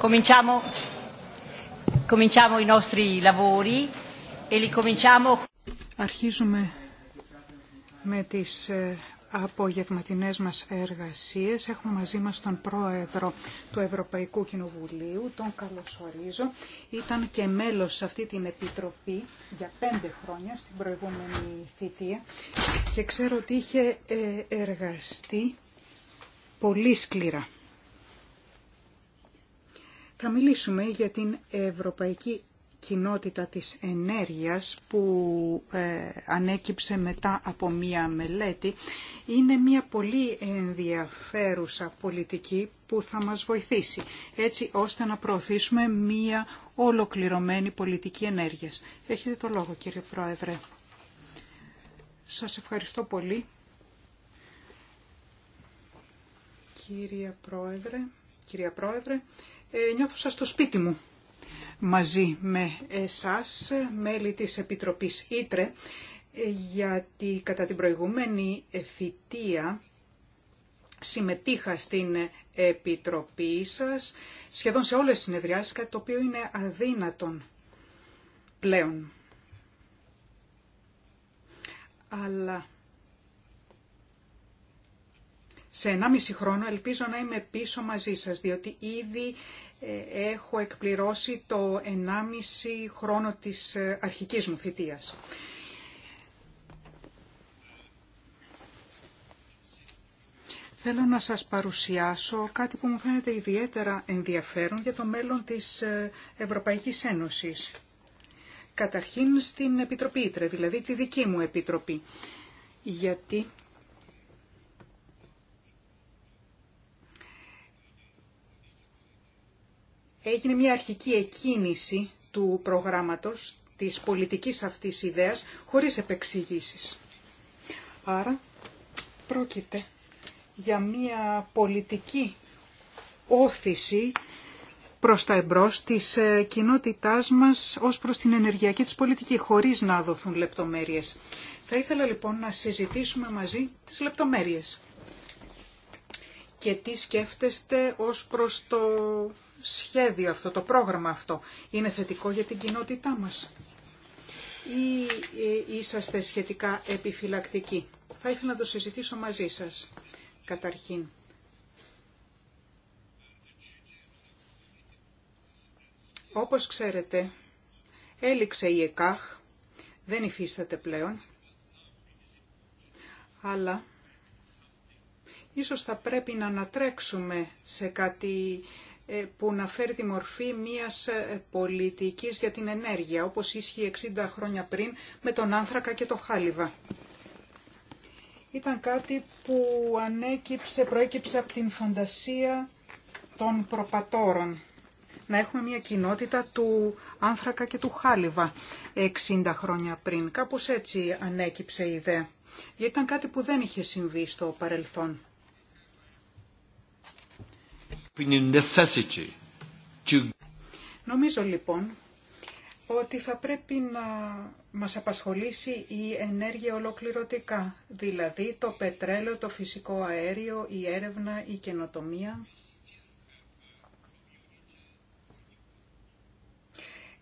Cominciamo, cominciamo i nostri e Αρχίζουμε με τις ε, απογευματινές μας εργασίες. Έχουμε μαζί μας τον Πρόεδρο του Ευρωπαϊκού Κοινοβουλίου, τον καλωσορίζω. Ήταν και μέλος σε αυτή την Επιτροπή για πέντε χρόνια στην προηγούμενη θητεία και ξέρω ότι είχε ε, εργαστεί πολύ σκληρά. Θα μιλήσουμε για την Ευρωπαϊκή Κοινότητα της Ενέργειας που ε, ανέκυψε μετά από μία μελέτη. Είναι μία πολύ ενδιαφέρουσα πολιτική που θα μας βοηθήσει έτσι ώστε να προωθήσουμε μία ολοκληρωμένη πολιτική ενέργειας. Έχετε το λόγο κύριε Πρόεδρε. Σας ευχαριστώ πολύ. Κύριε Πρόεδρε, κυρία Πρόεδρε, ε, νιώθω σας στο σπίτι μου μαζί με εσάς, μέλη της Επιτροπής Ήτρε, ε, γιατί κατά την προηγούμενη εφητεία συμμετείχα στην Επιτροπή σας σχεδόν σε όλες τις συνεδριάσεις, κάτι το οποίο είναι αδύνατον πλέον. Αλλά σε 1,5 χρόνο ελπίζω να είμαι πίσω μαζί σας, διότι ήδη ε, έχω εκπληρώσει το 1,5 χρόνο της ε, αρχικής μου θητείας. Θέλω να σας παρουσιάσω κάτι που μου φαίνεται ιδιαίτερα ενδιαφέρον για το μέλλον της ε, Ευρωπαϊκής Ένωσης. Καταρχήν στην Επιτροπή Ήτρε, δηλαδή τη δική μου Επιτροπή. Γιατί έγινε μια αρχική εκκίνηση του προγράμματος, της πολιτικής αυτής ιδέας, χωρίς επεξηγήσεις. Άρα πρόκειται για μια πολιτική όθηση προς τα εμπρός της ε, κοινότητάς μας ως προς την ενεργειακή της πολιτική, χωρίς να δοθούν λεπτομέρειες. Θα ήθελα λοιπόν να συζητήσουμε μαζί τις λεπτομέρειες και τι σκέφτεστε ως προς το σχέδιο αυτό, το πρόγραμμα αυτό. Είναι θετικό για την κοινότητά μας ή ε, είσαστε σχετικά επιφυλακτικοί. Θα ήθελα να το συζητήσω μαζί σας καταρχήν. Όπως ξέρετε, έληξε η ΕΚΑΧ, δεν υφίσταται πλέον, αλλά Ίσως θα πρέπει να ανατρέξουμε σε κάτι ε, που να φέρει τη μορφή μιας ε, πολιτικής για την ενέργεια, όπως ίσχυε 60 χρόνια πριν με τον άνθρακα και το χάλιβα. Ήταν κάτι που ανέκυψε, προέκυψε από την φαντασία των προπατόρων. Να έχουμε μια κοινότητα του άνθρακα και του χάλιβα 60 χρόνια πριν. Κάπως έτσι ανέκυψε η ιδέα. Γιατί ήταν κάτι που δεν είχε συμβεί στο παρελθόν. Νομίζω λοιπόν ότι θα πρέπει να μας απασχολήσει η ενέργεια ολοκληρωτικά, δηλαδή το πετρέλαιο, το φυσικό αέριο, η έρευνα, η καινοτομία.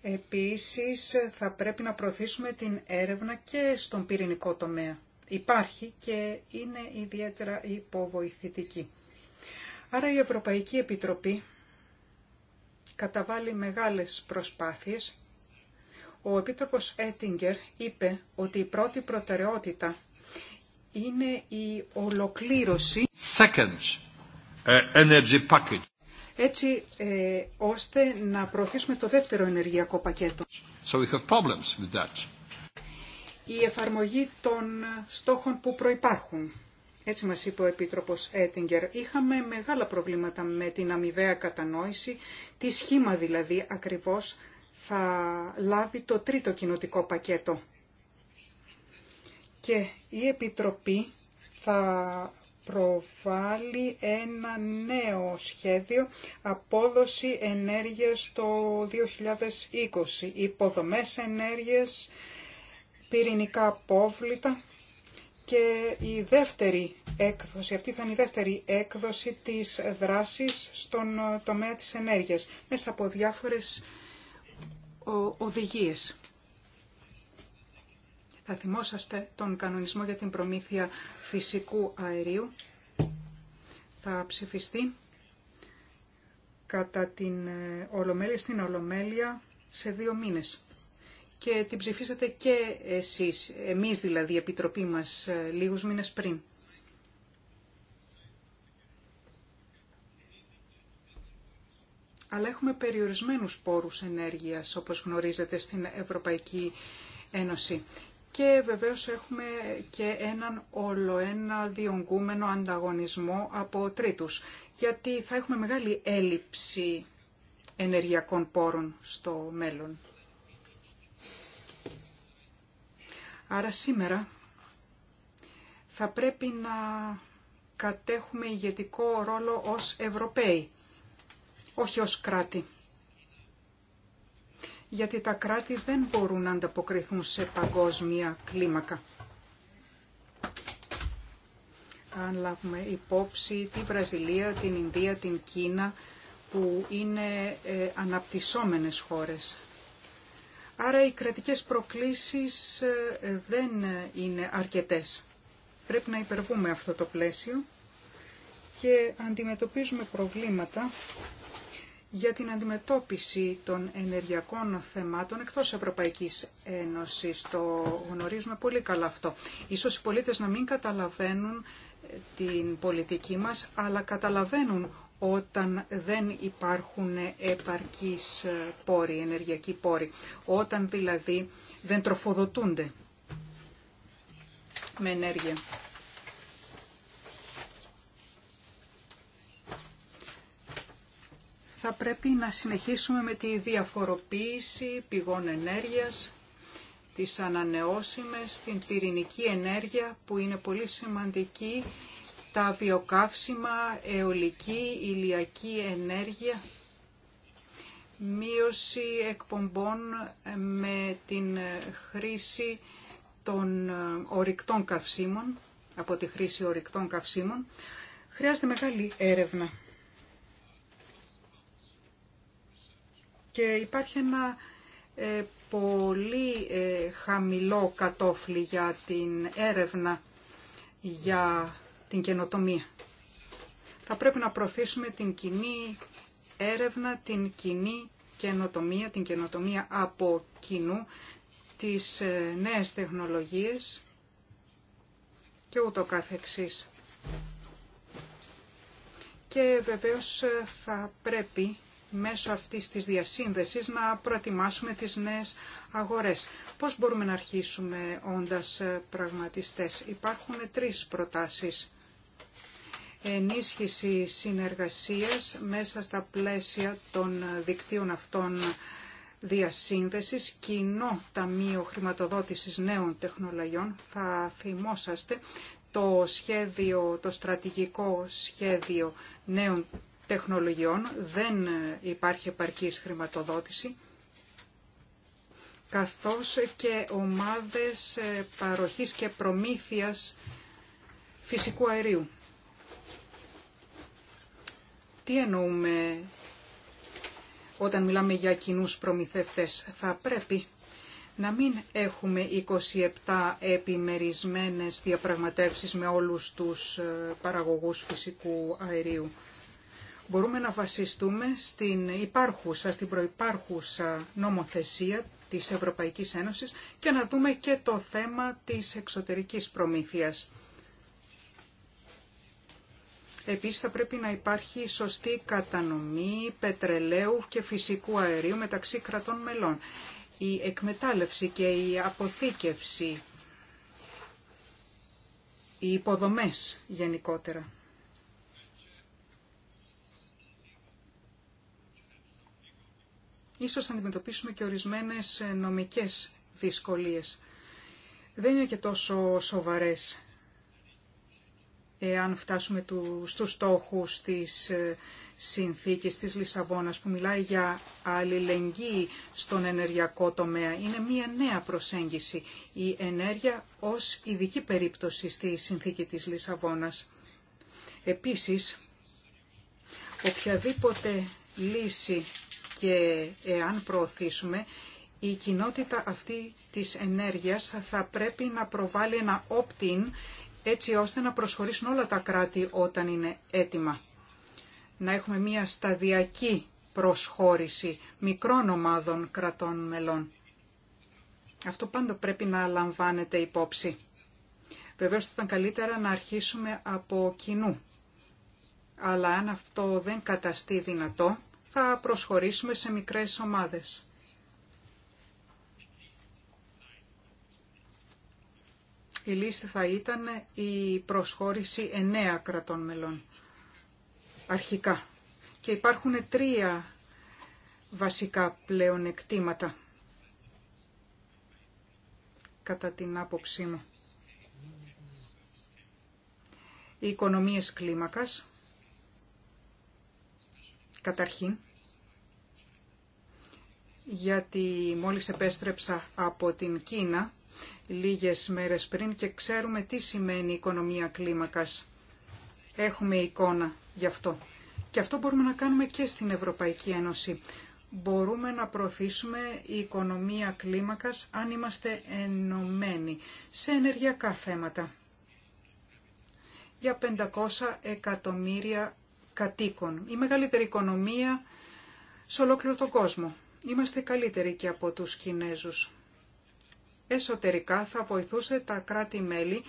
Επίσης θα πρέπει να προωθήσουμε την έρευνα και στον πυρηνικό τομέα. Υπάρχει και είναι ιδιαίτερα υποβοηθητική. Άρα η Ευρωπαϊκή Επιτροπή καταβάλει μεγάλες προσπάθειες. Ο Επίτροπος Έτιγκερ είπε ότι η πρώτη προτεραιότητα είναι η ολοκλήρωση ε, έτσι ε, ώστε να προωθήσουμε το δεύτερο ενεργειακό πακέτο. So Η εφαρμογή των στόχων που προϋπάρχουν έτσι μας είπε ο Επίτροπος Έτιγκερ. Είχαμε μεγάλα προβλήματα με την αμοιβαία κατανόηση, τη σχήμα δηλαδή ακριβώς θα λάβει το τρίτο κοινοτικό πακέτο. Και η Επιτροπή θα προβάλλει ένα νέο σχέδιο απόδοση ενέργειας το 2020, υποδομές ενέργειας, πυρηνικά απόβλητα και η δεύτερη έκδοση, αυτή θα είναι η δεύτερη έκδοση της δράσης στον ε, τομέα της ενέργειας, μέσα από διάφορες οδηγίες. Θα θυμόσαστε τον κανονισμό για την προμήθεια φυσικού αερίου. Θα ψηφιστεί κατά την ε, Ολομέλεια, στην Ολομέλεια σε δύο μήνες και την ψηφίσατε και εσείς, εμείς δηλαδή η Επιτροπή μας ε, λίγους μήνες πριν. Αλλά έχουμε περιορισμένους πόρους ενέργειας, όπως γνωρίζετε, στην Ευρωπαϊκή Ένωση. Και βεβαίως έχουμε και έναν ολοένα διονγκούμενο ανταγωνισμό από τρίτους, γιατί θα έχουμε μεγάλη έλλειψη ενεργειακών πόρων στο μέλλον. Άρα σήμερα θα πρέπει να κατέχουμε ηγετικό ρόλο ως Ευρωπαίοι, όχι ως κράτη. Γιατί τα κράτη δεν μπορούν να ανταποκριθούν σε παγκόσμια κλίμακα. Αν λάβουμε υπόψη τη Βραζιλία, την Ινδία, την Κίνα, που είναι ε, αναπτυσσόμενες χώρες. Άρα οι κρατικές προκλήσεις ε, δεν είναι αρκετές. Πρέπει να υπερβούμε αυτό το πλαίσιο και αντιμετωπίζουμε προβλήματα για την αντιμετώπιση των ενεργειακών θεμάτων εκτός Ευρωπαϊκής Ένωσης. Το γνωρίζουμε πολύ καλά αυτό. Ίσως οι πολίτες να μην καταλαβαίνουν ε, την πολιτική μας, αλλά καταλαβαίνουν όταν δεν υπάρχουν επαρκείς πόροι, ενεργειακοί πόροι, όταν δηλαδή δεν τροφοδοτούνται με ενέργεια. Θα πρέπει να συνεχίσουμε με τη διαφοροποίηση πηγών ενέργειας, τις ανανεώσιμες, την πυρηνική ενέργεια που είναι πολύ σημαντική τα βιοκαύσιμα, αιωλική, ηλιακή ενέργεια, μείωση εκπομπών με την χρήση των ε, ορυκτών καυσίμων, από τη χρήση ορυκτών καυσίμων, χρειάζεται μεγάλη έρευνα. Και υπάρχει ένα ε, πολύ ε, χαμηλό κατόφλι για την έρευνα για την καινοτομία. Θα πρέπει να προωθήσουμε την κοινή έρευνα, την κοινή καινοτομία, την καινοτομία από κοινού, τις ε, νέες τεχνολογίες και ούτω καθεξής. Και βεβαίως ε, θα πρέπει μέσω αυτής της διασύνδεσης να προετοιμάσουμε τις νέες αγορές. Πώς μπορούμε να αρχίσουμε όντας ε, πραγματιστές. Υπάρχουν τρεις προτάσεις ενίσχυση συνεργασίας μέσα στα πλαίσια των δικτύων αυτών διασύνδεσης, κοινό ταμείο χρηματοδότησης νέων τεχνολογιών. Θα θυμόσαστε το, σχέδιο, το στρατηγικό σχέδιο νέων τεχνολογιών. Δεν υπάρχει επαρκής χρηματοδότηση καθώς και ομάδες παροχής και προμήθειας φυσικού αερίου. Τι εννοούμε όταν μιλάμε για κοινούς προμηθευτές. Θα πρέπει να μην έχουμε 27 επιμερισμένες διαπραγματεύσεις με όλους τους ε, παραγωγούς φυσικού αερίου. Μπορούμε να βασιστούμε στην υπάρχουσα, στην προϋπάρχουσα νομοθεσία της Ευρωπαϊκής Ένωσης και να δούμε και το θέμα της εξωτερικής προμήθειας. Επίσης θα πρέπει να υπάρχει σωστή κατανομή πετρελαίου και φυσικού αερίου μεταξύ κρατών μελών. Η εκμετάλλευση και η αποθήκευση, οι υποδομές γενικότερα. Ίσως θα αντιμετωπίσουμε και ορισμένες νομικές δυσκολίες. Δεν είναι και τόσο σοβαρές εάν φτάσουμε του, στους στόχους της ε, συνθήκης της Λισαβόνας που μιλάει για αλληλεγγύη στον ενεργειακό τομέα. Είναι μια νέα προσέγγιση η ενέργεια ως ειδική περίπτωση στη συνθήκη της Λισαβόνας. Επίσης, οποιαδήποτε λύση και εάν προωθήσουμε, η κοινότητα αυτή της ενέργειας θα πρέπει να προβάλλει ένα opt-in έτσι ώστε να προσχωρήσουν όλα τα κράτη όταν είναι έτοιμα. Να έχουμε μια σταδιακή προσχώρηση μικρών ομάδων κρατών μελών. Αυτό πάντα πρέπει να λαμβάνεται υπόψη. Βεβαίως θα ήταν καλύτερα να αρχίσουμε από κοινού. Αλλά αν αυτό δεν καταστεί δυνατό, θα προσχωρήσουμε σε μικρές ομάδες. Η λύση θα ήταν η προσχώρηση εννέα κρατών μελών αρχικά. Και υπάρχουν τρία βασικά πλεονεκτήματα κατά την άποψή μου. Οι οικονομίες κλίμακας, καταρχήν, γιατί μόλις επέστρεψα από την Κίνα, λίγες μέρες πριν και ξέρουμε τι σημαίνει οικονομία κλίμακας. Έχουμε εικόνα γι' αυτό. Και αυτό μπορούμε να κάνουμε και στην Ευρωπαϊκή Ένωση. Μπορούμε να προωθήσουμε η οικονομία κλίμακας αν είμαστε ενωμένοι σε ενεργειακά θέματα. Για 500 εκατομμύρια κατοίκων. Η μεγαλύτερη οικονομία σε ολόκληρο τον κόσμο. Είμαστε καλύτεροι και από τους Κινέζους εσωτερικά θα βοηθούσε τα κράτη-μέλη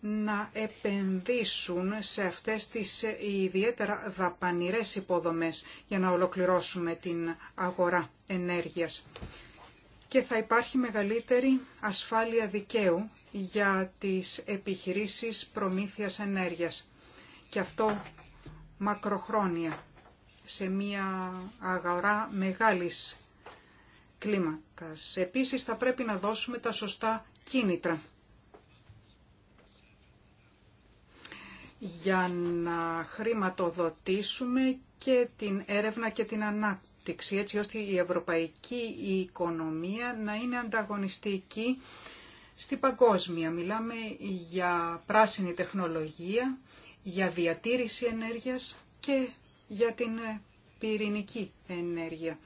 να επενδύσουν σε αυτές τις ε, ιδιαίτερα δαπανηρές υποδομές για να ολοκληρώσουμε την αγορά ενέργειας. Και θα υπάρχει μεγαλύτερη ασφάλεια δικαίου για τις επιχειρήσεις προμήθειας ενέργειας. Και αυτό μακροχρόνια σε μια αγορά μεγάλης κλίμακας. Επίσης θα πρέπει να δώσουμε τα σωστά κίνητρα. για να χρηματοδοτήσουμε και την έρευνα και την ανάπτυξη, έτσι ώστε η ευρωπαϊκή οικονομία να είναι ανταγωνιστική στη παγκόσμια. Μιλάμε για πράσινη τεχνολογία, για διατήρηση ενέργειας και για την πυρηνική ενέργεια.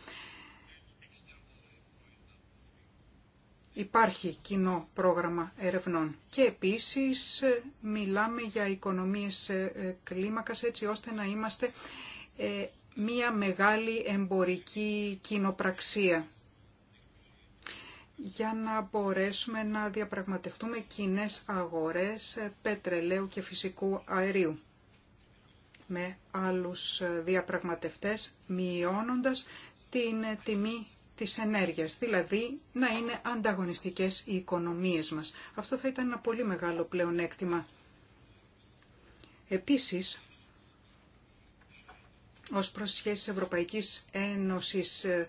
υπάρχει κοινό πρόγραμμα ερευνών. Και επίσης ε, μιλάμε για οικονομίες ε, ε, κλίμακας έτσι ώστε να είμαστε μία μεγάλη εμπορική κοινοπραξία για να μπορέσουμε να διαπραγματευτούμε κοινέ αγορές πετρελαίου και φυσικού αερίου με άλλους διαπραγματευτές, μειώνοντας την τιμή της δηλαδή να είναι ανταγωνιστικές οι οικονομίες μας. Αυτό θα ήταν ένα πολύ μεγάλο πλεονέκτημα. Επίσης, ως προς σχέσεις Ευρωπαϊκής Ένωσης ε,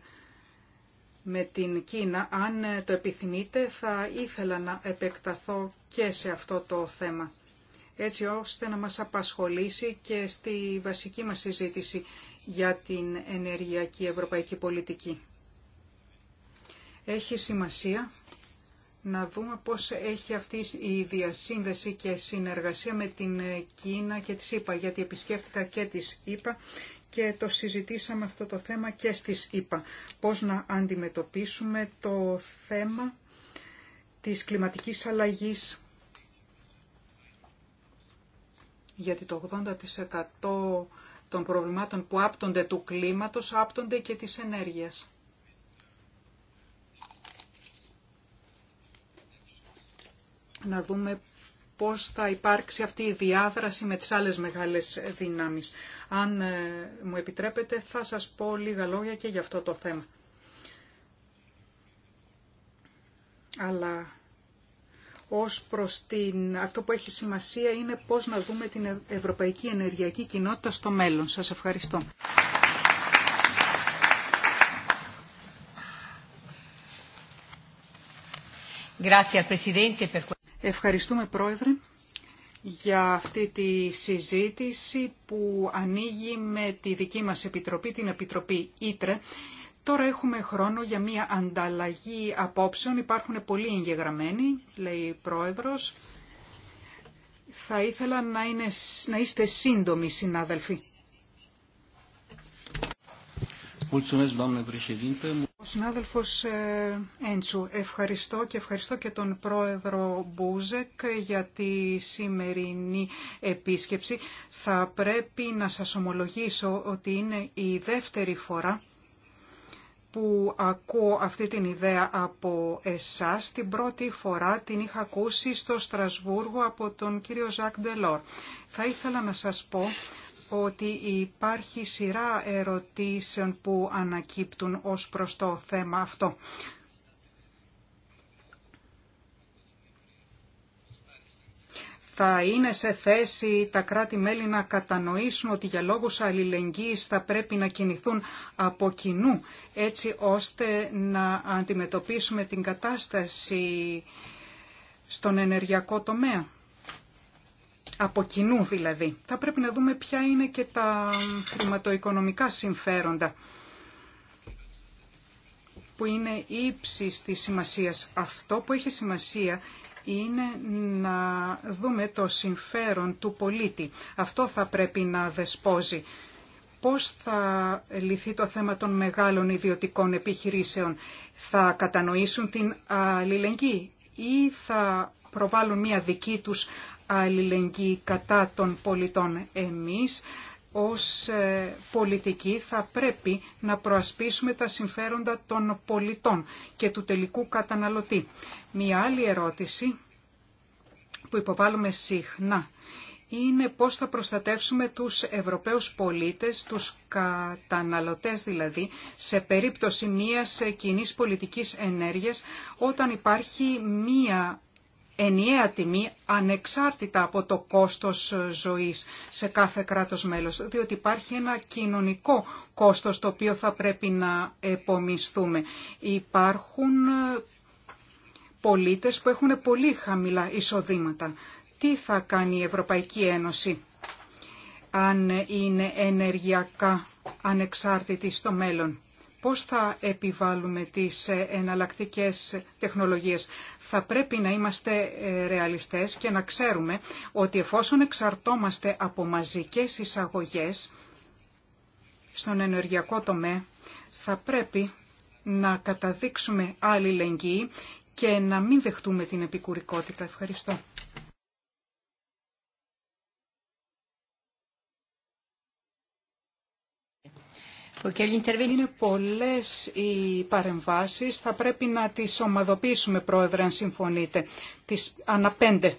με την Κίνα, αν ε, το επιθυμείτε, θα ήθελα να επεκταθώ και σε αυτό το θέμα, έτσι ώστε να μας απασχολήσει και στη βασική μας συζήτηση για την ενεργειακή ευρωπαϊκή πολιτική. Έχει σημασία να δούμε πώς έχει αυτή η διασύνδεση και συνεργασία με την Κίνα και τη ΗΠΑ γιατί επισκέφτηκα και της ΗΠΑ και το συζητήσαμε αυτό το θέμα και στις ΗΠΑ. Πώς να αντιμετωπίσουμε το θέμα της κλιματικής αλλαγής, γιατί το 80% των προβλημάτων που άπτονται του κλίματος άπτονται και της ενέργειας. να δούμε πώς θα υπάρξει αυτή η διάδραση με τις άλλες μεγάλες δυνάμεις. Αν ε, μου επιτρέπετε θα σας πω λίγα λόγια και για αυτό το θέμα. Αλλά ως προς την... αυτό που έχει σημασία είναι πώς να δούμε την ε- Ευρωπαϊκή Ενεργειακή Κοινότητα στο μέλλον. Σας ευχαριστώ. Grazie al Ευχαριστούμε Πρόεδρε για αυτή τη συζήτηση που ανοίγει με τη δική μας Επιτροπή, την Επιτροπή Ήτρε. Τώρα έχουμε χρόνο για μια ανταλλαγή απόψεων. Υπάρχουν πολλοί εγγεγραμμένοι, λέει η Πρόεδρος. Θα ήθελα να, είναι, να είστε σύντομοι, συνάδελφοι. Ο συνάδελφος ε, Έντσου, ευχαριστώ και ευχαριστώ και τον πρόεδρο Μπούζεκ για τη σημερινή επίσκεψη. Θα πρέπει να σας ομολογήσω ότι είναι η δεύτερη φορά που ακούω αυτή την ιδέα από εσάς. Την πρώτη φορά την είχα ακούσει στο Στρασβούργο από τον κύριο Ζακ Ντελόρ. Θα ήθελα να σας πω ότι υπάρχει σειρά ερωτήσεων που ανακύπτουν ως προς το θέμα αυτό. θα είναι σε θέση τα κράτη-μέλη να κατανοήσουν ότι για λόγους αλληλεγγύης θα πρέπει να κινηθούν από κοινού, έτσι ώστε να αντιμετωπίσουμε την κατάσταση στον ενεργειακό τομέα από κοινού δηλαδή. Θα πρέπει να δούμε ποια είναι και τα χρηματοοικονομικά συμφέροντα που είναι ύψη τη σημασίας. Αυτό που έχει σημασία είναι να δούμε το συμφέρον του πολίτη. Αυτό θα πρέπει να δεσπόζει. Πώς θα λυθεί το θέμα των μεγάλων ιδιωτικών επιχειρήσεων. Θα κατανοήσουν την αλληλεγγύη ή θα προβάλλουν μια δική τους αλληλεγγύη κατά των πολιτών. Εμείς ως ε, πολιτικοί θα πρέπει να προασπίσουμε τα συμφέροντα των πολιτών και του τελικού καταναλωτή. Μία άλλη ερώτηση που υποβάλλουμε συχνά είναι πώς θα προστατεύσουμε τους Ευρωπαίους πολίτες, τους καταναλωτές δηλαδή, σε περίπτωση μίας κοινής πολιτικής ενέργειας, όταν υπάρχει μία ενιαία τιμή ανεξάρτητα από το κόστος ζωής σε κάθε κράτος μέλος, διότι υπάρχει ένα κοινωνικό κόστος το οποίο θα πρέπει να επομισθούμε. Υπάρχουν ε, πολίτες που έχουν πολύ χαμηλά εισοδήματα. Τι θα κάνει η Ευρωπαϊκή Ένωση αν είναι ενεργειακά ανεξάρτητη στο μέλλον. Πώς θα επιβάλλουμε τις ε, εναλλακτικές τεχνολογίες. Θα πρέπει να είμαστε ε, ρεαλιστές και να ξέρουμε ότι εφόσον εξαρτόμαστε από μαζικές εισαγωγές στον ενεργειακό τομέα, θα πρέπει να καταδείξουμε άλλη λεγγύη και να μην δεχτούμε την επικουρικότητα. Ευχαριστώ. Είναι πολλές οι παρεμβάσεις, θα πρέπει να τις ομαδοποιήσουμε, Πρόεδρε, αν συμφωνείτε, τις αναπέντε.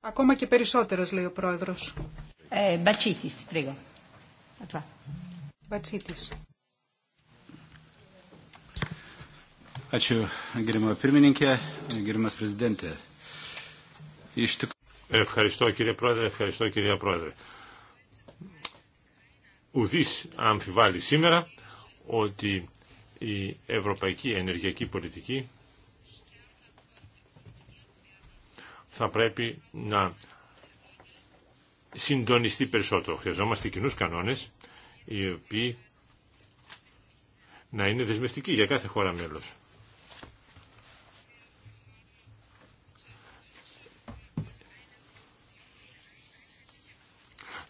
Ακόμα και περισσότερες, λέει ο Πρόεδρος. Ε, μπατσίτης, πρίγω. Μπατσίτης. Ευχαριστώ κύριε Πρόεδρε, ευχαριστώ κυρία Πρόεδρε ουδής αμφιβάλλει σήμερα ότι η ευρωπαϊκή ενεργειακή πολιτική θα πρέπει να συντονιστεί περισσότερο. Χρειαζόμαστε κοινούς κανόνες οι οποίοι να είναι δεσμευτικοί για κάθε χώρα μέλος.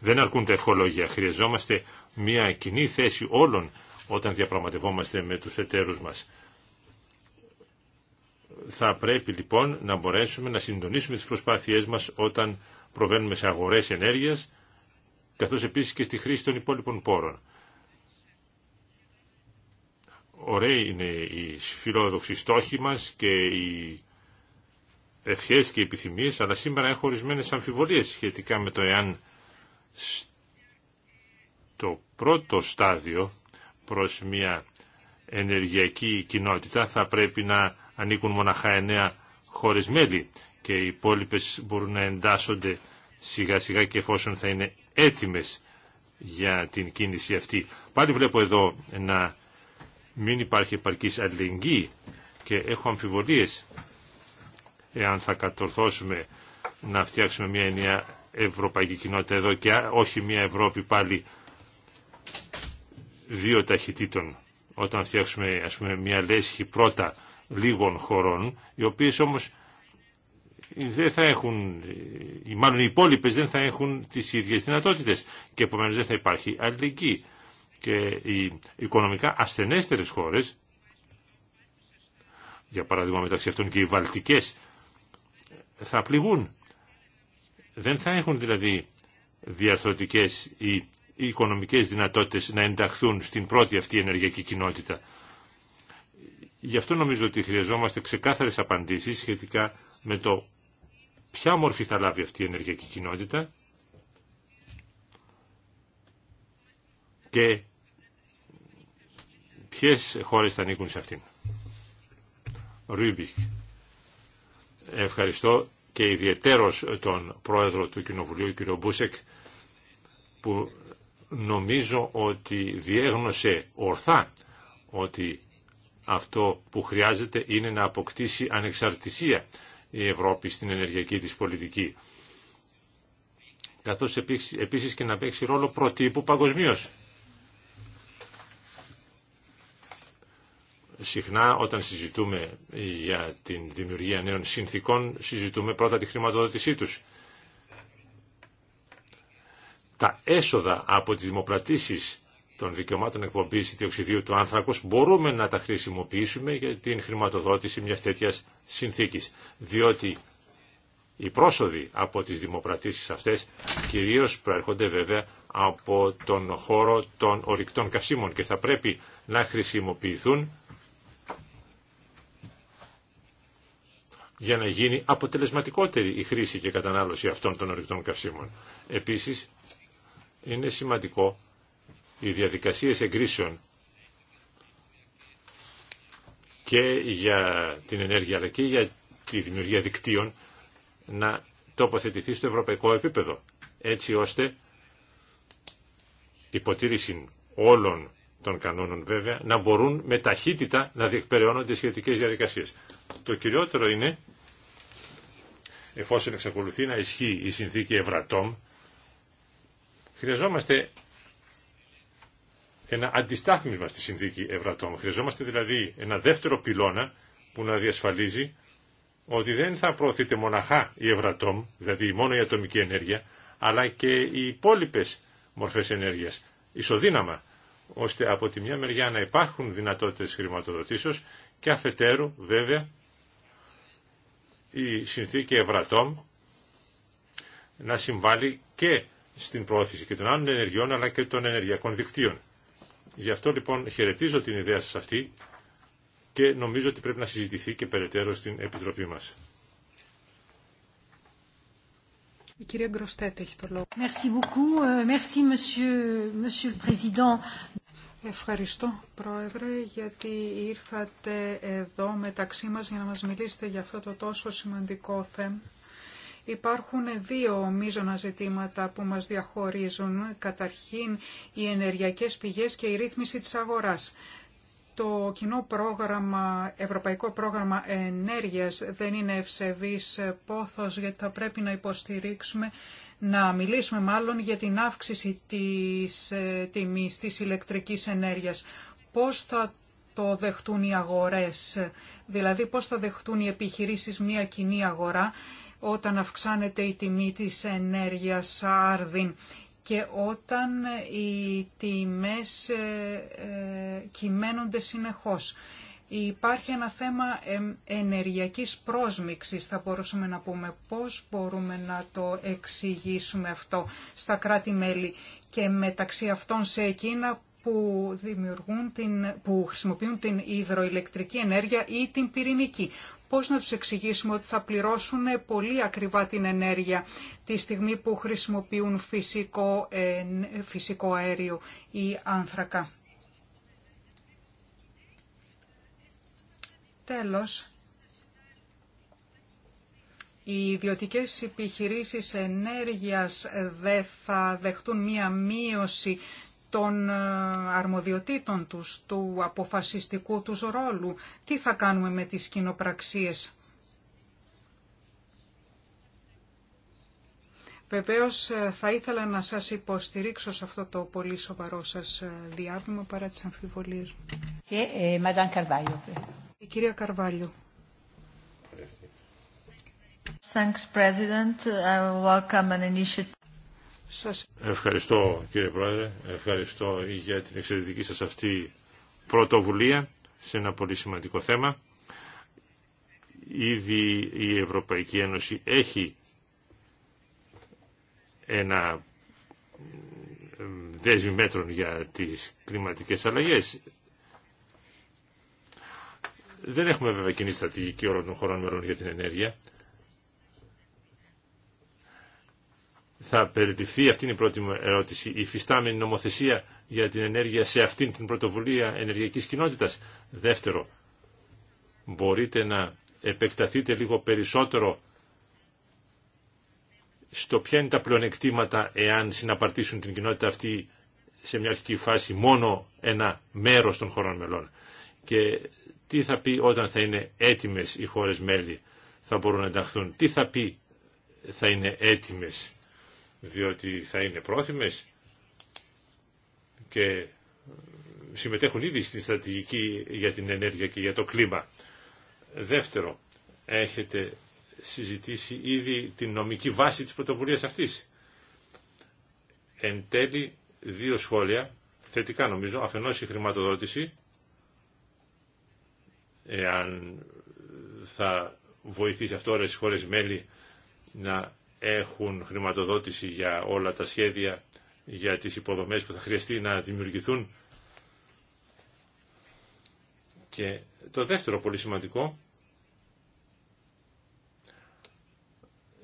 Δεν αρκούν τα ευχολόγια. Χρειαζόμαστε μια κοινή θέση όλων όταν διαπραγματευόμαστε με τους εταίρους μας. Θα πρέπει λοιπόν να μπορέσουμε να συντονίσουμε τις προσπάθειές μας όταν προβαίνουμε σε αγορές ενέργειας, καθώς επίσης και στη χρήση των υπόλοιπων πόρων. Ωραίοι είναι οι φιλόδοξοι στόχοι μας και οι ευχές και οι επιθυμίες, αλλά σήμερα έχω ορισμένε αμφιβολίες σχετικά με το εάν στο πρώτο στάδιο προς μια ενεργειακή κοινότητα θα πρέπει να ανήκουν μοναχά εννέα χώρες μέλη και οι υπόλοιπες μπορούν να εντάσσονται σιγά σιγά και εφόσον θα είναι έτοιμες για την κίνηση αυτή. Πάλι βλέπω εδώ να μην υπάρχει επαρκής αλληλεγγύη και έχω αμφιβολίες εάν θα κατορθώσουμε να φτιάξουμε μια ενιαία ευρωπαϊκή κοινότητα εδώ και όχι μια Ευρώπη πάλι δύο ταχυτήτων όταν φτιάξουμε ας μια λέσχη πρώτα λίγων χωρών, οι οποίες όμως δεν θα έχουν, μάλλον οι υπόλοιπε δεν θα έχουν τις ίδιες δυνατότητες και επομένως δεν θα υπάρχει αλληλεγγύη. Και οι οικονομικά ασθενέστερες χώρες, για παράδειγμα μεταξύ αυτών και οι βαλτικές, θα πληγούν δεν θα έχουν δηλαδή διαρθρωτικές ή οικονομικές δυνατότητες να ενταχθούν στην πρώτη αυτή ενεργειακή κοινότητα. Γι' αυτό νομίζω ότι χρειαζόμαστε ξεκάθαρες απαντήσεις σχετικά με το ποια μορφή θα λάβει αυτή η ενεργειακή κοινότητα και ποιες χώρες θα ανήκουν σε αυτήν. Ρίμπικ. Ευχαριστώ και ιδιαιτέρως τον πρόεδρο του Κοινοβουλίου, κύριο Μπούσεκ, που νομίζω ότι διέγνωσε ορθά ότι αυτό που χρειάζεται είναι να αποκτήσει ανεξαρτησία η Ευρώπη στην ενεργειακή της πολιτική. Καθώς επίσης και να παίξει ρόλο προτύπου παγκοσμίω. συχνά όταν συζητούμε για την δημιουργία νέων συνθήκων, συζητούμε πρώτα τη χρηματοδότησή τους. Τα έσοδα από τις δημοπρατήσεις των δικαιωμάτων εκπομπής διοξιδίου του άνθρακος μπορούμε να τα χρησιμοποιήσουμε για την χρηματοδότηση μιας τέτοιας συνθήκης, διότι οι πρόσοδοι από τις δημοπρατήσεις αυτές κυρίως προέρχονται βέβαια από τον χώρο των ορυκτών καυσίμων και θα πρέπει να χρησιμοποιηθούν για να γίνει αποτελεσματικότερη η χρήση και κατανάλωση αυτών των ορυκτών καυσίμων. Επίσης, είναι σημαντικό οι διαδικασίες εγκρίσεων και για την ενέργεια αλλά και για τη δημιουργία δικτύων να τοποθετηθεί στο ευρωπαϊκό επίπεδο έτσι ώστε υποτήρηση όλων των κανόνων βέβαια, να μπορούν με ταχύτητα να διεκπεραιώνονται σχετικές διαδικασίες. Το κυριότερο είναι, εφόσον εξακολουθεί να ισχύει η συνθήκη Ευρατόμ, χρειαζόμαστε ένα αντιστάθμισμα στη συνθήκη Ευρατόμ. Χρειαζόμαστε δηλαδή ένα δεύτερο πυλώνα που να διασφαλίζει ότι δεν θα προωθείται μοναχά η Ευρατόμ, δηλαδή μόνο η ατομική ενέργεια, αλλά και οι υπόλοιπε μορφές ενέργειας, ισοδύναμα ώστε από τη μια μεριά να υπάρχουν δυνατότητες χρηματοδοτήσεως και αφετέρου βέβαια η συνθήκη Ευρατόμ να συμβάλλει και στην προώθηση και των άλλων ενεργειών αλλά και των ενεργειακών δικτύων. Γι' αυτό λοιπόν χαιρετίζω την ιδέα σας αυτή και νομίζω ότι πρέπει να συζητηθεί και περαιτέρω στην Επιτροπή μας. το λόγο. Merci beaucoup. Euh, merci, monsieur, monsieur le Président, Ευχαριστώ, Πρόεδρε, γιατί ήρθατε εδώ μεταξύ μας για να μας μιλήσετε για αυτό το τόσο σημαντικό θέμα. Υπάρχουν δύο μείζωνα ζητήματα που μας διαχωρίζουν. Καταρχήν, οι ενεργειακές πηγές και η ρύθμιση της αγοράς. Το κοινό πρόγραμμα, ευρωπαϊκό πρόγραμμα ενέργειας δεν είναι ευσεβής πόθος γιατί θα πρέπει να υποστηρίξουμε να μιλήσουμε μάλλον για την αύξηση της ε, τιμής της ηλεκτρικής ενέργειας. Πώς θα το δεχτούν οι αγορές, δηλαδή πώς θα δεχτούν οι επιχειρήσεις μια κοινή αγορά όταν αυξάνεται η τιμή της ενέργειας άρδιν και όταν οι τιμές ε, ε κυμαίνονται συνεχώς. Υπάρχει ένα θέμα ενεργειακής πρόσμιξης, θα μπορούσαμε να πούμε. Πώς μπορούμε να το εξηγήσουμε αυτό στα κράτη-μέλη και μεταξύ αυτών σε εκείνα που, δημιουργούν την, που χρησιμοποιούν την υδροηλεκτρική ενέργεια ή την πυρηνική. Πώς να τους εξηγήσουμε ότι θα πληρώσουν πολύ ακριβά την ενέργεια τη στιγμή που χρησιμοποιούν φυσικό, ε, φυσικό αέριο ή άνθρακα. Τέλος, οι ιδιωτικέ επιχειρήσεις ενέργειας δεν θα δεχτούν μία μείωση των ε, αρμοδιοτήτων τους, του αποφασιστικού τους ρόλου. Τι θα κάνουμε με τις κοινοπραξίες. Βεβαίως ε, θα ήθελα να σας υποστηρίξω σε αυτό το πολύ σοβαρό σας ε, διάβημα παρά τις αμφιβολίες μου. Και, κυρία Welcome an initiative. Ευχαριστώ κύριε Πρόεδρε, ευχαριστώ για την εξαιρετική σας αυτή πρωτοβουλία σε ένα πολύ σημαντικό θέμα. Ήδη η Ευρωπαϊκή Ένωση έχει ένα δέσμι μέτρων για τις κλιματικές αλλαγές. Δεν έχουμε βέβαια κοινή στρατηγική όλων των χωρών μελών για την ενέργεια. Θα περιληφθεί, αυτή είναι η πρώτη μου ερώτηση, η φυστάμενη νομοθεσία για την ενέργεια σε αυτήν την πρωτοβουλία ενεργειακής κοινότητας. Δεύτερο, μπορείτε να επεκταθείτε λίγο περισσότερο στο ποια είναι τα πλεονεκτήματα εάν συναπαρτήσουν την κοινότητα αυτή σε μια αρχική φάση μόνο ένα μέρος των χωρών μελών. Και τι θα πει όταν θα είναι έτοιμες οι χώρες μέλη θα μπορούν να ενταχθούν. Τι θα πει θα είναι έτοιμες διότι θα είναι πρόθυμες και συμμετέχουν ήδη στη στρατηγική για την ενέργεια και για το κλίμα. Δεύτερο, έχετε συζητήσει ήδη την νομική βάση της πρωτοβουλίας αυτής. Εν τέλει, δύο σχόλια, θετικά νομίζω, αφενός η χρηματοδότηση εάν θα βοηθήσει αυτό όλες οι χώρες μέλη να έχουν χρηματοδότηση για όλα τα σχέδια, για τις υποδομές που θα χρειαστεί να δημιουργηθούν. Και το δεύτερο πολύ σημαντικό,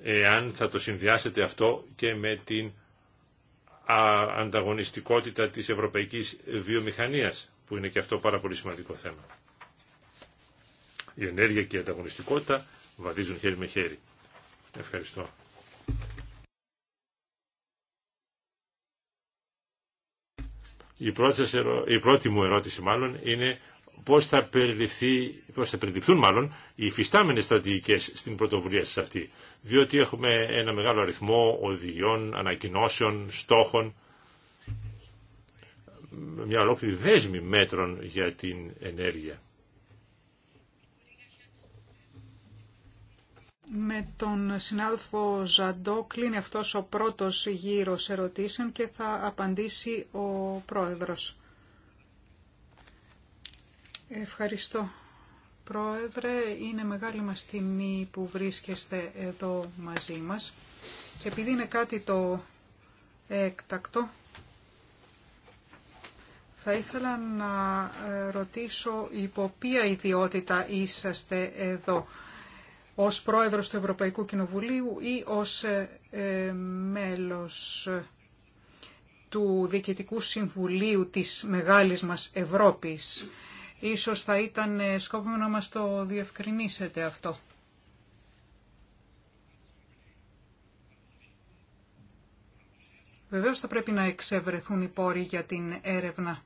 εάν θα το συνδυάσετε αυτό και με την ανταγωνιστικότητα της ευρωπαϊκής βιομηχανίας, που είναι και αυτό πάρα πολύ σημαντικό θέμα. Η ενέργεια και η ανταγωνιστικότητα βαδίζουν χέρι με χέρι. Ευχαριστώ. Η πρώτη, μου ερώτηση μάλλον είναι πώς θα, πώς θα περιληφθούν μάλλον οι υφιστάμενες στρατηγικές στην πρωτοβουλία σας αυτή. Διότι έχουμε ένα μεγάλο αριθμό οδηγιών, ανακοινώσεων, στόχων, μια ολόκληρη δέσμη μέτρων για την ενέργεια. Με τον συνάδελφο Ζαντό κλείνει αυτός ο πρώτος γύρος ερωτήσεων και θα απαντήσει ο πρόεδρος. Ευχαριστώ. Πρόεδρε, είναι μεγάλη μας τιμή που βρίσκεστε εδώ μαζί μας. επειδή είναι κάτι το έκτακτο, θα ήθελα να ρωτήσω υπό ποια ιδιότητα είσαστε εδώ ως πρόεδρος του Ευρωπαϊκού Κοινοβουλίου ή ως ε, ε, μέλος του Διοικητικού Συμβουλίου της Μεγάλης μας Ευρώπης. Ίσως θα ήταν ε, σκόπιμο να μας το διευκρινίσετε αυτό. Βεβαίως θα πρέπει να εξευρεθούν οι πόροι για την έρευνα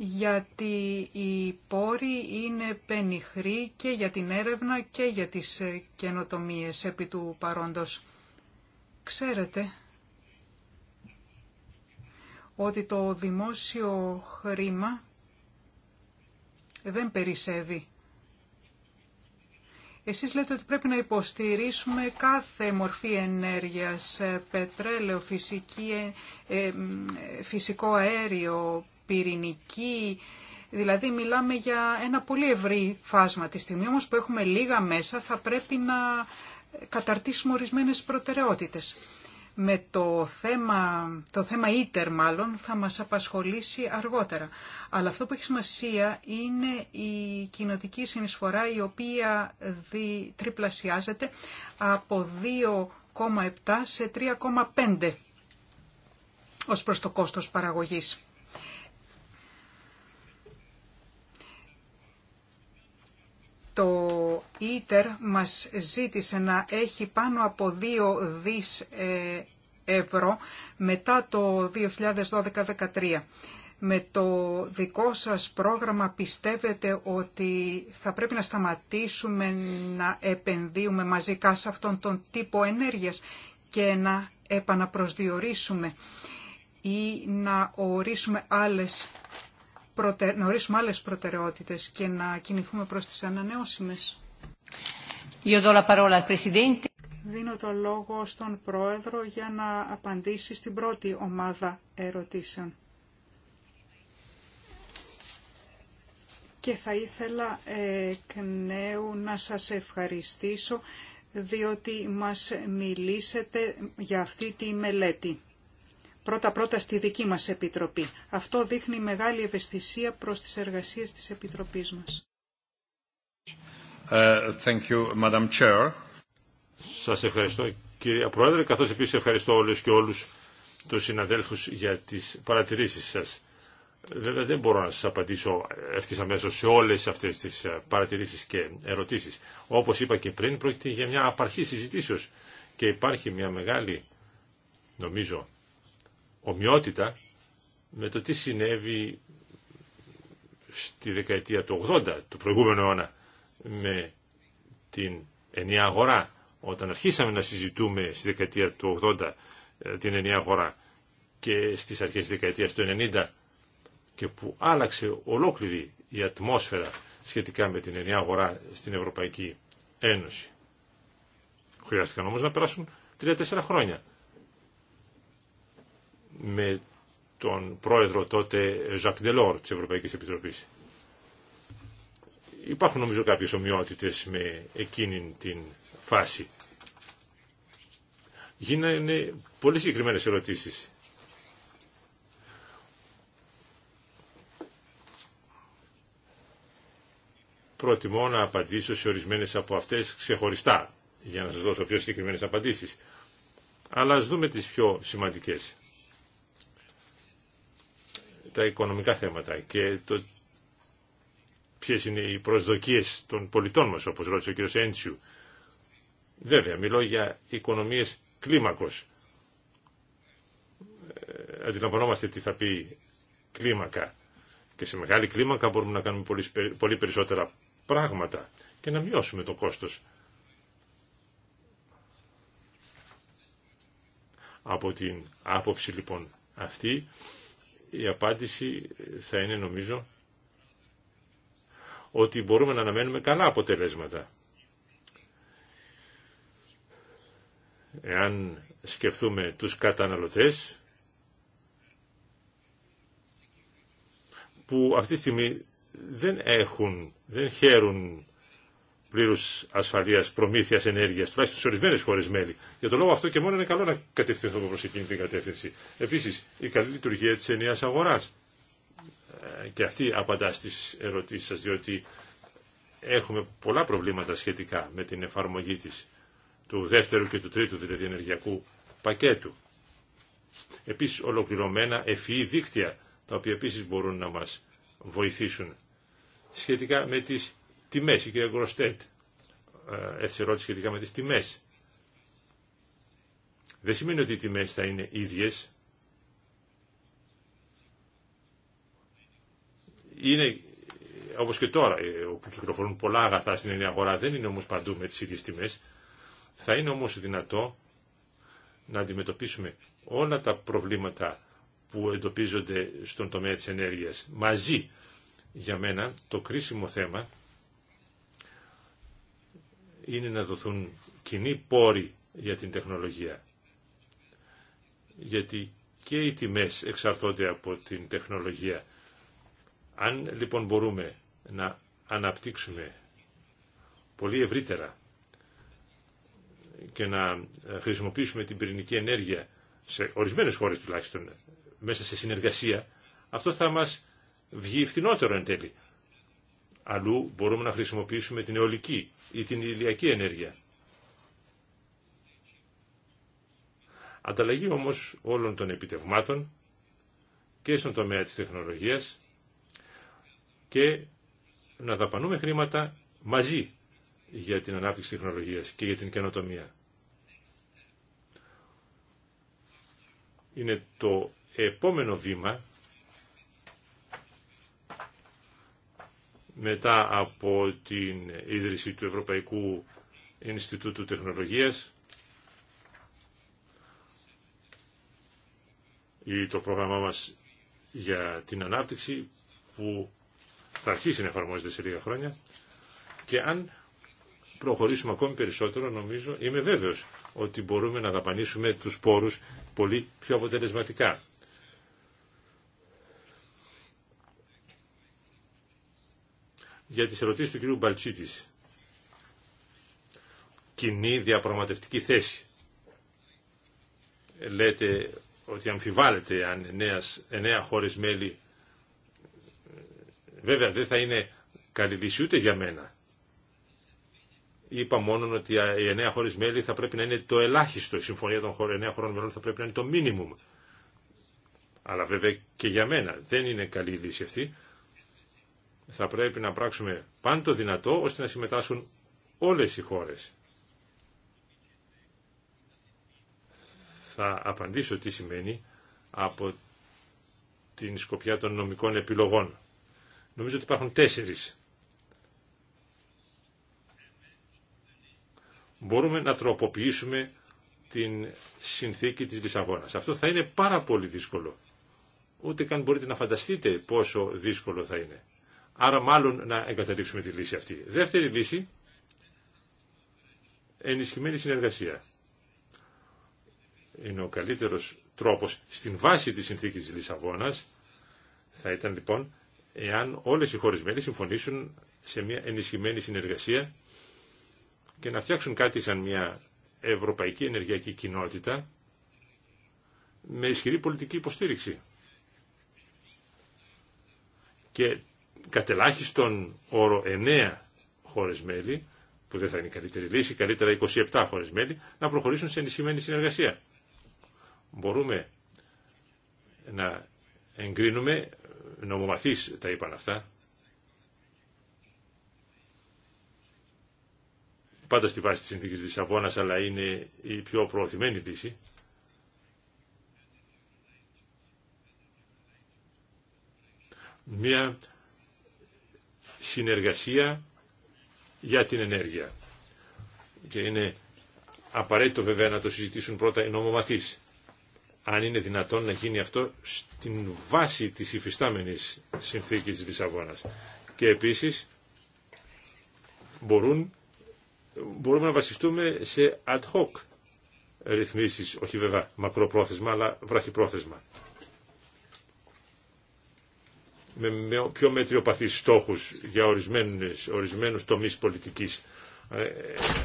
γιατί οι πόροι είναι πενιχροί και για την έρευνα και για τις καινοτομίες επί του παρόντος. Ξέρετε ότι το δημόσιο χρήμα δεν περισσεύει. Εσείς λέτε ότι πρέπει να υποστηρίσουμε κάθε μορφή ενέργειας, ε, πετρέλαιο, ε, ε, φυσικό αέριο, πυρηνική, δηλαδή μιλάμε για ένα πολύ ευρύ φάσμα. Τη στιγμή όμως που έχουμε λίγα μέσα θα πρέπει να καταρτήσουμε ορισμένες προτεραιότητες. Με το θέμα, το θέμα ίτερ μάλλον θα μας απασχολήσει αργότερα. Αλλά αυτό που έχει σημασία είναι η κοινοτική συνεισφορά η οποία τριπλασιάζεται από 2,7 σε 3,5 ως προς το κόστος παραγωγής. το ίτερ μας ζήτησε να έχει πάνω από 2 δις ε, ευρώ μετά το 2012-2013. Με το δικό σας πρόγραμμα πιστεύετε ότι θα πρέπει να σταματήσουμε να επενδύουμε μαζικά σε αυτόν τον τύπο ενέργειας και να επαναπροσδιορίσουμε ή να ορίσουμε άλλες προτε... να ορίσουμε άλλες προτεραιότητες και να κινηθούμε προς τις ανανεώσιμες. Δίνω το λόγο στον Πρόεδρο για να απαντήσει στην πρώτη ομάδα ερωτήσεων. Και θα ήθελα ε, εκ νέου να σας ευχαριστήσω διότι μας μιλήσετε για αυτή τη μελέτη πρώτα-πρώτα στη δική μας Επιτροπή. Αυτό δείχνει μεγάλη ευαισθησία προς τις εργασίες της Επιτροπής μας. Uh, thank you, Madam Chair. Σας ευχαριστώ κύριε Πρόεδρε, καθώς επίσης ευχαριστώ όλους και όλους τους συναδέλφους για τις παρατηρήσεις σας. Βέβαια δεν μπορώ να σας απαντήσω ευθύς αμέσως σε όλες αυτές τις ε, παρατηρήσεις και ερωτήσεις. Όπως είπα και πριν, πρόκειται για μια απαρχή συζητήσεως και υπάρχει μια μεγάλη, νομίζω, ομοιότητα με το τι συνέβη στη δεκαετία του 80 του προηγούμενου αιώνα με την ενιαία αγορά όταν αρχίσαμε να συζητούμε στη δεκαετία του 80 ε, την ενιαία αγορά και στις αρχές της δεκαετίας του 90 και που άλλαξε ολόκληρη η ατμόσφαιρα σχετικά με την ενιαία αγορά στην Ευρωπαϊκή Ένωση. Χρειάστηκαν όμως να περάσουν 3-4 χρόνια με τον πρόεδρο τότε Ζακ Ντελόρ της Ευρωπαϊκής Επιτροπής. Υπάρχουν νομίζω κάποιες ομοιότητες με εκείνη την φάση. Γίνανε πολύ συγκεκριμένες ερωτήσεις. Προτιμώ να απαντήσω σε ορισμένες από αυτές ξεχωριστά, για να σας δώσω πιο συγκεκριμένες απαντήσεις. Αλλά ας δούμε τις πιο σημαντικές τα οικονομικά θέματα και το ποιες είναι οι προσδοκίες των πολιτών μας, όπως ρώτησε ο κ. Έντσιου. Βέβαια, μιλώ για οικονομίες κλίμακος. Ε, αντιλαμβανόμαστε τι θα πει κλίμακα. Και σε μεγάλη κλίμακα μπορούμε να κάνουμε πολύ περισσότερα πράγματα και να μειώσουμε το κόστος. Από την άποψη λοιπόν αυτή η απάντηση θα είναι νομίζω ότι μπορούμε να αναμένουμε καλά αποτελέσματα. Εάν σκεφτούμε τους καταναλωτές που αυτή τη στιγμή δεν έχουν, δεν χαίρουν πλήρου ασφαλείας, προμήθειας ενέργειας, τουλάχιστον σε ορισμένε χώρε μέλη. Για τον λόγο αυτό και μόνο είναι καλό να κατευθυνθούμε προς εκείνη την κατεύθυνση. Επίσης, η καλή λειτουργία της ενιαίας αγοράς. Ε, και αυτή απαντά στις ερωτήσεις σας, διότι έχουμε πολλά προβλήματα σχετικά με την εφαρμογή τη του δεύτερου και του τρίτου δηλαδή ενεργειακού πακέτου. Επίσης ολοκληρωμένα ευφυή e e δίκτυα, τα οποία επίσης μπορούν να μας βοηθήσουν σχετικά με τις τιμές. Η κυρία Γκροστέτ ε, έθεσε ερώτηση σχετικά με τι τιμές. Δεν σημαίνει ότι οι τιμές θα είναι ίδιες. Είναι όπως και τώρα, ε, όπου κυκλοφορούν πολλά αγαθά στην ενιαία αγορά, δεν είναι όμως παντού με τις ίδιες τιμές. Θα είναι όμως δυνατό να αντιμετωπίσουμε όλα τα προβλήματα που εντοπίζονται στον τομέα της ενέργειας μαζί. Για μένα το κρίσιμο θέμα είναι να δοθούν κοινοί πόροι για την τεχνολογία. Γιατί και οι τιμές εξαρτώνται από την τεχνολογία. Αν λοιπόν μπορούμε να αναπτύξουμε πολύ ευρύτερα και να χρησιμοποιήσουμε την πυρηνική ενέργεια σε ορισμένες χώρες τουλάχιστον μέσα σε συνεργασία, αυτό θα μας βγει φθηνότερο εν τέλει. Αλλού μπορούμε να χρησιμοποιήσουμε την αιωλική ή την ηλιακή ενέργεια. Ανταλλαγή όμως όλων των επιτευγμάτων και στον τομέα της τεχνολογίας και να δαπανούμε χρήματα μαζί για την ανάπτυξη τεχνολογίας και για την καινοτομία. Είναι το επόμενο βήμα μετά από την ίδρυση του Ευρωπαϊκού Ινστιτούτου Τεχνολογίας ή το πρόγραμμά μας για την ανάπτυξη που θα αρχίσει να εφαρμόζεται σε λίγα χρόνια και αν προχωρήσουμε ακόμη περισσότερο νομίζω είμαι βέβαιος ότι μπορούμε να δαπανίσουμε τους πόρους πολύ πιο αποτελεσματικά. για τις ερωτήσεις του κυρίου Μπαλτσίτης. Κοινή διαπραγματευτική θέση. Λέτε ότι αμφιβάλλεται αν νέας, εννέα χώρες μέλη... Βέβαια δεν θα είναι καλή λύση ούτε για μένα. Είπα μόνο ότι οι εννέα χώρες μέλη θα πρέπει να είναι το ελάχιστο. Η συμφωνία των χώρων, εννέα χωρών μελών θα πρέπει να είναι το μίνιμουμ. Αλλά βέβαια και για μένα δεν είναι καλή λύση αυτή θα πρέπει να πράξουμε πάντο δυνατό ώστε να συμμετάσχουν όλες οι χώρες. Θα απαντήσω τι σημαίνει από την σκοπιά των νομικών επιλογών. Νομίζω ότι υπάρχουν τέσσερις. Μπορούμε να τροποποιήσουμε την συνθήκη της Λισαβόνας. Αυτό θα είναι πάρα πολύ δύσκολο. Ούτε καν μπορείτε να φανταστείτε πόσο δύσκολο θα είναι. Άρα μάλλον να εγκαταλείψουμε τη λύση αυτή. Δεύτερη λύση, ενισχυμένη συνεργασία. Είναι ο καλύτερος τρόπος στην βάση της συνθήκης της Λισαβόνας. Θα ήταν λοιπόν εάν όλες οι χώρες μέλη συμφωνήσουν σε μια ενισχυμένη συνεργασία και να φτιάξουν κάτι σαν μια ευρωπαϊκή ενεργειακή κοινότητα με ισχυρή πολιτική υποστήριξη. Και κατελάχιστον όρο 9 χώρε μέλη, που δεν θα είναι η καλύτερη λύση, καλύτερα 27 χώρε μέλη, να προχωρήσουν σε ενισχυμένη συνεργασία. Μπορούμε να εγκρίνουμε, νομομαθεί τα είπαν αυτά, πάντα στη βάση της συνθήκης Λισαβόνα, αλλά είναι η πιο προωθημένη λύση, μια συνεργασία για την ενέργεια. Και είναι απαραίτητο βέβαια να το συζητήσουν πρώτα οι νομομαθείς. Αν είναι δυνατόν να γίνει αυτό στην βάση της υφιστάμενης συνθήκης της Και επίσης μπορούν, μπορούμε να βασιστούμε σε ad hoc ρυθμίσεις, όχι βέβαια μακροπρόθεσμα αλλά βραχυπρόθεσμα με πιο μετριοπαθείς στόχους για ορισμένους, ορισμένους τομείς πολιτικής. Ε,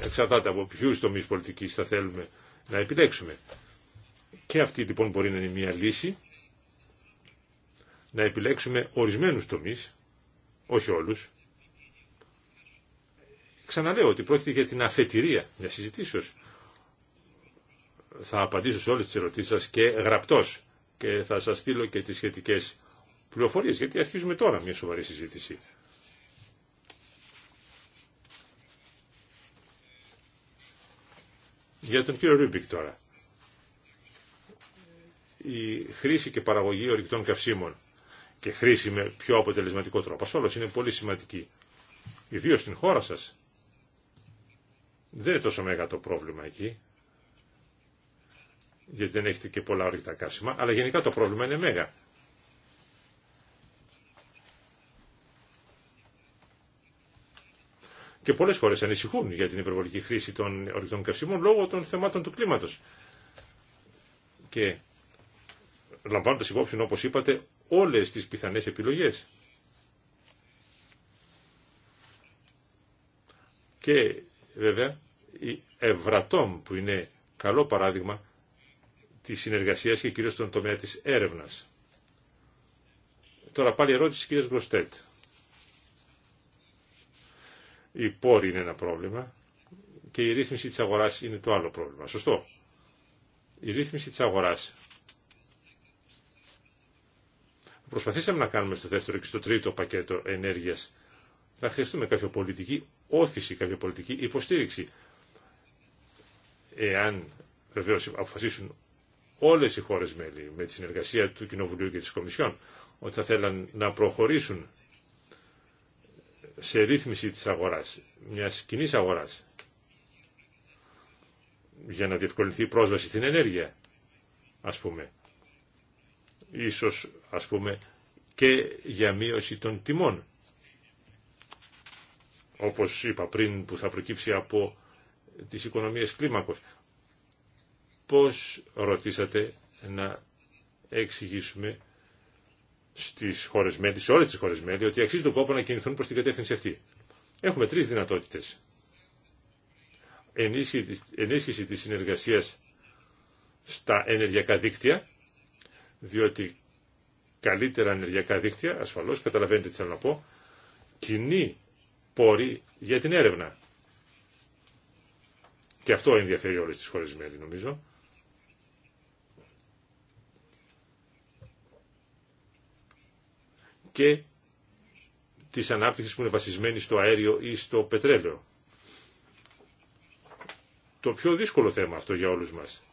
εξαρτάται από ποιους τομείς πολιτικής θα θέλουμε να επιλέξουμε. Και αυτή λοιπόν μπορεί να είναι μια λύση να επιλέξουμε ορισμένους τομείς, όχι όλους. Ξαναλέω ότι πρόκειται για την αφετηρία μια συζητήσεως. Θα απαντήσω σε όλες τις ερωτήσεις σας και γραπτός και θα σας στείλω και τις σχετικές πληροφορίες, γιατί αρχίζουμε τώρα μια σοβαρή συζήτηση. Για τον κύριο Ρούμπικ τώρα. Η χρήση και παραγωγή ορυκτών καυσίμων και χρήση με πιο αποτελεσματικό τρόπο. Ασφαλώς είναι πολύ σημαντική. Ιδίως στην χώρα σας. Δεν είναι τόσο μεγάλο το πρόβλημα εκεί. Γιατί δεν έχετε και πολλά ορυκτά καύσιμα. Αλλά γενικά το πρόβλημα είναι μέγα. Και πολλέ χώρε ανησυχούν για την υπερβολική χρήση των ορυκτών καυσίμων λόγω των θεμάτων του κλίματο. Και λαμβάνοντας υπόψη, όπω είπατε, όλε τι πιθανέ επιλογέ. Και βέβαια η Ευρατόμ που είναι καλό παράδειγμα της συνεργασίας και κυρίως στον τομέα της έρευνας. Τώρα πάλι ερώτηση κυρίας Γκροστέτ. Η πόροι είναι ένα πρόβλημα και η ρύθμιση της αγοράς είναι το άλλο πρόβλημα. Σωστό. Η ρύθμιση της αγοράς. Προσπαθήσαμε να κάνουμε στο δεύτερο και στο τρίτο πακέτο ενέργειας. Θα χρειαστούμε κάποια πολιτική όθηση, κάποια πολιτική υποστήριξη. Εάν βεβαίω αποφασίσουν όλες οι χώρες μέλη με τη συνεργασία του Κοινοβουλίου και της Κομισιόν ότι θα θέλαν να προχωρήσουν σε ρύθμιση της αγοράς, μιας κοινή αγοράς, για να διευκολυνθεί η πρόσβαση στην ενέργεια, ας πούμε. Ίσως, ας πούμε, και για μείωση των τιμών. Όπως είπα πριν, που θα προκύψει από τις οικονομίες κλίμακος. Πώς ρωτήσατε να εξηγήσουμε στις χώρες μέλη, σε όλες τις χώρες μέλη, ότι αξίζει τον κόπο να κινηθούν προς την κατεύθυνση αυτή. Έχουμε τρεις δυνατότητες. Ενίσχυση, ενίσχυση της συνεργασίας στα ενεργειακά δίκτυα, διότι καλύτερα ενεργειακά δίκτυα, ασφαλώς, καταλαβαίνετε τι θέλω να πω, κοινή πόρη για την έρευνα. Και αυτό ενδιαφέρει όλες τις χώρες μέλη, νομίζω. και της ανάπτυξης που είναι βασισμένη στο αέριο ή στο πετρέλαιο. Το πιο δύσκολο θέμα αυτό για όλους μας.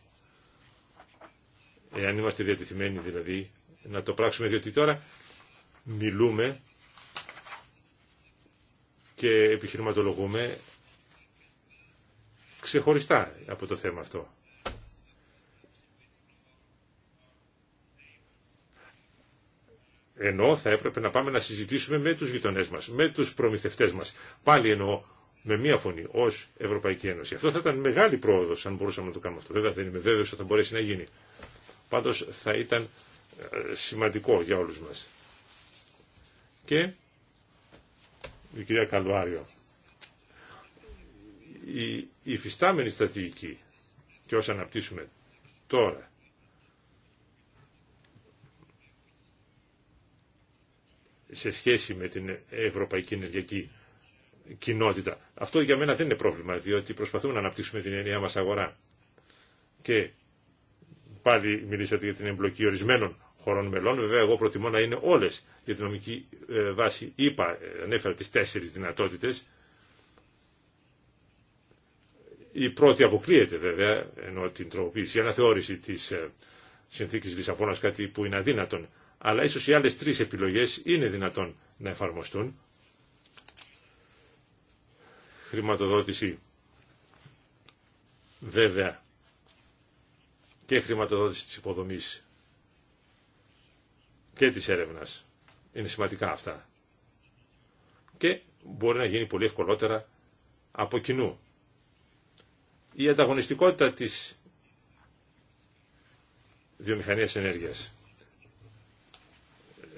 Εάν είμαστε διατεθειμένοι δηλαδή να το πράξουμε, διότι τώρα μιλούμε και επιχειρηματολογούμε ξεχωριστά από το θέμα αυτό. ενώ θα έπρεπε να πάμε να συζητήσουμε με τους γειτονές μας, με τους προμηθευτές μας. Πάλι εννοώ με μία φωνή ως Ευρωπαϊκή Ένωση. Αυτό θα ήταν μεγάλη πρόοδος αν μπορούσαμε να το κάνουμε αυτό. Βέβαια δεν είμαι βέβαιος ότι θα μπορέσει να γίνει. Πάντως θα ήταν ε, σημαντικό για όλους μας. Και η κυρία Καλουάριο. Η υφιστάμενη στρατηγική και όσα αναπτύσσουμε τώρα σε σχέση με την Ευρωπαϊκή Ενεργειακή Κοινότητα. Αυτό για μένα δεν είναι πρόβλημα, διότι προσπαθούμε να αναπτύξουμε την ενιαία μας αγορά. Και πάλι μιλήσατε για την εμπλοκή ορισμένων χωρών μελών. Βέβαια, εγώ προτιμώ να είναι όλες για την νομική ε, βάση. Είπα, ε, ανέφερα τις τέσσερις δυνατότητες. Η πρώτη αποκλείεται βέβαια, ενώ την τροποποίηση, η αναθεώρηση της ε, συνθήκης Λισαβόνας, κάτι που είναι αδύνατον αλλά ίσως οι άλλες τρεις επιλογές είναι δυνατόν να εφαρμοστούν. Χρηματοδότηση βέβαια και χρηματοδότηση της υποδομής και της έρευνας. Είναι σημαντικά αυτά. Και μπορεί να γίνει πολύ ευκολότερα από κοινού. Η ανταγωνιστικότητα της βιομηχανίας ενέργειας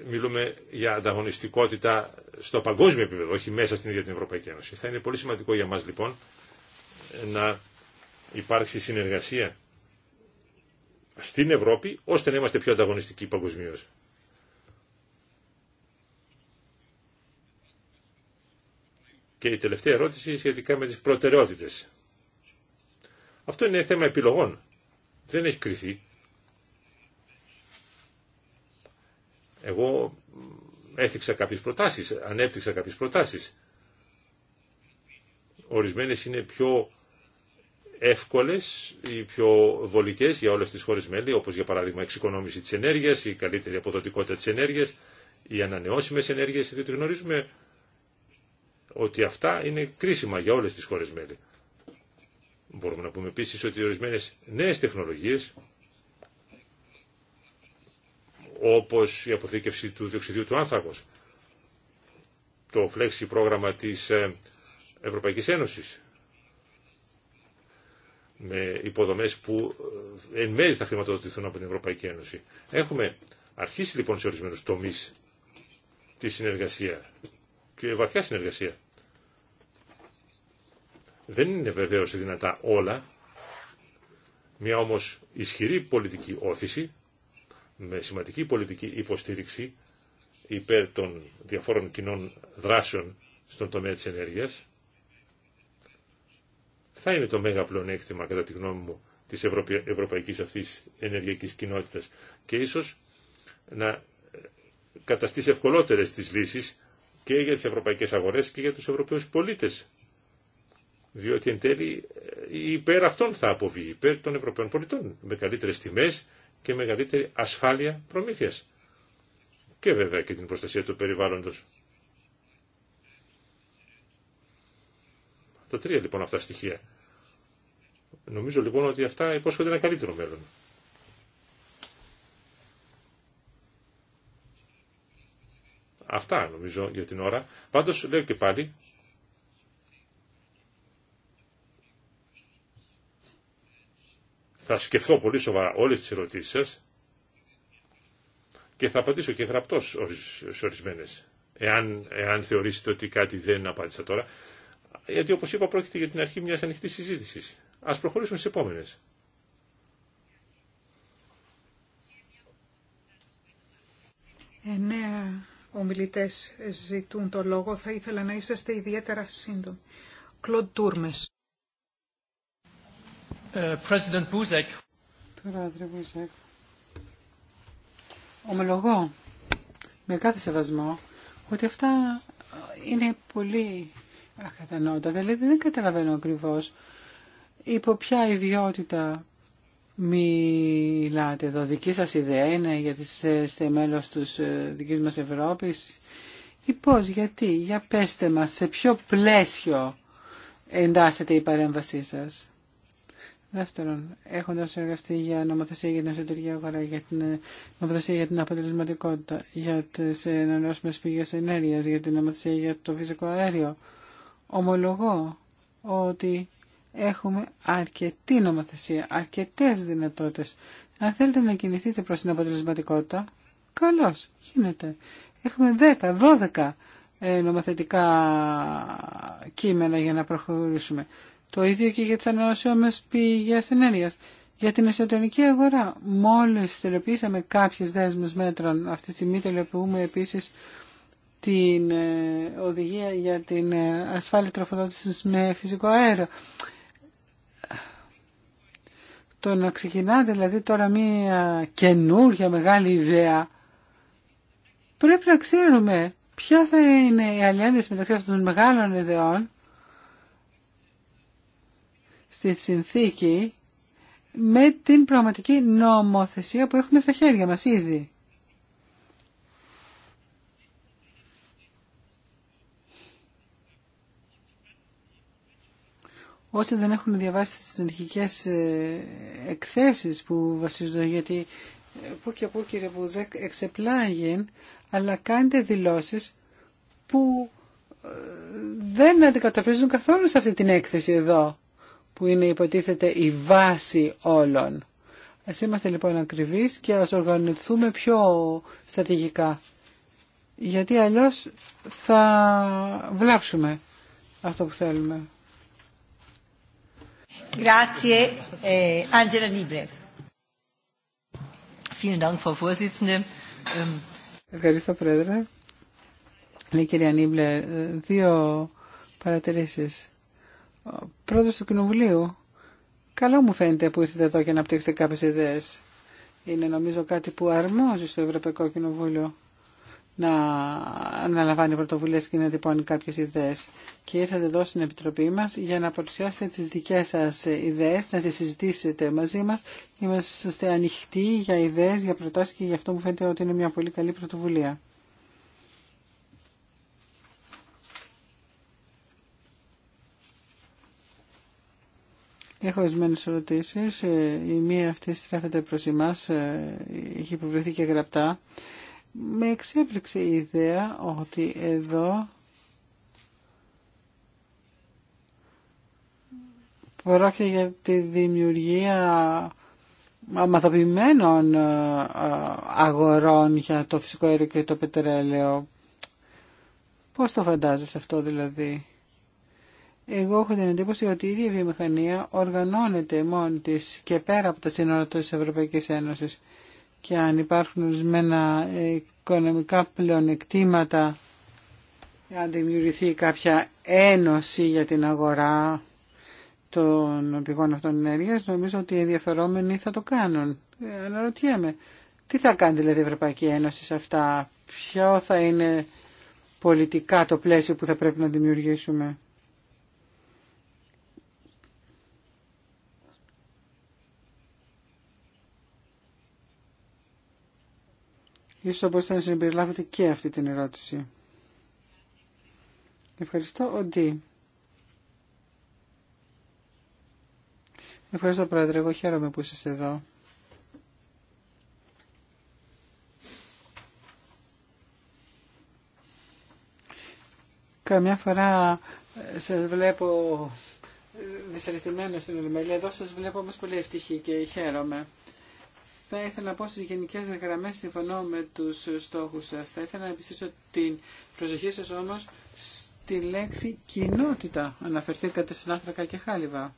μιλούμε για ανταγωνιστικότητα στο παγκόσμιο επίπεδο, όχι μέσα στην ίδια την Ευρωπαϊκή Ένωση. Θα είναι πολύ σημαντικό για μας λοιπόν να υπάρξει συνεργασία στην Ευρώπη, ώστε να είμαστε πιο ανταγωνιστικοί παγκοσμίω. Και η τελευταία ερώτηση σχετικά με τις προτεραιότητες. Αυτό είναι θέμα επιλογών. Δεν έχει κρυθεί. Εγώ έθιξα κάποιες προτάσεις, ανέπτυξα κάποιες προτάσεις. Ορισμένες είναι πιο εύκολες ή πιο βολικές για όλες τις χώρες μέλη, όπως για παράδειγμα εξοικονόμηση της ενέργειας, η καλύτερη αποδοτικότητα της ενέργειας, οι ανανεώσιμες ενέργειες, διότι γνωρίζουμε ότι αυτά είναι κρίσιμα για όλες τις χώρες η μέλη. Μπορούμε να πούμε επίσης ότι ορισμένες νέες τεχνολογίες όπως η αποθήκευση του διοξιδίου του άνθρακος, το φλέξι πρόγραμμα της ε, Ευρωπαϊκής Ένωσης, με υποδομές που ε, εν μέρει θα χρηματοδοτηθούν από την Ευρωπαϊκή Ένωση. Έχουμε αρχίσει λοιπόν σε ορισμένου τομεί τη συνεργασία και βαθιά συνεργασία. Δεν είναι βεβαίω δυνατά όλα. Μια όμως ισχυρή πολιτική όθηση με σημαντική πολιτική υποστήριξη υπέρ των διαφόρων κοινών δράσεων στον τομέα της ενέργειας, θα είναι το μέγα πλεονέκτημα, κατά τη γνώμη μου, της ευρωπαϊκής αυτής ενεργειακής κοινότητας και ίσως να ε, καταστήσει ευκολότερες τις λύσεις και για τις ευρωπαϊκές αγορές και για τους ευρωπαίους πολίτες. Διότι εν τέλει ε, υπέρ αυτών θα αποβεί, υπέρ των Ευρωπαίων πολιτών, με καλύτερες τιμές, και μεγαλύτερη ασφάλεια προμήθειας. Και βέβαια και την προστασία του περιβάλλοντος. Τα τρία λοιπόν αυτά στοιχεία. Νομίζω λοιπόν ότι αυτά υπόσχονται ένα καλύτερο μέλλον. Αυτά νομίζω για την ώρα. Πάντως λέω και πάλι Θα σκεφτώ πολύ σοβαρά όλες τις ερωτήσεις σας και θα απαντήσω και γραπτός σε ορισμένες, εάν, εάν θεωρήσετε ότι κάτι δεν απάντησα τώρα. Γιατί όπως είπα πρόκειται για την αρχή μιας ανοιχτής συζήτησης. Ας προχωρήσουμε στις επόμενες. Εννέα ομιλητές ζητούν το λόγο. Θα ήθελα να είσαστε ιδιαίτερα σύντομοι. Κλοντ Τούρμες. Ε, President Πρόεδρε Μπουζέκ, ομολογώ με κάθε σεβασμό ότι αυτά είναι πολύ ακατανόητα. Δηλαδή δεν καταλαβαίνω ακριβώ υπό ποια ιδιότητα μιλάτε εδώ. Δική σα ιδέα είναι γιατί ε, είστε μέλος τη ε, δικής μας Ευρώπης ή πώς, γιατί, για πέστε μας σε ποιο πλαίσιο εντάσσεται η παρέμβασή σας. Δεύτερον, έχοντα εργαστεί για νομοθεσία για την εσωτερική αγορά, για την ε, νομοθεσία για την αποτελεσματικότητα, για τι ε, ανανεώσιμε πηγέ ενέργεια, για την νομοθεσία για το φυσικό αέριο, ομολογώ ότι έχουμε αρκετή νομοθεσία, αρκετέ δυνατότητε. Αν θέλετε να κινηθείτε προ την αποτελεσματικότητα, καλώ γίνεται. Έχουμε 10, 12 ε, νομοθετικά κείμενα για να προχωρήσουμε. Το ίδιο και για τις ανανεώσιμες πηγές ενέργειας. Για την εσωτερική αγορά, μόλις τελειοποιήσαμε κάποιες δέσμες μέτρων, αυτή τη στιγμή τελειοποιούμε επίσης την ε, οδηγία για την ε, ασφάλεια τροφοδότησης με φυσικό αέριο. Το να ξεκινά δηλαδή τώρα μία καινούργια μεγάλη ιδέα, πρέπει να ξέρουμε ποια θα είναι η αλληλένδεση μεταξύ αυτών των μεγάλων ιδεών στη συνθήκη με την πραγματική νομοθεσία που έχουμε στα χέρια μας ήδη. Όσοι δεν έχουν διαβάσει τις συνεχικές ε, εκθέσεις που βασίζονται, γιατί ε, που και που κύριε Βουζέκ εξεπλάγει, αλλά κάνετε δηλώσεις που ε, δεν αντικαταπίζουν καθόλου σε αυτή την έκθεση εδώ που είναι υποτίθεται η βάση όλων. Ας είμαστε λοιπόν ακριβείς και ας οργανωθούμε πιο στρατηγικά. Γιατί αλλιώς θα βλάψουμε αυτό που θέλουμε. Ε, ähm, Ευχαριστώ, Πρόεδρε. Λέει κυρία Νίμπλε, δύο παρατηρήσεις πρόεδρος του Κοινοβουλίου. Καλό μου φαίνεται που ήρθετε εδώ για να πτύξετε κάποιες ιδέες. Είναι νομίζω κάτι που αρμόζει στο Ευρωπαϊκό Κοινοβούλιο να αναλαμβάνει πρωτοβουλίες και να τυπώνει κάποιες ιδέες. Και ήρθατε εδώ στην Επιτροπή μας για να παρουσιάσετε τις δικές σας ιδέες, να τις συζητήσετε μαζί μας. Είμαστε ανοιχτοί για ιδέες, για προτάσεις και γι' αυτό μου φαίνεται ότι είναι μια πολύ καλή πρωτοβουλία. Έχω ορισμένε ερωτήσει. Ε, η μία αυτή στρέφεται προ εμά, ε, έχει υποβληθεί και γραπτά. Με εξέπληξε η ιδέα ότι εδώ πρόκειται για τη δημιουργία αμαθοποιημένων ε, αγορών για το φυσικό αέριο και το πετρέλαιο. Πώς το φαντάζεσαι αυτό δηλαδή. Εγώ έχω την εντύπωση ότι η ίδια η βιομηχανία οργανώνεται μόνη τη και πέρα από τα σύνορα τη Ευρωπαϊκή Ένωση. Και αν υπάρχουν ορισμένα οικονομικά πλεονεκτήματα, αν δημιουργηθεί κάποια ένωση για την αγορά των πηγών αυτών ενέργεια, νομίζω ότι οι ενδιαφερόμενοι θα το κάνουν. Ε, αναρωτιέμαι, τι θα κάνει δηλαδή η Ευρωπαϊκή Ένωση σε αυτά, ποιο θα είναι πολιτικά το πλαίσιο που θα πρέπει να δημιουργήσουμε. Ίσως θα να συμπεριλάβετε και αυτή την ερώτηση. Ευχαριστώ, Οντί. Ευχαριστώ, Πρόεδρε. Εγώ χαίρομαι που είστε εδώ. Καμιά φορά ε, σας βλέπω ε, δυσαρεστημένο στην Ολομέλεια. Εδώ σας βλέπω όμως πολύ ευτυχή και χαίρομαι. Θα ήθελα να πω στι γενικέ γραμμέ συμφωνώ με του στόχου σα. Θα ήθελα να επιστήσω την προσοχή σα όμω στη λέξη κοινότητα. Αναφερθήκατε στην άνθρακα και χάλιβα.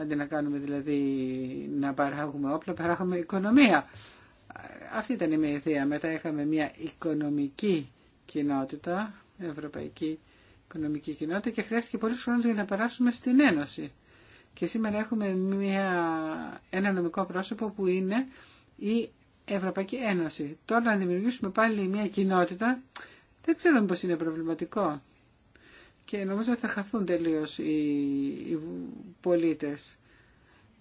Αντί να κάνουμε δηλαδή να παράγουμε όπλα, παράγουμε οικονομία. Αυτή ήταν η μια Μετά είχαμε μια οικονομική κοινότητα, ευρωπαϊκή οικονομική κοινότητα και χρειάστηκε πολλού χρόνου για να περάσουμε στην Ένωση. Και σήμερα έχουμε μια, ένα νομικό πρόσωπο που είναι η Ευρωπαϊκή Ένωση. Τώρα να δημιουργήσουμε πάλι μια κοινότητα δεν ξέρω πως είναι προβληματικό. Και νομίζω ότι θα χαθούν τελείως οι, οι πολίτες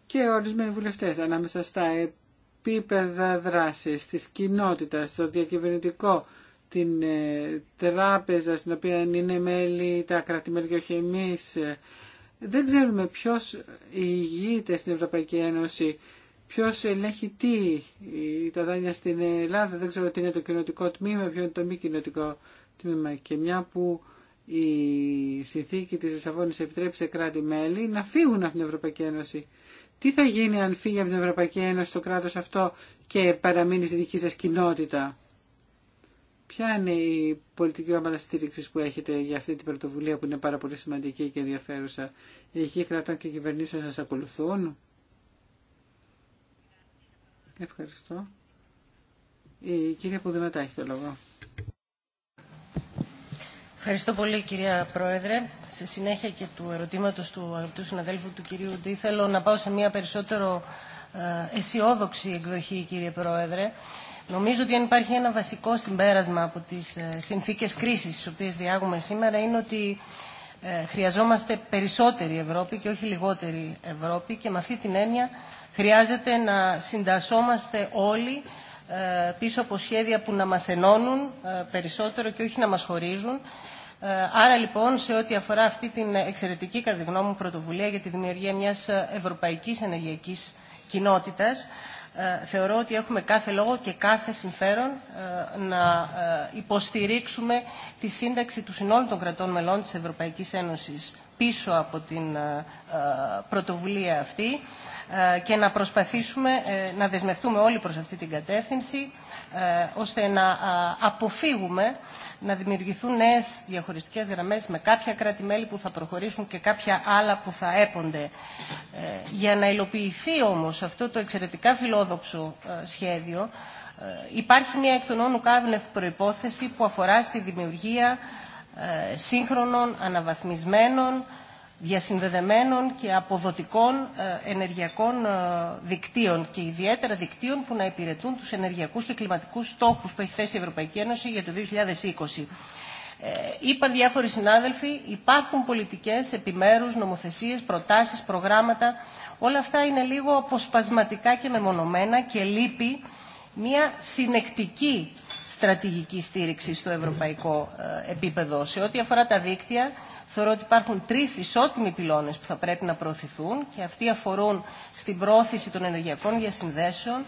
και ορισμένοι βουλευτές ανάμεσα στα επίπεδα δράσης της κοινότητας, το διακυβερνητικό, την ε, τράπεζα στην οποία είναι μέλη τα κρατημέρια και ε, δεν ξέρουμε ποιος ηγείται στην Ευρωπαϊκή Ένωση, ποιος ελέγχει τι τα δάνεια στην Ελλάδα, δεν ξέρω τι είναι το κοινοτικό τμήμα, ποιο είναι το μη κοινοτικό τμήμα και μια που η συνθήκη της Λισαβόνης επιτρέπει σε κράτη-μέλη να φύγουν από την Ευρωπαϊκή Ένωση. Τι θα γίνει αν φύγει από την Ευρωπαϊκή Ένωση το κράτος αυτό και παραμείνει στη δική σας κοινότητα. Ποια είναι η πολιτική ομάδα στήριξη που έχετε για αυτή την πρωτοβουλία που είναι πάρα πολύ σημαντική και ενδιαφέρουσα. Οι ηγοί κρατών και κυβερνήσεων σας ακολουθούν. Ευχαριστώ. Η κυρία Πουδηματά έχει το λόγο. Ευχαριστώ πολύ κυρία Πρόεδρε. Σε συνέχεια και του ερωτήματος του αγαπητού συναδέλφου του κυρίου Ντή, θέλω να πάω σε μια περισσότερο ε, αισιόδοξη εκδοχή κύριε Πρόεδρε. Νομίζω ότι αν υπάρχει ένα βασικό συμπέρασμα από τις ε, συνθήκες κρίσης τις οποίες διάγουμε σήμερα είναι ότι ε, χρειαζόμαστε περισσότερη Ευρώπη και όχι λιγότερη Ευρώπη και με αυτή την έννοια χρειάζεται να συντασσόμαστε όλοι ε, πίσω από σχέδια που να μας ενώνουν περισσότερο και όχι να μας χωρίζουν. Άρα λοιπόν σε ό,τι αφορά αυτή την εξαιρετική κατά τη γνώμη μου πρωτοβουλία για τη δημιουργία μιας ευρωπαϊκής ενεργειακής κοινότητας ε, θεωρώ ότι έχουμε κάθε λόγο και κάθε συμφέρον ε, να ε, υποστηρίξουμε τη σύνταξη του συνόλου των κρατών μελών της Ευρωπαϊκής Ένωσης πίσω από την πρωτοβουλία αυτή και να προσπαθήσουμε να δεσμευτούμε όλοι προς αυτή την κατεύθυνση ώστε να αποφύγουμε να δημιουργηθούν νέε διαχωριστικές γραμμές με κάποια κράτη-μέλη που θα προχωρήσουν και κάποια άλλα που θα έπονται. Ε, για να υλοποιηθεί όμω αυτό το εξαιρετικά φιλόδοξο ε, σχέδιο ε, υπάρχει μια εκ των όνου προϋπόθεση που αφορά στη δημιουργία σύγχρονων, αναβαθμισμένων διασυνδεδεμένων και αποδοτικών ε, ενεργειακών ε, δικτύων και ιδιαίτερα δικτύων που να υπηρετούν τους ενεργειακούς και κλιματικούς στόχους που έχει θέσει η Ευρωπαϊκή Ένωση για το 2020. Ε, είπαν διάφοροι συνάδελφοι, υπάρχουν πολιτικές, επιμέρους, νομοθεσίες, προτάσεις, προγράμματα. Όλα αυτά είναι λίγο αποσπασματικά και μεμονωμένα και λείπει μια συνεκτική στρατηγική στήριξη στο ευρωπαϊκό επίπεδο. Σε ό,τι αφορά τα δίκτυα, Θεωρώ ότι υπάρχουν τρει ισότιμοι πυλώνε που θα πρέπει να προωθηθούν και αυτοί αφορούν στην πρόθεση των ενεργειακών διασυνδέσεων,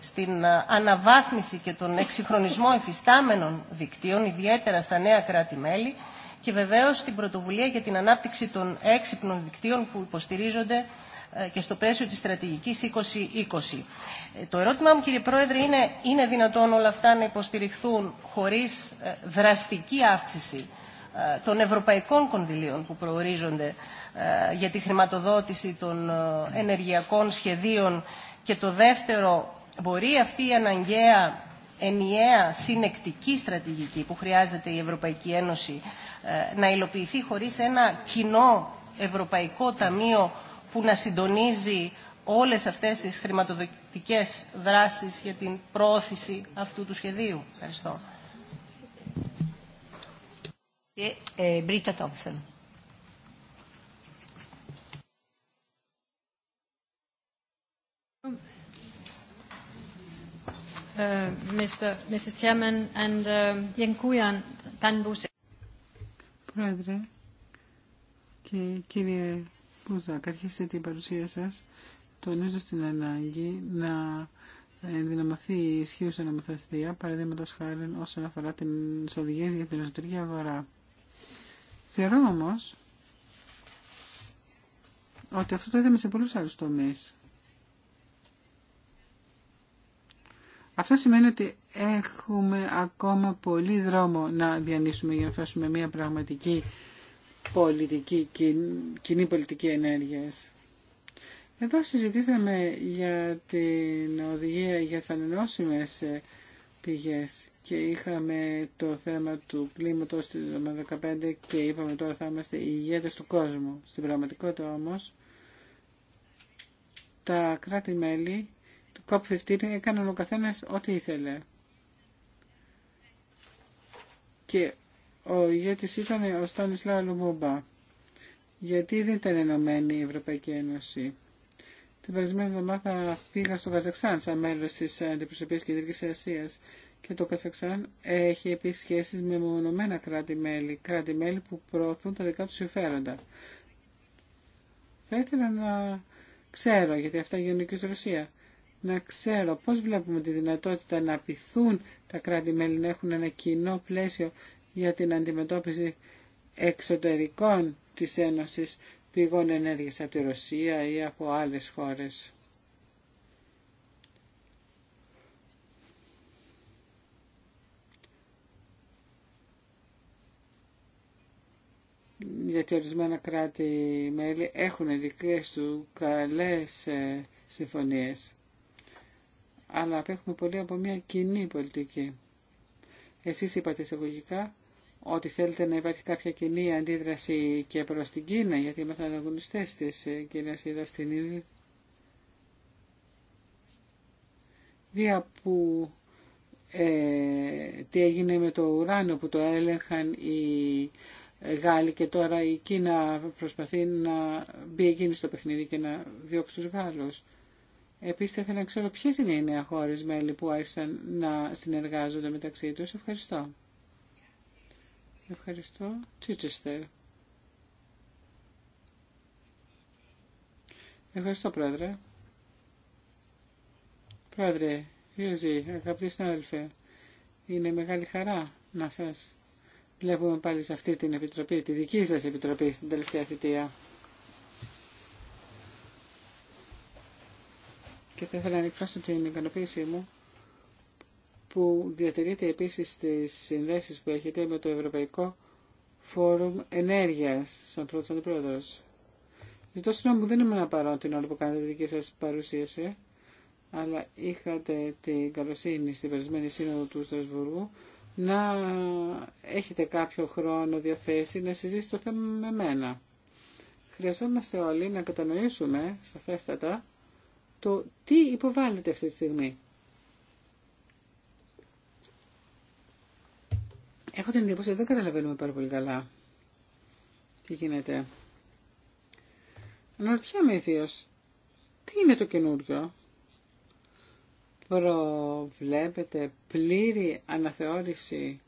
στην ε, αναβάθμιση και τον εξυγχρονισμό εφιστάμενων δικτύων, ιδιαίτερα στα νέα κράτη-μέλη, και βεβαίω στην πρωτοβουλία για την ανάπτυξη των έξυπνων δικτύων που υποστηρίζονται ε, και στο πλαίσιο της στρατηγικής 2020. Ε, το ερώτημά μου, κύριε Πρόεδρε, είναι είναι δυνατόν όλα αυτά να υποστηριχθούν χωρίς δραστική αύξηση ε, των ευρωπαϊκών κονδυλίων που προορίζονται ε, για τη χρηματοδότηση των ε, ενεργειακών σχεδίων και το δεύτερο, μπορεί αυτή η αναγκαία ενιαία συνεκτική στρατηγική που χρειάζεται η Ευρωπαϊκή Ένωση να υλοποιηθεί χωρίς ένα κοινό ευρωπαϊκό ταμείο που να συντονίζει όλες αυτές τις χρηματοδοτικές δράσεις για την πρόωθηση αυτού του σχεδίου. Ευχαριστώ. Ε, ε, ε, Πρόεδρε και κύριε Μπούζακ, αρχίστε την παρουσία σας τονίζω στην ανάγκη να ενδυναμωθεί η ισχύουσα νομοθεσία, παραδείγματο χάρη όσον αφορά τι οδηγίε για την εσωτερική αγορά. Θεωρώ όμω ότι αυτό το είδαμε σε πολλού άλλου τομεί. Αυτό σημαίνει ότι έχουμε ακόμα πολύ δρόμο να διανύσουμε για να φτάσουμε μια πραγματική πολιτική, κοινή πολιτική ενέργειας. Εδώ συζητήσαμε για την οδηγία για τις πηγές και είχαμε το θέμα του κλίματος το 2015 και είπαμε τώρα θα είμαστε οι ηγέτες του κόσμου. Στην πραγματικότητα όμως τα κράτη-μέλη του COP15 έκαναν ο καθένας ό,τι ήθελε. Και ο ηγέτης ήταν ο Στάνισλα Λουμούμπα. Γιατί δεν ήταν ενωμένη η Ευρωπαϊκή Ένωση. Την περασμένη εβδομάδα πήγα στο Καζαξάν σαν μέλο τη Αντιπροσωπεία Κεντρική Ασία και το Καζαξάν έχει επίση σχέσει με μονομένα μελη που προωθούν τα δικά του συμφέροντα. Θα ήθελα να ξέρω, γιατί αυτά γίνονται και στη Ρωσία, να ξέρω πώ βλέπουμε τη δυνατότητα να πειθούν τα κράτη-μέλη να έχουν ένα κοινό πλαίσιο για την αντιμετώπιση εξωτερικών της Ένωσης πηγών ενέργεια από τη Ρωσία ή από άλλες χώρες. γιατί ορισμένα κράτη-μέλη έχουν δικέ του καλές ε, συμφωνίες. Αλλά απέχουμε πολύ από μια κοινή πολιτική. Εσείς είπατε εισαγωγικά ότι θέλετε να υπάρχει κάποια κοινή αντίδραση και προς την Κίνα, γιατί είμαστε ανταγωνιστές της Κίνας, είδα στην Ινδία. Δια που ε, τι έγινε με το ουράνιο που το έλεγχαν οι Γάλλοι και τώρα η Κίνα προσπαθεί να μπει εκείνη στο παιχνίδι και να διώξει τους Γάλλους. Επίσης θα ήθελα να ξέρω ποιες είναι οι νέα χώρες μέλη που άρχισαν να συνεργάζονται μεταξύ τους. Ευχαριστώ. Ευχαριστώ. Τσίτσεστερ. Ευχαριστώ, Πρόεδρε. Πρόεδρε, Ιωζή, αγαπητοί συνάδελφοι, είναι μεγάλη χαρά να σας βλέπουμε πάλι σε αυτή την επιτροπή, τη δική σας επιτροπή στην τελευταία θητεία. Και θα ήθελα να εκφράσω την ικανοποίησή μου που διατηρείται επίσης στις συνδέσεις που έχετε με το Ευρωπαϊκό Φόρουμ Ενέργειας, σαν πρώτος αντιπρόεδρος. Ζητώ συγγνώμη δεν ήμουν παρόν την όλη που κάνετε τη δική σας παρουσίαση, αλλά είχατε την καλοσύνη στην περισμένη σύνοδο του Στρασβουργού να έχετε κάποιο χρόνο διαθέσει να συζήσετε το θέμα με μένα. Χρειαζόμαστε όλοι να κατανοήσουμε σαφέστατα το τι υποβάλλεται αυτή τη στιγμή. Έχω την εντύπωση ότι δεν καταλαβαίνουμε πάρα πολύ καλά τι γίνεται. Αναρωτιέμαι ιδίω τι είναι το καινούριο. Προβλέπετε πλήρη αναθεώρηση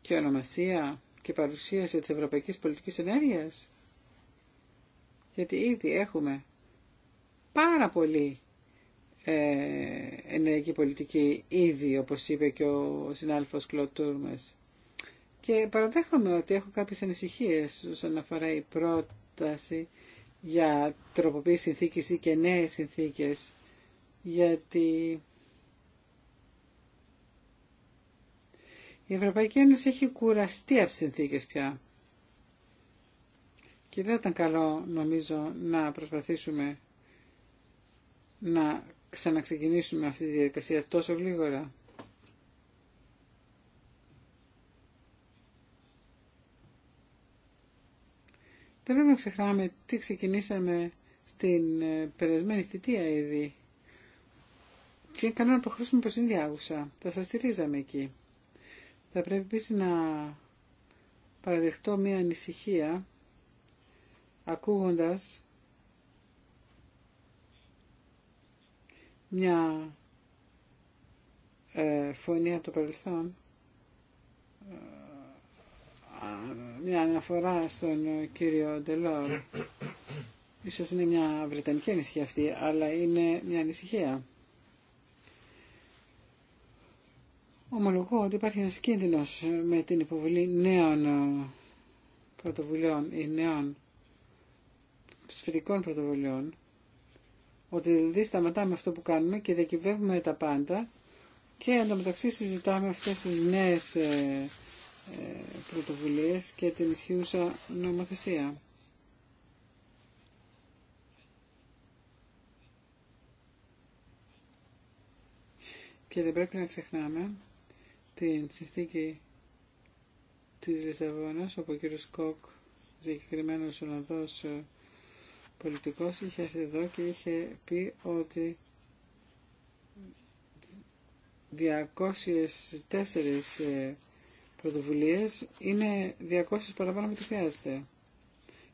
και ονομασία και παρουσίαση της ευρωπαϊκής πολιτικής ενέργειας. Γιατί ήδη έχουμε πάρα πολύ ε, ενεργή πολιτική ήδη, όπως είπε και ο συνάλφος Κλωτ Τούρμες. Και παραδέχομαι ότι έχω κάποιες ανησυχίες όσον αφορά η πρόταση για τροποποίηση συνθήκης ή και νέες συνθήκες, γιατί η Ευρωπαϊκή Ένωση έχει κουραστεί από συνθήκες πια. Και δεν ήταν καλό, νομίζω, να προσπαθήσουμε να ξαναξεκινήσουμε αυτή τη διαδικασία τόσο γλίγορα. Δεν πρέπει να ξεχνάμε τι ξεκινήσαμε στην ε, περασμένη θητεία ήδη. Και είναι να προχωρήσουμε προς την διάγουσα. Θα σας στηρίζαμε εκεί. Θα πρέπει επίσης να παραδεχτώ μία ανησυχία ακούγοντας μια ε, φωνή από το παρελθόν, ε, μια αναφορά στον ε, κύριο Ντελόρ. Ίσως είναι μια βρετανική ανησυχία αυτή, αλλά είναι μια ανησυχία. Ομολογώ ότι υπάρχει ένας κίνδυνος με την υποβολή νέων ε, πρωτοβουλειών ή νέων σφαιρικών πρωτοβουλειών ότι δηλαδή σταματάμε αυτό που κάνουμε και διακυβεύουμε τα πάντα και μεταξύ συζητάμε αυτές τις νέες ε, ε, πρωτοβουλίες και την ισχύουσα νομοθεσία. Και δεν πρέπει να ξεχνάμε την συνθήκη της Λισαβόνας, όπου ο κύριο Κοκ, συγκεκριμένος Ολλανδός ε, πολιτικός είχε έρθει εδώ και είχε πει ότι 204 ε, πρωτοβουλίες είναι 200 παραπάνω από ό,τι χρειάζεται.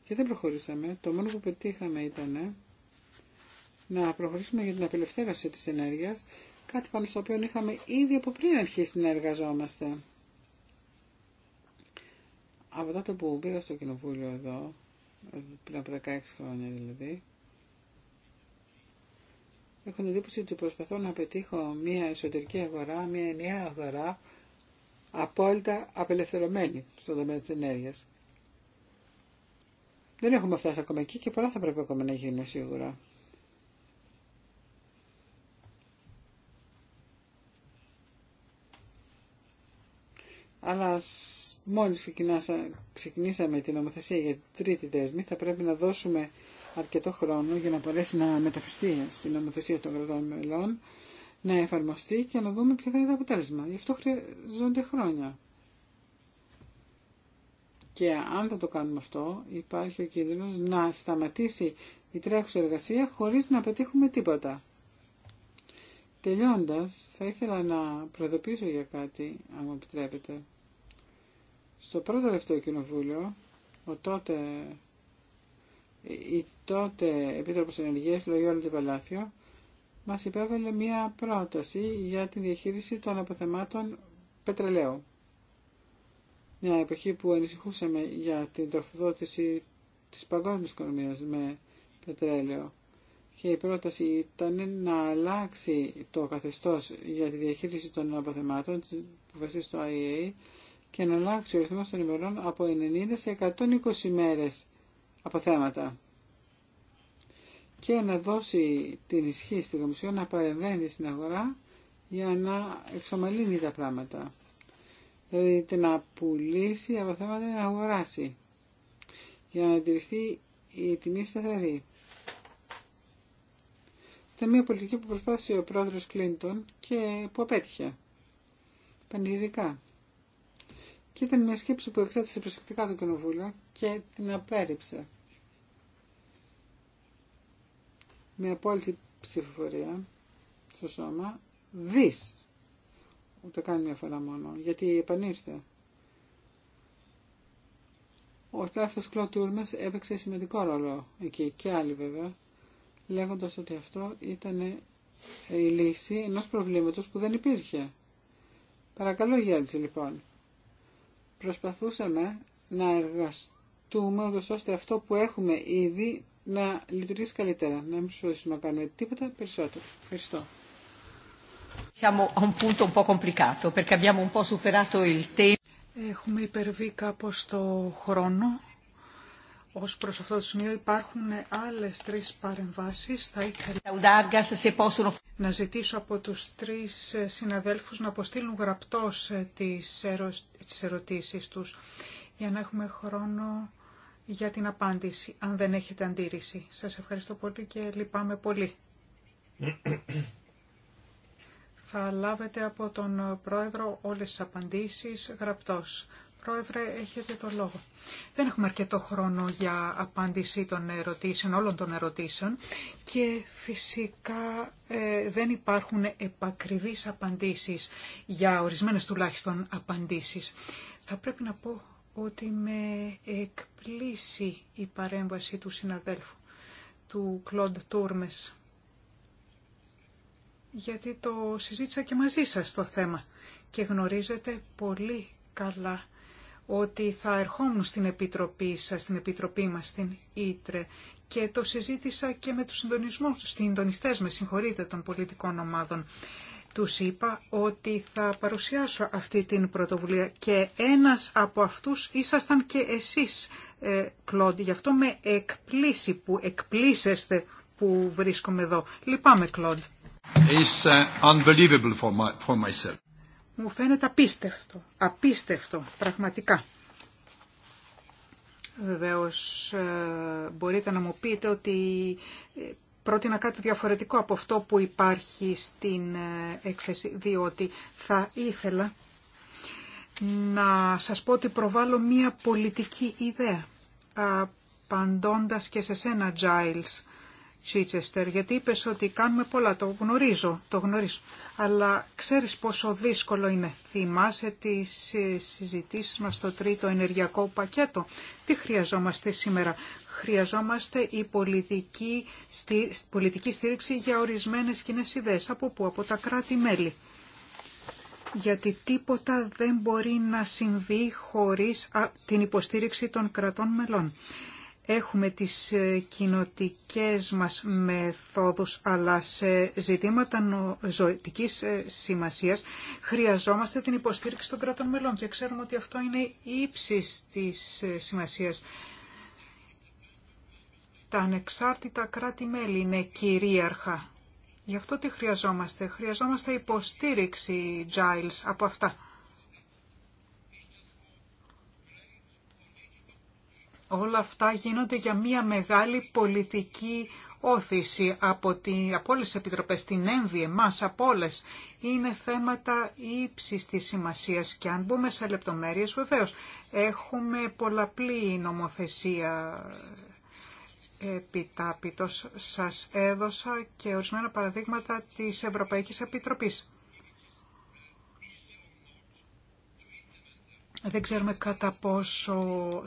Και δεν προχωρήσαμε. Το μόνο που πετύχαμε ήταν να προχωρήσουμε για την απελευθέρωση της ενέργειας, κάτι πάνω στο οποίο είχαμε ήδη από πριν αρχίσει να εργαζόμαστε. Από τότε που πήγα στο κοινοβούλιο εδώ, πριν από 16 χρόνια δηλαδή, έχω την εντύπωση ότι προσπαθώ να πετύχω μια εσωτερική αγορά, μια ενιαία αγορά, απόλυτα απελευθερωμένη στον τομέα της ενέργειας. Δεν έχουμε φτάσει ακόμα εκεί και πολλά θα πρέπει ακόμα να γίνουν σίγουρα. Αλλά Μόλις ξεκινήσαμε την νομοθεσία για την τρίτη δέσμη, θα πρέπει να δώσουμε αρκετό χρόνο για να μπορέσει να μεταφερθεί στην νομοθεσία των κρατών μελών, να εφαρμοστεί και να δούμε ποιο θα είναι το αποτέλεσμα. Γι' αυτό χρειαζόνται χρόνια. Και αν δεν το κάνουμε αυτό, υπάρχει ο κίνδυνος να σταματήσει η τρέχουσα εργασία χωρίς να πετύχουμε τίποτα. Τελειώντας, θα ήθελα να προεδοποιήσω για κάτι, αν μου επιτρέπετε. Στο πρώτο δεύτερο κοινοβούλιο, ο τότε, η τότε Επίτροπος όλο το Παλάθιο, μας υπέβαλε μία πρόταση για τη διαχείριση των αποθεμάτων πετρελαίου. Μια εποχή που ανησυχούσαμε για την τροφοδότηση της παγκόσμιας οικονομίας με πετρέλαιο και η πρόταση ήταν να αλλάξει το καθεστώς για τη διαχείριση των αποθεμάτων που βασίζεται του IEA και να αλλάξει ο ρυθμός των ημερών από 90 σε 120 ημέρες από θέματα και να δώσει την ισχύ στην Κομισιόν να παρεμβαίνει στην αγορά για να εξομαλύνει τα πράγματα. Δηλαδή να πουλήσει από θέματα να αγοράσει για να αντιληφθεί η τιμή σταθερή. Ήταν μια πολιτική που προσπάθησε ο πρόεδρος Κλίντον και που απέτυχε. Πανηγυρικά. Και ήταν μια σκέψη που εξέτασε προσεκτικά το κοινοβούλιο και την απέρριψε. Με απόλυτη ψηφοφορία στο σώμα, δις. Ούτε κάνει μια φορά μόνο, γιατί επανήρθε. Ο Στράφος Κλό Τούρμες έπαιξε σημαντικό ρόλο εκεί και άλλοι βέβαια, λέγοντας ότι αυτό ήταν η λύση ενός προβλήματος που δεν υπήρχε. Παρακαλώ Γιάννη λοιπόν προσπαθούσαμε να εργαστούμε ώστε αυτό που έχουμε ήδη να λειτουργήσει καλύτερα, να μην προσπαθήσουμε να κάνουμε τίποτα περισσότερο. Ευχαριστώ. Έχουμε υπερβεί κάπως το χρόνο ως προς αυτό το σημείο υπάρχουν άλλες τρεις παρεμβάσεις. Θα ήθελα να ζητήσω από τους τρεις συναδέλφους να αποστείλουν γραπτός ε, τις, ερω... τις ερωτήσεις τους για να έχουμε χρόνο για την απάντηση, αν δεν έχετε αντίρρηση. Σας ευχαριστώ πολύ και λυπάμαι πολύ. Θα λάβετε από τον Πρόεδρο όλες τις απαντήσεις γραπτός. Πρόεδρε, έχετε το λόγο. Δεν έχουμε αρκετό χρόνο για απάντηση των ερωτήσεων, όλων των ερωτήσεων και φυσικά ε, δεν υπάρχουν επακριβείς απαντήσεις, για ορισμένες τουλάχιστον απαντήσεις. Θα πρέπει να πω ότι με εκπλήσει η παρέμβαση του συναδέλφου, του Κλοντ Τούρμες, γιατί το συζήτησα και μαζί σας το θέμα και γνωρίζετε πολύ καλά ότι θα ερχόμουν στην Επιτροπή σας, στην Επιτροπή μας, στην Ήτρε και το συζήτησα και με τους συντονιστές, με συγχωρείτε, των πολιτικών ομάδων. Τους είπα ότι θα παρουσιάσω αυτή την πρωτοβουλία και ένας από αυτούς ήσασταν και εσείς, ε, Κλοντ. Γι' αυτό με εκπλήσει που εκπλήσεστε που βρίσκομαι εδώ. Λυπάμαι, Κλοντ. Uh, μου φαίνεται απίστευτο, απίστευτο πραγματικά. Βεβαίως ε, μπορείτε να μου πείτε ότι ε, πρότεινα κάτι διαφορετικό από αυτό που υπάρχει στην ε, έκθεση, διότι θα ήθελα να σας πω ότι προβάλλω μία πολιτική ιδέα, απαντώντας και σε σένα, Giles, Τσίτσεστερ, γιατί είπε ότι κάνουμε πολλά, το γνωρίζω, το γνωρίζω. Αλλά ξέρεις πόσο δύσκολο είναι. Θυμάσαι τις ε, συζητήσεις μας στο τρίτο ενεργειακό πακέτο. Τι χρειαζόμαστε σήμερα. Χρειαζόμαστε η πολιτική, στη, πολιτική στήριξη για ορισμένες κοινέ ιδέες. Από πού, από τα κράτη-μέλη. Γιατί τίποτα δεν μπορεί να συμβεί χωρίς την υποστήριξη των κρατών μελών έχουμε τις ε, κοινοτικές μας μεθόδους, αλλά σε ζητήματα ζωητικής ε, σημασίας χρειαζόμαστε την υποστήριξη των κρατών μελών και ξέρουμε ότι αυτό είναι ύψης της ε, σημασίας. Τα ανεξάρτητα κράτη-μέλη είναι κυρίαρχα. Γι' αυτό τι χρειαζόμαστε. Χρειαζόμαστε υποστήριξη, Giles, από αυτά. Όλα αυτά γίνονται για μια μεγάλη πολιτική όθηση από, τη, από όλες τις επιτροπές, την έμβη, εμάς, από όλες. Είναι θέματα ύψης της σημασίας και αν μπούμε σε λεπτομέρειες βεβαίως έχουμε πολλαπλή νομοθεσία επιτάπητος. Σας έδωσα και ορισμένα παραδείγματα της Ευρωπαϊκής Επιτροπής. Δεν ξέρουμε κατά πόσο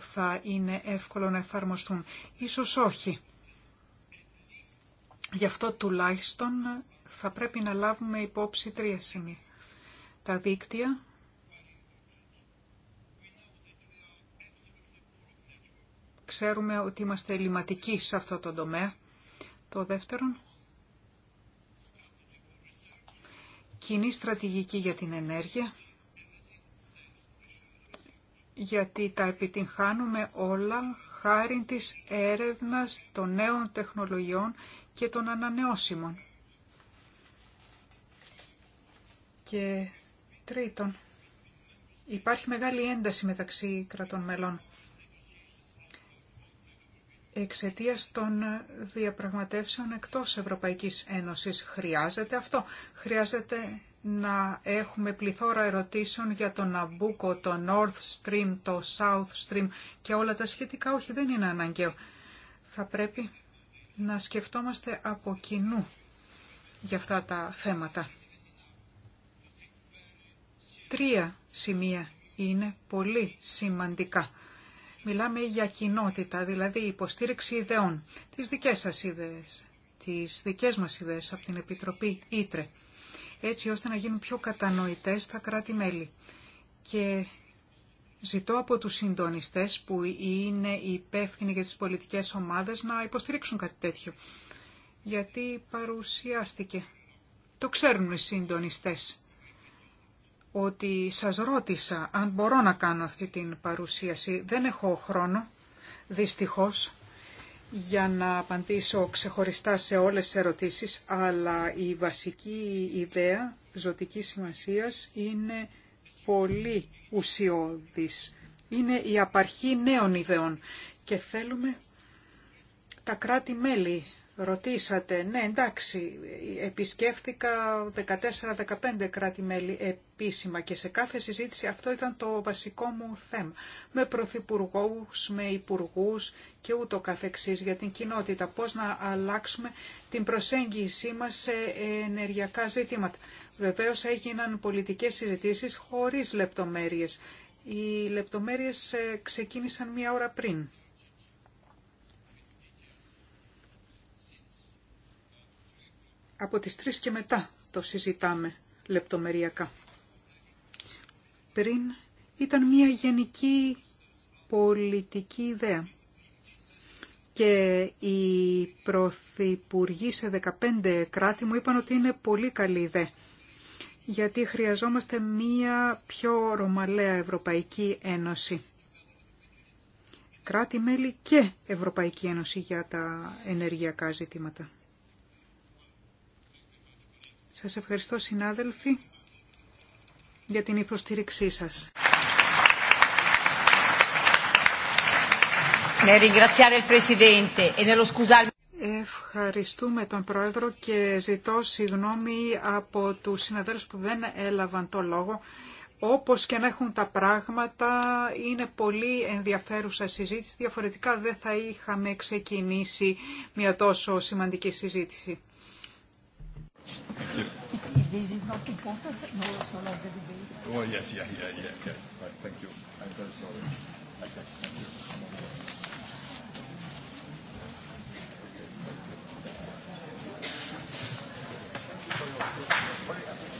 θα είναι εύκολο να εφαρμοστούν. Ίσως όχι. Γι' αυτό τουλάχιστον θα πρέπει να λάβουμε υπόψη τρία σημεία. Τα δίκτυα, ξέρουμε ότι είμαστε ελληματικοί σε αυτό το τομέα. Το δεύτερον, κοινή στρατηγική για την ενέργεια γιατί τα επιτυγχάνουμε όλα χάρη της έρευνας των νέων τεχνολογιών και των ανανεώσιμων. Και τρίτον, υπάρχει μεγάλη ένταση μεταξύ κρατών μελών. Εξαιτία των διαπραγματεύσεων εκτός Ευρωπαϊκής Ένωσης χρειάζεται αυτό. Χρειάζεται να έχουμε πληθώρα ερωτήσεων για τον Αμπούκο, το North Stream, το South Stream και όλα τα σχετικά. Όχι, δεν είναι αναγκαίο. Θα πρέπει να σκεφτόμαστε από κοινού για αυτά τα θέματα. Τρία σημεία είναι πολύ σημαντικά. Μιλάμε για κοινότητα, δηλαδή υποστήριξη ιδεών, τις δικές σας ιδέες, τις δικές μας ιδέες από την Επιτροπή Ήτρε έτσι ώστε να γίνουν πιο κατανοητές τα κράτη-μέλη. Και ζητώ από τους συντονιστές που είναι υπεύθυνοι για τις πολιτικές ομάδες να υποστηρίξουν κάτι τέτοιο. Γιατί παρουσιάστηκε. Το ξέρουν οι συντονιστές ότι σας ρώτησα αν μπορώ να κάνω αυτή την παρουσίαση. Δεν έχω χρόνο, δυστυχώς για να απαντήσω ξεχωριστά σε όλες τις ερωτήσεις, αλλά η βασική ιδέα ζωτικής σημασίας είναι πολύ ουσιώδης. Είναι η απαρχή νέων ιδεών και θέλουμε τα κράτη-μέλη Ρωτήσατε, ναι εντάξει, επισκέφθηκα 14-15 κράτη-μέλη επίσημα και σε κάθε συζήτηση αυτό ήταν το βασικό μου θέμα. Με πρωθυπουργούς, με υπουργούς και ούτω καθεξής για την κοινότητα. Πώς να αλλάξουμε την προσέγγιση μας σε ενεργειακά ζητήματα. Βεβαίως έγιναν πολιτικές συζητήσεις χωρίς λεπτομέρειες. Οι λεπτομέρειες ε, ξεκίνησαν μία ώρα πριν. από τις τρεις και μετά το συζητάμε λεπτομεριακά. Πριν ήταν μια γενική πολιτική ιδέα και οι πρωθυπουργοί σε 15 κράτη μου είπαν ότι είναι πολύ καλή ιδέα γιατί χρειαζόμαστε μία πιο ρωμαλαία Ευρωπαϊκή Ένωση. Κράτη-μέλη και Ευρωπαϊκή Ένωση για τα ενεργειακά ζητήματα. Σας ευχαριστώ συνάδελφοι για την υποστήριξή σας. E Ευχαριστούμε τον Πρόεδρο και ζητώ συγγνώμη από τους συναδέλφους που δεν έλαβαν το λόγο. Όπως και να έχουν τα πράγματα, είναι πολύ ενδιαφέρουσα συζήτηση. Διαφορετικά δεν θα είχαμε ξεκινήσει μια τόσο σημαντική συζήτηση. This is not important, no, so like the debate. Oh, yes, yeah, yeah, yeah, yeah. Right, thank you. I'm very sorry. Okay, Thank you.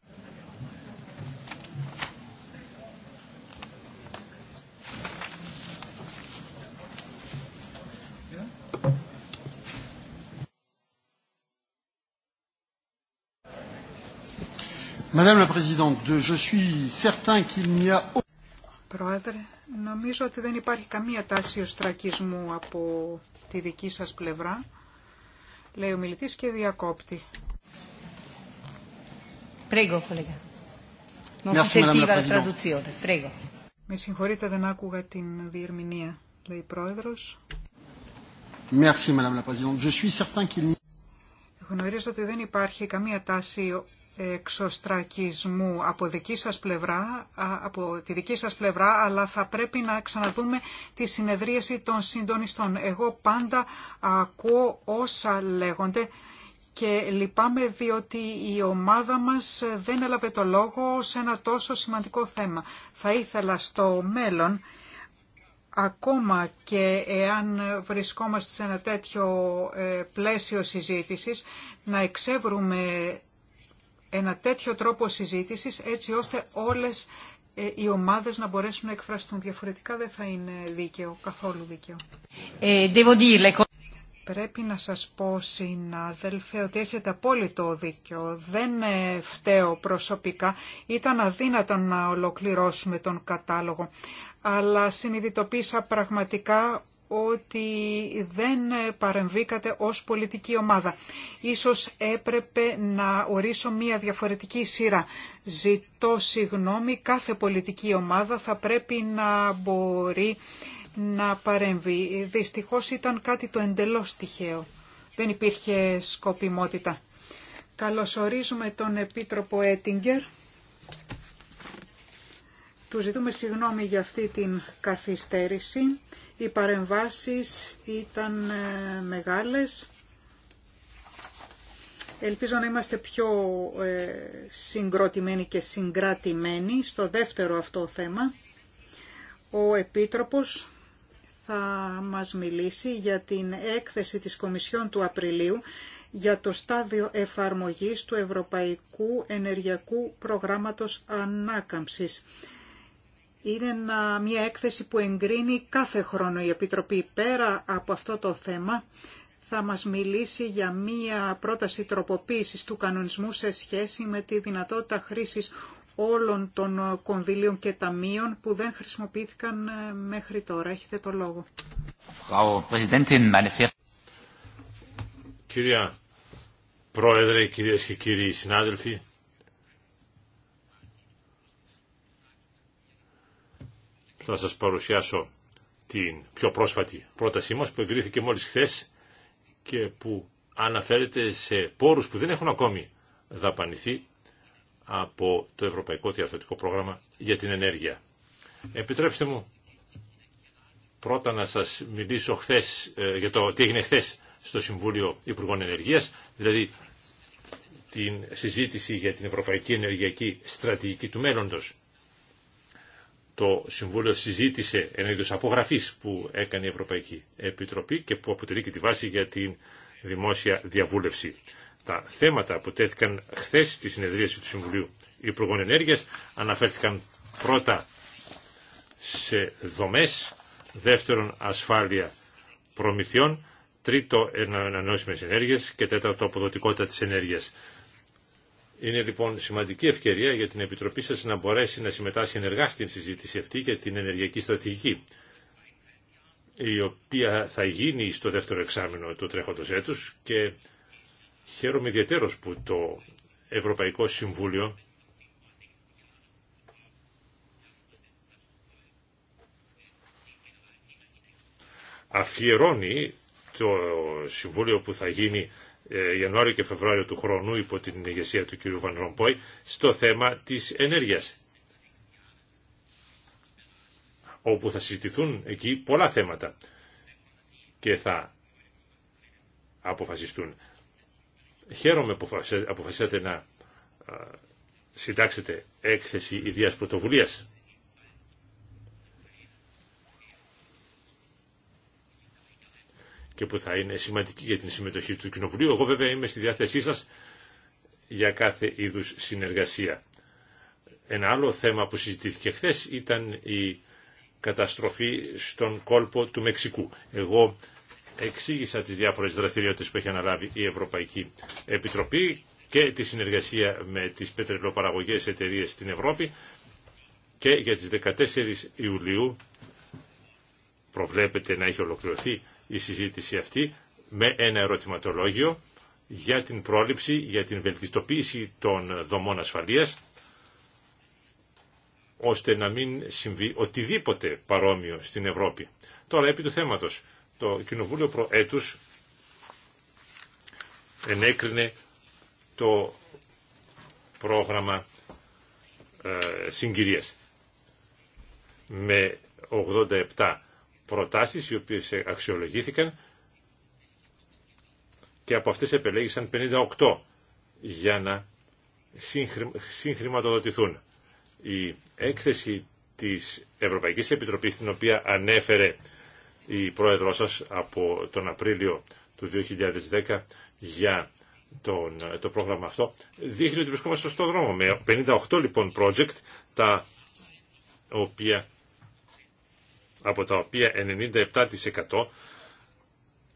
Madame Πρόεδρε, νομίζω ότι δεν υπάρχει καμία τάση οστρακισμού από τη δική σας πλευρά, λέει ο μιλητής και διακόπτει. Πρέγω, κολέγα. Με συγχωρείτε, δεν άκουγα την διερμηνία, λέει η Πρόεδρος. Merci, Madame la Présidente. Γνωρίζω ότι δεν υπάρχει καμία τάση εξωστρακισμού από, σας πλευρά, από τη δική σας πλευρά, αλλά θα πρέπει να ξαναδούμε τη συνεδρίαση των συντονιστών. Εγώ πάντα ακούω όσα λέγονται και λυπάμαι διότι η ομάδα μας δεν έλαβε το λόγο σε ένα τόσο σημαντικό θέμα. Θα ήθελα στο μέλλον, ακόμα και εάν βρισκόμαστε σε ένα τέτοιο ε, πλαίσιο συζήτησης, να εξεύρουμε ένα τέτοιο τρόπο συζήτησης έτσι ώστε όλες ε, οι ομάδες να μπορέσουν να εκφραστούν. Διαφορετικά δεν θα είναι δίκαιο, καθόλου δίκαιο. Ε, Πρέπει να σας πω, συνάδελφε, ότι έχετε απόλυτο δίκαιο. Δεν ε, φταίω προσωπικά. Ήταν αδύνατο να ολοκληρώσουμε τον κατάλογο. Αλλά συνειδητοποίησα πραγματικά ότι δεν παρεμβήκατε ως πολιτική ομάδα. Ίσως έπρεπε να ορίσω μία διαφορετική σειρά. Ζητώ συγγνώμη, κάθε πολιτική ομάδα θα πρέπει να μπορεί να παρέμβει. Δυστυχώς ήταν κάτι το εντελώς τυχαίο. Δεν υπήρχε σκοπιμότητα. Καλωσορίζουμε τον Επίτροπο Έτιγκερ. Του ζητούμε συγγνώμη για αυτή την καθυστέρηση οι παρεμβάσεις ήταν ε, μεγάλες. Ελπίζω να είμαστε πιο ε, συγκροτημένοι και συγκρατημένοι στο δεύτερο αυτό θέμα. Ο Επίτροπος θα μας μιλήσει για την έκθεση της Κομισιόν του Απριλίου για το στάδιο εφαρμογής του Ευρωπαϊκού Ενεργειακού Προγράμματος Ανάκαμψης είναι μια έκθεση που εγκρίνει κάθε χρόνο η Επιτροπή. Πέρα από αυτό το θέμα θα μας μιλήσει για μια πρόταση τροποποίησης του κανονισμού σε σχέση με τη δυνατότητα χρήσης όλων των κονδυλίων και ταμείων που δεν χρησιμοποιήθηκαν ε, μέχρι τώρα. Έχετε το λόγο. Κυρία Πρόεδρε, κυρίες και κύριοι συνάδελφοι, Θα σας παρουσιάσω την πιο πρόσφατη πρότασή μας που εγκρίθηκε μόλις χθε και που αναφέρεται σε πόρους που δεν έχουν ακόμη δαπανηθεί από το Ευρωπαϊκό Διαθετικό Πρόγραμμα για την Ενέργεια. Επιτρέψτε μου πρώτα να σας μιλήσω χθες, ε, για το τι έγινε χθε στο Συμβούλιο Υπουργών Ενεργείας, δηλαδή την συζήτηση για την Ευρωπαϊκή Ενεργειακή Στρατηγική του Μέλλοντος το Συμβούλιο συζήτησε ένα είδο απογραφή που έκανε η Ευρωπαϊκή Επιτροπή και που αποτελεί και τη βάση για την δημόσια διαβούλευση. Τα θέματα που τέθηκαν χθε στη συνεδρίαση του Συμβουλίου Υπουργών Ενέργεια αναφέρθηκαν πρώτα σε δομέ, δεύτερον ασφάλεια προμηθειών, τρίτο ανανεώσιμε ενέργειες και τέταρτο αποδοτικότητα τη ενέργεια. Είναι λοιπόν σημαντική ευκαιρία για την Επιτροπή σας να μπορέσει να συμμετάσχει ενεργά στην συζήτηση αυτή για την ενεργειακή στρατηγική, η οποία θα γίνει στο δεύτερο εξάμεινο του τρέχοντος έτους και χαίρομαι ιδιαίτερο που το Ευρωπαϊκό Συμβούλιο αφιερώνει το Συμβούλιο που θα γίνει ε, Ιανουάριο και Φεβρουάριο του χρόνου υπό την ηγεσία του κ. Βαν Ρομπόη στο θέμα της ενέργειας όπου θα συζητηθούν εκεί πολλά θέματα και θα αποφασιστούν. Χαίρομαι που αποφασίσατε να συντάξετε έκθεση ιδίας πρωτοβουλίας και που θα είναι σημαντική για την συμμετοχή του Κοινοβουλίου. Εγώ βέβαια είμαι στη διάθεσή σας για κάθε είδους συνεργασία. Ένα άλλο θέμα που συζητήθηκε χθε ήταν η καταστροφή στον κόλπο του Μεξικού. Εγώ εξήγησα τις διάφορες δραστηριότητες που έχει αναλάβει η Ευρωπαϊκή Επιτροπή και τη συνεργασία με τις πετρελοπαραγωγές εταιρείε στην Ευρώπη και για τις 14 Ιουλίου προβλέπεται να έχει ολοκληρωθεί η συζήτηση αυτή με ένα ερωτηματολόγιο για την πρόληψη, για την βελτιστοποίηση των δομών ασφαλείας ώστε να μην συμβεί οτιδήποτε παρόμοιο στην Ευρώπη. Τώρα, επί του θέματος, το Κοινοβούλιο Προέτους ενέκρινε το πρόγραμμα ε, συγκυρίας με 87 προτάσεις οι οποίες αξιολογήθηκαν και από αυτές επελέγησαν 58 για να συγχρηματοδοτηθούν. Η έκθεση της Ευρωπαϊκής Επιτροπής, την οποία ανέφερε η Πρόεδρό σας από τον Απρίλιο του 2010 για τον, το πρόγραμμα αυτό, δείχνει ότι βρισκόμαστε στον δρόμο. Με 58 λοιπόν project, τα οποία από τα οποία 97%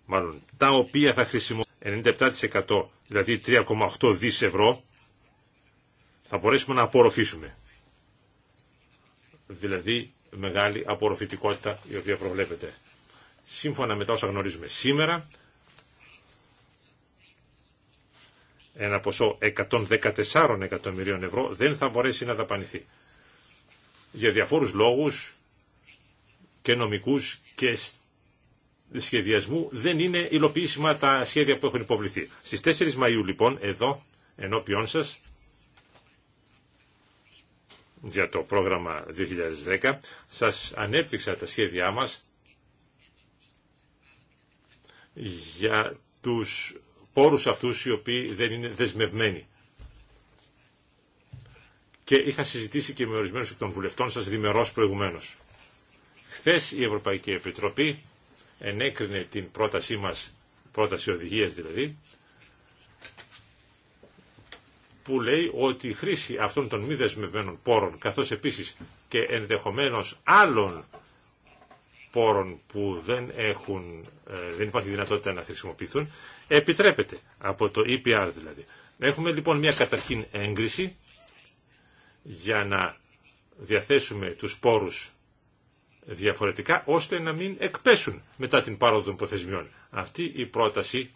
μάλλον τα οποία θα χρησιμοποιήσουμε 97% δηλαδή 3,8 δις ευρώ θα μπορέσουμε να απορροφήσουμε. Δηλαδή μεγάλη απορροφητικότητα η οποία προβλέπεται. Σύμφωνα με τα όσα γνωρίζουμε σήμερα, ένα ποσό 114 εκατομμυρίων ευρώ δεν θα μπορέσει να δαπανηθεί. Για διαφόρους λόγους, και νομικούς και σχεδιασμού δεν είναι υλοποιήσιμα τα σχέδια που έχουν υποβληθεί. Στις 4 Μαΐου λοιπόν εδώ ενώπιόν σας για το πρόγραμμα 2010 σας ανέπτυξα τα σχέδιά μας για τους πόρους αυτούς οι οποίοι δεν είναι δεσμευμένοι. Και είχα συζητήσει και με ορισμένους εκ των βουλευτών σας δημερός προηγουμένως. Χθες η Ευρωπαϊκή Επιτροπή ενέκρινε την πρότασή μας, πρόταση οδηγίας δηλαδή, που λέει ότι η χρήση αυτών των μη δεσμευμένων πόρων, καθώς επίσης και ενδεχομένως άλλων πόρων που δεν, έχουν, ε, δεν υπάρχει δυνατότητα να χρησιμοποιηθούν, επιτρέπεται από το EPR δηλαδή. Έχουμε λοιπόν μια καταρχήν έγκριση για να διαθέσουμε τους πόρους διαφορετικά ώστε να μην εκπέσουν μετά την πάροδο των προθεσμιών. Αυτή η πρόταση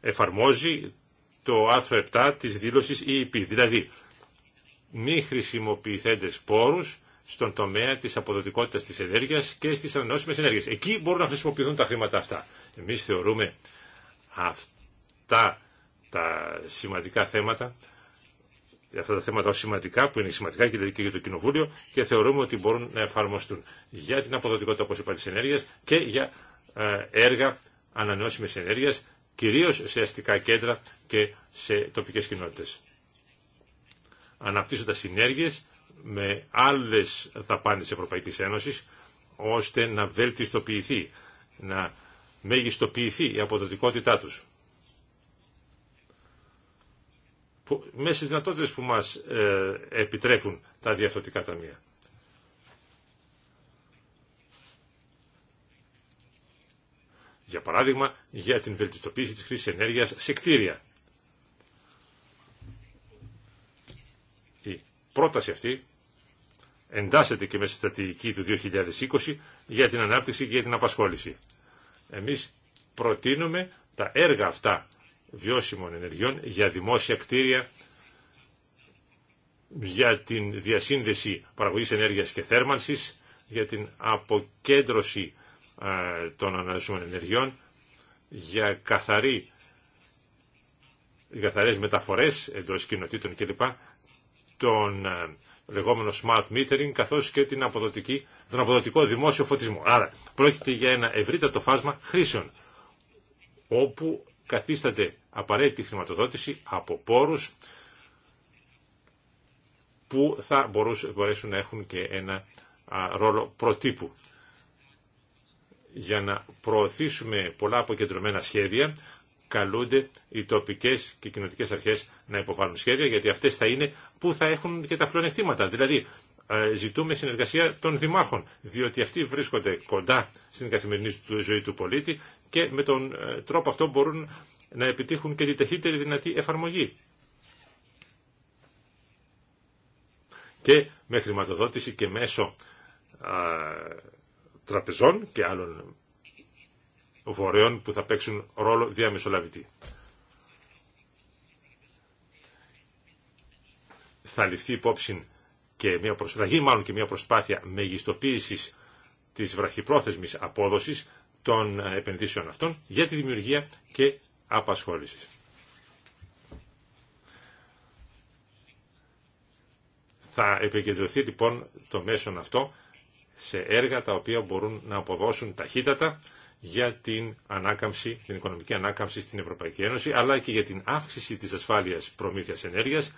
εφαρμόζει το άρθρο 7 της δήλωσης EEP, δηλαδή μη χρησιμοποιηθέντες πόρους στον τομέα της αποδοτικότητας της ενέργειας και στις ανανεώσιμες ενέργειες. Εκεί μπορούν να χρησιμοποιηθούν τα χρήματα αυτά. Εμείς θεωρούμε αυτά τα σημαντικά θέματα αυτά τα θέματα ως σημαντικά, που είναι σημαντικά δηλαδή και για το Κοινοβούλιο και θεωρούμε ότι μπορούν να εφαρμοστούν για την αποδοτικότητα, όπως είπα, της ενέργειας και για ε, έργα ανανεώσιμες ενέργειας, κυρίως σε αστικά κέντρα και σε τοπικές κοινότητες. Αναπτύσσοντας συνέργειες με άλλες δαπάνες Ευρωπαϊκής Ένωσης, ώστε να βελτιστοποιηθεί, να μεγιστοποιηθεί η αποδοτικότητά τους. μέσα στις δυνατότητες που μας ε, επιτρέπουν τα διαφθορτικά ταμεία. Για παράδειγμα, για την βελτιστοποίηση της χρήσης ενέργειας σε κτίρια. Η πρόταση αυτή εντάσσεται και μέσα στη στρατηγική του 2020 για την ανάπτυξη και για την απασχόληση. Εμείς προτείνουμε τα έργα αυτά βιώσιμων ενεργειών, για δημόσια κτίρια, για την διασύνδεση παραγωγής ενέργειας και θέρμανσης, για την αποκέντρωση των αναζωσμών ενεργειών, για καθαρή, καθαρές μεταφορές εντός κοινοτήτων κλπ, τον λεγόμενο smart metering, καθώς και την αποδοτική, τον αποδοτικό δημόσιο φωτισμό. Άρα, πρόκειται για ένα ευρύτατο φάσμα χρήσεων, όπου καθίσταται απαραίτητη χρηματοδότηση από πόρους που θα μπορέσουν να έχουν και ένα ρόλο προτύπου. Για να προωθήσουμε πολλά αποκεντρωμένα σχέδια, καλούνται οι τοπικές και κοινωτικές αρχές να υποβάλουν σχέδια, γιατί αυτές θα είναι που θα έχουν και τα πλονεκτήματα. Δηλαδή, ζητούμε συνεργασία των δημάρχων, διότι αυτοί βρίσκονται κοντά στην καθημερινή ζωή του πολίτη και με τον ε, τρόπο αυτό μπορούν να επιτύχουν και τη ταχύτερη δυνατή εφαρμογή. Και με χρηματοδότηση και μέσω τραπεζών και άλλων φορέων που θα παίξουν ρόλο διαμεσολαβητή. Θα ληφθεί υπόψη και μια προσπάθεια, μάλλον και μια προσπάθεια μεγιστοποίησης της βραχυπρόθεσμης απόδοσης των ε, επενδύσεων αυτών για τη δημιουργία και απασχόληση. Θα επικεντρωθεί λοιπόν το μέσον αυτό σε έργα τα οποία μπορούν να αποδώσουν ταχύτατα για την ανάκαμψη, την οικονομική ανάκαμψη στην Ευρωπαϊκή Ένωση, αλλά και για την αύξηση της ασφάλειας προμήθειας ενέργειας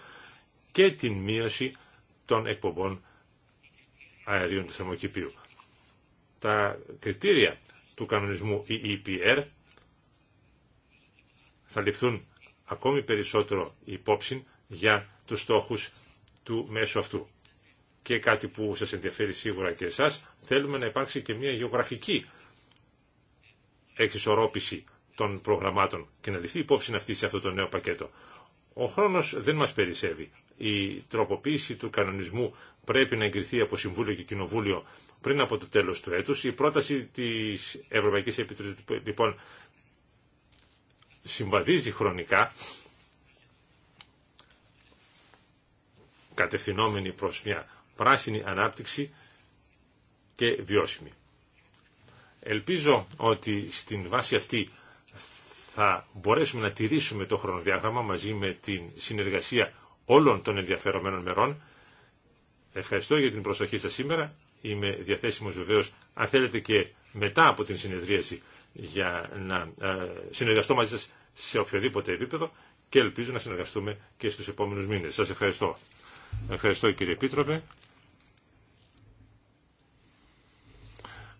και την μείωση των εκπομπών αερίων του θερμοκηπίου. Τα κριτήρια του κανονισμού EEPR θα ληφθούν ακόμη περισσότερο υπόψη για τους στόχους του μέσου αυτού. Και κάτι που σας ενδιαφέρει σίγουρα και εσάς, θέλουμε να υπάρξει και μια γεωγραφική εξισορρόπηση των προγραμμάτων και να ληφθεί υπόψη αυτή σε αυτό το νέο πακέτο. Ο χρόνος δεν μας περισσεύει. Η τροποποίηση του κανονισμού πρέπει να εγκριθεί από Συμβούλιο και Κοινοβούλιο πριν από το τέλος του έτους. Η πρόταση της Ευρωπαϊκής Επιτροπής λοιπόν συμβαδίζει χρονικά κατευθυνόμενη προς μια πράσινη ανάπτυξη και βιώσιμη. Ελπίζω ότι στην βάση αυτή θα μπορέσουμε να τηρήσουμε το χρονοδιάγραμμα μαζί με την συνεργασία όλων των ενδιαφερομένων μερών. Ευχαριστώ για την προσοχή σας σήμερα. Είμαι διαθέσιμος βεβαίως, αν θέλετε και μετά από την συνεδρίαση, για να ε, συνεργαστώ μαζί σας σε οποιοδήποτε επίπεδο και ελπίζω να συνεργαστούμε και στους επόμενους μήνες. Σας ευχαριστώ. Ευχαριστώ κύριε Επίτροπε.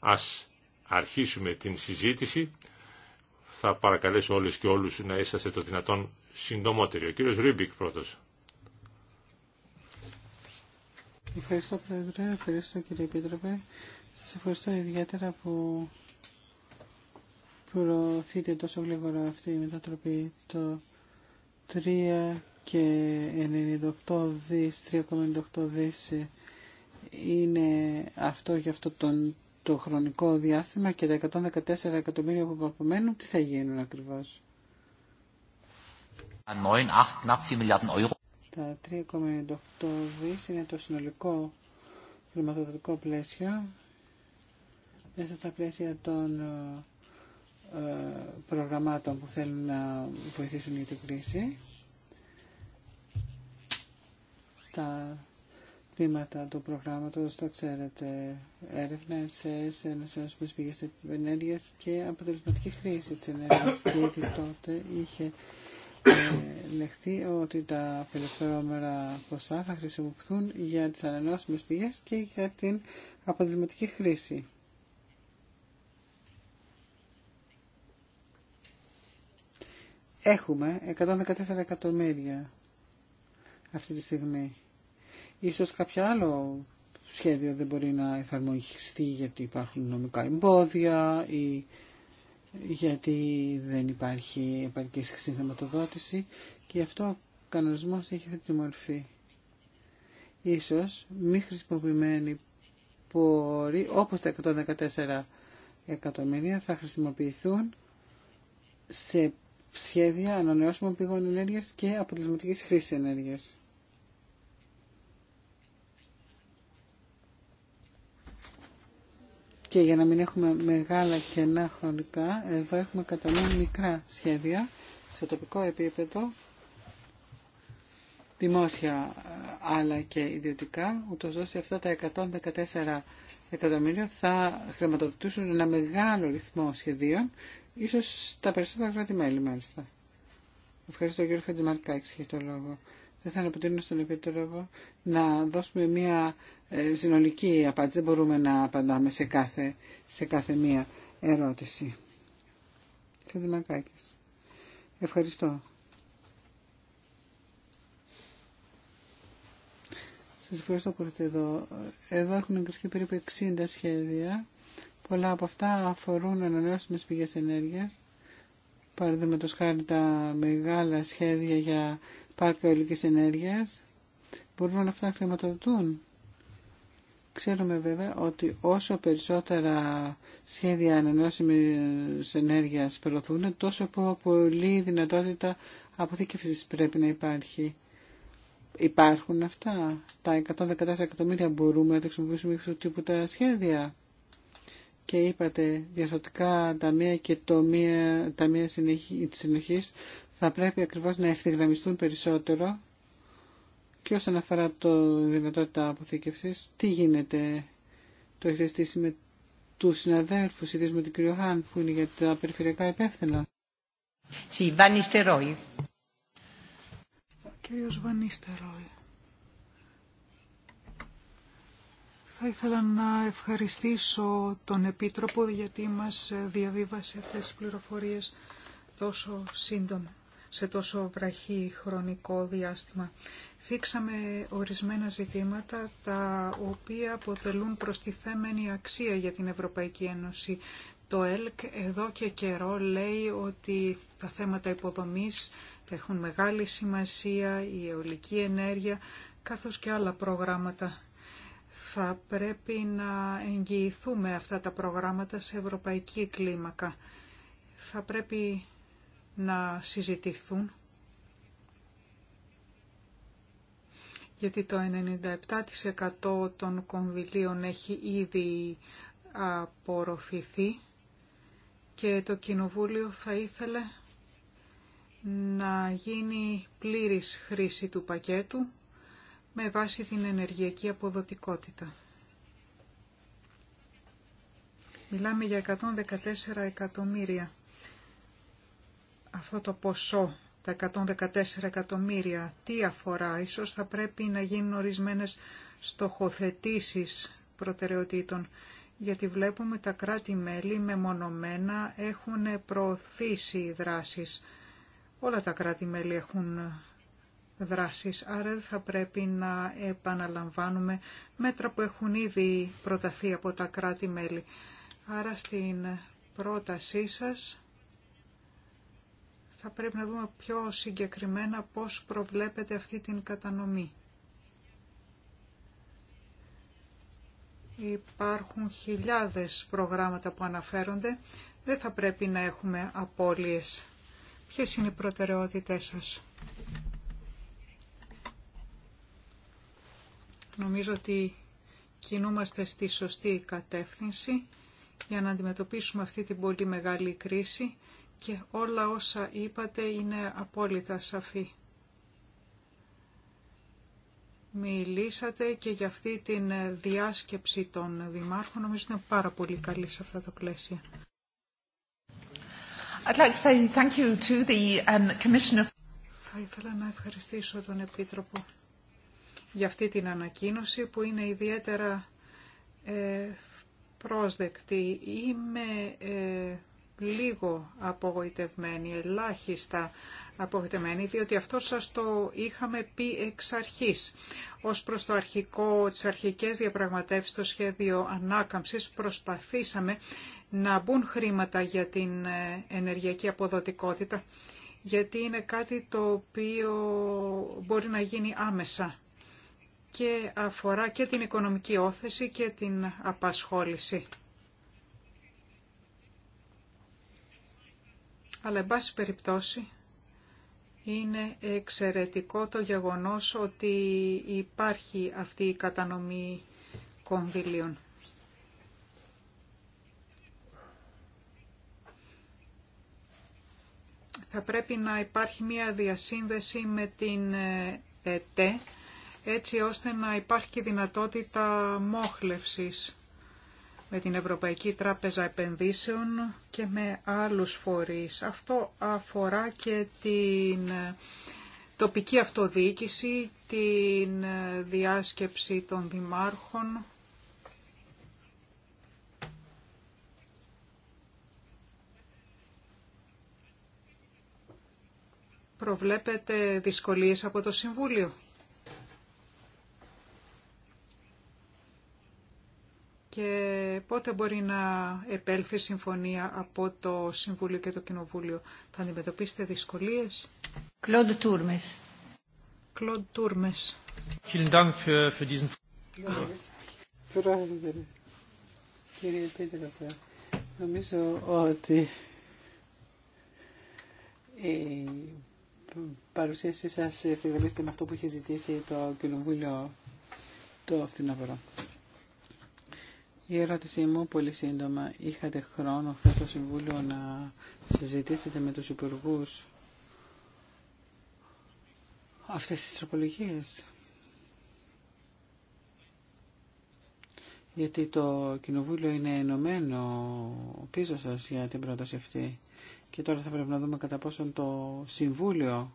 Ας αρχίσουμε την συζήτηση θα παρακαλέσω όλε και όλου να είσαστε το δυνατόν συντομότεροι. Ο κύριος Ρίμπικ πρώτος. Ευχαριστώ Πρόεδρε, ευχαριστώ κύριε Επίτροπε. Σας ευχαριστώ ιδιαίτερα που προωθείτε τόσο γλίγορα αυτή η μετατροπή το 3 και 98 3,98 δις είναι αυτό για αυτό τον το χρονικό διάστημα και τα 114 εκατομμύρια που απομένουν, τι θα γίνουν ακριβώ. Τα 3,98 δι είναι το συνολικό χρηματοδοτικό πλαίσιο μέσα στα πλαίσια των ε, ε, προγραμμάτων που θέλουν να βοηθήσουν για την κρίση. Τα τμήματα του προγράμματο, το ξέρετε, έρευνα, ΕΣΕΣ, ενασιώσιμες πηγές ενέργεια και αποτελεσματική χρήση της και γιατί τότε είχε ε, λεχθεί ότι τα απελευθερώμενα ποσά θα χρησιμοποιηθούν για τι ανανεώσιμε πηγέ και για την αποτελεσματική χρήση. Έχουμε 114 εκατομμύρια αυτή τη στιγμή Ίσως κάποιο άλλο σχέδιο δεν μπορεί να εφαρμοστεί γιατί υπάρχουν νομικά εμπόδια ή γιατί δεν υπάρχει επαρκής χρηματοδότηση και αυτό ο κανονισμός έχει αυτή τη μορφή. Ίσως μη χρησιμοποιημένοι πορεί, όπως τα 114 εκατομμύρια θα χρησιμοποιηθούν σε σχέδια ανανεώσιμων πηγών ενέργειας και αποτελεσματικής χρήσης ενέργειας. Και για να μην έχουμε μεγάλα κενά χρονικά, εδώ έχουμε κατά νου μικρά σχέδια σε τοπικό επίπεδο, δημόσια ε, αλλά και ιδιωτικά, ούτως ώστε αυτά τα 114 εκατομμύρια θα χρηματοδοτήσουν ένα μεγάλο ρυθμό σχεδίων, ίσως τα περισσότερα κράτη-μέλη μάλιστα. Ευχαριστώ κύριο Χατζημαρκάκη για το λόγο. Δεν θα αναποτείνω στον Επίτροπο να δώσουμε μια ε, συνολική απάντηση. Δεν μπορούμε να απαντάμε σε κάθε, σε κάθε μία ερώτηση. Χατζημακάκης. Ευχαριστώ. Σας ευχαριστώ που ήρθατε εδώ. Εδώ έχουν εγκριθεί περίπου 60 σχέδια. Πολλά από αυτά αφορούν ανανεώσιμες πηγές ενέργειας. Παραδείγματος χάρη τα μεγάλα σχέδια για πάρκα ολικής ενέργειας. Μπορούν αυτά να χρηματοδοτούν Ξέρουμε βέβαια ότι όσο περισσότερα σχέδια ανανεώσιμης ενέργειας προωθούν, τόσο πολύ δυνατότητα αποθήκευσης πρέπει να υπάρχει. Υπάρχουν αυτά. Τα 114 εκατομμύρια μπορούμε να τα χρησιμοποιήσουμε για αυτού τα σχέδια. Και είπατε, διαστατικά ταμεία και τομεία, ταμεία συνοχής θα πρέπει ακριβώς να ευθυγραμμιστούν περισσότερο και όσον αφορά το δυνατότητα αποθήκευση, τι γίνεται, το έχετε στήσει με του συναδέλφου ιδίω με τον κύριο Χάν, που είναι για τα περιφερειακά υπεύθυνα. Βανιστερόι. Κύριος Βανιστερόι. Θα ήθελα να ευχαριστήσω τον Επίτροπο γιατί μας διαβίβασε αυτές τις πληροφορίες τόσο σύντομα σε τόσο βραχή χρονικό διάστημα. Φίξαμε ορισμένα ζητήματα τα οποία αποτελούν προστιθέμενη αξία για την Ευρωπαϊκή Ένωση. Το ΕΛΚ εδώ και καιρό λέει ότι τα θέματα υποδομής έχουν μεγάλη σημασία, η αιωλική ενέργεια, καθώς και άλλα προγράμματα. Θα πρέπει να εγγυηθούμε αυτά τα προγράμματα σε ευρωπαϊκή κλίμακα. Θα πρέπει να συζητηθούν γιατί το 97% των κονδυλίων έχει ήδη απορροφηθεί και το Κοινοβούλιο θα ήθελε να γίνει πλήρης χρήση του πακέτου με βάση την ενεργειακή αποδοτικότητα. Μιλάμε για 114 εκατομμύρια αυτό το ποσό, τα 114 εκατομμύρια, τι αφορά. Ίσως θα πρέπει να γίνουν ορισμένες στοχοθετήσεις προτεραιοτήτων, γιατί βλέπουμε τα κράτη-μέλη μεμονωμένα έχουν προωθήσει δράσεις. Όλα τα κράτη-μέλη έχουν δράσεις, άρα δεν θα πρέπει να επαναλαμβάνουμε μέτρα που έχουν ήδη προταθεί από τα κράτη-μέλη. Άρα στην πρότασή σας θα πρέπει να δούμε πιο συγκεκριμένα πώς προβλέπετε αυτή την κατανομή. Υπάρχουν χιλιάδες προγράμματα που αναφέρονται. Δεν θα πρέπει να έχουμε απώλειες. Ποιες είναι οι προτεραιότητές σας. Νομίζω ότι κινούμαστε στη σωστή κατεύθυνση για να αντιμετωπίσουμε αυτή την πολύ μεγάλη κρίση και όλα όσα είπατε είναι απόλυτα σαφή. Μιλήσατε και για αυτή την διάσκεψη των δημάρχων. Νομίζω είναι πάρα πολύ καλή σε αυτά τα πλαίσια. to um, Θα ήθελα να ευχαριστήσω τον Επίτροπο για αυτή την ανακοίνωση που είναι ιδιαίτερα ε, πρόσδεκτη. Είμαι ε, λίγο απογοητευμένοι, ελάχιστα απογοητευμένοι, διότι αυτό σας το είχαμε πει εξ αρχής. Ως προς το αρχικό, τις αρχικές διαπραγματεύσεις, το σχέδιο ανάκαμψης, προσπαθήσαμε να μπουν χρήματα για την ε, ενεργειακή αποδοτικότητα, γιατί είναι κάτι το οποίο μπορεί να γίνει άμεσα και αφορά και την οικονομική όθεση και την απασχόληση. αλλά εν πάση περιπτώσει είναι εξαιρετικό το γεγονός ότι υπάρχει αυτή η κατανομή κονδυλίων. Θα πρέπει να υπάρχει μία διασύνδεση με την ε, ΕΤΕ, έτσι ώστε να υπάρχει δυνατότητα μόχλευσης με την Ευρωπαϊκή Τράπεζα Επενδύσεων και με άλλους φορείς. Αυτό αφορά και την ε, τοπική αυτοδιοίκηση, την ε, διάσκεψη των δημάρχων. Προβλέπετε δυσκολίες από το Συμβούλιο. και πότε μπορεί να επέλθει συμφωνία από το Συμβούλιο και το Κοινοβούλιο. Θα αντιμετωπίσετε δυσκολίες. Κλοντ Τούρμες. Κλοντ Τούρμες. κύριε Πίτροπε, νομίζω ότι η παρουσίασή σας ευθυγραμμίστηκε με αυτό που είχε ζητήσει το Κοινοβούλιο το φθινόπωρο. Η ερώτησή μου, πολύ σύντομα, είχατε χρόνο χθε στο Συμβούλιο να συζητήσετε με τους υπουργού αυτές τις τροπολογίες. Γιατί το Κοινοβούλιο είναι ενωμένο πίσω σας για την πρόταση αυτή. Και τώρα θα πρέπει να δούμε κατά πόσον το Συμβούλιο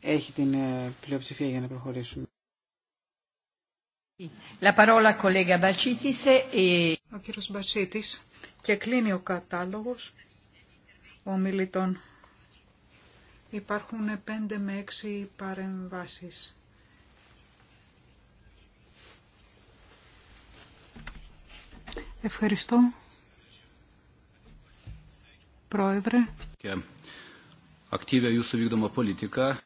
έχει την ε, πλειοψηφία για να προχωρήσουμε. La parola collega e-, e... Ο κύριος Μπασίτης και κλείνει ο κατάλογος ομιλητών. Υπάρχουν 5 με 6 παρεμβάσεις. Ευχαριστώ. Πρόεδρε. Και ακτίβια Ιούσου Βίγδομα Πολιτικά.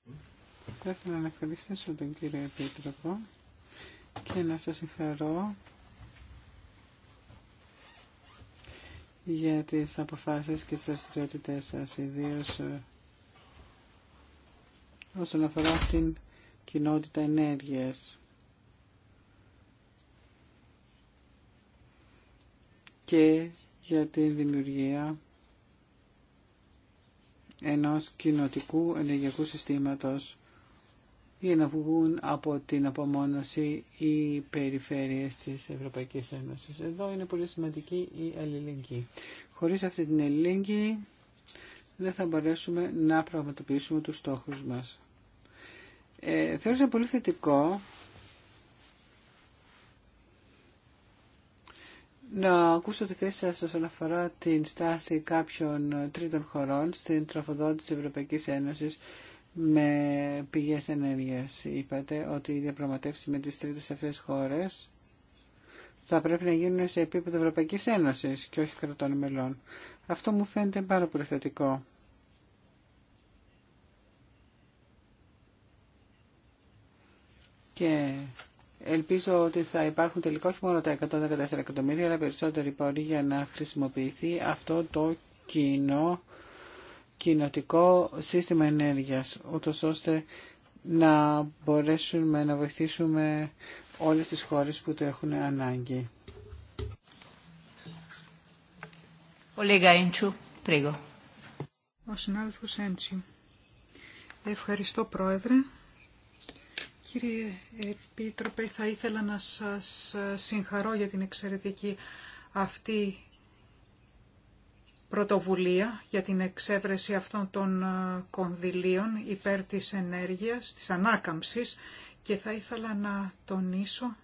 Θα ήθελα να ευχαριστήσω τον κύριο Επίτροπο και να σας συγχαρώ για τις αποφάσεις και τις δραστηριότητε σας, ιδίως ε, όσον αφορά την κοινότητα ενέργειας. και για τη δημιουργία ενός κοινοτικού ενεργειακού συστήματος για να βγουν από την απομόνωση οι περιφέρειες της Ευρωπαϊκής Ένωσης. Εδώ είναι πολύ σημαντική η αλληλεγγύη. Χωρίς αυτή την αλληλεγγύη δεν θα μπορέσουμε να πραγματοποιήσουμε τους στόχους μας. Ε, θεώρησα πολύ θετικό να ακούσω τη θέση σας όσον αφορά την στάση κάποιων τρίτων χωρών στην τροφοδότηση της Ευρωπαϊκής Ένωσης με πηγές ενέργειας. Είπατε ότι οι διαπραγματεύσει με τις τρίτες αυτές χώρες θα πρέπει να γίνουν σε επίπεδο Ευρωπαϊκής Ένωσης και όχι κρατών μελών. Αυτό μου φαίνεται πάρα πολύ θετικό. Και ελπίζω ότι θα υπάρχουν τελικά όχι μόνο τα 114 εκατομμύρια, αλλά περισσότεροι πόροι για να χρησιμοποιηθεί αυτό το κοινό κοινοτικό σύστημα ενέργειας, ούτως ώστε να μπορέσουμε να βοηθήσουμε όλες τις χώρες που το έχουν ανάγκη. Ο Έντσου, πρίγω. Ο συνάδελφος Έντσου. Ευχαριστώ Πρόεδρε. Κύριε Επίτροπε, θα ήθελα να σας συγχαρώ για την εξαιρετική αυτή πρωτοβουλία για την εξέβρεση αυτών των ε, κονδυλίων υπέρ της ενέργειας, της ανάκαμψης και θα ήθελα να τονίσω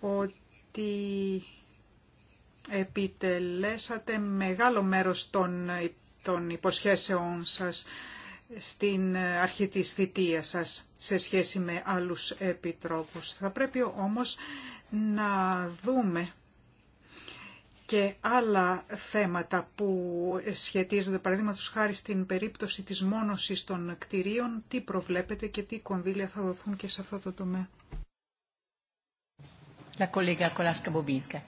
ότι επιτελέσατε μεγάλο μέρος των, ε, υποσχέσεών σας στην ε, αρχή της θητείας σας σε σχέση με άλλους επιτρόπους. Θα πρέπει όμως να δούμε και άλλα θέματα που σχετίζονται, παραδείγματος χάρη στην περίπτωση της μόνωσης των κτηρίων, τι προβλέπετε και τι κονδύλια θα δοθούν και σε αυτό το τομέα. La collega Kolaska-Bobinska.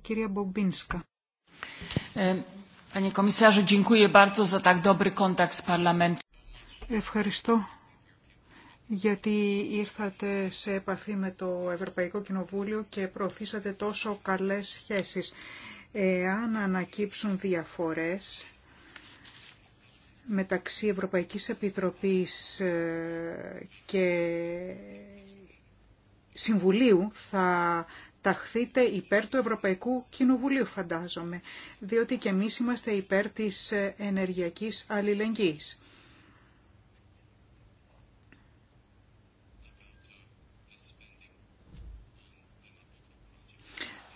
κυρία Μπομπίνσκα. Ε, panie Komisarzu, dziękuję bardzo za tak dobry kontakt z Parlamentem. Ευχαριστώ γιατί ήρθατε σε επαφή με το Ευρωπαϊκό Κοινοβούλιο και προωθήσατε τόσο καλές σχέσεις. Εάν ανακύψουν διαφορές μεταξύ Ευρωπαϊκής Επιτροπής ε, και Συμβουλίου θα ταχθείτε υπέρ του Ευρωπαϊκού Κοινοβουλίου φαντάζομαι, διότι και εμείς είμαστε υπέρ της ενεργειακής αλληλεγγύης.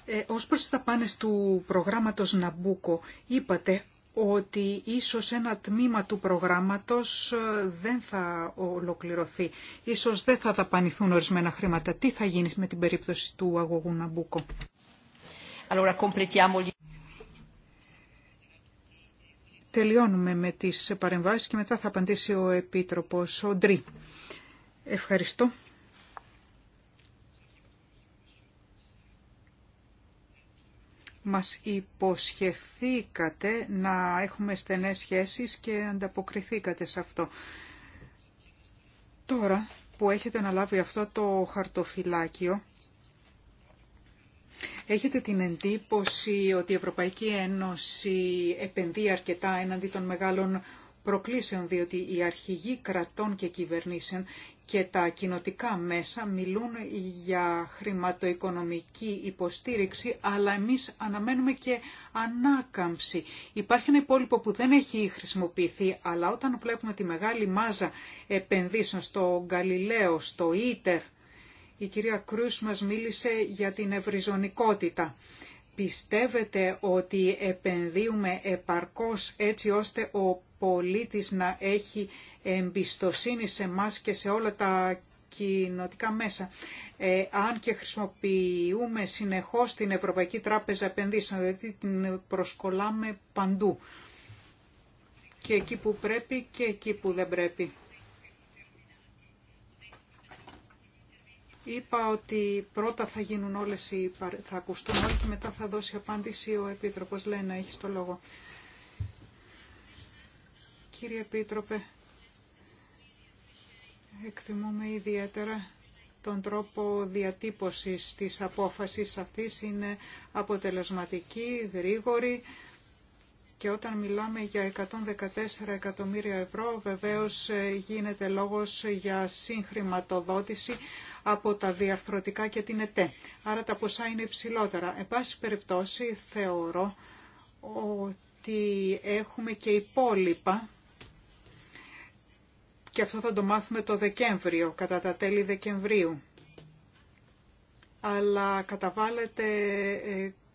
Ε, ως προς τα πάνες του προγράμματος Ναμπούκο, είπατε ότι ίσως ένα τμήμα του προγράμματος ε, δεν θα ολοκληρωθεί. Ίσως δεν θα δαπανηθούν ορισμένα χρήματα. Τι θα γίνει με την περίπτωση του αγωγού Ναμπούκο. Τελειώνουμε με τις παρεμβάσεις και μετά θα απαντήσει ο Επίτροπος, Ευχαριστώ. Μας υποσχεθήκατε να έχουμε στενές σχέσεις και ανταποκριθήκατε σε αυτό. Τώρα που έχετε αναλάβει αυτό το χαρτοφυλάκιο, έχετε την εντύπωση ότι η Ευρωπαϊκή Ένωση επενδύει αρκετά έναντι των μεγάλων προκλήσεων, διότι οι αρχηγοί κρατών και κυβερνήσεων και τα κοινοτικά μέσα μιλούν για χρηματοοικονομική υποστήριξη, αλλά εμείς αναμένουμε και ανάκαμψη. Υπάρχει ένα υπόλοιπο που δεν έχει χρησιμοποιηθεί, αλλά όταν βλέπουμε τη μεγάλη μάζα επενδύσεων στο Γκαλιλαίο, στο Ίτερ, η κυρία Κρούς μας μίλησε για την ευρυζωνικότητα. Πιστεύετε ότι επενδύουμε επαρκώς έτσι ώστε ο πολίτης να έχει εμπιστοσύνη σε μας και σε όλα τα κοινοτικά μέσα. Ε, αν και χρησιμοποιούμε συνεχώς την Ευρωπαϊκή Τράπεζα Επενδύσεων, δηλαδή την προσκολάμε παντού. Και εκεί που πρέπει και εκεί που δεν πρέπει. Είπα ότι πρώτα θα γίνουν όλες οι... θα ακουστούν όλοι και μετά θα δώσει απάντηση ο Επίτροπος. λένε έχεις το λόγο. Κύριε Επίτροπε, εκτιμούμε ιδιαίτερα τον τρόπο διατύπωσης της απόφασης αυτής είναι αποτελεσματική, γρήγορη και όταν μιλάμε για 114 εκατομμύρια ευρώ βεβαίως ε, γίνεται λόγος για συγχρηματοδότηση από τα διαρθρωτικά και την ΕΤΕ. Άρα τα ποσά είναι υψηλότερα. Εν πάση περιπτώσει θεωρώ ότι έχουμε και υπόλοιπα και αυτό θα το μάθουμε το Δεκέμβριο, κατά τα τέλη Δεκεμβρίου. Αλλά καταβάλλετε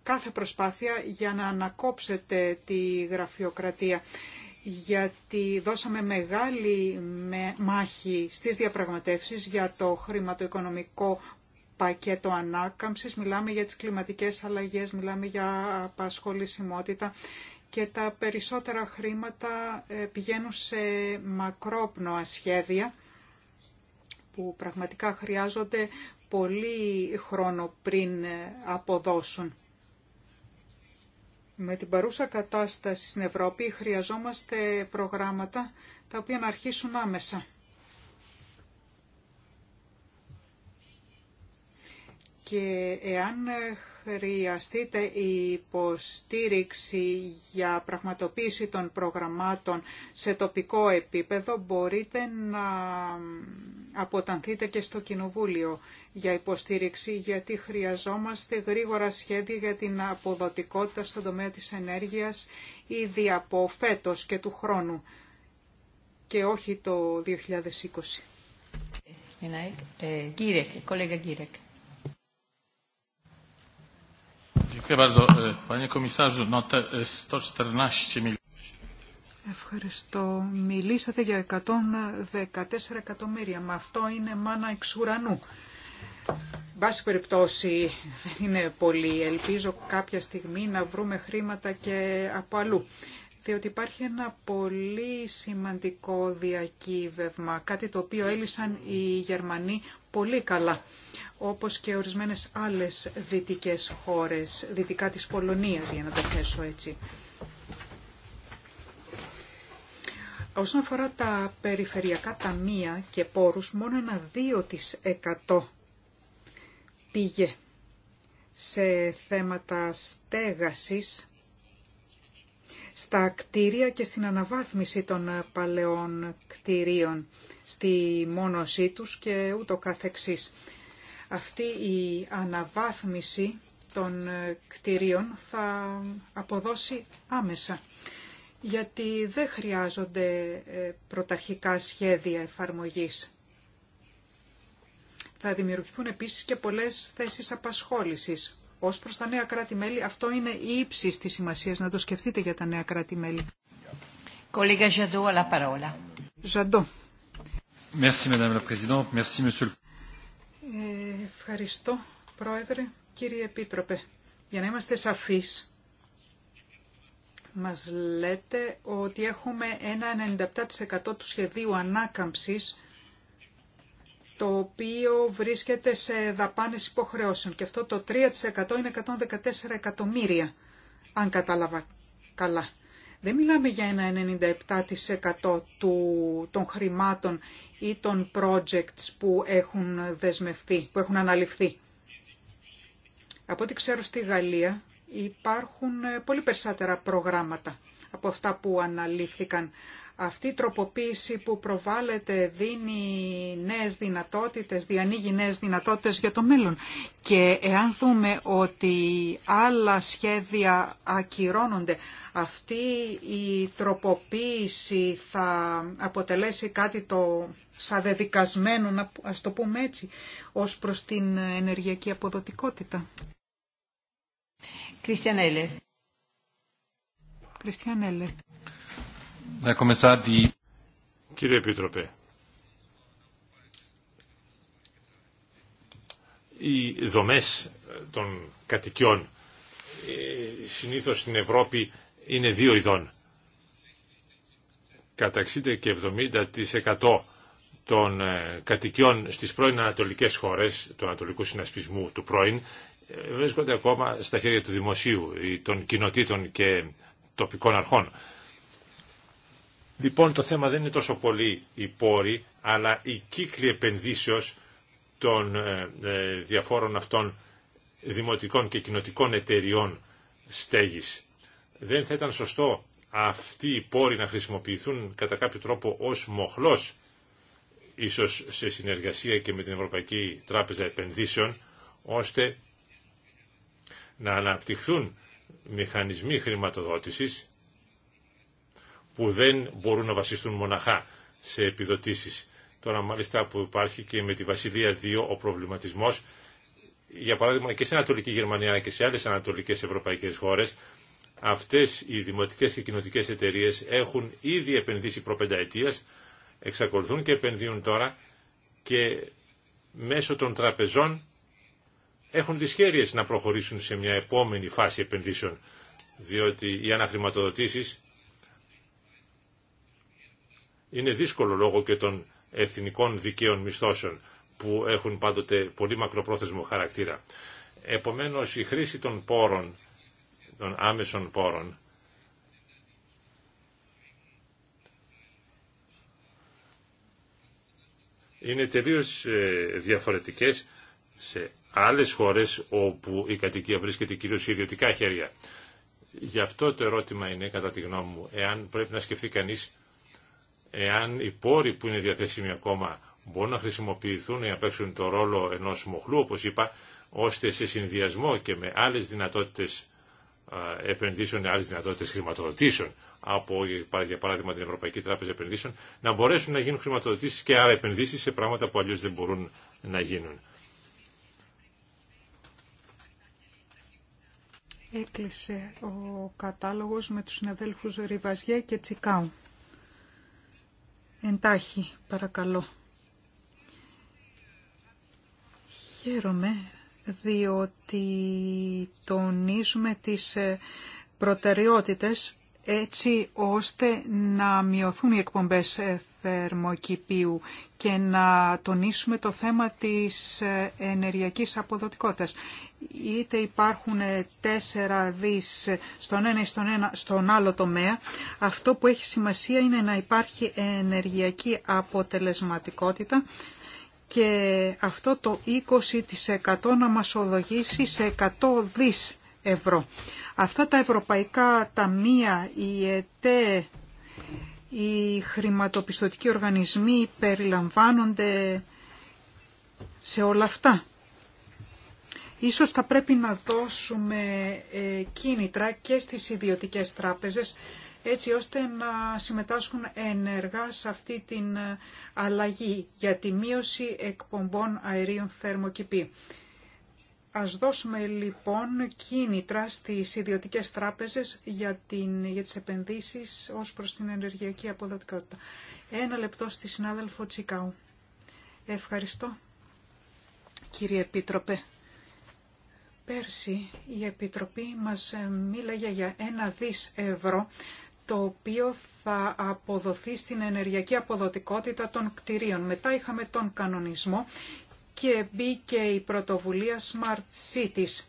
κάθε προσπάθεια για να ανακόψετε τη γραφειοκρατία γιατί δώσαμε μεγάλη μάχη στις διαπραγματεύσεις για το χρηματοοικονομικό πακέτο ανάκαμψης, μιλάμε για τις κλιματικές αλλαγές, μιλάμε για απασχολησιμότητα, και τα περισσότερα χρήματα ε, πηγαίνουν σε μακρόπνοα σχέδια που πραγματικά χρειάζονται πολύ χρόνο πριν ε, αποδώσουν. Με την παρούσα κατάσταση στην Ευρώπη χρειαζόμαστε προγράμματα τα οποία να αρχίσουν άμεσα. και εάν χρειαστείτε υποστήριξη για πραγματοποίηση των προγραμμάτων σε τοπικό επίπεδο, μπορείτε να αποτανθείτε και στο Κοινοβούλιο για υποστήριξη, γιατί χρειαζόμαστε γρήγορα σχέδια για την αποδοτικότητα στον τομέα της ενέργειας ήδη από και του χρόνου και όχι το 2020. Κύριε, κολέγα E, e, Ευχαριστώ. Μιλήσατε για 114 εκατομμύρια, μα αυτό είναι μάνα εξ ουρανού. Βάση περιπτώσει δεν είναι πολύ. Ελπίζω κάποια στιγμή να βρούμε χρήματα και από αλλού. Διότι υπάρχει ένα πολύ σημαντικό διακύβευμα, κάτι το οποίο έλυσαν οι Γερμανοί πολύ καλά, όπως και ορισμένες άλλες δυτικές χώρες, δυτικά της Πολωνίας για να το θέσω έτσι. Όσον αφορά τα περιφερειακά ταμεία και πόρους, μόνο ένα 2% πήγε σε θέματα στέγασης στα κτίρια και στην αναβάθμιση των παλαιών κτιρίων, στη μόνωσή τους και ούτω καθεξής. Αυτή η αναβάθμιση των κτιρίων θα αποδώσει άμεσα, γιατί δεν χρειάζονται ε, πρωταρχικά σχέδια εφαρμογής. Θα δημιουργηθούν επίσης και πολλές θέσεις απασχόλησης. Ω προ τα νέα κράτη-μέλη, αυτό είναι η ύψη τη σημασία να το σκεφτείτε για τα νέα κράτη-μέλη. Ζαντό, αλλά παρόλα. Ζαντό. Ε, ευχαριστώ, Πρόεδρε, κύριε Επίτροπε. Για να είμαστε σαφεί, μα λέτε ότι έχουμε ένα 97% του σχεδίου ανάκαμψη το οποίο βρίσκεται σε δαπάνες υποχρεώσεων. Και αυτό το 3% είναι 114 εκατομμύρια, αν κατάλαβα καλά. Δεν μιλάμε για ένα 97% του, των χρημάτων ή των projects που έχουν δεσμευτεί, που έχουν αναλυφθεί. Από ό,τι ξέρω στη Γαλλία υπάρχουν πολύ περισσότερα προγράμματα από αυτά που αναλύθηκαν αυτή η τροποποίηση που προβάλλεται δίνει νέες δυνατότητες, διανοίγει νέες δυνατότητες για το μέλλον. Και εάν δούμε ότι άλλα σχέδια ακυρώνονται, αυτή η τροποποίηση θα αποτελέσει κάτι το σαδεδικασμένο, ας το πούμε έτσι, ως προς την ενεργειακή αποδοτικότητα. Κριστιανέλε. Κριστιανέλε. Κύριε Επίτροπε, οι δομές των κατοικιών ε, συνήθως στην Ευρώπη είναι δύο ειδών. Κατά 60 και 70% των ε, κατοικιών στις πρώην ανατολικές χώρες του Ανατολικού Συνασπισμού του πρώην ε, βρίσκονται ακόμα στα χέρια του δημοσίου ή των κοινοτήτων και τοπικών αρχών. Λοιπόν, το θέμα δεν είναι τόσο πολύ οι πόροι, αλλά οι κύκλοι επενδύσεω των ε, ε, διαφόρων αυτών δημοτικών και κοινοτικών εταιριών στέγης. Δεν θα ήταν σωστό αυτοί οι πόροι να χρησιμοποιηθούν κατά κάποιο τρόπο ως μοχλός, ίσως σε συνεργασία και με την Ευρωπαϊκή Τράπεζα Επενδύσεων, ώστε να αναπτυχθούν μηχανισμοί χρηματοδότησης που δεν μπορούν να βασιστούν μοναχά σε επιδοτήσεις. Τώρα μάλιστα που υπάρχει και με τη Βασιλεία 2 ο προβληματισμός, για παράδειγμα και στην Ανατολική Γερμανία και σε άλλες ανατολικές ευρωπαϊκές χώρες, αυτές οι δημοτικές και κοινοτικές εταιρείες έχουν ήδη επενδύσει προπενταετίας, εξακολουθούν και επενδύουν τώρα και μέσω των τραπεζών έχουν τις χέρειες να προχωρήσουν σε μια επόμενη φάση επενδύσεων, διότι οι αναχρηματοδοτήσεις είναι δύσκολο λόγω και των εθνικών δικαίων μισθώσεων που έχουν πάντοτε πολύ μακροπρόθεσμο χαρακτήρα. Επομένως η χρήση των πόρων, των άμεσων πόρων, είναι τελείως ε, διαφορετικές σε άλλες χώρες όπου η κατοικία βρίσκεται κυρίως σε ιδιωτικά χέρια. Γι' αυτό το ερώτημα είναι, κατά τη γνώμη μου, εάν πρέπει να σκεφτεί κανείς εάν οι πόροι που είναι διαθέσιμοι ακόμα μπορούν να χρησιμοποιηθούν ή να παίξουν το ρόλο ενός μοχλού, όπως είπα, ώστε σε συνδυασμό και με άλλες δυνατότητες επενδύσεων, άλλες δυνατότητες χρηματοδοτήσεων από, για παράδειγμα, την Ευρωπαϊκή Τράπεζα Επενδύσεων, να μπορέσουν να γίνουν χρηματοδοτήσεις και άρα επενδύσεις σε πράγματα που αλλιώς δεν μπορούν να γίνουν. Έκλεισε ο κατάλογος με τους συναδέλφους Ριβαζιέ και Τσικάου. Εντάχει, παρακαλώ. Χαίρομαι διότι τονίζουμε τις ε, προτεραιότητες έτσι ώστε να μειωθούν οι εκπομπές ε, θερμοκηπίου και να τονίσουμε το θέμα της ε, ενεργειακής αποδοτικότητας. Είτε υπάρχουν ε, τέσσερα δις στον ένα ή στον, ένα, στον άλλο τομέα, αυτό που έχει σημασία είναι να υπάρχει ενεργειακή αποτελεσματικότητα και αυτό το 20% να μας οδηγήσει σε 100 δις ευρώ. Αυτά τα ευρωπαϊκά ταμεία, η ΕΤΕ, οι χρηματοπιστωτικοί οργανισμοί περιλαμβάνονται σε όλα αυτά. Ίσως θα πρέπει να δώσουμε ε, κίνητρα και στις ιδιωτικές τράπεζες έτσι ώστε να συμμετάσχουν ενεργά σε αυτή την ε, αλλαγή για τη μείωση εκπομπών αερίων θερμοκηπίου. Ας δώσουμε λοιπόν κίνητρα στις ιδιωτικές τράπεζες για, την, για τις επενδύσεις ως προς την ενεργειακή αποδοτικότητα. Ένα λεπτό στη συνάδελφο Τσικάου. Ευχαριστώ. Κύριε Επίτροπε, πέρσι η Επιτροπή μας ε, μίλαγε για ένα δις ευρώ το οποίο θα αποδοθεί στην ενεργειακή αποδοτικότητα των κτηρίων. Μετά είχαμε τον κανονισμό και μπήκε η πρωτοβουλία Smart Cities.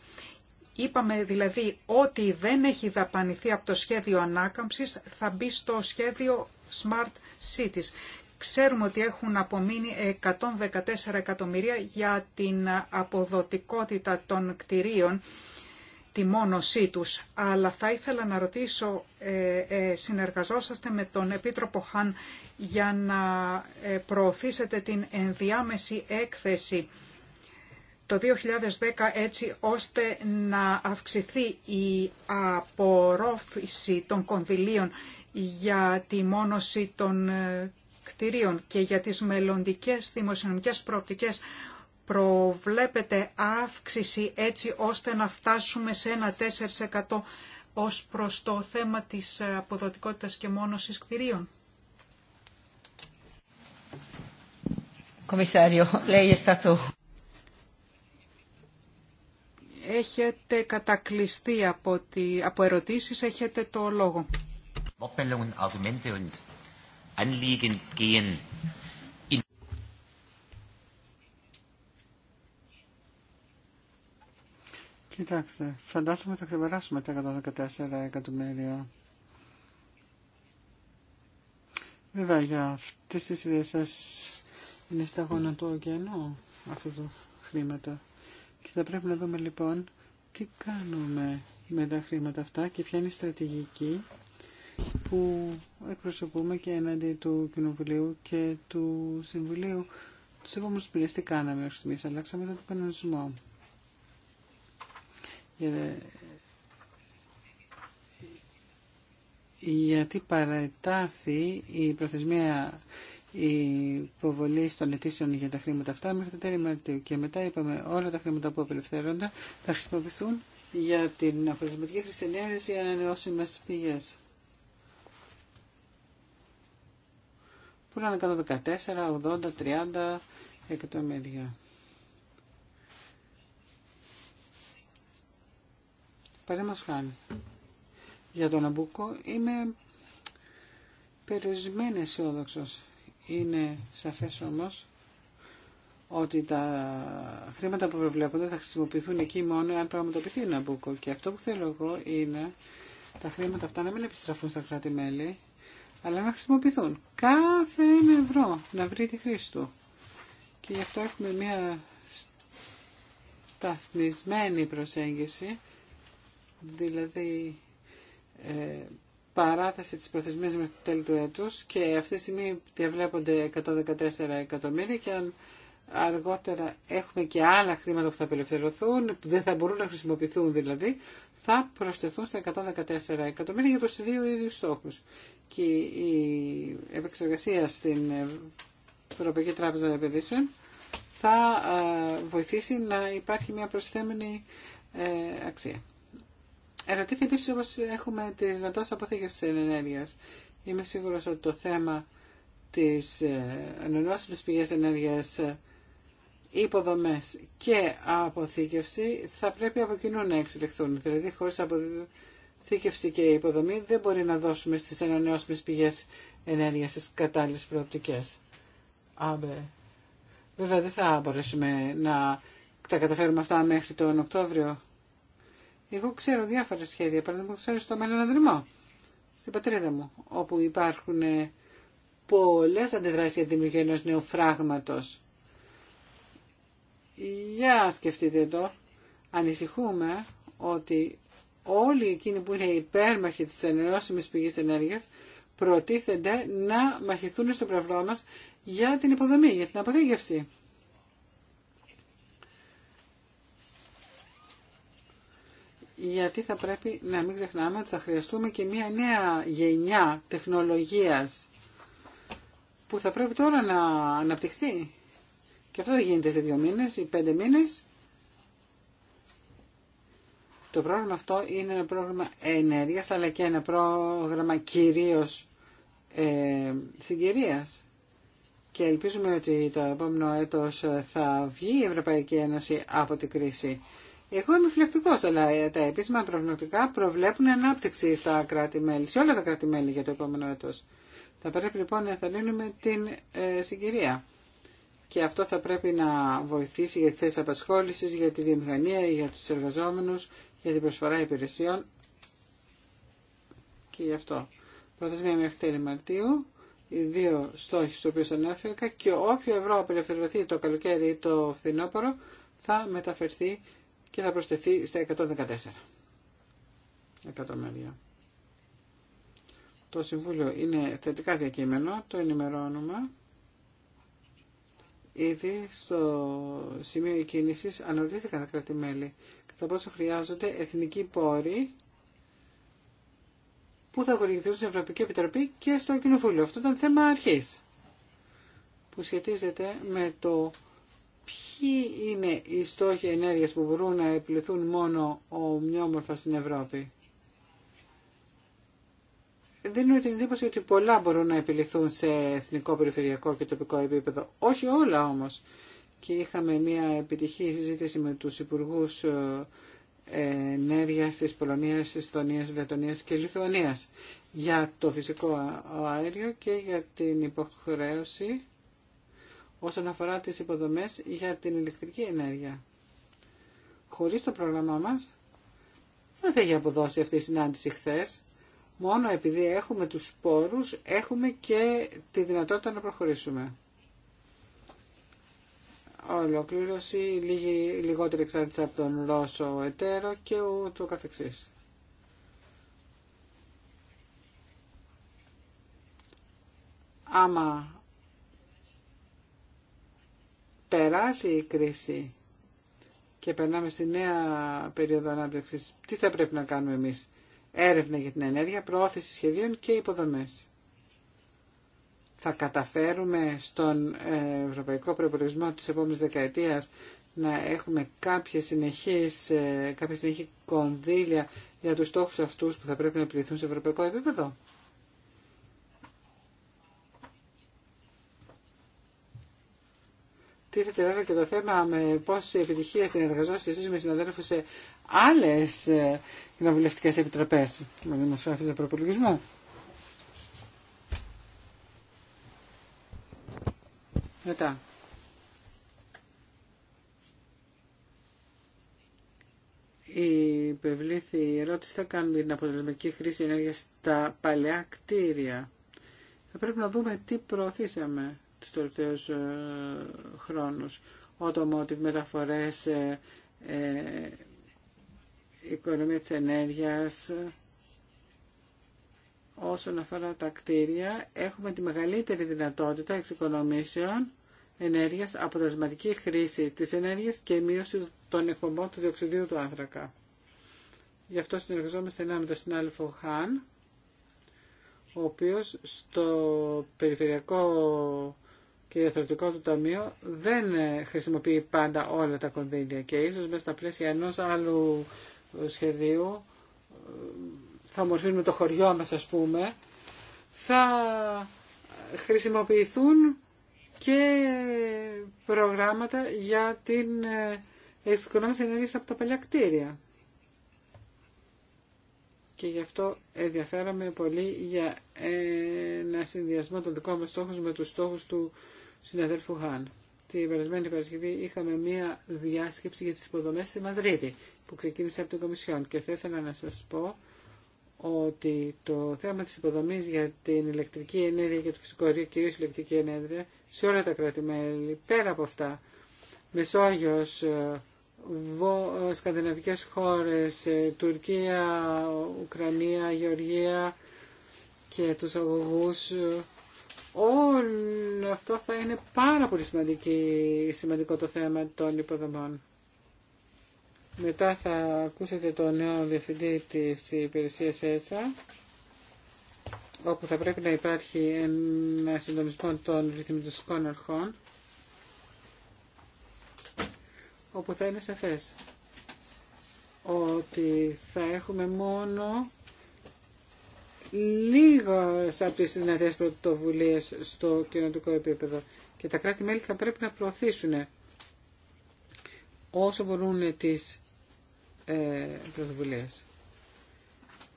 Είπαμε δηλαδή ότι δεν έχει δαπανηθεί από το σχέδιο ανάκαμψης θα μπει στο σχέδιο Smart Cities. Ξέρουμε ότι έχουν απομείνει 114 εκατομμυρία για την αποδοτικότητα των κτηρίων, τη μόνωσή τους. Αλλά θα ήθελα να ρωτήσω, ε, ε, συνεργαζόσαστε με τον Επίτροπο Χαν για να ε, προωθήσετε την ενδιάμεση έκθεση το 2010 έτσι ώστε να αυξηθεί η απορρόφηση των κονδυλίων για τη μόνωση των ε, κτηρίων και για τις μελλοντικές δημοσιονομικές προοπτικές προβλέπεται αύξηση έτσι ώστε να φτάσουμε σε ένα 4% ως προς το θέμα της ε, αποδοτικότητας και μόνωσης κτηρίων. Έχετε κατακλειστεί από, τη, από ερωτήσεις, έχετε το λόγο. Κοιτάξτε, φαντάζομαι θα ξεπεράσουμε τα 114 εκατομμύρια. Βέβαια, για αυτές τις ιδέες σας είναι στα γόνα ωκεανό αυτό το χρήματα. Και θα πρέπει να δούμε λοιπόν τι κάνουμε με τα χρήματα αυτά και ποια είναι η στρατηγική που εκπροσωπούμε και έναντι του Κοινοβουλίου και του Συμβουλίου. Του επόμενου μήνε τι κάναμε μέχρι στιγμή, αλλάξαμε τον κανονισμό. Γιατί παρατάθη η προθεσμία η υποβολή των αιτήσεων για τα χρήματα αυτά μέχρι τα τέλη Μαρτίου. Και μετά είπαμε όλα τα χρήματα που απελευθέρονται θα χρησιμοποιηθούν για την αποτελεσματική χρησιμοποίηση ανανεώσιμε πηγέ. Που είναι 114, 80, 30 εκατομμύρια. Παραδείγματο χάνει. Για τον Αμπούκο είμαι περιορισμένη αισιόδοξο είναι σαφές όμως ότι τα χρήματα που προβλέπονται θα χρησιμοποιηθούν εκεί μόνο αν πραγματοποιηθεί ένα μπουκο. Και αυτό που θέλω εγώ είναι τα χρήματα αυτά να μην επιστραφούν στα κράτη-μέλη, αλλά να χρησιμοποιηθούν. Κάθε ένα ευρώ να βρει τη χρήση του. Και γι' αυτό έχουμε μια σταθμισμένη προσέγγιση, δηλαδή ε, παράθεση της προθεσμίας μέχρι το τέλη του έτους και αυτή τη στιγμή διαβλέπονται 114 εκατομμύρια και αν αργότερα έχουμε και άλλα χρήματα που θα απελευθερωθούν, που δεν θα μπορούν να χρησιμοποιηθούν δηλαδή, θα προσθεθούν στα 114 εκατομμύρια για τους δύο ίδιους στόχους. Και η επεξεργασία στην Ευρωπαϊκή Τράπεζα Επενδύσεων θα ε, βοηθήσει να υπάρχει μια προσθέμενη ε, αξία. Ερωτήθηκε επίση όπω έχουμε τι δυνατότητε αποθήκευση ενέργεια. Είμαι σίγουρο ότι το θέμα τη ε, ανανεώσιμη πηγή ενέργεια, ε, υποδομέ και αποθήκευση θα πρέπει από κοινού να εξελιχθούν. Δηλαδή, χωρί αποθήκευση και υποδομή δεν μπορεί να δώσουμε στι ανανεώσιμε πηγέ ενέργεια τι κατάλληλε προοπτικέ. Βέβαια, δεν θα μπορέσουμε να τα καταφέρουμε αυτά μέχρι τον Οκτώβριο εγώ ξέρω διάφορα σχέδια, Παραδείγματο ξέρω στο μέλλον αδρυμό, στην πατρίδα μου, όπου υπάρχουν πολλέ αντιδράσει για τη δημιουργία ενό νέου φράγματος. Για σκεφτείτε το, ανησυχούμε ότι όλοι εκείνοι που είναι υπέρμαχοι της ενερώσιμης πηγής ενέργειας προτίθενται να μαχηθούν στο πλευρό μας για την υποδομή, για την αποθήκευση. γιατί θα πρέπει να μην ξεχνάμε ότι θα χρειαστούμε και μια νέα γενιά τεχνολογίας που θα πρέπει τώρα να αναπτυχθεί. Και αυτό δεν γίνεται σε δύο μήνες ή πέντε μήνες. Το πρόγραμμα αυτό είναι ένα πρόγραμμα ενέργειας αλλά και ένα πρόγραμμα κυρίως ε, συγκυρίας. Και ελπίζουμε ότι το επόμενο έτος θα βγει η Ευρωπαϊκή Ένωση από την κρίση. Εγώ είμαι φυλεκτικό αλλά ε, τα επίσημα προγνωτικά προβλέπουν ανάπτυξη στα κράτη-μέλη, σε όλα τα κράτη-μέλη για το επόμενο έτο. Θα πρέπει λοιπόν να εθαλύνουμε την ε, συγκυρία. Και αυτό θα πρέπει να βοηθήσει για τι θέσει απασχόληση, για τη βιομηχανία, για του εργαζόμενου, για την προσφορά υπηρεσιών. Και γι' αυτό. Προθεσμία μέχρι τέλη Μαρτίου, οι δύο στόχοι στου οποίου ανέφερα και όποιο ευρώ απελευθερωθεί το καλοκαίρι ή το φθινόπωρο θα μεταφερθεί και θα προσθεθεί στα 114 εκατομμύρια. Το Συμβούλιο είναι θετικά διακείμενο, το ενημερώνουμε. Ήδη στο σημείο κίνησης αναρωτήθηκαν τα κράτη-μέλη κατά πόσο χρειάζονται εθνικοί πόροι που θα χορηγηθούν στην Ευρωπαϊκή Επιτροπή και στο Κοινοβούλιο. Αυτό ήταν θέμα αρχής που σχετίζεται με το ποιοι είναι οι στόχοι ενέργειας που μπορούν να επιληθούν μόνο ομοιόμορφα στην Ευρώπη. Δίνω την εντύπωση ότι πολλά μπορούν να επιληθούν σε εθνικό, περιφερειακό και τοπικό επίπεδο. Όχι όλα όμως. Και είχαμε μια επιτυχή συζήτηση με τους υπουργούς ε, ενέργειας της Πολωνίας, Ιστονίας, Βετωνίας και Λιθουανίας για το φυσικό αέριο και για την υποχρέωση όσον αφορά τις υποδομές για την ηλεκτρική ενέργεια. Χωρίς το πρόγραμμά μας δεν θα είχε αποδώσει αυτή η συνάντηση χθε. Μόνο επειδή έχουμε τους σπόρους έχουμε και τη δυνατότητα να προχωρήσουμε. Ολοκλήρωση, λίγη, λιγότερη εξάρτηση από τον Ρώσο εταίρο και ούτω καθεξής. Άμα περάσει η κρίση και περνάμε στη νέα περίοδο ανάπτυξη. τι θα πρέπει να κάνουμε εμεί Έρευνα για την ενέργεια, προώθηση σχεδίων και υποδομέ. Θα καταφέρουμε στον ε, ευρωπαϊκό προπολογισμό τη επόμενη δεκαετία να έχουμε κάποιες ε, κάποια συνεχή κονδύλια για τους στόχους αυτούς που θα πρέπει να πληθούν σε ευρωπαϊκό επίπεδο. τίθεται βέβαια και το θέμα με πόση επιτυχία συνεργαζόμαστε εσείς με συναδέλφους σε άλλες ε, κοινοβουλευτικές επιτροπές, δηλαδή με μας για προπολογισμό. Μετά. Η υπευλήθη ερώτηση θα κάνουμε για την αποτελεσματική χρήση ενέργειας στα παλαιά κτίρια. Θα πρέπει να δούμε τι προωθήσαμε του τελευταίους ε, χρόνους. Automotive, μεταφορές, ε, ε οικονομία τη ενέργειας. Όσον αφορά τα κτίρια, έχουμε τη μεγαλύτερη δυνατότητα εξοικονομήσεων ενέργειας, αποτελεσματική χρήση της ενέργεια και μείωση των εκπομπών του διοξιδίου του άνθρακα. Γι' αυτό συνεργαζόμαστε ένα με τον συνάδελφο Χάν, ο οποίος στο περιφερειακό και η Εθνωτικό του Ταμείο δεν ε, χρησιμοποιεί πάντα όλα τα κονδύλια και ίσως μέσα στα πλαίσια ενός άλλου ε, σχεδίου ε, θα μορφύνουμε το χωριό μας ας πούμε θα χρησιμοποιηθούν και προγράμματα για την εξοικονόμηση ενέργειας από τα παλιά κτίρια. Και γι' αυτό ενδιαφέρομαι πολύ για ένα συνδυασμό των δικών μας στόχων με τους στόχους του συναδέλφου Χάν. Την περασμένη Παρασκευή είχαμε μία διάσκεψη για τις υποδομές στη Μαδρίτη που ξεκίνησε από την Κομισιόν και θα ήθελα να σας πω ότι το θέμα της υποδομής για την ηλεκτρική ενέργεια και το φυσικό ρίο, κυρίως ηλεκτρική ενέργεια, σε όλα τα κράτη-μέλη, πέρα από αυτά, Μεσόγειος, ε, βο, ε, σκανδιναβικές χώρες, ε, Τουρκία, Ουκρανία, Γεωργία και τους αγωγούς όλο αυτό θα είναι πάρα πολύ σημαντικό το θέμα των υποδομών. Μετά θα ακούσετε τον νέο διευθυντή της υπηρεσίας ΕΣΑ, όπου θα πρέπει να υπάρχει ένα συντονισμό των ρυθμιστικών αρχών, όπου θα είναι σαφές ότι θα έχουμε μόνο λίγο από τις δυνατές πρωτοβουλίε στο κοινωνικό επίπεδο και τα κράτη-μέλη θα πρέπει να προωθήσουν όσο μπορούν τις ε, πρωτοβουλίες.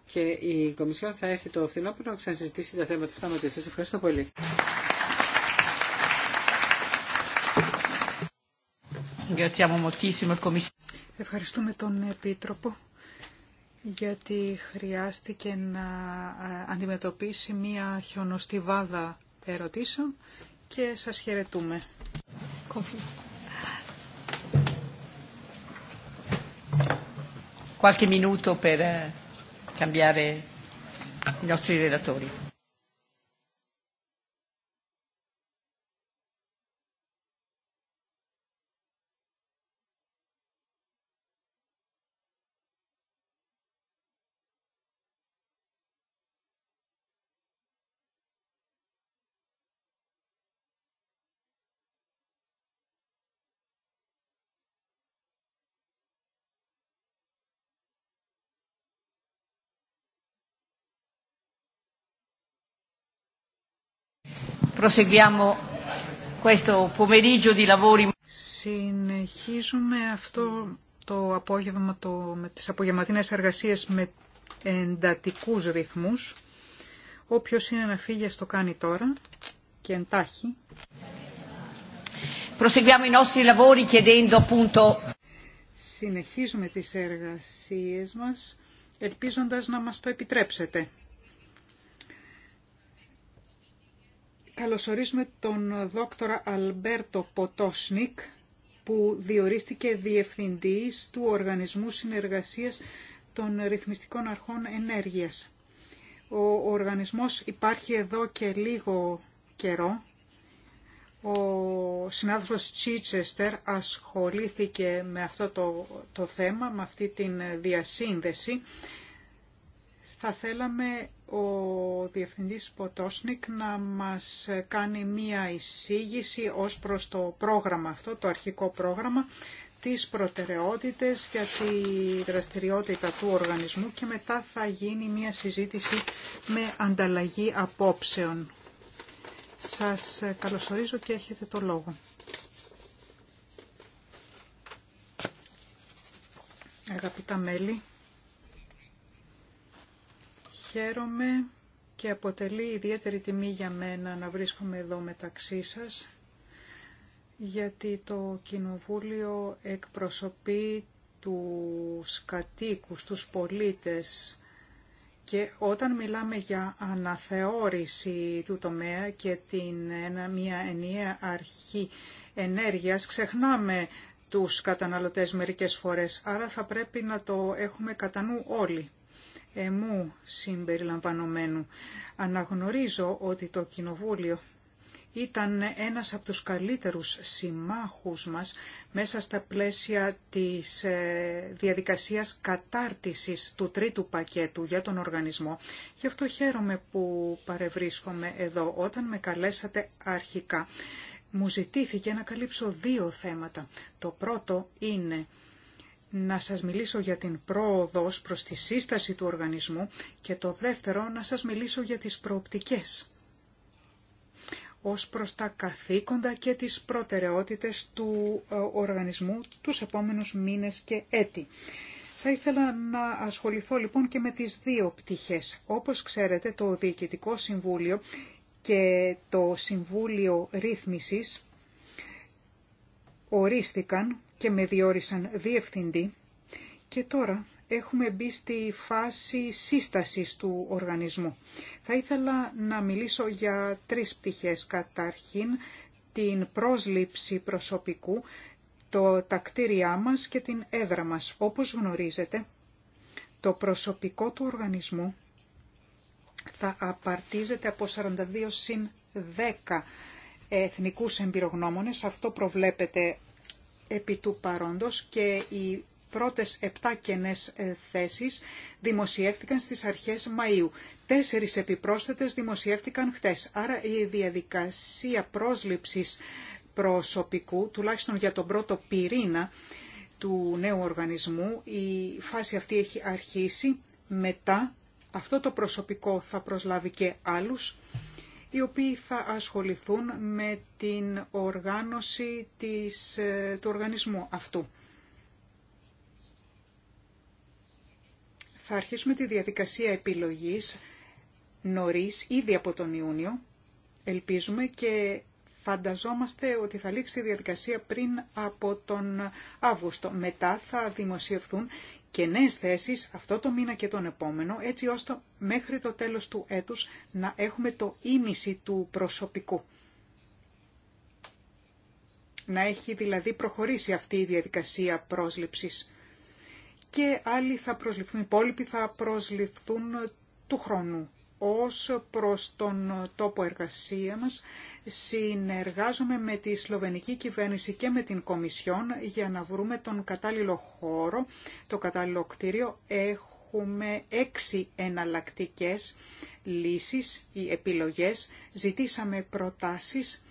Και η Κομισιόν θα έρθει το φθινόπωρο να ξανασυζητήσει τα θέματα αυτά μαζί σας. Ευχαριστώ πολύ. Ευχαριστούμε τον Επίτροπο γιατί χρειάστηκε να ε, αντιμετωπίσει μία χιονοστιβάδα ερωτήσεων και σας χαιρετούμε. Qualche minuto per eh, cambiare i nostri relatori. Proseguiamo questo pomeriggio di lavori. Συνεχίζουμε αυτό το απόγευμα, το, με τις απογευματινές εργασίες με εντατικούς ρυθμούς. Όποιος είναι να φύγει στο κάνει τώρα και εντάχει. Proseguiamo i nostri lavori chiedendo appunto... Συνεχίζουμε τις εργασίες μας ελπίζοντας να μας το επιτρέψετε. Καλωσορίζουμε τον δόκτορα Αλμπέρτο Ποτόσνικ που διορίστηκε διευθυντής του Οργανισμού Συνεργασίας των Ρυθμιστικών Αρχών Ενέργειας. Ο οργανισμός υπάρχει εδώ και λίγο καιρό. Ο συνάδελφος Τσίτσεστερ ασχολήθηκε με αυτό το, το θέμα, με αυτή την διασύνδεση. Θα θέλαμε ο Διευθυντής Ποτόσνικ να μας κάνει μία εισήγηση ως προς το πρόγραμμα αυτό, το αρχικό πρόγραμμα, τις προτεραιότητες για τη δραστηριότητα του οργανισμού και μετά θα γίνει μία συζήτηση με ανταλλαγή απόψεων. Σας καλωσορίζω και έχετε το λόγο. Αγαπητά μέλη, Χαίρομαι και αποτελεί ιδιαίτερη τιμή για μένα να βρίσκομαι εδώ μεταξύ σας, γιατί το Κοινοβούλιο εκπροσωπεί του κατοίκους, τους πολίτες και όταν μιλάμε για αναθεώρηση του τομέα και την, ένα, μια ενιαία αρχή ενέργειας, ξεχνάμε τους καταναλωτές μερικές φορές, άρα θα πρέπει να το έχουμε κατά νου όλοι εμού συμπεριλαμβανομένου. Αναγνωρίζω ότι το Κοινοβούλιο ήταν ένας από τους καλύτερους συμμάχους μας μέσα στα πλαίσια της ε, διαδικασίας κατάρτισης του τρίτου πακέτου για τον οργανισμό. Γι' αυτό χαίρομαι που παρευρίσκομαι εδώ. Όταν με καλέσατε αρχικά, μου ζητήθηκε να καλύψω δύο θέματα. Το πρώτο είναι να σας μιλήσω για την πρόοδο προς τη σύσταση του οργανισμού και το δεύτερο να σας μιλήσω για τις προοπτικές ως προς τα καθήκοντα και τις προτεραιότητες του ε, οργανισμού τους επόμενους μήνες και έτη. Θα ήθελα να ασχοληθώ λοιπόν και με τις δύο πτυχές. Όπως ξέρετε το Διοικητικό Συμβούλιο και το Συμβούλιο Ρύθμισης ορίστηκαν και με διόρισαν διευθυντή και τώρα έχουμε μπει στη φάση σύστασης του οργανισμού. Θα ήθελα να μιλήσω για τρεις πτυχές. Καταρχήν την πρόσληψη προσωπικού, το, τα κτίρια μας και την έδρα μας. Όπως γνωρίζετε, το προσωπικό του οργανισμού θα απαρτίζεται από 42 συν 10 εθνικούς εμπειρογνώμονες. Αυτό προβλέπεται επί του παρόντος και οι πρώτες επτά κενές ε, θέσεις δημοσιεύτηκαν στις αρχές Μαΐου. Τέσσερις επιπρόσθετες δημοσιεύτηκαν χτες. Άρα η διαδικασία πρόσληψης προσωπικού, τουλάχιστον για τον πρώτο πυρήνα του νέου οργανισμού, η φάση αυτή έχει αρχίσει. Μετά αυτό το προσωπικό θα προσλάβει και άλλους οι οποίοι θα ασχοληθούν με την οργάνωση της, ε, του οργανισμού αυτού. Θα αρχίσουμε τη διαδικασία επιλογής νωρίς, ήδη από τον Ιούνιο, ελπίζουμε και φανταζόμαστε ότι θα λήξει η διαδικασία πριν από τον Αύγουστο. Μετά θα δημοσιευθούν και νέες θέσεις αυτό το μήνα και τον επόμενο, έτσι ώστε μέχρι το τέλος του έτους να έχουμε το ίμιση του προσωπικού. Να έχει δηλαδή προχωρήσει αυτή η διαδικασία πρόσληψης. Και άλλοι θα προσληφθούν, οι υπόλοιποι θα προσληφθούν του χρόνου ως προς τον τόπο εργασία μας συνεργάζομαι με τη Σλοβενική κυβέρνηση και με την Κομισιόν για να βρούμε τον κατάλληλο χώρο, το κατάλληλο κτίριο. Έχουμε έξι εναλλακτικές λύσεις ή επιλογές. Ζητήσαμε προτάσεις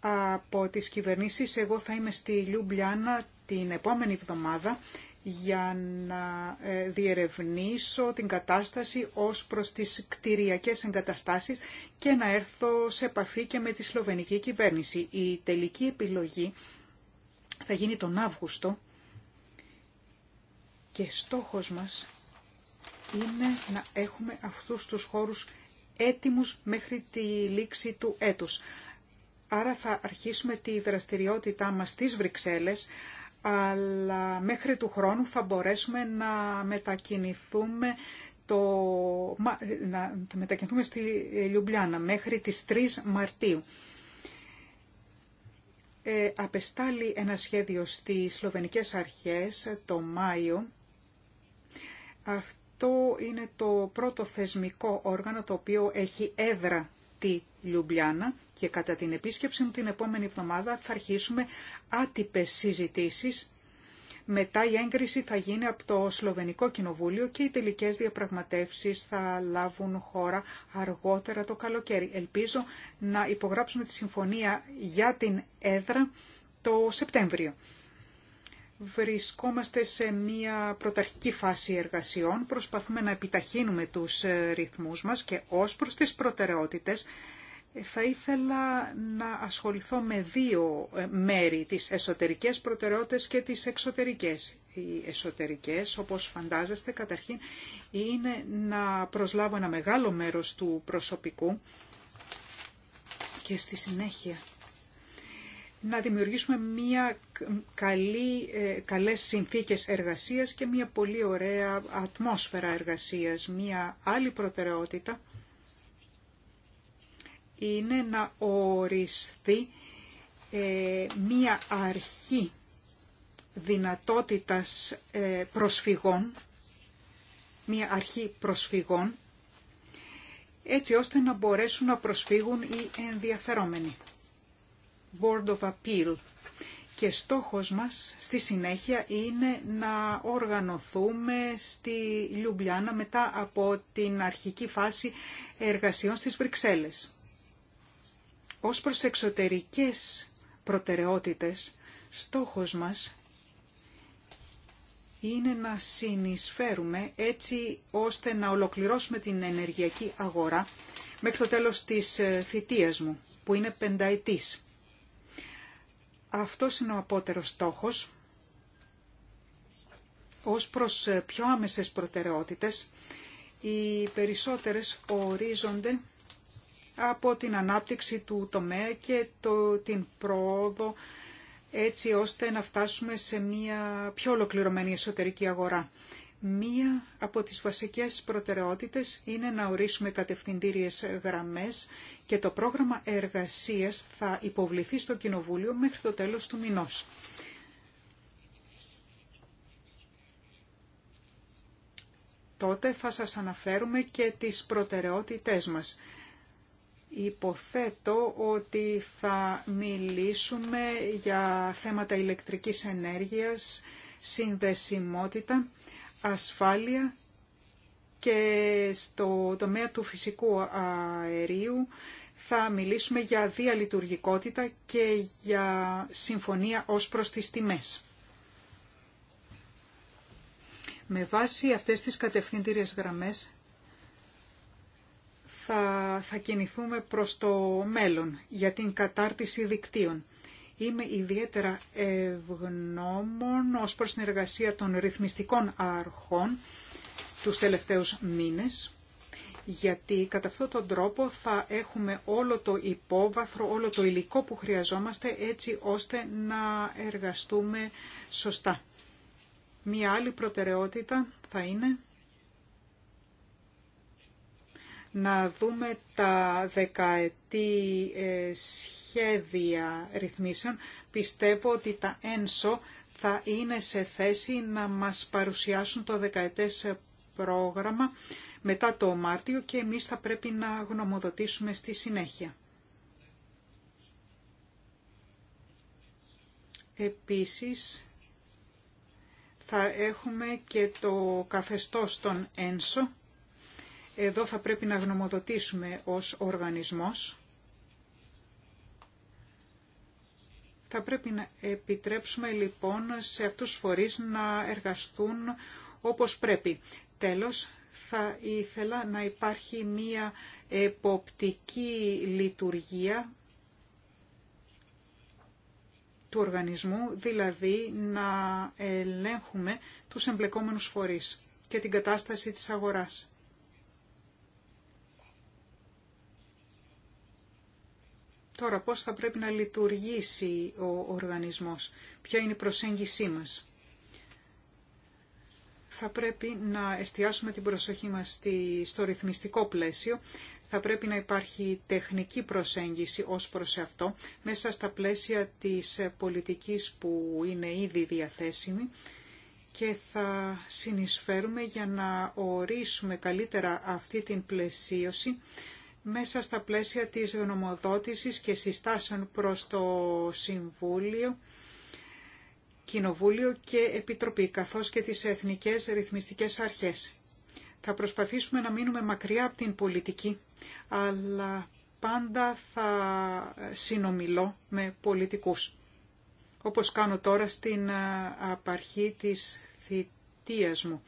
από τις κυβερνήσεις. Εγώ θα είμαι στη Λιουμπλιάνα την επόμενη εβδομάδα για να ε, διερευνήσω την κατάσταση ως προς τις κτηριακές εγκαταστάσεις και να έρθω σε επαφή και με τη Σλοβενική κυβέρνηση. Η τελική επιλογή θα γίνει τον Αύγουστο και στόχος μας είναι να έχουμε αυτούς τους χώρους έτοιμους μέχρι τη λήξη του έτους. Άρα θα αρχίσουμε τη δραστηριότητά μας στις Βρυξέλλες αλλά μέχρι του χρόνου θα μπορέσουμε να μετακινηθούμε το, να μετακινηθούμε στη Λιουμπλιάνα μέχρι τις 3 Μαρτίου. Ε, ένα σχέδιο στις Σλοβενικές Αρχές το Μάιο. Αυτό είναι το πρώτο θεσμικό όργανο το οποίο έχει έδρα τη Λιουμπλιάνα και κατά την επίσκεψη μου την επόμενη εβδομάδα θα αρχίσουμε άτυπες συζητήσεις. Μετά η έγκριση θα γίνει από το Σλοβενικό Κοινοβούλιο και οι τελικές διαπραγματεύσεις θα λάβουν χώρα αργότερα το καλοκαίρι. Ελπίζω να υπογράψουμε τη συμφωνία για την έδρα το Σεπτέμβριο. Βρισκόμαστε σε μια πρωταρχική φάση εργασιών, προσπαθούμε να επιταχύνουμε τους ρυθμούς μας και ως προς τις προτεραιότητες θα ήθελα να ασχοληθώ με δύο ε, μέρη, τις εσωτερικές προτεραιότητες και τις εξωτερικές. Οι εσωτερικές, όπως φαντάζεστε, καταρχήν είναι να προσλάβω ένα μεγάλο μέρος του προσωπικού και στη συνέχεια να δημιουργήσουμε μια καλή, ε, καλές συνθήκες εργασίας και μια πολύ ωραία ατμόσφαιρα εργασίας. Μια άλλη προτεραιότητα είναι να οριστεί ε, μία αρχή δυνατότητας ε, προσφυγών, μία αρχή προσφυγών, έτσι ώστε να μπορέσουν να προσφύγουν οι ενδιαφερόμενοι. Board of Appeal. Και στόχος μας στη συνέχεια είναι να οργανωθούμε στη Λιουμπλιάνα μετά από την αρχική φάση εργασιών στις Βρυξέλλες. Ως προς εξωτερικές προτεραιότητες, στόχος μας είναι να συνεισφέρουμε έτσι ώστε να ολοκληρώσουμε την ενεργειακή αγορά μέχρι το τέλος της ε, θητείας μου, που είναι πενταετής. Αυτός είναι ο απότερος στόχος. Ως προς ε, πιο άμεσες προτεραιότητες, οι περισσότερες ορίζονται από την ανάπτυξη του τομέα και το, την πρόοδο έτσι ώστε να φτάσουμε σε μια πιο ολοκληρωμένη εσωτερική αγορά. Μία από τις βασικές προτεραιότητες είναι να ορίσουμε κατευθυντήριες γραμμές και το πρόγραμμα εργασίας θα υποβληθεί στο Κοινοβούλιο μέχρι το τέλος του μηνός. Τότε θα σας αναφέρουμε και τις προτεραιότητές μας. Υποθέτω ότι θα μιλήσουμε για θέματα ηλεκτρικής ενέργειας, συνδεσιμότητα, ασφάλεια και στο τομέα του φυσικού αερίου θα μιλήσουμε για διαλειτουργικότητα και για συμφωνία ως προς τις τιμές. Με βάση αυτές τις κατευθυντήριες γραμμές θα, κινηθούμε προς το μέλλον για την κατάρτιση δικτύων. Είμαι ιδιαίτερα ευγνώμων ως προς την εργασία των ρυθμιστικών αρχών τους τελευταίους μήνες, γιατί κατά αυτόν τον τρόπο θα έχουμε όλο το υπόβαθρο, όλο το υλικό που χρειαζόμαστε έτσι ώστε να εργαστούμε σωστά. Μία άλλη προτεραιότητα θα είναι να δούμε τα δεκαετή ε, σχέδια ρυθμίσεων. Πιστεύω ότι τα ένσω θα είναι σε θέση να μας παρουσιάσουν το δεκαετές πρόγραμμα μετά το Μάρτιο και εμείς θα πρέπει να γνωμοδοτήσουμε στη συνέχεια. Επίσης, θα έχουμε και το καθεστώς των ένσω εδώ θα πρέπει να γνωμοδοτήσουμε ως οργανισμός. Θα πρέπει να επιτρέψουμε λοιπόν σε αυτούς φορείς να εργαστούν όπως πρέπει. Τέλος, θα ήθελα να υπάρχει μία εποπτική λειτουργία του οργανισμού, δηλαδή να ελέγχουμε τους εμπλεκόμενους φορείς και την κατάσταση της αγοράς. Τώρα, πώς θα πρέπει να λειτουργήσει ο οργανισμός, ποια είναι η προσέγγισή μας. Θα πρέπει να εστιάσουμε την προσοχή μας στο ρυθμιστικό πλαίσιο. Θα πρέπει να υπάρχει τεχνική προσέγγιση ως προς αυτό, μέσα στα πλαίσια της πολιτικής που είναι ήδη διαθέσιμη και θα συνεισφέρουμε για να ορίσουμε καλύτερα αυτή την πλαισίωση μέσα στα πλαίσια της γνωμοδότησης και συστάσεων προς το Συμβούλιο, Κοινοβούλιο και Επιτροπή, καθώς και τις Εθνικές Ρυθμιστικές Αρχές. Θα προσπαθήσουμε να μείνουμε μακριά από την πολιτική, αλλά πάντα θα συνομιλώ με πολιτικούς, όπως κάνω τώρα στην ε, απαρχή της θητείας μου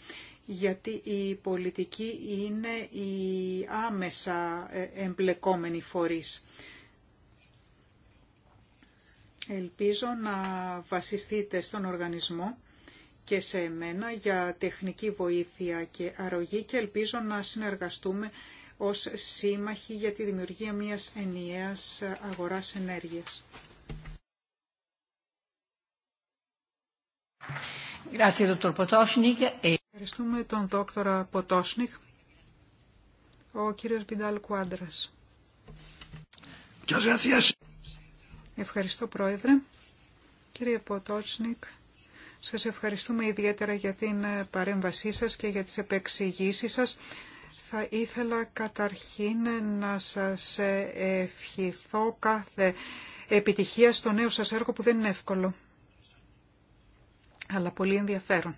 γιατί η πολιτική είναι η άμεσα ε, εμπλεκόμενη φορείς. Ελπίζω να βασιστείτε στον οργανισμό και σε εμένα για τεχνική βοήθεια και αρρωγή και ελπίζω να συνεργαστούμε ως σύμμαχοι για τη δημιουργία μιας ενιαίας αγοράς ενέργειας. Ευχαριστούμε τον δόκτορα Ποτόσνικ. Ο κύριος Βιντάλ Κουάντρας. Ευχαριστώ πρόεδρε. Κύριε Ποτόσνικ, σας ευχαριστούμε ιδιαίτερα για την παρέμβασή σας και για τις επεξηγήσεις σας. Θα ήθελα καταρχήν να σας ευχηθώ κάθε επιτυχία στο νέο σας έργο που δεν είναι εύκολο, αλλά πολύ ενδιαφέρον.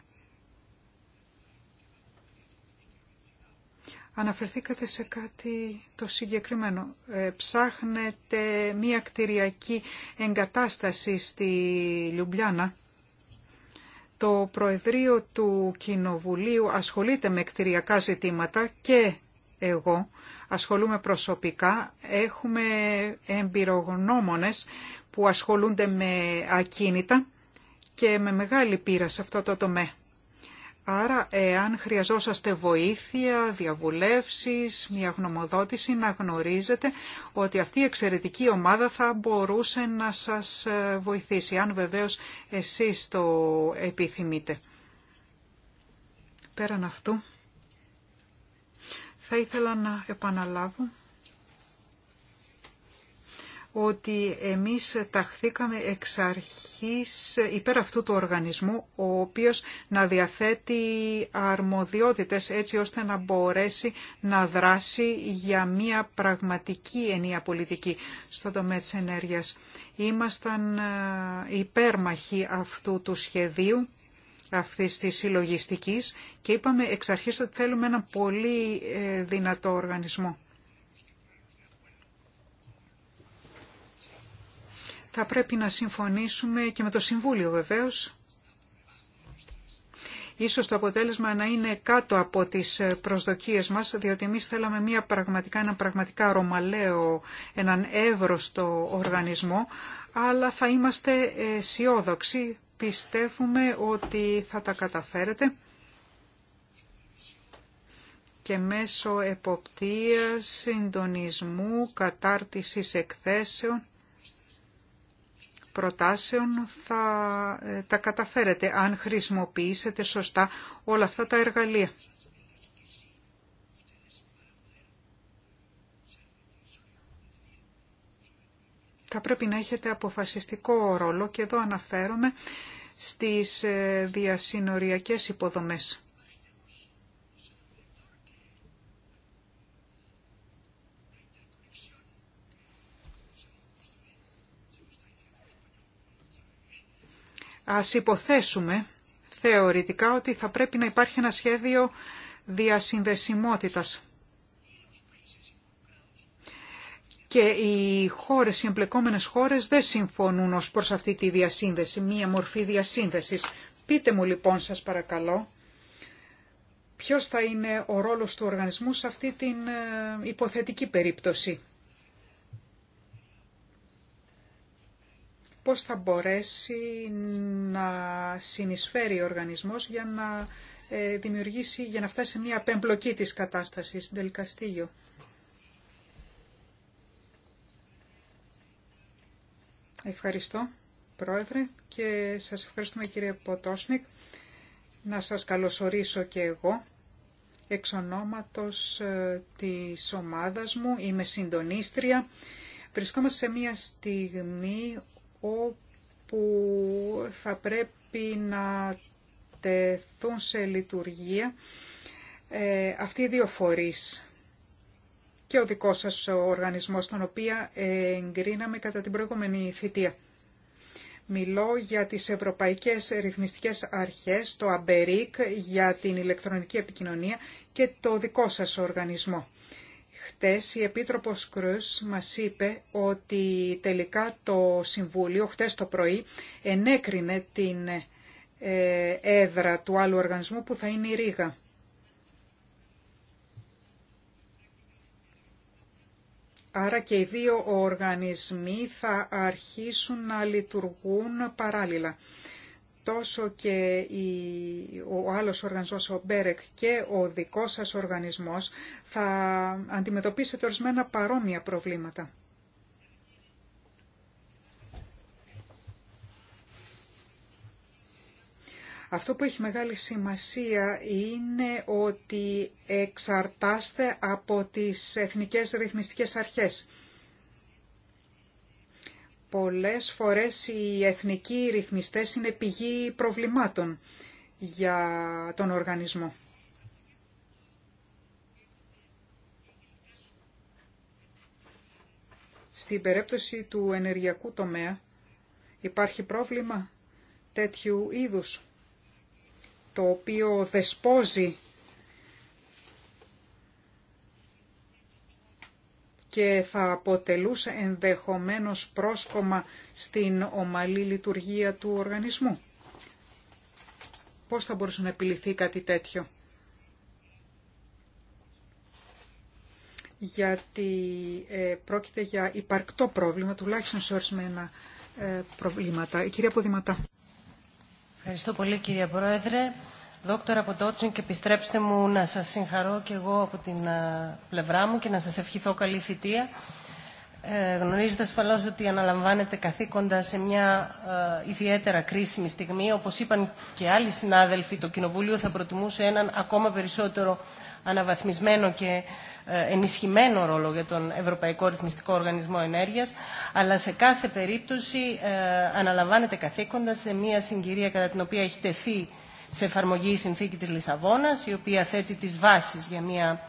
Αναφερθήκατε σε κάτι το συγκεκριμένο. Ε, ψάχνετε μία κτηριακή εγκατάσταση στη Λιουμπλιάνα. Το Προεδρείο του Κοινοβουλίου ασχολείται με κτηριακά ζητήματα και εγώ ασχολούμαι προσωπικά. Έχουμε εμπειρογνώμονες που ασχολούνται με ακίνητα και με μεγάλη πείρα σε αυτό το τομέα. Άρα, εάν χρειαζόσαστε βοήθεια, διαβουλεύσεις, μια γνωμοδότηση, να γνωρίζετε ότι αυτή η εξαιρετική ομάδα θα μπορούσε να σας ε, βοηθήσει, αν βεβαίως εσείς το επιθυμείτε. Πέραν αυτού, θα ήθελα να επαναλάβω ότι εμείς ταχθήκαμε εξ αρχής υπέρ αυτού του οργανισμού, ο οποίος να διαθέτει αρμοδιότητες έτσι ώστε να μπορέσει να δράσει για μια πραγματική ενία πολιτική στον τομέα της ενέργειας. Ήμασταν ε, υπέρμαχοι αυτού του σχεδίου αυτής της συλλογιστικής και είπαμε εξ αρχής ότι θέλουμε ένα πολύ ε, δυνατό οργανισμό. Θα πρέπει να συμφωνήσουμε και με το Συμβούλιο βεβαίως. Ίσως το αποτέλεσμα να είναι κάτω από τις προσδοκίες μας, διότι εμείς θέλαμε μια πραγματικά, ένα πραγματικά ρωμαλαίο, έναν εύρωστο οργανισμό, αλλά θα είμαστε αισιόδοξοι. Πιστεύουμε ότι θα τα καταφέρετε και μέσω εποπτείας, συντονισμού, κατάρτισης εκθέσεων προτάσεων θα ε, τα καταφέρετε αν χρησιμοποιήσετε σωστά όλα αυτά τα εργαλεία. Θα πρέπει να έχετε αποφασιστικό ρόλο και εδώ αναφέρομαι στις ε, διασυνοριακές υποδομές. Ας υποθέσουμε θεωρητικά ότι θα πρέπει να υπάρχει ένα σχέδιο διασυνδεσιμότητας. Και οι χώρες, οι εμπλεκόμενες χώρες δεν συμφωνούν ως προς αυτή τη διασύνδεση, μία μορφή διασύνδεσης. Πείτε μου λοιπόν σας παρακαλώ, ποιος θα είναι ο ρόλος του οργανισμού σε αυτή την ε, υποθετική περίπτωση. πώς θα μπορέσει να συνεισφέρει ο οργανισμός για να ε, δημιουργήσει, για να φτάσει σε μια απεμπλοκή της κατάστασης, στην τελικαστήγιο. Ευχαριστώ, Πρόεδρε, και σας ευχαριστούμε κύριε Ποτόσνικ. Να σας καλωσορίσω και εγώ. Εξ ονόματος ε, της ομάδας μου είμαι συντονίστρια. Βρισκόμαστε σε μια στιγμή όπου θα πρέπει να τεθούν σε λειτουργία ε, αυτοί οι δύο φορείς και ο δικός σας ο οργανισμός, τον οποίο εγκρίναμε κατά την προηγούμενη θητεία. Μιλώ για τις Ευρωπαϊκές Ρυθμιστικές Αρχές, το ΑΜΠΕΡΙΚ για την ηλεκτρονική επικοινωνία και το δικό σας οργανισμό. Χτες η Επίτροπος Κρούς μας είπε ότι τελικά το Συμβούλιο χτες το πρωί ενέκρινε την ε, έδρα του άλλου οργανισμού που θα είναι η Ρήγα. Άρα και οι δύο οργανισμοί θα αρχίσουν να λειτουργούν παράλληλα τόσο και ο άλλος οργανισμός, ο Μπέρεκ και ο δικός σας οργανισμός θα αντιμετωπίσετε ορισμένα παρόμοια προβλήματα. Αυτό που έχει μεγάλη σημασία είναι ότι εξαρτάστε από τις εθνικές ρυθμιστικές αρχές. Πολλές φορές οι εθνικοί ρυθμιστές είναι πηγή προβλημάτων για τον οργανισμό. Στην περίπτωση του ενεργειακού τομέα υπάρχει πρόβλημα τέτοιου είδους, το οποίο δεσπόζει και θα αποτελούσε ενδεχομένως πρόσκομα στην ομαλή λειτουργία του οργανισμού. Πώς θα μπορούσε να επιληθεί κάτι τέτοιο. Γιατί ε, πρόκειται για υπαρκτό πρόβλημα, τουλάχιστον σε ορισμένα ε, προβλήματα. Η κυρία Ποδηματά. Ευχαριστώ πολύ κυρία Πρόεδρε. Δόκτωρα Ποτότσινγκ, και επιστρέψτε μου να σας συγχαρώ και εγώ από την πλευρά μου και να σας ευχηθώ καλή θητεία. Ε, γνωρίζετε ασφαλώς ότι αναλαμβάνετε καθήκοντα σε μια ε, ιδιαίτερα κρίσιμη στιγμή. Όπως είπαν και άλλοι συνάδελφοι, το Κοινοβούλιο θα προτιμούσε έναν ακόμα περισσότερο αναβαθμισμένο και ε, ενισχυμένο ρόλο για τον Ευρωπαϊκό Ρυθμιστικό Οργανισμό Ενέργειας, αλλά σε κάθε περίπτωση ε, αναλαμβάνεται καθήκοντα σε μια συγκυρία κατά την οποία έχει τεθεί σε εφαρμογή η συνθήκη της Λισαβόνας, η οποία θέτει τις βάσεις για μια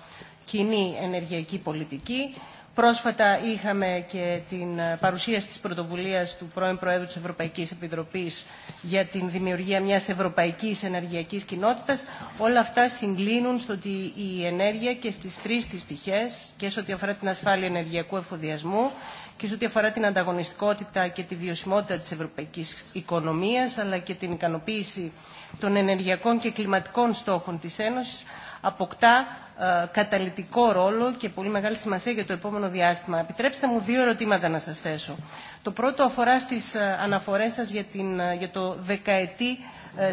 κοινή ενεργειακή πολιτική. Πρόσφατα είχαμε και την παρουσίαση της πρωτοβουλίας του πρώην Προέδρου της Ευρωπαϊκής Επιτροπής για την δημιουργία μιας ευρωπαϊκής ενεργειακής κοινότητας. Όλα αυτά συγκλίνουν στο ότι η ενέργεια και στις τρεις τις πτυχές και σε ό,τι αφορά την ασφάλεια ενεργειακού εφοδιασμού και σε ό,τι αφορά την ανταγωνιστικότητα και τη βιωσιμότητα της ευρωπαϊκής οικονομίας αλλά και την ικανοποίηση των ενεργειακών και κλιματικών στόχων της Ένωσης αποκτά ε, καταλητικό ρόλο και πολύ μεγάλη σημασία για το επόμενο διάστημα. Επιτρέψτε μου δύο ερωτήματα να σας θέσω. Το πρώτο αφορά στις ε, αναφορές σας για, την, ε, για το δεκαετή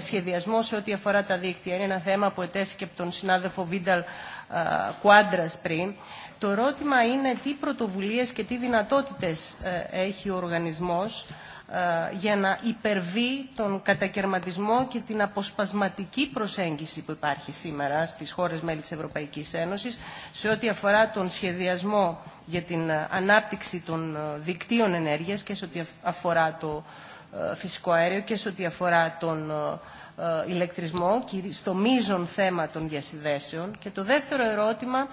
σχεδιασμό σε ό,τι αφορά τα δίκτυα. Είναι ένα θέμα που ετέθηκε από τον συνάδελφο Βίνταλ Κουάντρας πριν. Το ερώτημα είναι τι πρωτοβουλίες και τι δυνατότητες έχει ο οργανισμός ε, για να υπερβεί τον κατακαιρματισμό και την αποσπασματική προσέγγιση που υπάρχει σήμερα στις χώρες μέλη της Ευρωπαϊκής Ένωσης σε ό,τι αφορά τον σχεδιασμό για την ε, ανάπτυξη των ε, δικτύων ενέργειας και σε ό,τι αφορά το φυσικό αέριο και σε ό,τι αφορά τον ηλεκτρισμό στο μείζον θέμα των διασυνδέσεων. Και το δεύτερο ερώτημα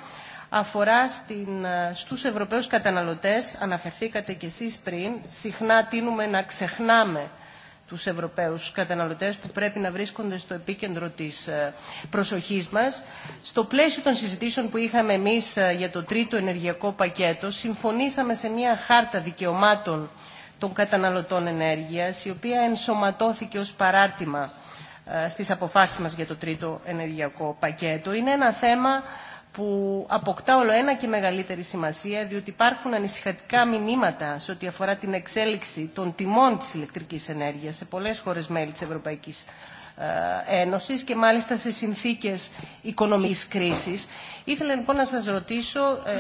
αφορά στην, ε, στους Ευρωπαίους καταναλωτές, αναφερθήκατε κι εσείς πριν, συχνά τίνουμε να ξεχνάμε τους Ευρωπαίους καταναλωτές που πρέπει να βρίσκονται στο επίκεντρο της ε, προσοχής μας. Στο πλαίσιο των συζητήσεων που είχαμε εμείς ε, για το τρίτο ενεργειακό πακέτο, συμφωνήσαμε σε μια χάρτα δικαιωμάτων των καταναλωτών ενέργειας, η οποία ενσωματώθηκε ως παράρτημα στις αποφάσεις μας για το τρίτο ενεργειακό πακέτο. Είναι ένα θέμα που αποκτά όλο ένα και μεγαλύτερη σημασία, διότι υπάρχουν ανησυχητικά μηνύματα σε ό,τι αφορά την εξέλιξη των τιμών της ηλεκτρικής ενέργειας σε πολλές χώρες μέλη της Ευρωπαϊκής ε, Ένωσης και μάλιστα σε συνθήκες οικονομικής κρίσης. Ήθελα λοιπόν να σας ρωτήσω ε,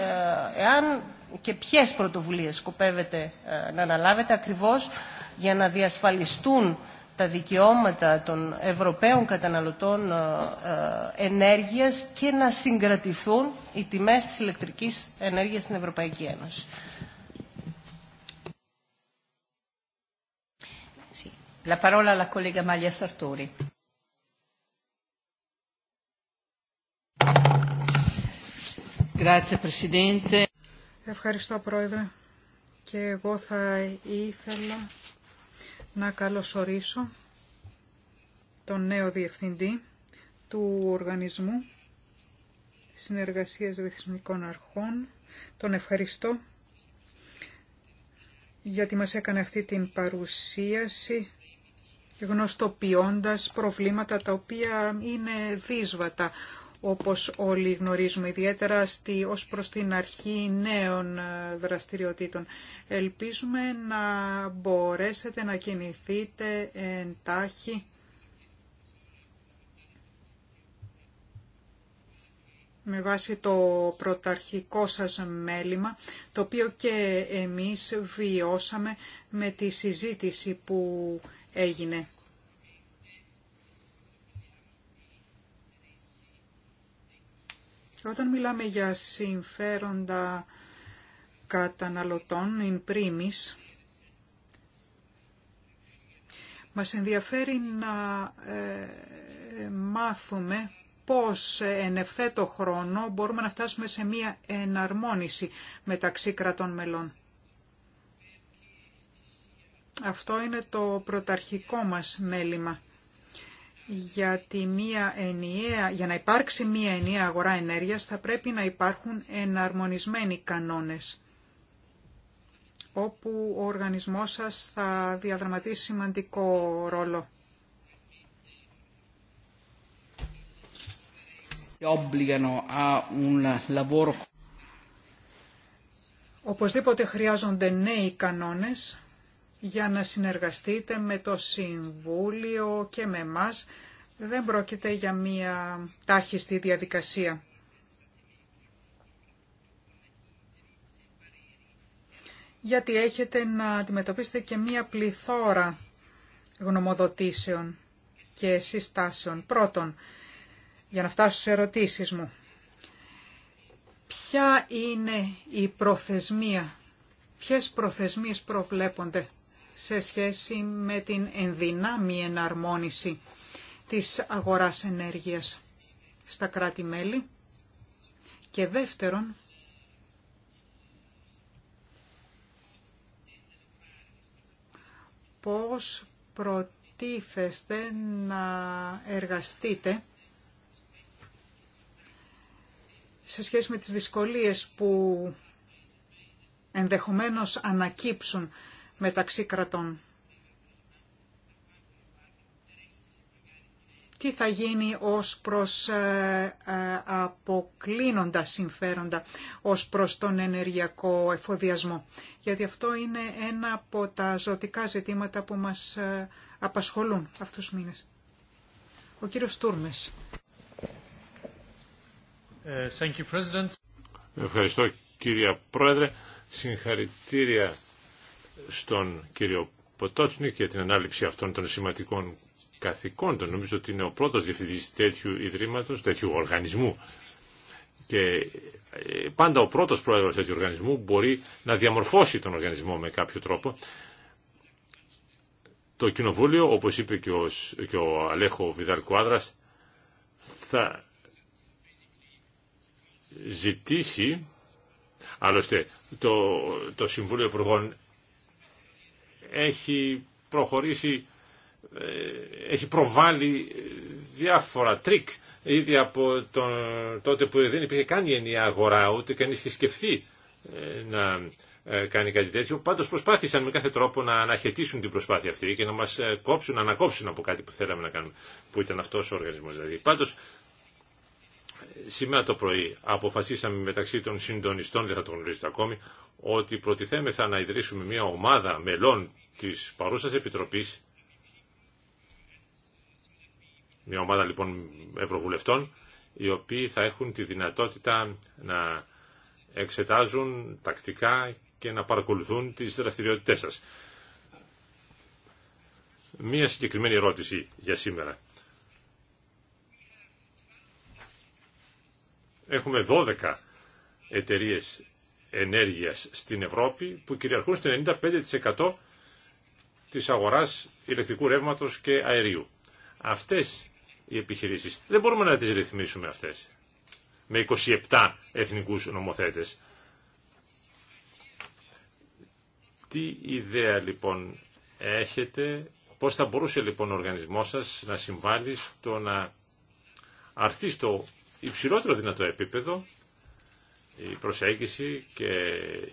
εάν και ποιες πρωτοβουλίες σκοπεύετε ε, να αναλάβετε ακριβώς για να διασφαλιστούν τα δικαιώματα των Ευρωπαίων καταναλωτών ε, ε, ενέργειας και να συγκρατηθούν οι τιμές της ηλεκτρικής ενέργειας στην Ευρωπαϊκή Ένωση. La parola alla collega Maglia Sartori. Grazie Presidente. Ευχαριστώ Πρόεδρε. Και εγώ θα ήθελα να καλωσορίσω τον νέο διευθυντή του Οργανισμού Συνεργασίας Ρυθμικών Αρχών. Τον ευχαριστώ γιατί μας έκανε αυτή την παρουσίαση γνωστοποιώντας προβλήματα τα οποία είναι δύσβατα όπως όλοι γνωρίζουμε, ιδιαίτερα στη, ως προς την αρχή νέων ε, δραστηριοτήτων. Ελπίζουμε να μπορέσετε να κινηθείτε εντάχει με βάση το πρωταρχικό σας μέλημα, το οποίο και εμείς βιώσαμε με τη συζήτηση που έγινε. Όταν μιλάμε για συμφέροντα καταναλωτών, in primis, μας ενδιαφέρει να ε, ε, μάθουμε πώς εν ευθέτω χρόνο μπορούμε να φτάσουμε σε μία εναρμόνιση μεταξύ κρατών μελών. Αυτό είναι το πρωταρχικό μας μέλημα. Γιατί μία ενιαία, για να υπάρξει μία ενιαία αγορά ενέργειας θα πρέπει να υπάρχουν εναρμονισμένοι κανόνες όπου ο οργανισμός σας θα διαδραματίσει σημαντικό ρόλο. Οπωσδήποτε χρειάζονται νέοι κανόνες για να συνεργαστείτε με το Συμβούλιο και με μας. Δεν πρόκειται για μία τάχιστη διαδικασία. γιατί έχετε να αντιμετωπίσετε και μία πληθώρα γνωμοδοτήσεων και συστάσεων. Πρώτον, για να φτάσω στις ερωτήσεις μου, ποια είναι η προθεσμία, ποιες προθεσμίες προβλέπονται σε σχέση με την ενδυνάμει εναρμόνιση της αγοράς ενέργειας στα κράτη-μέλη. Και δεύτερον, πώς προτίθεστε να εργαστείτε σε σχέση με τις δυσκολίες που ενδεχομένως ανακύψουν μεταξύ κρατών. τι θα γίνει ως προς ε, ε, αποκλίνοντα συμφέροντα, ως προς τον ενεργειακό εφοδιασμό. Γιατί αυτό είναι ένα από τα ζωτικά ζητήματα που μας ε, απασχολούν αυτούς τους μήνες. Ο κύριος Τούρμες. Ευχαριστώ κύριε Πρόεδρε. Συγχαρητήρια στον κύριο Ποτότσνη για την ανάληψη αυτών των σημαντικών καθηκόντων. Νομίζω ότι είναι ο πρώτος διευθυντής τέτοιου ιδρύματος, τέτοιου οργανισμού. Και ε, πάντα ο πρώτος πρόεδρος τέτοιου οργανισμού μπορεί να διαμορφώσει τον οργανισμό με κάποιο τρόπο. Το κοινοβούλιο, όπως είπε και ο, και ο Αλέχο Βιδαρκουάδρας, θα ζητήσει, άλλωστε το, το Συμβούλιο Υπουργών έχει προχωρήσει ε, έχει προβάλει ε, διάφορα τρίκ ήδη από τον, τότε που δεν υπήρχε καν η ενιαία αγορά, ούτε κανεί είχε σκεφτεί ε, να κάνει κάτι τέτοιο. Πάντως προσπάθησαν με κάθε τρόπο να αναχαιτήσουν την προσπάθεια αυτή και να μας κόψουν, να ανακόψουν από κάτι που θέλαμε να κάνουμε, που ήταν αυτός ο οργανισμός δηλαδή. Πάντως, σήμερα το πρωί αποφασίσαμε μεταξύ των συντονιστών, δεν θα το γνωρίζετε ακόμη, ότι προτιθέμεθα να ιδρύσουμε μια ομάδα μελών της παρούσας Επιτροπής μια ομάδα λοιπόν ευρωβουλευτών οι οποίοι θα έχουν τη δυνατότητα να εξετάζουν τακτικά και να παρακολουθούν τις δραστηριότητές σας. Μία συγκεκριμένη ερώτηση για σήμερα. Έχουμε 12 εταιρείες ενέργειας στην Ευρώπη που κυριαρχούν στο 95% της αγοράς ηλεκτρικού ρεύματος και αερίου. Αυτές οι επιχειρήσεις. Δεν μπορούμε να τις ρυθμίσουμε αυτές με 27 εθνικούς νομοθέτες. Τι ιδέα λοιπόν έχετε, πώς θα μπορούσε λοιπόν ο οργανισμός σας να συμβάλλει στο να αρθεί στο υψηλότερο δυνατό επίπεδο η προσέγγιση και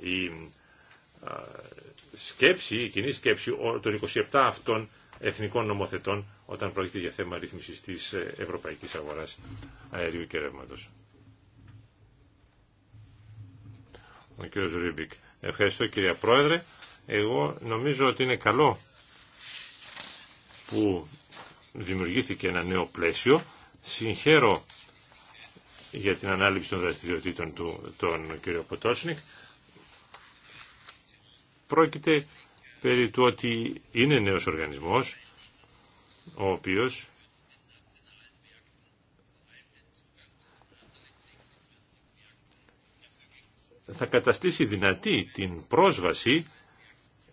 η σκέψη, η κοινή σκέψη των 27 αυτών εθνικών νομοθετών όταν πρόκειται για θέμα ρύθμισης της ε, ευρωπαϊκής αγοράς αερίου και ρεύματος. Ο κύριος Ρίμπικ. Ευχαριστώ κύριε Πρόεδρε. Εγώ νομίζω ότι είναι καλό που δημιουργήθηκε ένα νέο πλαίσιο. Συγχαίρω για την ανάληψη των δραστηριοτήτων του τον κύριο Ποτόσνικ. Πρόκειται περί του ότι είναι νέος οργανισμός, ο οποίος θα καταστήσει δυνατή την πρόσβαση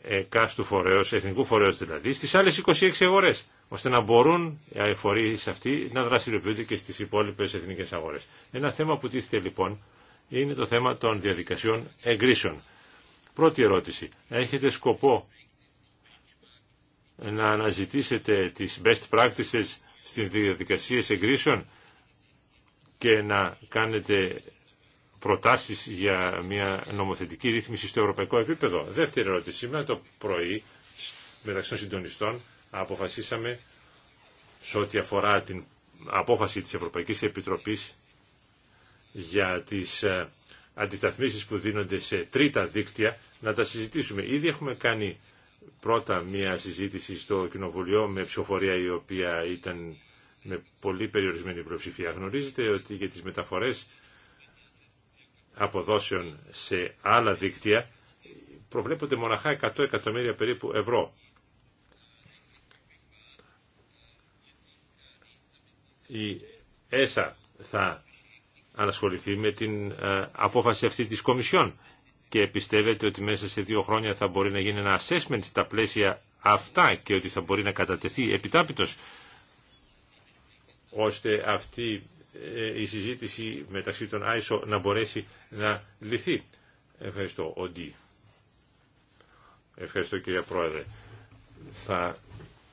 εκάστου φορέως, εθνικού φορέως δηλαδή, στις άλλες 26 αγορές, ώστε να μπορούν οι φορείς αυτοί να δραστηριοποιούνται και στις υπόλοιπες εθνικές αγορές. Ένα θέμα που τίθεται λοιπόν είναι το θέμα των διαδικασιών εγκρίσεων. Πρώτη ερώτηση. Έχετε σκοπό να αναζητήσετε τις best practices στις διαδικασίες εγκρίσεων και να κάνετε προτάσεις για μια νομοθετική ρύθμιση στο ευρωπαϊκό επίπεδο. Δεύτερη ερώτηση. Σήμερα το πρωί μεταξύ των συντονιστών αποφασίσαμε σε ό,τι αφορά την απόφαση της Ευρωπαϊκής Επιτροπής για τις ε, αντισταθμίσεις που δίνονται σε τρίτα δίκτυα να τα συζητήσουμε. Ήδη έχουμε κάνει πρώτα μια συζήτηση στο Κοινοβουλίο με ψηφοφορία η οποία ήταν με πολύ περιορισμένη προψηφία. Γνωρίζετε ότι για τις μεταφορές αποδόσεων σε άλλα δίκτυα προβλέπονται μοναχά 100 εκατομμύρια περίπου ευρώ. Η ΕΣΑ θα ανασχοληθεί με την ε, απόφαση αυτή της Κομισιόν και πιστεύετε ότι μέσα σε δύο χρόνια θα μπορεί να γίνει ένα assessment στα πλαίσια αυτά και ότι θα μπορεί να κατατεθεί επιτάπητος ώστε αυτή ε, η συζήτηση μεταξύ των ISO να μπορέσει να λυθεί. Ευχαριστώ, Οντί. Ευχαριστώ κύριε Πρόεδρε. Θα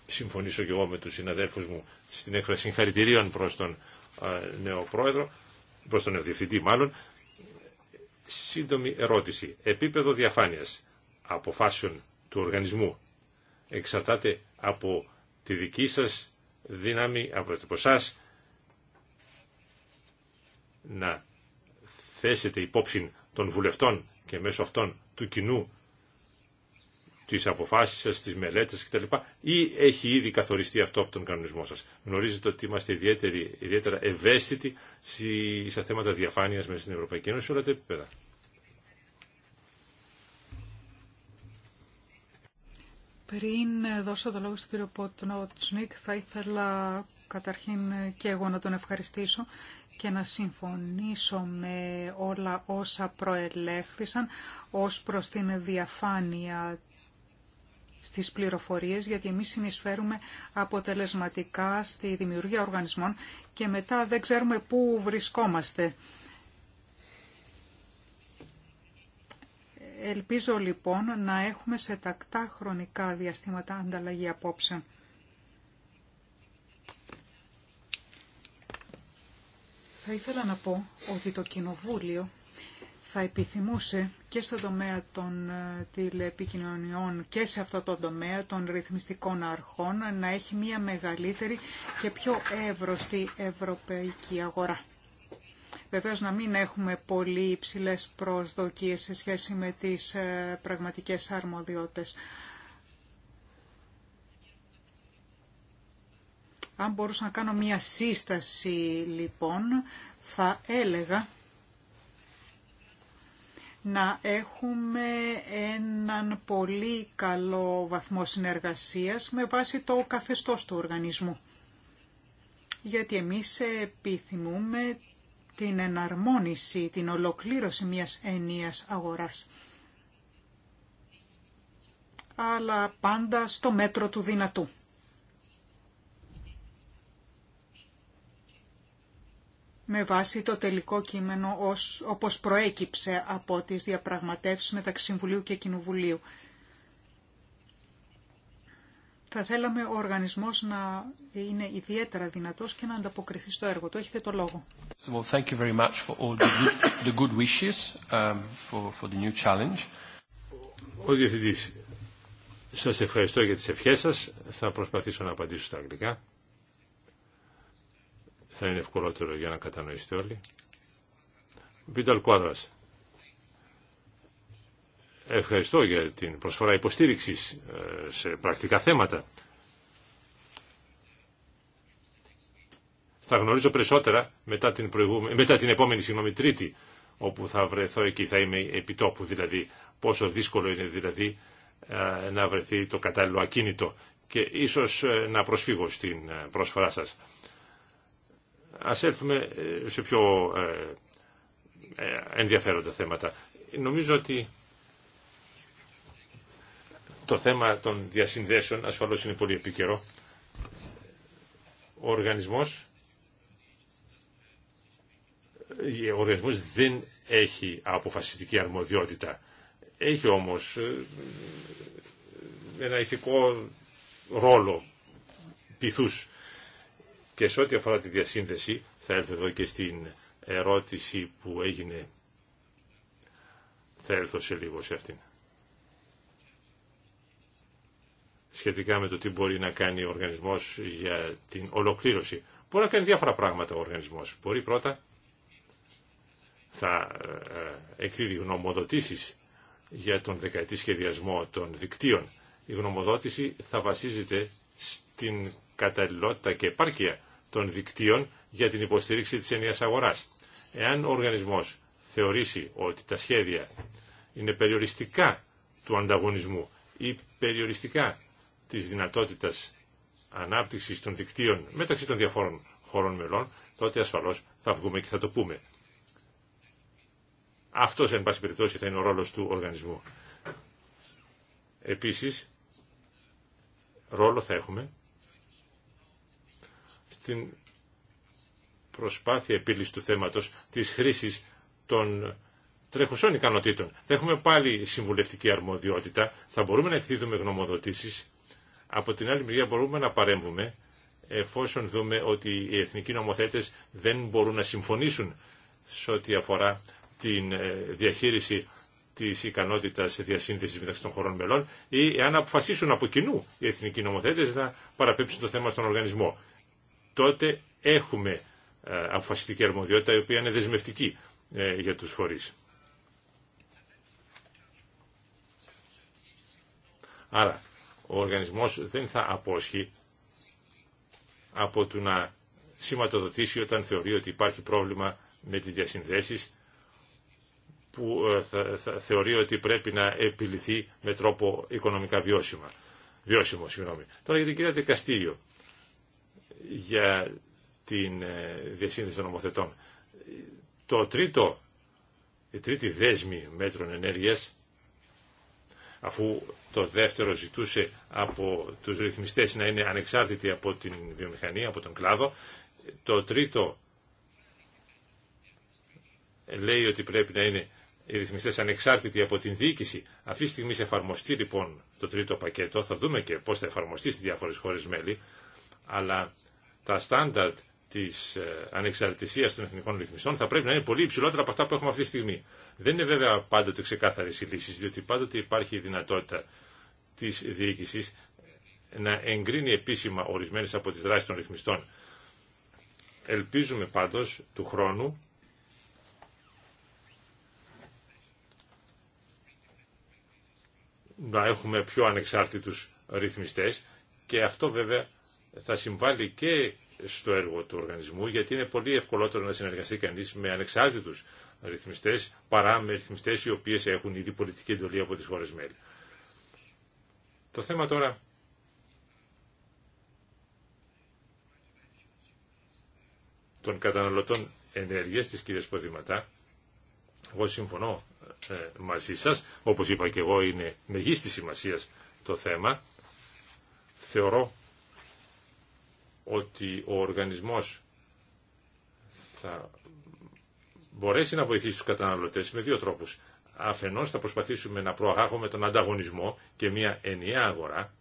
συμφωνήσω και εγώ με τους συναδέλφους μου στην έκφραση συγχαρητηρίων προς τον ε, νέο πρόεδρο, προς τον νέο μάλλον. Σύντομη ερώτηση. Επίπεδο διαφάνειας αποφάσεων του οργανισμού εξαρτάται από τη δική σας δύναμη, από ποσάς να θέσετε υπόψη των βουλευτών και μέσω αυτών του κοινού τις αποφάσεις σας, τις μελέτες κτλ. Ή έχει ήδη καθοριστεί αυτό από τον κανονισμό σας. Γνωρίζετε ότι είμαστε ιδιαίτερα ευαίσθητοι σε θέματα διαφάνειας μέσα στην Ευρωπαϊκή Ένωση σε όλα τα επίπεδα. Πριν δώσω το λόγο στον κύριο Ποτνότσνικ, θα ήθελα καταρχήν και εγώ να τον ευχαριστήσω και να συμφωνήσω με όλα όσα προελέχθησαν ως προς την διαφάνεια στις πληροφορίες γιατί εμείς συνεισφέρουμε αποτελεσματικά στη δημιουργία οργανισμών και μετά δεν ξέρουμε πού βρισκόμαστε. Ελπίζω λοιπόν να έχουμε σε τακτά χρονικά διαστήματα ανταλλαγή απόψε. Θα ήθελα να πω ότι το Κοινοβούλιο θα επιθυμούσε και στον τομέα των ε, τηλεπικοινωνιών και σε αυτό το τομέα των ρυθμιστικών αρχών να έχει μια μεγαλύτερη και πιο εύρωστη ευρωπαϊκή αγορά. Βεβαίω να μην έχουμε πολύ υψηλέ προσδοκίες σε σχέση με τις ε, πραγματικές αρμοδιότητε. Αν μπορούσα να κάνω μια σύσταση λοιπόν, θα έλεγα να έχουμε έναν πολύ καλό βαθμό συνεργασίας με βάση το καθεστώς του οργανισμού. Γιατί εμείς επιθυμούμε την εναρμόνιση, την ολοκλήρωση μιας ενίας αγοράς. Αλλά πάντα στο μέτρο του δυνατού. με βάση το τελικό κείμενο ως, όπως προέκυψε από τις διαπραγματεύσεις μεταξύ Συμβουλίου και Κοινοβουλίου. Θα θέλαμε ο οργανισμός να είναι ιδιαίτερα δυνατός και να ανταποκριθεί στο έργο Το Έχετε το λόγο. Ο Διευθυντής, σας ευχαριστώ για τις ευχές σας. Θα προσπαθήσω να απαντήσω στα αγγλικά θα είναι ευκολότερο για να κατανοήσετε όλοι. Βίταλ Κουάδρας. Ευχαριστώ για την προσφορά υποστήριξης ε, σε πρακτικά θέματα. Θα γνωρίζω περισσότερα μετά την, ε, μετά την επόμενη συγγνώμη, Τρίτη, όπου θα βρεθώ εκεί, θα είμαι επιτόπου δηλαδή, πόσο δύσκολο είναι δηλαδή ε, να βρεθεί το κατάλληλο ακίνητο και ίσως να προσφύγω στην προσφορά σας. Ας έρθουμε ε, σε πιο ε, ε, ενδιαφέροντα θέματα. Νομίζω ότι το θέμα των διασυνδέσεων ασφαλώς είναι πολύ επίκαιρο. Ο οργανισμός, ο οργανισμός δεν έχει αποφασιστική αρμοδιότητα. Έχει όμως ένα ηθικό ρόλο πειθούς και σε ό,τι αφορά τη διασύνδεση, θα έρθω εδώ και στην ερώτηση που έγινε. Θα έρθω σε λίγο σε αυτήν. Σχετικά με το τι μπορεί να κάνει ο οργανισμός για την ολοκλήρωση. Μπορεί να κάνει διάφορα πράγματα ο οργανισμός. Μπορεί πρώτα θα ε, εκδίδει γνωμοδοτήσεις για τον δεκαετή σχεδιασμό των δικτύων. Η γνωμοδότηση θα βασίζεται στην καταλληλότητα και επάρκεια των δικτύων για την υποστήριξη της ενιαίας αγοράς. Εάν ο οργανισμός θεωρήσει ότι τα σχέδια είναι περιοριστικά του ανταγωνισμού ή περιοριστικά της δυνατότητας ανάπτυξης των δικτύων μεταξύ των διαφόρων χωρών μελών, τότε ασφαλώς θα βγούμε και θα το πούμε. Αυτός, εν πάση περιπτώσει, θα είναι ο ρόλος του οργανισμού. Επίσης, ρόλο θα έχουμε την προσπάθεια επίλυση του θέματος της χρήσης των τρέχουσών ικανοτήτων. Θα έχουμε πάλι συμβουλευτική αρμοδιότητα, θα μπορούμε να εκδίδουμε γνωμοδοτήσεις, από την άλλη μεριά μπορούμε να παρέμβουμε εφόσον δούμε ότι οι εθνικοί νομοθέτες δεν μπορούν να συμφωνήσουν σε ό,τι αφορά την ε, διαχείριση τη ικανότητα διασύνδεση μεταξύ των χωρών μελών ή αν αποφασίσουν από κοινού οι εθνικοί νομοθέτε να παραπέψουν το θέμα στον οργανισμό τότε έχουμε ε, αποφασιστική αρμοδιότητα η οποία είναι δεσμευτική ε, για τους φορείς. Άρα, ο οργανισμός δεν θα απόσχει από το να σηματοδοτήσει όταν θεωρεί ότι υπάρχει πρόβλημα με τις διασυνδέσεις που ε, θα, θεωρεί ότι πρέπει να επιληθεί με τρόπο οικονομικά βιώσιμα. βιώσιμο. Συγγνώμη. Τώρα για την κυρία Δικαστήριο για την ε, διασύνδεση των νομοθετών. Το τρίτο, η τρίτη δέσμη μέτρων ενέργειας, αφού το δεύτερο ζητούσε από τους ρυθμιστές να είναι ανεξάρτητοι από την βιομηχανία, από τον κλάδο, το τρίτο λέει ότι πρέπει να είναι οι ρυθμιστές ανεξάρτητοι από την διοίκηση. Αυτή τη στιγμή εφαρμοστεί λοιπόν το τρίτο πακέτο, θα δούμε και πώς θα εφαρμοστεί στις διάφορες χώρες μέλη, αλλά τα στάνταρτ της ε, ανεξαρτησίας των εθνικών ρυθμιστών θα πρέπει να είναι πολύ υψηλότερα από αυτά που έχουμε αυτή τη στιγμή. Δεν είναι βέβαια πάντοτε ξεκάθαρε οι λύσει, διότι πάντοτε υπάρχει η δυνατότητα της διοίκηση να εγκρίνει επίσημα ορισμένες από τις δράσεις των ρυθμιστών. Ελπίζουμε πάντως του χρόνου να έχουμε πιο ανεξάρτητους ρυθμιστές και αυτό βέβαια θα συμβάλλει και στο έργο του οργανισμού, γιατί είναι πολύ ευκολότερο να συνεργαστεί κανεί με ανεξάρτητους ρυθμιστές παρά με ρυθμιστές οι οποίε έχουν ήδη πολιτική εντολή από τις χώρε μέλη. Το θέμα τώρα των καταναλωτών ενέργειας της κυρίας Ποδηματά, εγώ συμφωνώ ε, μαζί σας, όπως είπα και εγώ είναι μεγίστη σημασία το θέμα. Θεωρώ ότι ο οργανισμός θα μπορέσει να βοηθήσει τους καταναλωτές με δύο τρόπους. Αφενός θα προσπαθήσουμε να προαγάγουμε τον ανταγωνισμό και μια ενιαία αγορά.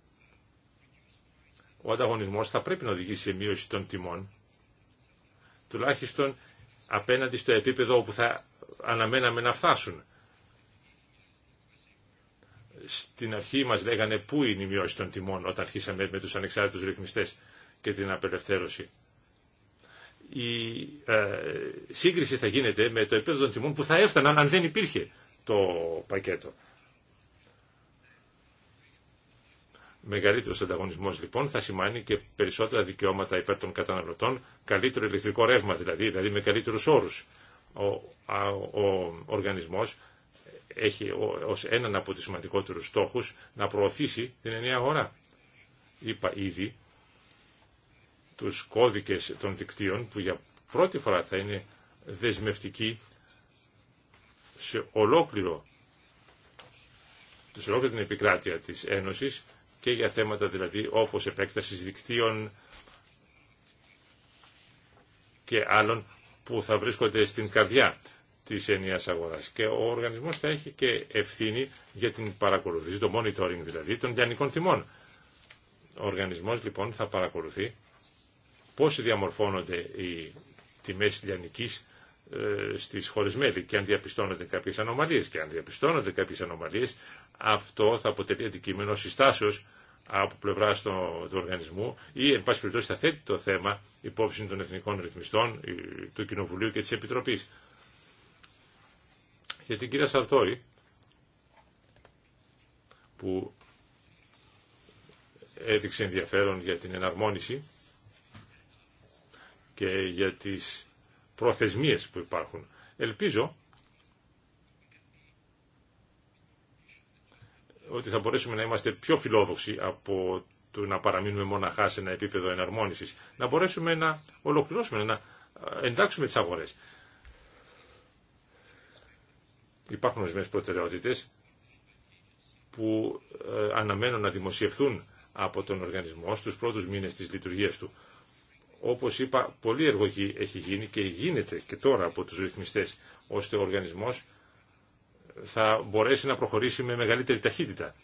Ο ανταγωνισμός θα πρέπει να οδηγήσει σε μείωση των τιμών, τουλάχιστον απέναντι στο επίπεδο όπου θα αναμέναμε να φτάσουν. Στην αρχή μας λέγανε πού είναι η μειώση των τιμών όταν αρχίσαμε με τους ανεξάρτητους ρυθμιστές και την απελευθέρωση. Η ε, σύγκριση θα γίνεται με το επίπεδο των τιμών που θα έφταναν αν δεν υπήρχε το πακέτο. Μεγαλύτερος ανταγωνισμός λοιπόν θα σημάνει και περισσότερα δικαιώματα υπέρ των καταναλωτών, καλύτερο ηλεκτρικό ρεύμα δηλαδή, δηλαδή με καλύτερου όρου. Ο, ο, ο οργανισμό έχει ως έναν από του σημαντικότερου στόχους να προωθήσει την ενιαία αγορά. Είπα ήδη τους κώδικες των δικτύων που για πρώτη φορά θα είναι δεσμευτικοί σε ολόκληρο σε ολόκληρη την επικράτεια της Ένωσης και για θέματα δηλαδή όπως επέκτασης δικτύων και άλλων που θα βρίσκονται στην καρδιά της ενιαίας αγοράς. Και ο οργανισμός θα έχει και ευθύνη για την παρακολουθήση, το monitoring δηλαδή, των λιανικών τιμών. Ο οργανισμός λοιπόν θα παρακολουθεί πώς διαμορφώνονται οι τιμές λιανικής ε, στις χώρες μέλη και αν διαπιστώνονται κάποιες ανομαλίες και αν διαπιστώνονται κάποιες ανομαλίες αυτό θα αποτελεί αντικείμενο συστάσεως από πλευρά του οργανισμού ή εν πάση περιπτώσει θα θέτει το θέμα υπόψη των εθνικών ρυθμιστών του Κοινοβουλίου και της Επιτροπής. Για την κυρία Σαρτόρη που έδειξε ενδιαφέρον για την εναρμόνιση και για τις προθεσμίες που υπάρχουν. Ελπίζω ότι θα μπορέσουμε να είμαστε πιο φιλόδοξοι από του να παραμείνουμε μοναχά σε ένα επίπεδο εναρμόνισης, να μπορέσουμε να ολοκληρώσουμε, να εντάξουμε τις αγορές. Υπάρχουν ορισμένε προτεραιότητε που ε, αναμένουν να δημοσιευθούν από τον οργανισμό στους πρώτους μήνες της λειτουργίας του όπως είπα, πολλή εργογή έχει γίνει και γίνεται και τώρα από τους ρυθμιστές, ώστε ο οργανισμός θα μπορέσει να προχωρήσει με μεγαλύτερη ταχύτητα.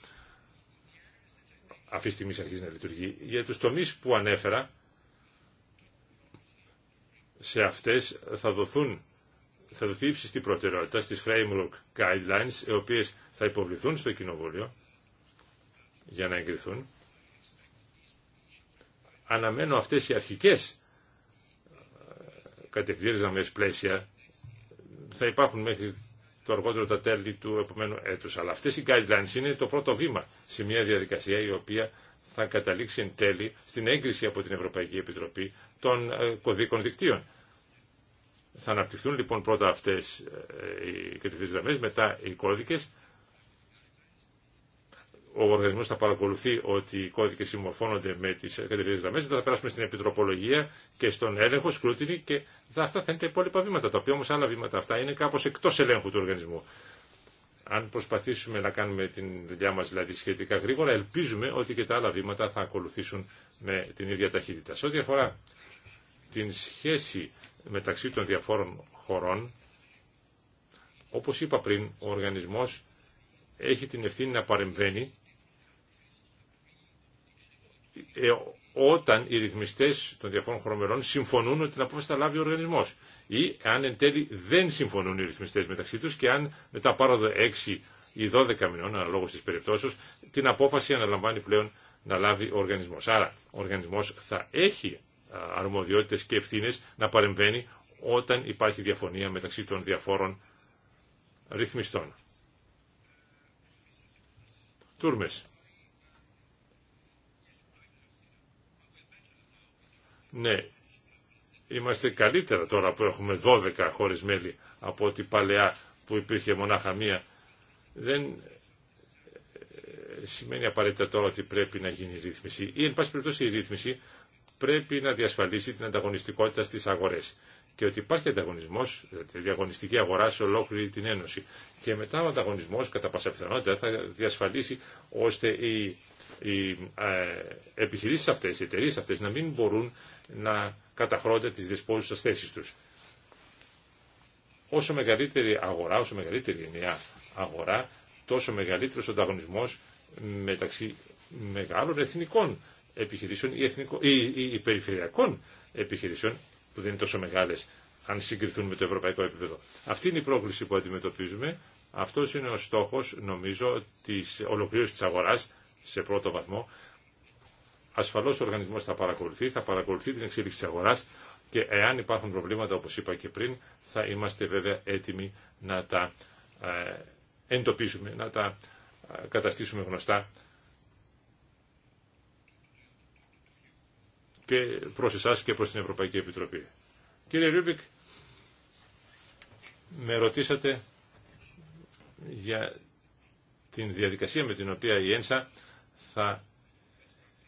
Αυτή τη στιγμή αρχίζει να λειτουργεί. Για τους τομείς που ανέφερα, σε αυτές θα, δοθούν, θα δοθεί ύψιστη προτεραιότητα στις framework guidelines, οι οποίες θα υποβληθούν στο κοινοβούλιο για να εγκριθούν αναμένω αυτές οι αρχικές ε, κατευθύνες γραμμές πλαίσια θα υπάρχουν μέχρι το αργότερο τα τέλη του επόμενου έτους. Αλλά αυτές οι guidelines είναι το πρώτο βήμα σε μια διαδικασία η οποία θα καταλήξει εν τέλει στην έγκριση από την Ευρωπαϊκή Επιτροπή των ε, κωδίκων δικτύων. Θα αναπτυχθούν λοιπόν πρώτα αυτές ε, οι κατευθύνες γραμμές, μετά οι κώδικες ο οργανισμό θα παρακολουθεί ότι οι κώδικες συμμορφώνονται με τι κατευθυντικέ γραμμέ μετά θα περάσουμε στην επιτροπολογία και στον έλεγχο, σκρούτινη και αυτά θα είναι τα υπόλοιπα βήματα, τα οποία όμω άλλα βήματα αυτά είναι κάπω εκτό ελέγχου του οργανισμού. Αν προσπαθήσουμε να κάνουμε την δουλειά μα δηλαδή σχετικά γρήγορα, ελπίζουμε ότι και τα άλλα βήματα θα ακολουθήσουν με την ίδια ταχύτητα. Σε ό,τι αφορά την σχέση μεταξύ των διαφόρων χωρών, όπως είπα πριν, ο οργανισμός έχει την ευθύνη να παρεμβαίνει ε, όταν οι ρυθμιστές των διαφόρων χωρομερών συμφωνούν ότι την απόφαση θα λάβει ο οργανισμός ή αν εν τέλει δεν συμφωνούν οι ρυθμιστές μεταξύ τους και αν μετά πάροδο 6 ή 12 μηνών, αναλόγως της περιπτώσεως, την απόφαση αναλαμβάνει πλέον να λάβει ο οργανισμός. Άρα ο οργανισμός θα έχει αρμοδιότητες και ευθύνε να παρεμβαίνει όταν υπάρχει διαφωνία μεταξύ των διαφόρων ρυθμιστών. Τούρμες. Ναι, είμαστε καλύτερα τώρα που έχουμε 12 χώρες μέλη από ότι παλαιά που υπήρχε μονάχα μία. Δεν ε, σημαίνει απαραίτητα τώρα ότι πρέπει να γίνει ρύθμιση ή εν πάση περιπτώσει η ρύθμιση πρέπει να διασφαλίσει την ανταγωνιστικότητα στις αγορές και ότι υπάρχει ανταγωνισμός, δηλαδή διαγωνιστική αγορά σε ολόκληρη την Ένωση. Και μετά ο ανταγωνισμο κατά πάσα πιθανότητα θα διασφαλίσει ώστε οι οι ε, επιχειρήσεις αυτές, οι εταιρείε αυτές να μην μπορούν να καταχρώνται τις δεσπόζουσες θέσεις τους. Όσο μεγαλύτερη αγορά, όσο μεγαλύτερη ενιαία αγορά, τόσο μεγαλύτερος ανταγωνισμός μεταξύ μεγάλων εθνικών επιχειρήσεων ή, εθνικο, ή, περιφερειακών επιχειρήσεων που δεν είναι τόσο μεγάλες αν συγκριθούν με το ευρωπαϊκό επίπεδο. Αυτή είναι η πρόκληση που αντιμετωπίζουμε. Αυτός είναι ο στόχος, νομίζω, της ολοκλήρωσης της αγοράς σε πρώτο βαθμό. Ασφαλώς ο οργανισμό θα παρακολουθεί, θα παρακολουθεί την εξέλιξη τη αγορά και εάν υπάρχουν προβλήματα, όπως είπα και πριν, θα είμαστε βέβαια έτοιμοι να τα ε, εντοπίσουμε, να τα ε, καταστήσουμε γνωστά και προς εσάς και προς την Ευρωπαϊκή Επιτροπή. Κύριε Ρούμπικ, με ρωτήσατε για την διαδικασία με την οποία η ΕΝΣΑ θα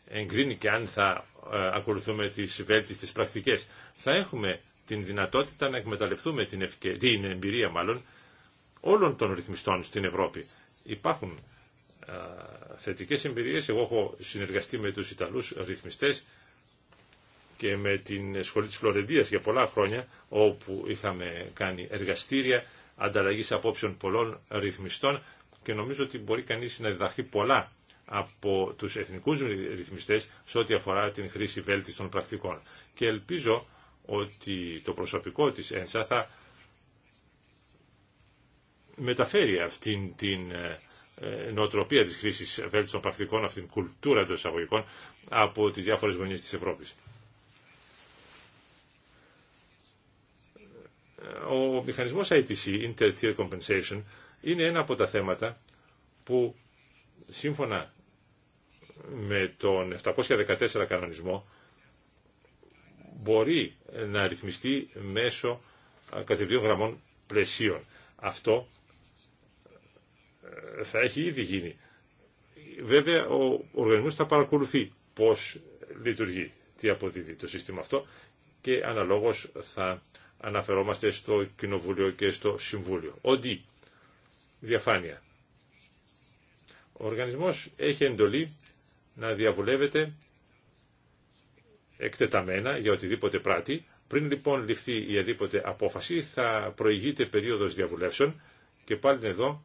εγκρίνει και αν θα ε, ακολουθούμε τις βέλτιστες πρακτικές. Θα έχουμε την δυνατότητα να εκμεταλλευτούμε την, την εμπειρία μάλλον όλων των ρυθμιστών στην Ευρώπη. Υπάρχουν θετικέ θετικές εμπειρίες. Εγώ έχω συνεργαστεί με τους Ιταλούς ρυθμιστές και με την Σχολή της Φλωρεντίας για πολλά χρόνια, όπου είχαμε κάνει εργαστήρια ανταλλαγής απόψεων πολλών ρυθμιστών και νομίζω ότι μπορεί κανείς να διδαχθεί πολλά από τους εθνικούς ρυθμιστές σε ό,τι αφορά την χρήση βέλτιστων πρακτικών. Και ελπίζω ότι το προσωπικό της ΕΝΣΑ θα μεταφέρει αυτήν την ε, ε, νοοτροπία της χρήσης βέλτιστων πρακτικών, αυτήν την κουλτούρα των εισαγωγικών από τις διάφορες γωνίες της Ευρώπης. Ο μηχανισμός ITC, Inter-Tier Compensation, είναι ένα από τα θέματα που σύμφωνα με τον 714 κανονισμό μπορεί να ρυθμιστεί μέσω κατευθείαν γραμμών πλαισίων. Αυτό ε, θα έχει ήδη γίνει. Βέβαια, ο οργανισμός θα παρακολουθεί πώς λειτουργεί, τι αποδίδει το σύστημα αυτό και αναλόγως θα αναφερόμαστε στο Κοινοβούλιο και στο Συμβούλιο. Ότι διαφάνεια. Ο οργανισμός έχει εντολή να διαβουλεύεται εκτεταμένα για οτιδήποτε πράττει. Πριν λοιπόν ληφθεί η αδίποτε απόφαση θα προηγείται περίοδος διαβουλεύσεων και πάλι εδώ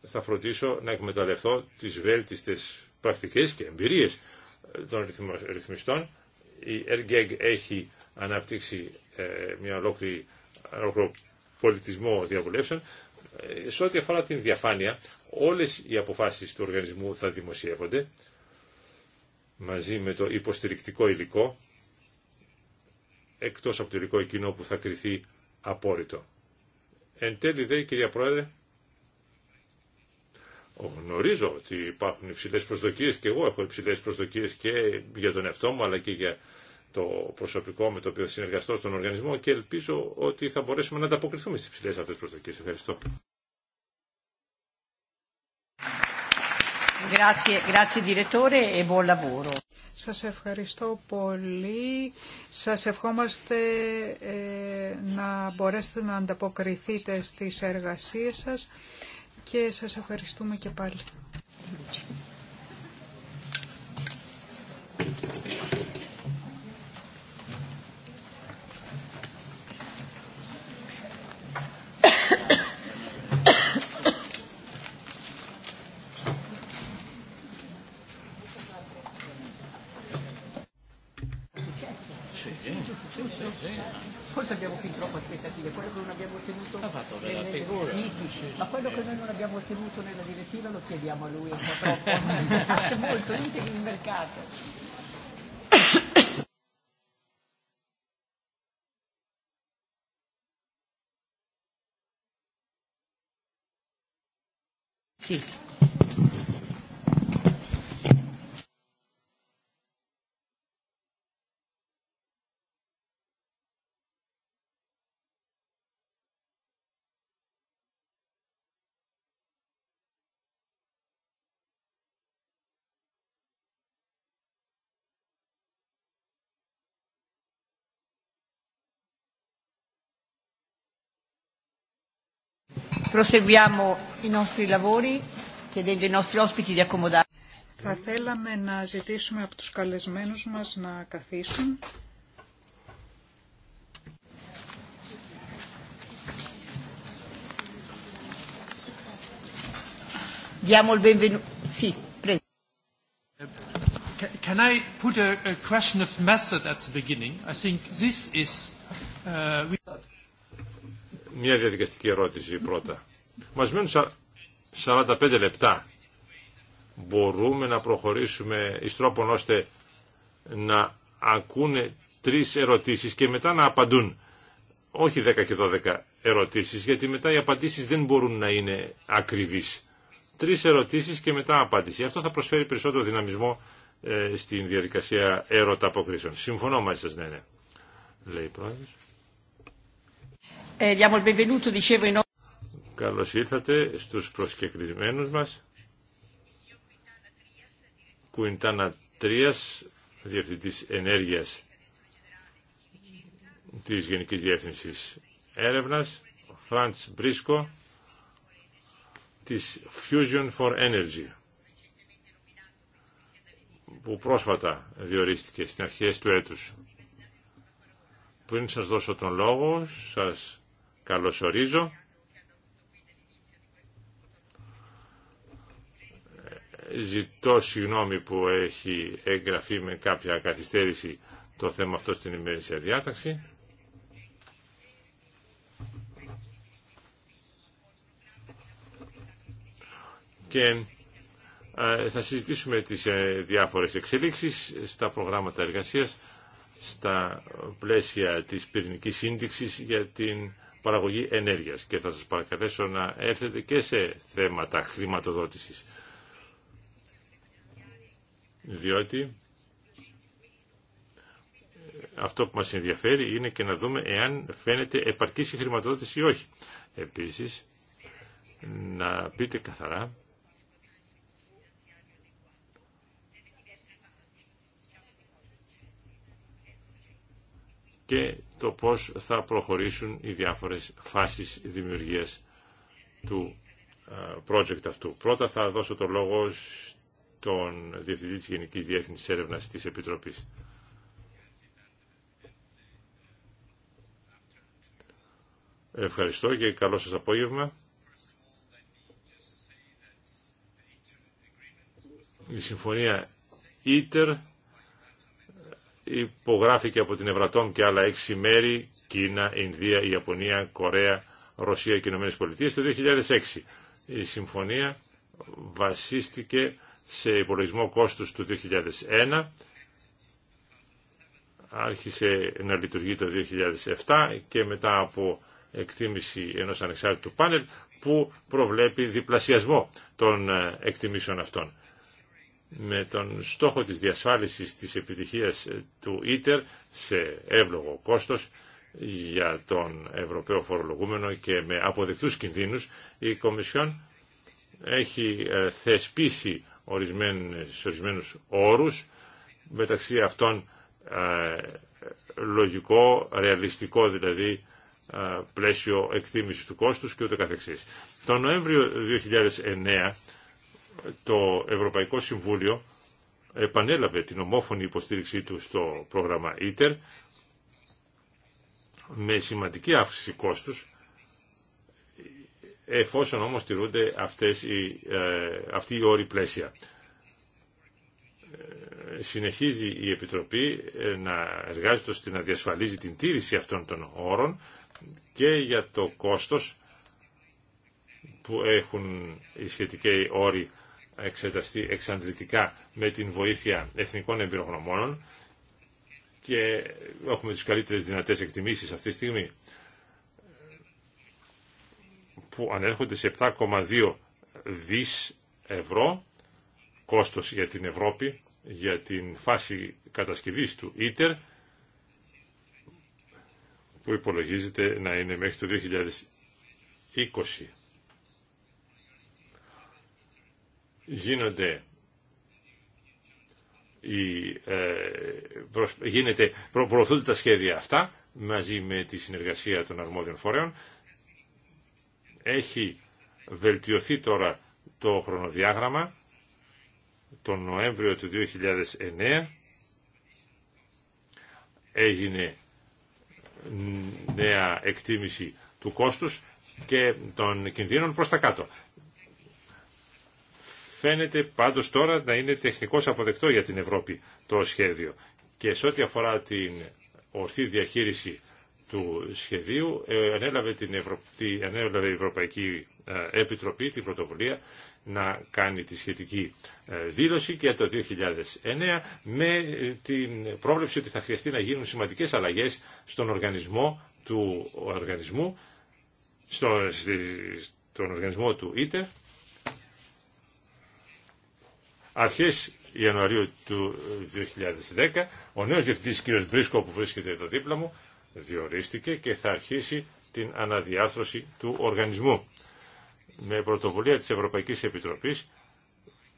θα φροντίσω να εκμεταλλευτώ τις βέλτιστες πρακτικές και εμπειρίες των ρυθμιστών. Η ΕΡΓΕΓ έχει αναπτύξει ε, μια ολόκληρη πολιτισμό διαβουλεύσεων. Ε, σε ό,τι αφορά την διαφάνεια, όλες οι αποφάσεις του οργανισμού θα δημοσιεύονται μαζί με το υποστηρικτικό υλικό, εκτός από το υλικό εκείνο που θα κριθεί απόρριτο. Εν τέλει δε, κυρία Πρόεδρε, γνωρίζω ότι υπάρχουν υψηλέ προσδοκίες και εγώ έχω υψηλέ προσδοκίες και για τον εαυτό μου αλλά και για το προσωπικό με το οποίο συνεργαστώ στον οργανισμό και ελπίζω ότι θα μπορέσουμε να ανταποκριθούμε στις ψηλές αυτές προσδοκίες. Ευχαριστώ. E σας ευχαριστώ πολύ. Σας ευχόμαστε ε, να μπορέσετε να ανταποκριθείτε στις εργασίες σας και σας ευχαριστούμε και πάλι. Ευχαριστώ Sí. Proseguiamo i nostri lavori chiedendo ai nostri ospiti di accomodare. Θα θέλαμε να ζητήσουμε από τους καλεσμένους μας να καθίσουν. Diamo il benvenuto. Sì, prego. Can I put a, a question of method at the beginning? I think this is uh, μια διαδικαστική ερώτηση πρώτα. Μας μένουν 45 λεπτά. Μπορούμε να προχωρήσουμε εις τρόπον ώστε να ακούνε τρεις ερωτήσεις και μετά να απαντούν. Όχι 10 και 12 ερωτήσεις, γιατί μετά οι απαντήσεις δεν μπορούν να είναι ακριβείς. Τρεις ερωτήσεις και μετά απάντηση. Αυτό θα προσφέρει περισσότερο δυναμισμό ε, στην διαδικασία έρωτα αποκρίσεων. Συμφωνώ μαζί σας, ναι, ναι, λέει η ε, Καλώς ήρθατε στους προσκεκρισμένους μας. Κουιντάνα Τρίας, Διευθυντής Ενέργειας της Γενικής Διεύθυνσης Έρευνας, Φραντς Μπρίσκο, της Fusion for Energy, που πρόσφατα διορίστηκε στην αρχές του έτους. Πριν σας δώσω τον λόγο, σας ορίζω. Ζητώ συγγνώμη που έχει εγγραφεί με κάποια καθυστέρηση το θέμα αυτό στην ημερήσια διάταξη. Και ε, θα συζητήσουμε τις ε, διάφορες εξελίξεις στα προγράμματα εργασίας στα πλαίσια της πυρηνικής σύνδεξης για την παραγωγή ενέργειας και θα σας παρακαλέσω να έρθετε και σε θέματα χρηματοδότησης. Διότι αυτό που μας ενδιαφέρει είναι και να δούμε εάν φαίνεται επαρκής η χρηματοδότηση ή όχι. Επίσης, να πείτε καθαρά και το πώς θα προχωρήσουν οι διάφορες φάσεις δημιουργίας του ε, project αυτού. Πρώτα θα δώσω το λόγο στον Διευθυντή της Γενικής Διεύθυνσης Έρευνας της Επιτροπής. Ευχαριστώ και καλό σας απόγευμα. Η συμφωνία ITER υπογράφηκε από την Ευρατών και άλλα έξι μέρη, Κίνα, Ινδία, Ιαπωνία, Κορέα, Ρωσία και Ηνωμένες Πολιτείες το 2006. Η συμφωνία βασίστηκε σε υπολογισμό κόστους του 2001, άρχισε να λειτουργεί το 2007 και μετά από εκτίμηση ενός ανεξάρτητου πάνελ που προβλέπει διπλασιασμό των ε, εκτιμήσεων αυτών με τον στόχο της διασφάλισης της επιτυχίας ε, του ΙΤΕΡ σε εύλογο κόστος για τον Ευρωπαίο φορολογούμενο και με αποδεκτούς κινδύνους η Κομισιόν έχει ε, θεσπίσει ορισμένους, ορισμένους όρους μεταξύ αυτών ε, λογικό, ρεαλιστικό δηλαδή πλαίσιο εκτίμησης του κόστους και ούτε καθεξής. Το Νοέμβριο 2009 το Ευρωπαϊκό Συμβούλιο επανέλαβε την ομόφωνη υποστήριξή του στο πρόγραμμα ITER με σημαντική αύξηση κόστους εφόσον όμως τηρούνται αυτές οι, ε, αυτοί οι πλαίσια. Ε, συνεχίζει η Επιτροπή ε, να εργάζεται ώστε να διασφαλίζει την τήρηση αυτών των όρων και για το κόστος που έχουν οι σχετικοί όροι εξεταστεί εξαντλητικά με την βοήθεια εθνικών εμπειρογνωμόνων και έχουμε τις καλύτερες δυνατές εκτιμήσεις αυτή τη στιγμή που ανέρχονται σε 7,2 δις ευρώ κόστος για την Ευρώπη για την φάση κατασκευής του ίτερ που υπολογίζεται να είναι μέχρι το 2020. γίνονται ε, γίνεται, προωθούνται τα σχέδια αυτά μαζί με τη συνεργασία των αρμόδιων φορέων. Έχει βελτιωθεί τώρα το χρονοδιάγραμμα τον Νοέμβριο του 2009 έγινε νέα εκτίμηση του κόστους και των κινδύνων προς τα κάτω. Φαίνεται πάντως τώρα να είναι τεχνικώς αποδεκτό για την Ευρώπη το σχέδιο. Και σε ό,τι αφορά την ορθή διαχείριση του σχεδίου, ε, ανέλαβε, την Ευρω... ανέλαβε η Ευρωπαϊκή ε, Επιτροπή την πρωτοβουλία να κάνει τη σχετική ε, δήλωση και το 2009 με την πρόβλεψη ότι θα χρειαστεί να γίνουν σημαντικές αλλαγές στον οργανισμό του οργανισμού, στο, στον οργανισμό του ΙΤΕΡ Αρχές Ιανουαρίου του 2010 ε, ο νέος διευθυντής κ. Μπρίσκο που βρίσκεται εδώ δίπλα μου διορίστηκε και θα αρχίσει την αναδιάρθρωση του οργανισμού. Με πρωτοβουλία της Ευρωπαϊκής Επιτροπής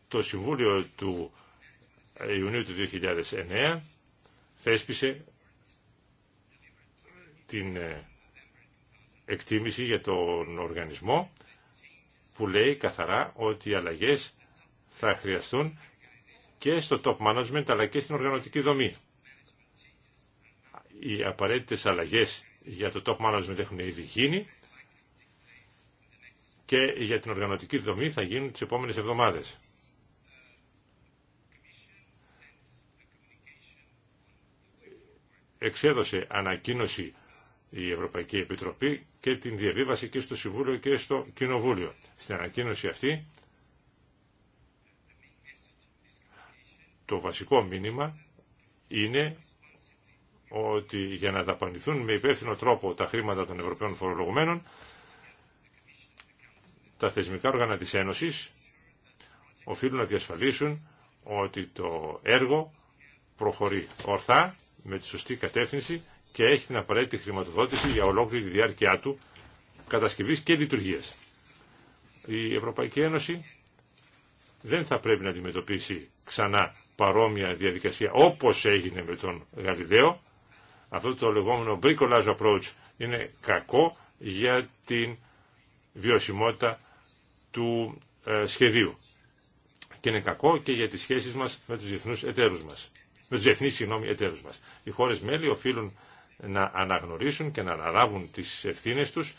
το Συμβούλιο του ε, Ιουνίου του 2009 θέσπισε την ε, εκτίμηση για τον οργανισμό που λέει καθαρά ότι οι αλλαγές θα χρειαστούν και στο top management αλλά και στην οργανωτική δομή. Οι απαραίτητες αλλαγές για το top management έχουν ήδη γίνει και για την οργανωτική δομή θα γίνουν τις επόμενες εβδομάδες. Εξέδωσε ανακοίνωση η Ευρωπαϊκή Επιτροπή και την διαβίβαση και στο Συμβούλιο και στο Κοινοβούλιο. Στην ανακοίνωση αυτή Το βασικό μήνυμα είναι ότι για να δαπανηθούν με υπεύθυνο τρόπο τα χρήματα των Ευρωπαίων φορολογουμένων, τα θεσμικά όργανα της Ένωσης οφείλουν να διασφαλίσουν ότι το έργο προχωρεί ορθά, με τη σωστή κατεύθυνση και έχει την απαραίτητη χρηματοδότηση για ολόκληρη τη διάρκεια του κατασκευής και λειτουργίας. Η Ευρωπαϊκή Ένωση δεν θα πρέπει να αντιμετωπίσει ξανά παρόμοια διαδικασία όπως έγινε με τον Γαλιλαίο. Αυτό το λεγόμενο bricolage approach είναι κακό για την βιωσιμότητα του ε, σχεδίου. Και είναι κακό και για τις σχέσεις μας με τους διεθνούς εταίρους μας. Με τους διεθνείς, συγγνώμη, εταίρους μας. Οι χώρες μέλη οφείλουν να αναγνωρίσουν και να αναλάβουν τις ευθύνες τους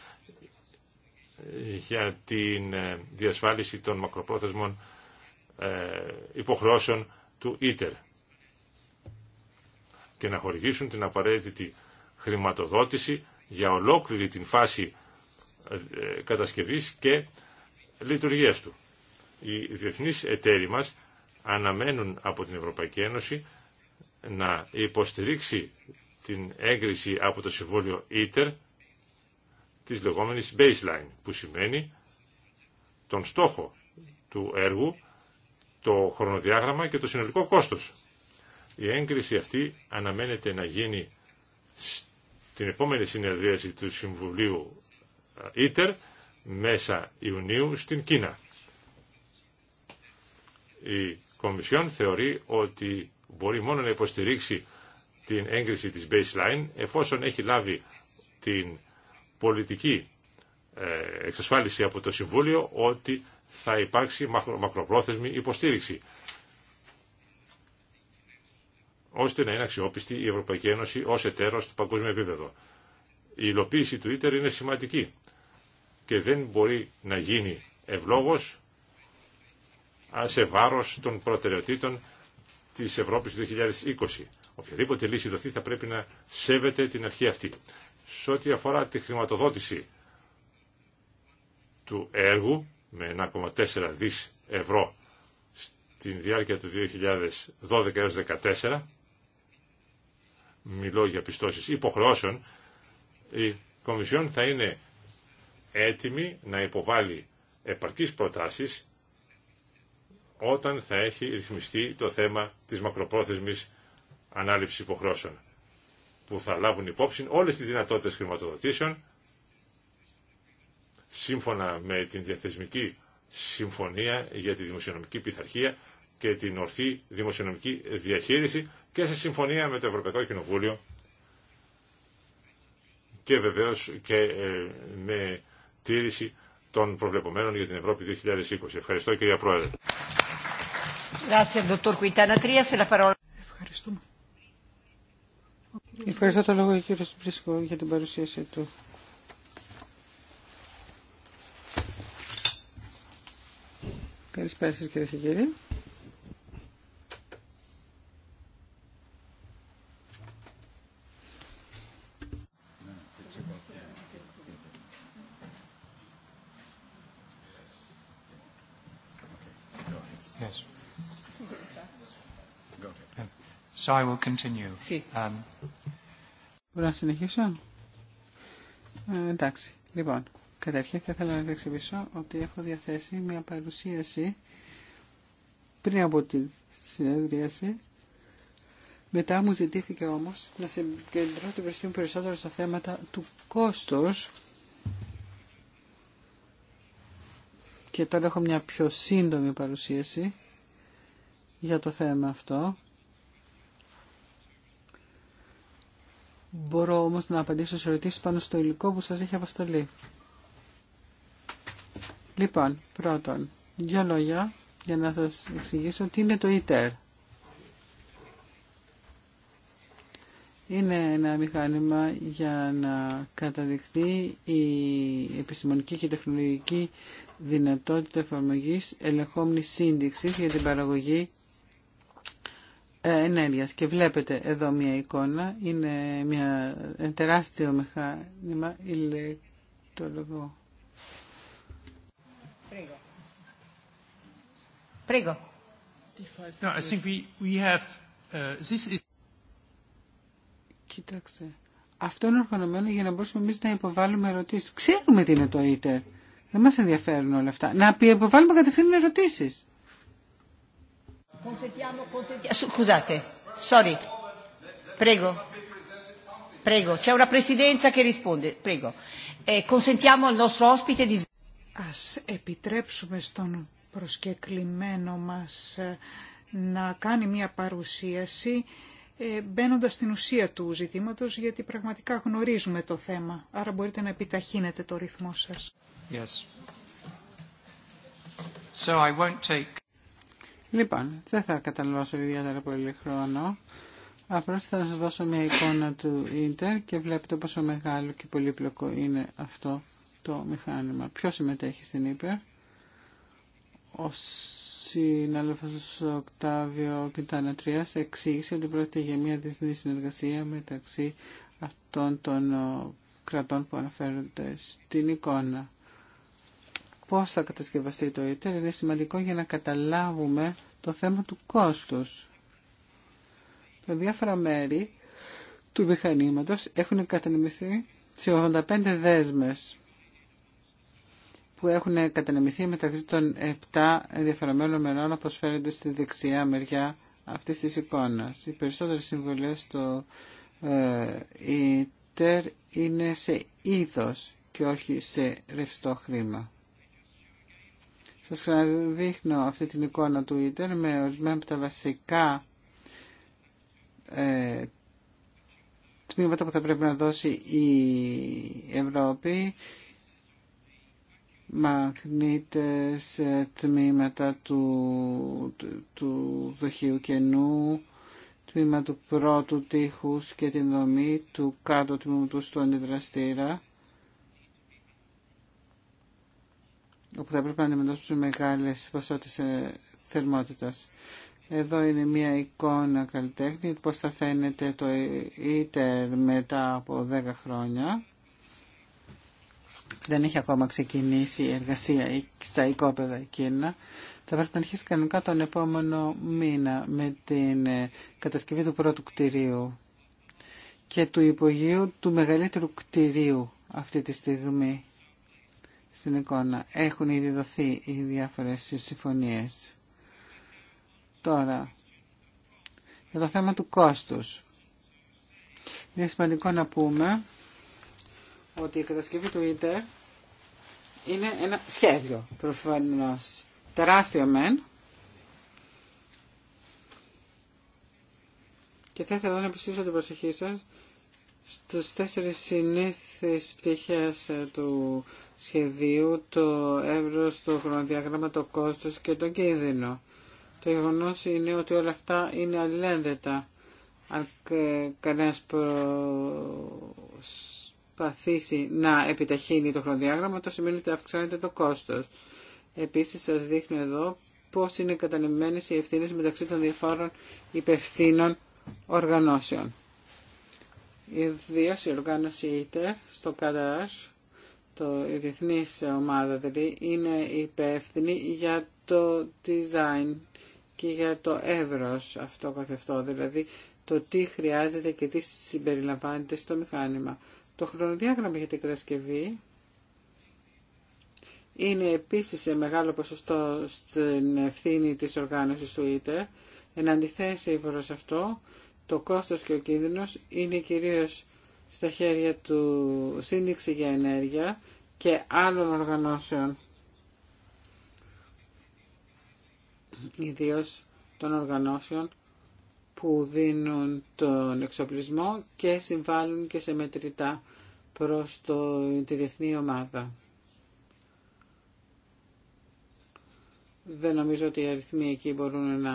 για την ε, διασφάλιση των μακροπρόθεσμων ε, υποχρεώσεων του ΙΤΕΡ και να χορηγήσουν την απαραίτητη χρηματοδότηση για ολόκληρη την φάση ε, κατασκευής και λειτουργίας του. Οι διεθνείς εταίροι μας αναμένουν από την Ευρωπαϊκή Ένωση να υποστηρίξει την έγκριση από το Συμβούλιο ΙΤΕΡ της λεγόμενης baseline, που σημαίνει τον στόχο του έργου το χρονοδιάγραμμα και το συνολικό κόστος. Η έγκριση αυτή αναμένεται να γίνει στην επόμενη συνεδρίαση του Συμβουλίου ΙΤΕΡ ε, μέσα Ιουνίου στην Κίνα. Η Κομισιόν θεωρεί ότι μπορεί μόνο να υποστηρίξει την έγκριση της baseline εφόσον έχει λάβει την πολιτική ε, εξασφάλιση από το Συμβούλιο ότι θα υπάρξει μακροπρόθεσμη υποστήριξη ώστε να είναι αξιόπιστη η Ευρωπαϊκή Ένωση ως εταίρος του παγκόσμιου επίπεδο. Η υλοποίηση του ίτερ είναι σημαντική και δεν μπορεί να γίνει ευλόγως σε βάρος των προτεραιοτήτων της Ευρώπης του 2020. Οποιαδήποτε λύση δοθεί θα πρέπει να σέβεται την αρχή αυτή. Σε ό,τι αφορά τη χρηματοδότηση του έργου, με 1,4 δις ευρώ στην διάρκεια του 2012 έως 2014. Μιλώ για πιστώσεις υποχρεώσεων. Η Κομισιόν θα είναι έτοιμη να υποβάλει επαρκείς προτάσεις όταν θα έχει ρυθμιστεί το θέμα της μακροπρόθεσμης ανάληψης υποχρεώσεων που θα λάβουν υπόψη όλες τις δυνατότητες χρηματοδοτήσεων σύμφωνα με την διαθεσμική συμφωνία για τη δημοσιονομική πειθαρχία και την ορθή δημοσιονομική διαχείριση και σε συμφωνία με το Ευρωπαϊκό Κοινοβούλιο και βεβαίως και ε, με τήρηση των προβλεπωμένων για την Ευρώπη 2020. Ευχαριστώ κυρία Πρόεδρε. Ευχαριστώ το λόγο κύριο Σπρίσκο για την παρουσίαση του. Καλησπέρα σας κύριε και κύριοι. So I will continue. Sí. Um... Μπορώ να συνεχίσω. Ε, εντάξει. Λοιπόν, Καταρχήν θα ήθελα να διεξηγήσω ότι έχω διαθέσει μια παρουσίαση πριν από τη συνεδρίαση. Μετά μου ζητήθηκε όμως να συγκεντρώσω την προσοχή μου περισσότερο στα θέματα του κόστος και τώρα έχω μια πιο σύντομη παρουσίαση για το θέμα αυτό. Μπορώ όμως να απαντήσω σε ερωτήσεις πάνω στο υλικό που σας έχει αποστολεί. Λοιπόν, πρώτον, δύο λόγια για να σας εξηγήσω τι είναι το ITER. Είναι ένα μηχάνημα για να καταδειχθεί η επιστημονική και τεχνολογική δυνατότητα εφαρμογή ελεγχόμενης σύνδεξης για την παραγωγή ε, ενέργειας. Και βλέπετε εδώ μια εικόνα, είναι μια, ένα τεράστιο μηχάνημα ηλεκτρολογό. Prego. No, I think we, we have, uh, this is... Κοίταξε. Αυτό είναι οργανωμένο για να μπορούμε εμεί να υποβάλουμε ερωτήσει. Ξέρουμε τι είναι το ΙΤΕΡ. Δεν μα ενδιαφέρουν όλα αυτά. Να υποβάλουμε κατευθείαν ερωτήσει. Scusate, sorry. Prego. Prego. C'è una presidenza che risponde. Prego. Eh, consentiamo al nostro ospite di. Ας επιτρέψουμε στον προσκεκλημένο μας ε, να κάνει μια παρουσίαση ε, μπαίνοντας στην ουσία του ζητήματος, γιατί πραγματικά γνωρίζουμε το θέμα. Άρα μπορείτε να επιταχύνετε το ρυθμό σας. Yes. So I won't take... Λοιπόν, δεν θα καταλαβαίνω ιδιαίτερα πολύ χρόνο. Απλώς θα σας δώσω μια εικόνα του Ίντερ και βλέπετε πόσο μεγάλο και πολύπλοκο είναι αυτό το μηχάνημα. Ποιος συμμετέχει στην Ιντερ. Ο συνάδελφος Οκτάβιο Κιντανατριάς εξήγησε ότι πρόκειται για μια διεθνή συνεργασία μεταξύ αυτών των κρατών που αναφέρονται στην εικόνα. Πώς θα κατασκευαστεί το ίτερ είναι σημαντικό για να καταλάβουμε το θέμα του κόστους. Τα διάφορα μέρη του μηχανήματος έχουν κατανεμηθεί σε 85 δέσμες που έχουν κατανεμηθεί μεταξύ των 7 ενδιαφερομένων μερών όπως φαίνεται στη δεξιά μεριά αυτής της εικόνας. Οι περισσότερες συμβολές στο ε, ΙΤΕΡ είναι σε είδος και όχι σε ρευστό χρήμα. Σας δείχνω αυτή την εικόνα του ΙΤΕΡ με ορισμένα από τα βασικά ε, τμήματα που θα πρέπει να δώσει η Ευρώπη μαγνήτες, τμήματα του, του, του δοχείου κενού, τμήμα του πρώτου τείχους και την δομή του κάτω τμήματος του αντιδραστήρα, όπου θα πρέπει να του μεγάλες ποσότητες ε, θερμότητας. Εδώ είναι μία εικόνα καλλιτέχνη, πώς θα φαίνεται το ίτερ μετά από 10 χρόνια δεν έχει ακόμα ξεκινήσει η εργασία στα οικόπεδα εκείνα. Θα πρέπει να αρχίσει κανονικά τον επόμενο μήνα με την ε, κατασκευή του πρώτου κτηρίου και του υπογείου του μεγαλύτερου κτηρίου αυτή τη στιγμή στην εικόνα. Έχουν ήδη δοθεί οι διάφορες συμφωνίες. Τώρα, για το θέμα του κόστους. Είναι σημαντικό να πούμε ότι η κατασκευή του ΙΤΕΡ είναι ένα σχέδιο προφανώς τεράστιο μεν και θα ήθελα να επιστήσω την προσοχή σας στους τέσσερις συνήθεις πτυχές ε, του σχεδίου, το εύρος, το χρονοδιαγράμμα, το κόστος και το κίνδυνο. Το γεγονό είναι ότι όλα αυτά είναι αλληλένδετα. Αν κανένας προς προσπαθήσει να επιταχύνει το χρονοδιάγραμμα, το σημαίνει ότι αυξάνεται το κόστος. Επίσης σας δείχνω εδώ πώς είναι κατανεμμένες οι ευθύνες μεταξύ των διαφόρων υπευθύνων οργανώσεων. Η η οργάνωση ITER στο ΚΑΤΑΡΑΣ, το, η ομάδα δηλαδή, είναι υπεύθυνη για το design και για το εύρος αυτό καθ' δηλαδή το τι χρειάζεται και τι συμπεριλαμβάνεται στο μηχάνημα. Το χρονοδιάγραμμα για την κατασκευή είναι επίσης σε μεγάλο ποσοστό στην ευθύνη της οργάνωσης του ΙΤΕΡ. Εν αντιθέσει προς αυτό, το κόστος και ο κίνδυνος είναι κυρίως στα χέρια του Σύνδεξη για Ενέργεια και άλλων οργανώσεων, ιδίως των οργανώσεων που δίνουν τον εξοπλισμό και συμβάλλουν και σε μετρητά προς το, τη διεθνή ομάδα. Δεν νομίζω ότι οι αριθμοί εκεί μπορούν να...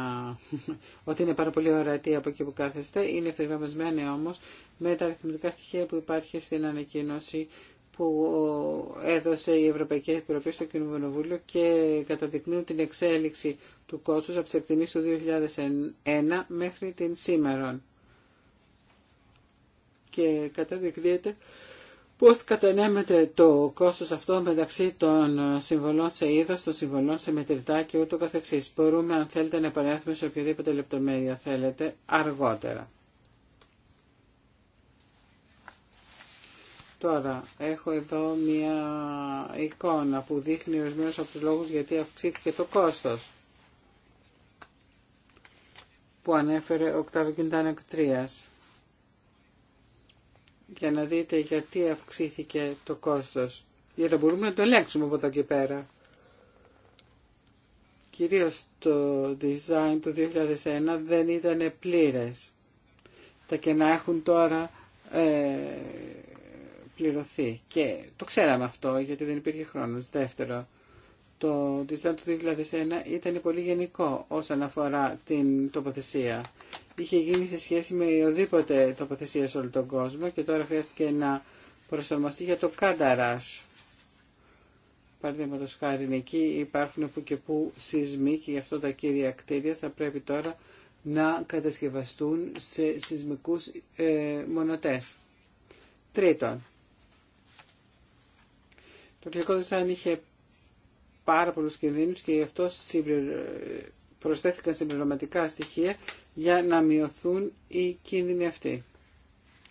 ότι είναι πάρα πολύ ορατοί από εκεί που κάθεστε. Είναι ευθυγραμμισμένοι όμως με τα αριθμητικά στοιχεία που υπάρχει στην ανακοίνωση που έδωσε η Ευρωπαϊκή Επιτροπή στο Κοινοβούλιο και καταδεικνύουν την εξέλιξη του κόστους από τις εκτιμήσεις του 2001 μέχρι την σήμερα. Και καταδεικνύεται πώς κατανέμεται το κόστος αυτό μεταξύ των συμβολών σε είδος, των συμβολών σε μετρητά και ούτω καθεξής. Μπορούμε αν θέλετε να επανέλθουμε σε οποιαδήποτε λεπτομέρεια θέλετε αργότερα. Τώρα, έχω εδώ μία εικόνα που δείχνει ορισμένους από τους λόγους γιατί αυξήθηκε το κόστος που ανέφερε ο Κταβικιντάνεκτρίας για να δείτε γιατί αυξήθηκε το κόστος για να μπορούμε να το ελέγξουμε από εδώ και πέρα. Κυρίως το design του 2001 δεν ήταν πλήρες. Τα κενά έχουν τώρα ε, πληρωθεί. Και το ξέραμε αυτό γιατί δεν υπήρχε χρόνο. Δεύτερο, το Design του 2001 ήταν πολύ γενικό όσον αφορά την τοποθεσία. Είχε γίνει σε σχέση με οδήποτε τοποθεσία σε όλο τον κόσμο και τώρα χρειάστηκε να προσαρμοστεί για το κάνταρας. Παραδείγματο χάρη εκεί υπάρχουν που και που σεισμοί και γι' αυτό τα κύρια κτίρια θα πρέπει τώρα να κατασκευαστούν σε σεισμικούς ε, μονοτές. Τρίτον, το κλικό δεσάν είχε πάρα πολλούς κινδύνους και γι' αυτό προσθέθηκαν συμπληρωματικά στοιχεία για να μειωθούν οι κίνδυνοι αυτοί.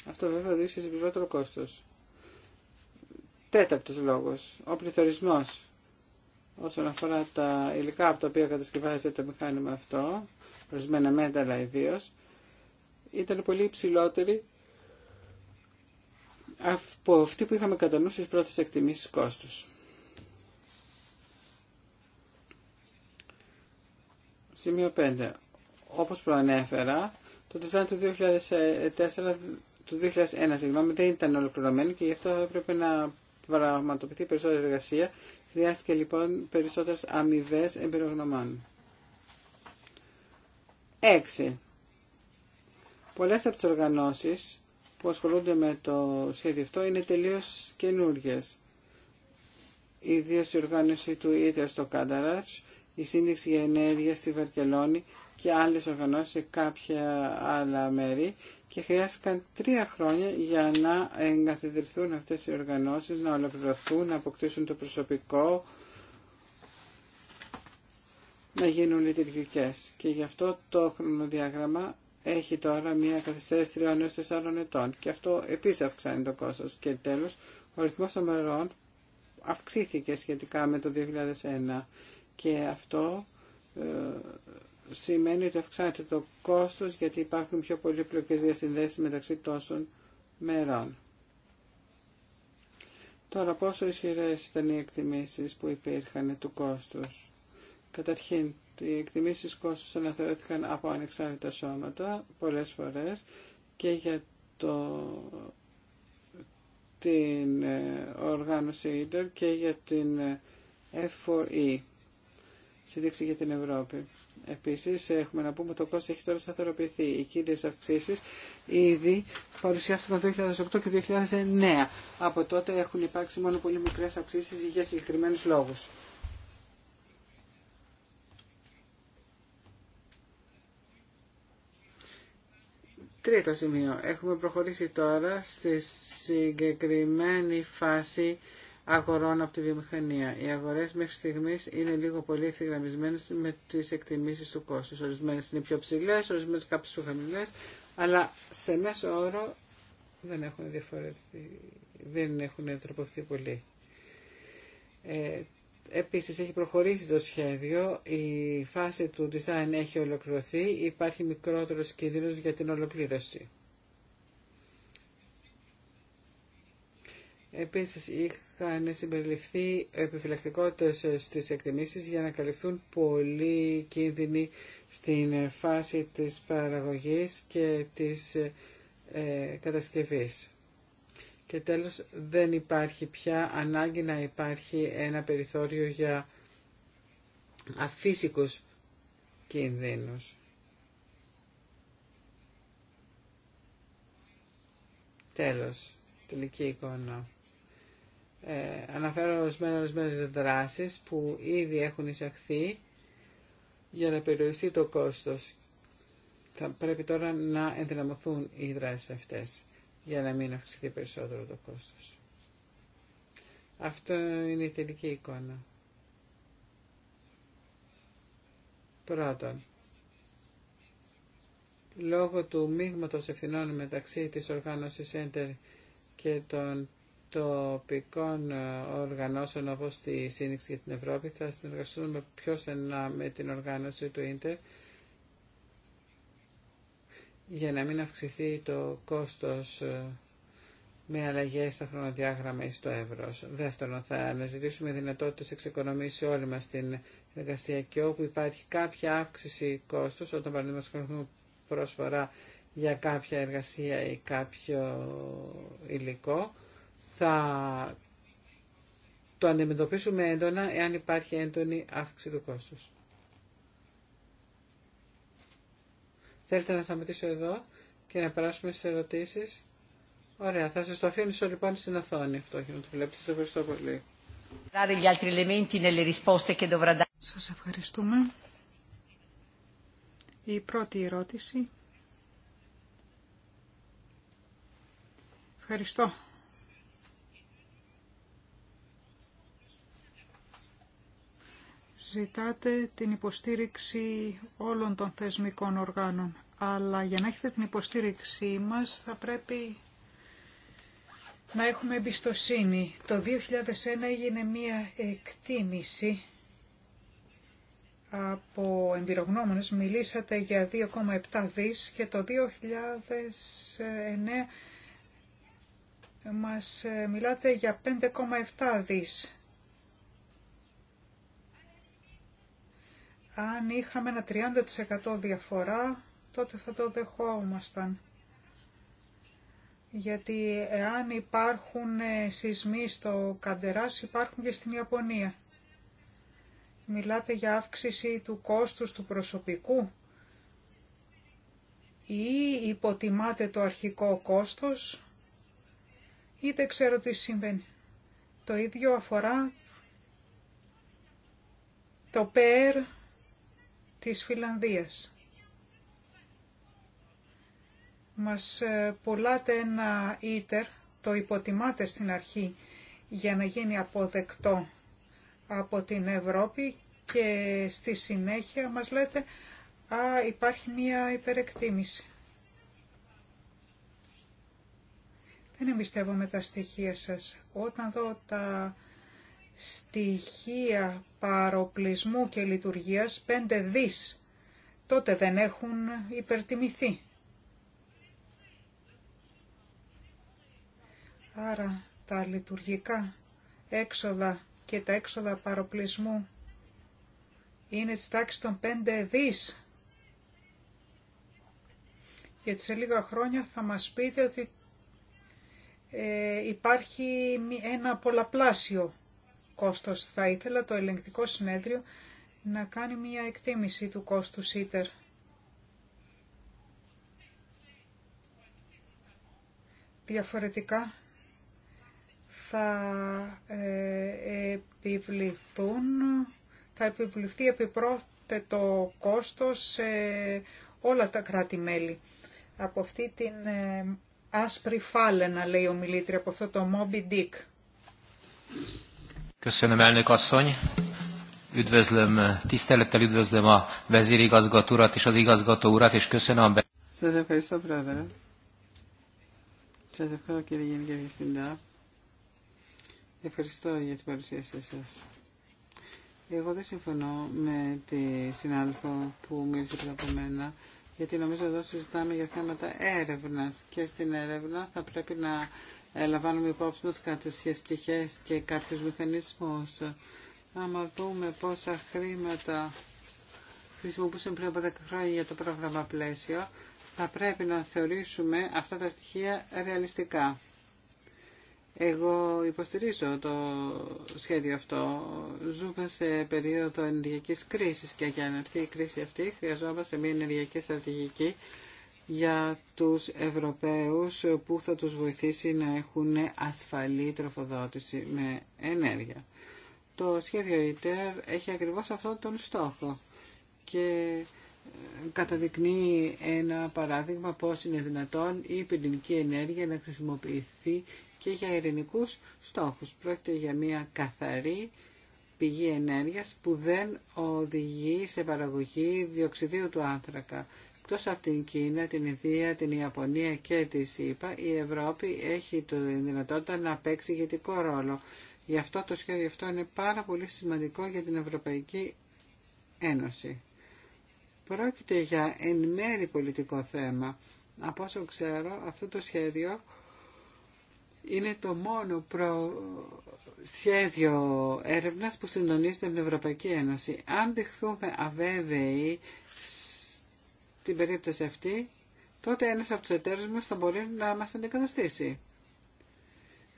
Αυτό βέβαια οδήγησε σε πληρότερο κόστος. Τέταρτος λόγος, ο πληθωρισμός όσον αφορά τα υλικά από τα οποία κατασκευάζεται το μηχάνημα αυτό, ορισμένα μέταλλα ιδίω, ήταν πολύ υψηλότερη από αυτή που είχαμε κατά νου στις πρώτες εκτιμήσεις κόστους. Σημείο 5. Όπως προανέφερα, το design του 2004 του 2001 συγγνώμη, δεν ήταν ολοκληρωμένο και γι' αυτό έπρεπε να πραγματοποιηθεί περισσότερη εργασία. Χρειάστηκε λοιπόν περισσότερες αμοιβέ εμπειρογνωμών. 6. Πολλές από τι οργανώσει που ασχολούνται με το σχέδιο αυτό είναι τελείως καινούργιες. Ιδίως η οργάνωση του ΙΤΕ στο Κάνταρατς... η Σύνδεξη για Ενέργεια στη Βαρκελόνη και άλλες οργανώσεις σε κάποια άλλα μέρη και χρειάστηκαν τρία χρόνια για να εγκαθιδρυθούν αυτές οι οργανώσεις, να ολοκληρωθούν, να αποκτήσουν το προσωπικό, να γίνουν λειτουργικές. Και γι' αυτό το χρονοδιάγραμμα έχει τώρα μια καθυστέρηση τριών έως τεσσάρων ετών και αυτό επίσης αυξάνει το κόστος. Και τέλος, ο ρυθμός των μερών αυξήθηκε σχετικά με το 2001 και αυτό ε, σημαίνει ότι αυξάνεται το κόστος γιατί υπάρχουν πιο πολύπλοκες διασυνδέσεις μεταξύ τόσων μερών. Τώρα πόσο ισχυρές ήταν οι εκτιμήσεις που υπήρχαν του κόστους. Καταρχήν οι εκτιμήσει κόστου αναθεωρήθηκαν από ανεξάρτητα σώματα πολλές φορές και για το, την ε, οργάνωση ήδη και για την F4E, ε, e συνδεξη για την Ευρώπη. Επίσης, έχουμε να πούμε ότι το κόστος έχει τώρα σταθεροποιηθεί. Οι κύριες αυξήσεις ήδη παρουσιάστηκαν το 2008 και 2009. Από τότε έχουν υπάρξει μόνο πολύ μικρές αυξήσεις για συγκεκριμένους λόγους. Τρίτο σημείο. Έχουμε προχωρήσει τώρα στη συγκεκριμένη φάση αγορών από τη βιομηχανία. Οι αγορέ μέχρι στιγμή είναι λίγο πολύ ευθυγραμμισμένε με τι εκτιμήσει του κόστου. Ορισμένε είναι πιο ψηλέ, ορισμένε κάποιε πιο χαμηλέ, αλλά σε μέσο όρο δεν έχουν διαφορετηθεί, δεν έχουν πολύ. Ε, Επίσης έχει προχωρήσει το σχέδιο, η φάση του design έχει ολοκληρωθεί, υπάρχει μικρότερος κίνδυνος για την ολοκλήρωση. Επίσης είχαν συμπεριληφθεί επιφυλακτικότητες στις εκτιμήσεις για να καλυφθούν πολύ κίνδυνοι στην φάση της παραγωγής και της ε, κατασκευής. Και τέλος δεν υπάρχει πια ανάγκη να υπάρχει ένα περιθώριο για αφύσικους κινδύνους. Τέλος, τελική εικόνα. Ε, αναφέρω ορισμένε ορισμένες δράσεις που ήδη έχουν εισαχθεί για να περιοριστεί το κόστος. Θα πρέπει τώρα να ενδυναμωθούν οι δράσεις αυτές για να μην αυξηθεί περισσότερο το κόστος. Αυτό είναι η τελική εικόνα. Πρώτον, λόγω του μείγματος ευθυνών μεταξύ της οργάνωσης Center και των τοπικών ε, οργανώσεων όπως τη Σύνδεξη για την Ευρώπη θα συνεργαστούμε πιο στενά με την οργάνωση του Ίντερ για να μην αυξηθεί το κόστος ε, με αλλαγέ στα χρονοδιάγραμμα ή στο ευρώ. Δεύτερον, θα αναζητήσουμε δυνατότητε εξοικονομήσει σε όλη μα την εργασία και όπου υπάρχει κάποια αύξηση κόστου, όταν παραδείγματο χρησιμοποιούμε προσφορά για κάποια εργασία ή κάποιο υλικό, θα το αντιμετωπίσουμε έντονα εάν υπάρχει έντονη αύξηση του κόστου. Θέλετε να σταματήσω εδώ και να περάσουμε στις ερωτήσεις. Ωραία, θα σας το αφήνω λοιπόν στην οθόνη αυτό για να το βλέπετε. Σα ευχαριστώ πολύ. Σας ευχαριστούμε. Η πρώτη ερώτηση. Ευχαριστώ Ζητάτε την υποστήριξη όλων των θεσμικών οργάνων, αλλά για να έχετε την υποστήριξή μας θα πρέπει να έχουμε εμπιστοσύνη. Το 2001 έγινε μία εκτίμηση από εμπειρογνώμονες. Μιλήσατε για 2,7 δις και το 2009 μας ε, μιλάτε για 5,7 δις. αν είχαμε ένα 30% διαφορά, τότε θα το δεχόμασταν. Γιατί εάν υπάρχουν ε, σεισμοί στο Καντεράς, υπάρχουν και στην Ιαπωνία. Μιλάτε για αύξηση του κόστους του προσωπικού ή υποτιμάτε το αρχικό κόστος ή δεν ξέρω τι συμβαίνει. Το ίδιο αφορά το ΠΕΡ της Φιλανδίας. Μας ε, πουλάτε ένα ίτερ, το υποτιμάτε στην αρχή για να γίνει αποδεκτό από την Ευρώπη και στη συνέχεια μας λέτε «Α, υπάρχει μία υπερεκτίμηση». Δεν με τα στοιχεία σας. Όταν δω τα στοιχεία παροπλισμού και λειτουργίας 5 δις, τότε δεν έχουν υπερτιμηθεί. Άρα τα λειτουργικά έξοδα και τα έξοδα παροπλισμού είναι της τάξης των 5 δις. Γιατί σε λίγα χρόνια θα μας πείτε ότι ε, υπάρχει ένα πολλαπλάσιο κόστος. Θα ήθελα το ελεγκτικό συνέδριο να κάνει μια εκτίμηση του κόστου ΣΥΤΕΡ. Διαφορετικά θα ε, επιβληθούν, θα επιβληθεί το κόστος σε όλα τα κράτη-μέλη. Από αυτή την ε, άσπρη φάλαινα, λέει ο Μιλήτρη, από αυτό το Moby Dick. Köszönöm, Üdvözlöm, tisztelettel üdvözlöm a vezérigazgató urat és az igazgató urat, és köszönöm a... Σας ευχαριστώ, πρόεδρε. Σας ευχαριστώ, κύριε Γενική Διευθυντά. Ευχαριστώ για την παρουσίασή σας. Εγώ δεν συμφωνώ με τη συνάδελφο που μίλησε πριν από μένα, γιατί νομίζω εδώ συζητάμε για θέματα έρευνα και στην έρευνα θα πρέπει να ε, λαμβάνουμε υπόψη μας κάποιες πτυχές και κάποιους μηχανισμούς. Άμα δούμε πόσα χρήματα χρησιμοποιούσαν πριν από 10 χρόνια για το πρόγραμμα πλαίσιο, θα πρέπει να θεωρήσουμε αυτά τα στοιχεία ρεαλιστικά. Εγώ υποστηρίζω το σχέδιο αυτό. Ζούμε σε περίοδο ενεργειακής κρίσης και για να έρθει η κρίση αυτή χρειαζόμαστε μια ενεργειακή στρατηγική για τους Ευρωπαίους που θα τους βοηθήσει να έχουν ασφαλή τροφοδότηση με ενέργεια. Το σχέδιο ΙΤΕΡ έχει ακριβώς αυτόν τον στόχο και ε, καταδεικνύει ένα παράδειγμα πώς είναι δυνατόν η πυρηνική ενέργεια να χρησιμοποιηθεί και για ειρηνικούς στόχους. Πρόκειται για μια καθαρή πηγή ενέργειας που δεν οδηγεί σε παραγωγή διοξιδίου του άνθρακα Εκτός από την Κίνα, την Ιδία, την Ιαπωνία και τη ΣΥΠΑ, η Ευρώπη έχει τη δυνατότητα να παίξει ηγετικό ρόλο. Γι' αυτό το σχέδιο αυτό είναι πάρα πολύ σημαντικό για την Ευρωπαϊκή Ένωση. Πρόκειται για εν μέρη πολιτικό θέμα. Από όσο ξέρω, αυτό το σχέδιο είναι το μόνο προ... σχέδιο έρευνας που συντονίζεται με την Ευρωπαϊκή Ένωση. Αν δεχθούμε αβέβαιοι την περίπτωση αυτή, τότε ένας από τους εταίρους μας θα μπορεί να μας αντικαταστήσει.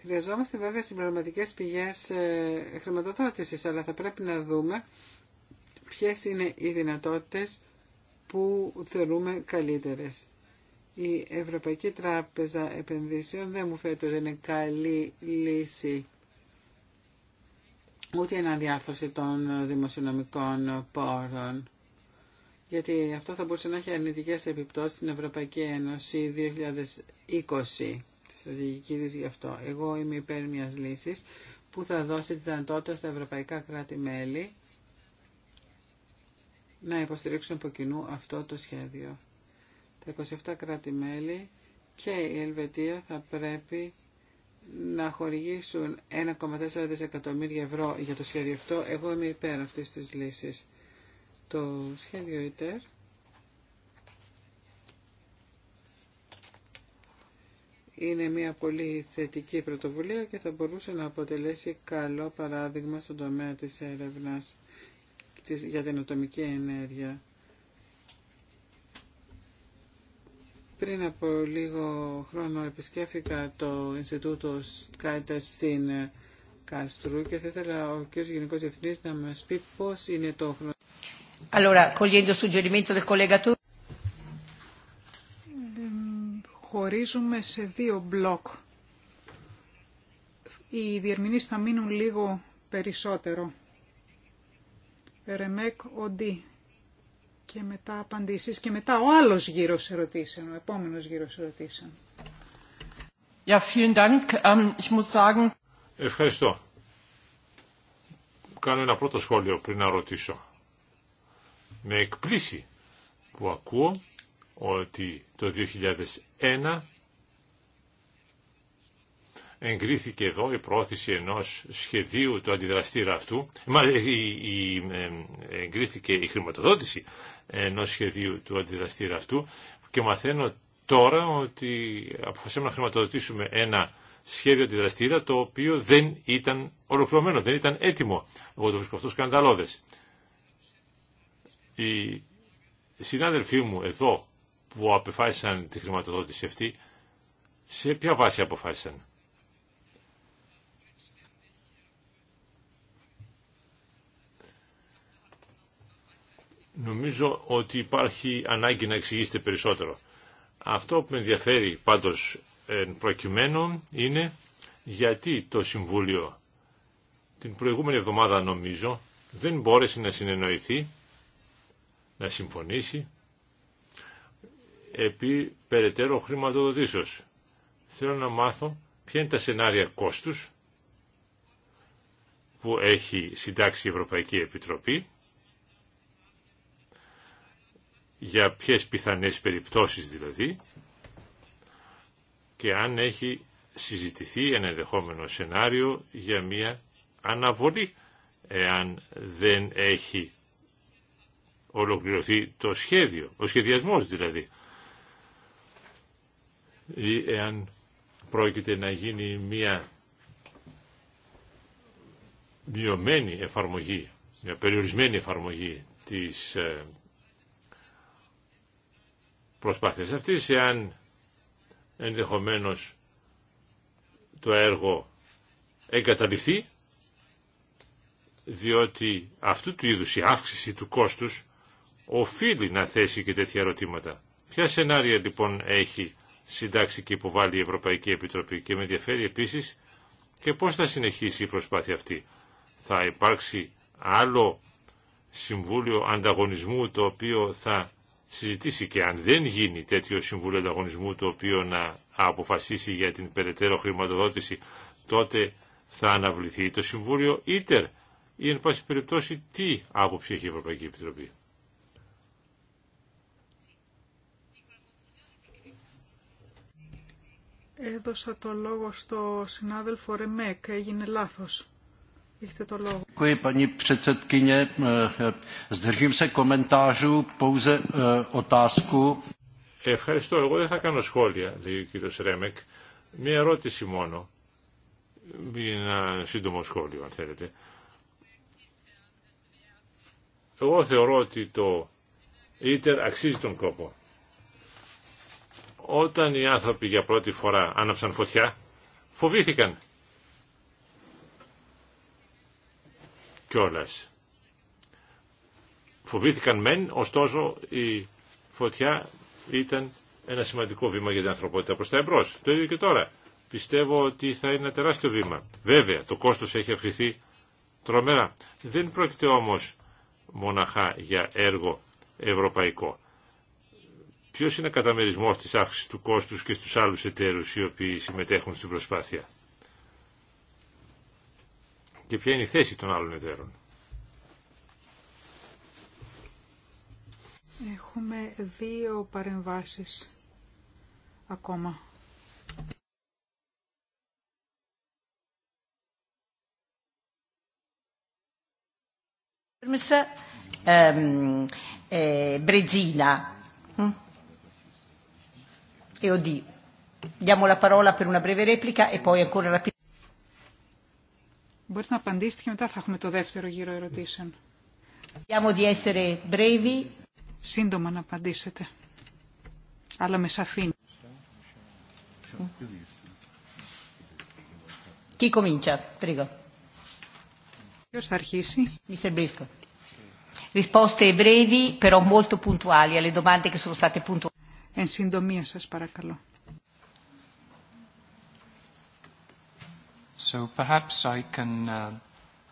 Χρειαζόμαστε βέβαια συμπληρωματικές πηγές ε, χρηματοδότησης, αλλά θα πρέπει να δούμε ποιες είναι οι δυνατότητες που θεωρούμε καλύτερες. Η Ευρωπαϊκή Τράπεζα Επενδύσεων δεν μου φαίνεται ότι είναι καλή λύση ούτε η αναδιάρθρωση των δημοσιονομικών πόρων γιατί αυτό θα μπορούσε να έχει αρνητικές επιπτώσεις στην Ευρωπαϊκή Ένωση 2020, τη στρατηγική τη γι' αυτό. Εγώ είμαι υπέρ μια λύση που θα δώσει τη δυνατότητα στα ευρωπαϊκά κράτη-μέλη να υποστηρίξουν από κοινού αυτό το σχέδιο. Τα 27 κράτη-μέλη και η Ελβετία θα πρέπει να χορηγήσουν 1,4 δισεκατομμύρια ευρώ για το σχέδιο αυτό. Εγώ είμαι υπέρ αυτής της λύσης το σχέδιο ΙΤΕΡ είναι μια πολύ θετική πρωτοβουλία και θα μπορούσε να αποτελέσει καλό παράδειγμα στον τομέα της έρευνας για την ατομική ενέργεια. Πριν από λίγο χρόνο επισκέφθηκα το Ινστιτούτο Κάιτα στην Καστρού και θα ήθελα ο κ. Γενικός Διευθυντής να μας πει πώς είναι το χρόνο. Allora, cogliendo il suggerimento del collega Turco. Χωρίζουμε σε δύο μπλοκ. Οι διερμηνείς θα μείνουν λίγο περισσότερο. Ρεμέκ οντί. Και μετά απαντήσεις και μετά ο άλλος γύρος ερωτήσεων, ο επόμενος γύρος ερωτήσεων. Ja, vielen Dank. Ähm, ich muss sagen... Ευχαριστώ. Κάνω ένα πρώτο σχόλιο πριν να ρωτήσω. Με εκπλήσει που ακούω ότι το 2001 εγκρίθηκε εδώ η πρόθεση ενός σχεδίου του αντιδραστήρα αυτού, μάλλον ε, εγκρίθηκε η χρηματοδότηση ενός σχεδίου του αντιδραστήρα αυτού και μαθαίνω τώρα ότι αποφασίσαμε να χρηματοδοτήσουμε ένα σχέδιο αντιδραστήρα το οποίο δεν ήταν ολοκληρωμένο, δεν ήταν έτοιμο. Εγώ το βρίσκω αυτό σκανδαλώδες. Οι συνάδελφοί μου εδώ που απεφάσισαν τη χρηματοδότηση αυτή, σε ποια βάση αποφάσισαν. Νομίζω ότι υπάρχει ανάγκη να εξηγήσετε περισσότερο. Αυτό που με ενδιαφέρει πάντως προκειμένου είναι γιατί το Συμβούλιο την προηγούμενη εβδομάδα νομίζω δεν μπόρεσε να συνεννοηθεί να συμφωνήσει επί περαιτέρω χρηματοδοτήσεως. Θέλω να μάθω ποια είναι τα σενάρια κόστους που έχει συντάξει η Ευρωπαϊκή Επιτροπή για ποιες πιθανές περιπτώσεις δηλαδή και αν έχει συζητηθεί ένα ενδεχόμενο σενάριο για μια αναβολή εάν δεν έχει ολοκληρωθεί το σχέδιο, ο σχεδιασμός δηλαδή. Ή εάν πρόκειται να γίνει μια μειωμένη εφαρμογή, μια περιορισμένη εφαρμογή της ε, προσπάθειας αυτής, εάν ενδεχομένως το έργο εγκαταληφθεί, διότι αυτού του είδους η αύξηση του κόστους οφείλει να θέσει και τέτοια ερωτήματα. Ποια σενάρια λοιπόν έχει συντάξει και υποβάλει η Ευρωπαϊκή Επιτροπή και με ενδιαφέρει επίσης και πώς θα συνεχίσει η προσπάθεια αυτή. Θα υπάρξει άλλο Συμβούλιο Ανταγωνισμού το οποίο θα συζητήσει και αν δεν γίνει τέτοιο Συμβούλιο Ανταγωνισμού το οποίο να αποφασίσει για την περαιτέρω χρηματοδότηση τότε θα αναβληθεί το Συμβούλιο Ήτερ ή εν πάση περιπτώσει τι άποψη έχει η Ευρωπαϊκή Επιτροπή. Έδωσα το λόγο στο συνάδελφο Ρεμέκ. Έγινε λάθος. Έχετε το λόγο. Ε, ε, ε, Ευχαριστώ. Εγώ δεν θα κάνω σχόλια, λέει ο κύριος Ρέμεκ. Μία ερώτηση μόνο. Ένα σύντομο σχόλιο, αν θέλετε. Εγώ θεωρώ ότι το ίτερ αξίζει τον κόπο. Όταν οι άνθρωποι για πρώτη φορά άναψαν φωτιά, φοβήθηκαν. Κιόλας. Φοβήθηκαν μεν, ωστόσο η φωτιά ήταν ένα σημαντικό βήμα για την ανθρωπότητα προς τα εμπρός. Το ίδιο και τώρα. Πιστεύω ότι θα είναι ένα τεράστιο βήμα. Βέβαια, το κόστος έχει αυξηθεί τρομερά. Δεν πρόκειται όμως μοναχά για έργο ευρωπαϊκό. Ποιο είναι ο καταμερισμό τη αύξηση του κόστου και στου άλλου εταίρου οι οποίοι συμμετέχουν στην προσπάθεια. Και ποια είναι η θέση των άλλων εταίρων. Έχουμε δύο παρεμβάσεις ακόμα. Μπριτζίνα e OD. Diamo la parola per una breve replica e poi ancora rapidamente. Μπορείς να απαντήσεις και μετά θα έχουμε το δεύτερο γύρο ερωτήσεων. Σύντομα να απαντήσετε, αλλά με σαφήνεια. Chi comincia? Prego. Ποιος θα αρχίσει? Mr. Brisco. Risposte brevi, però molto puntuali alle domande che sono state puntuali. Εν συντομία σας παρακαλώ. So perhaps I can uh,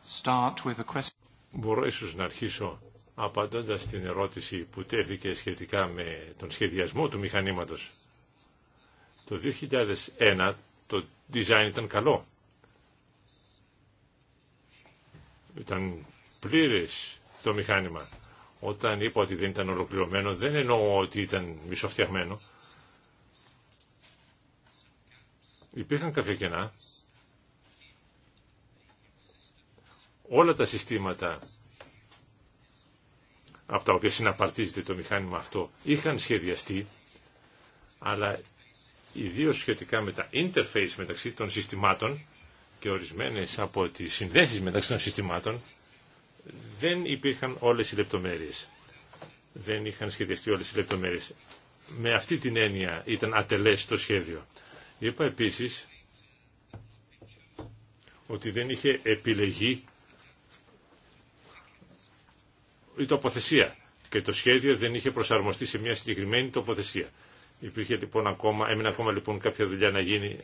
start with a question. Μπορώ ίσως να αρχίσω απαντώντας την ερώτηση που τέθηκε σχετικά με τον σχεδιασμό του μηχανήματος. Το 2001 το design ήταν καλό. Ήταν πλήρες το μηχάνημα. Όταν είπα ότι δεν ήταν ολοκληρωμένο, δεν εννοώ ότι ήταν μισοφτιαγμένο. Υπήρχαν κάποια κενά. Όλα τα συστήματα από τα οποία συναπαρτίζεται το μηχάνημα αυτό είχαν σχεδιαστεί, αλλά ιδίως σχετικά με τα interface μεταξύ των συστημάτων και ορισμένες από τις συνδέσεις μεταξύ των συστημάτων δεν υπήρχαν όλες οι λεπτομέρειες. Δεν είχαν σχεδιαστεί όλες οι λεπτομέρειες. Με αυτή την έννοια ήταν ατελές το σχέδιο. Είπα επίσης ότι δεν είχε επιλεγεί η τοποθεσία και το σχέδιο δεν είχε προσαρμοστεί σε μια συγκεκριμένη τοποθεσία. Υπήρχε λοιπόν ακόμα, έμεινε ακόμα λοιπόν κάποια δουλειά να γίνει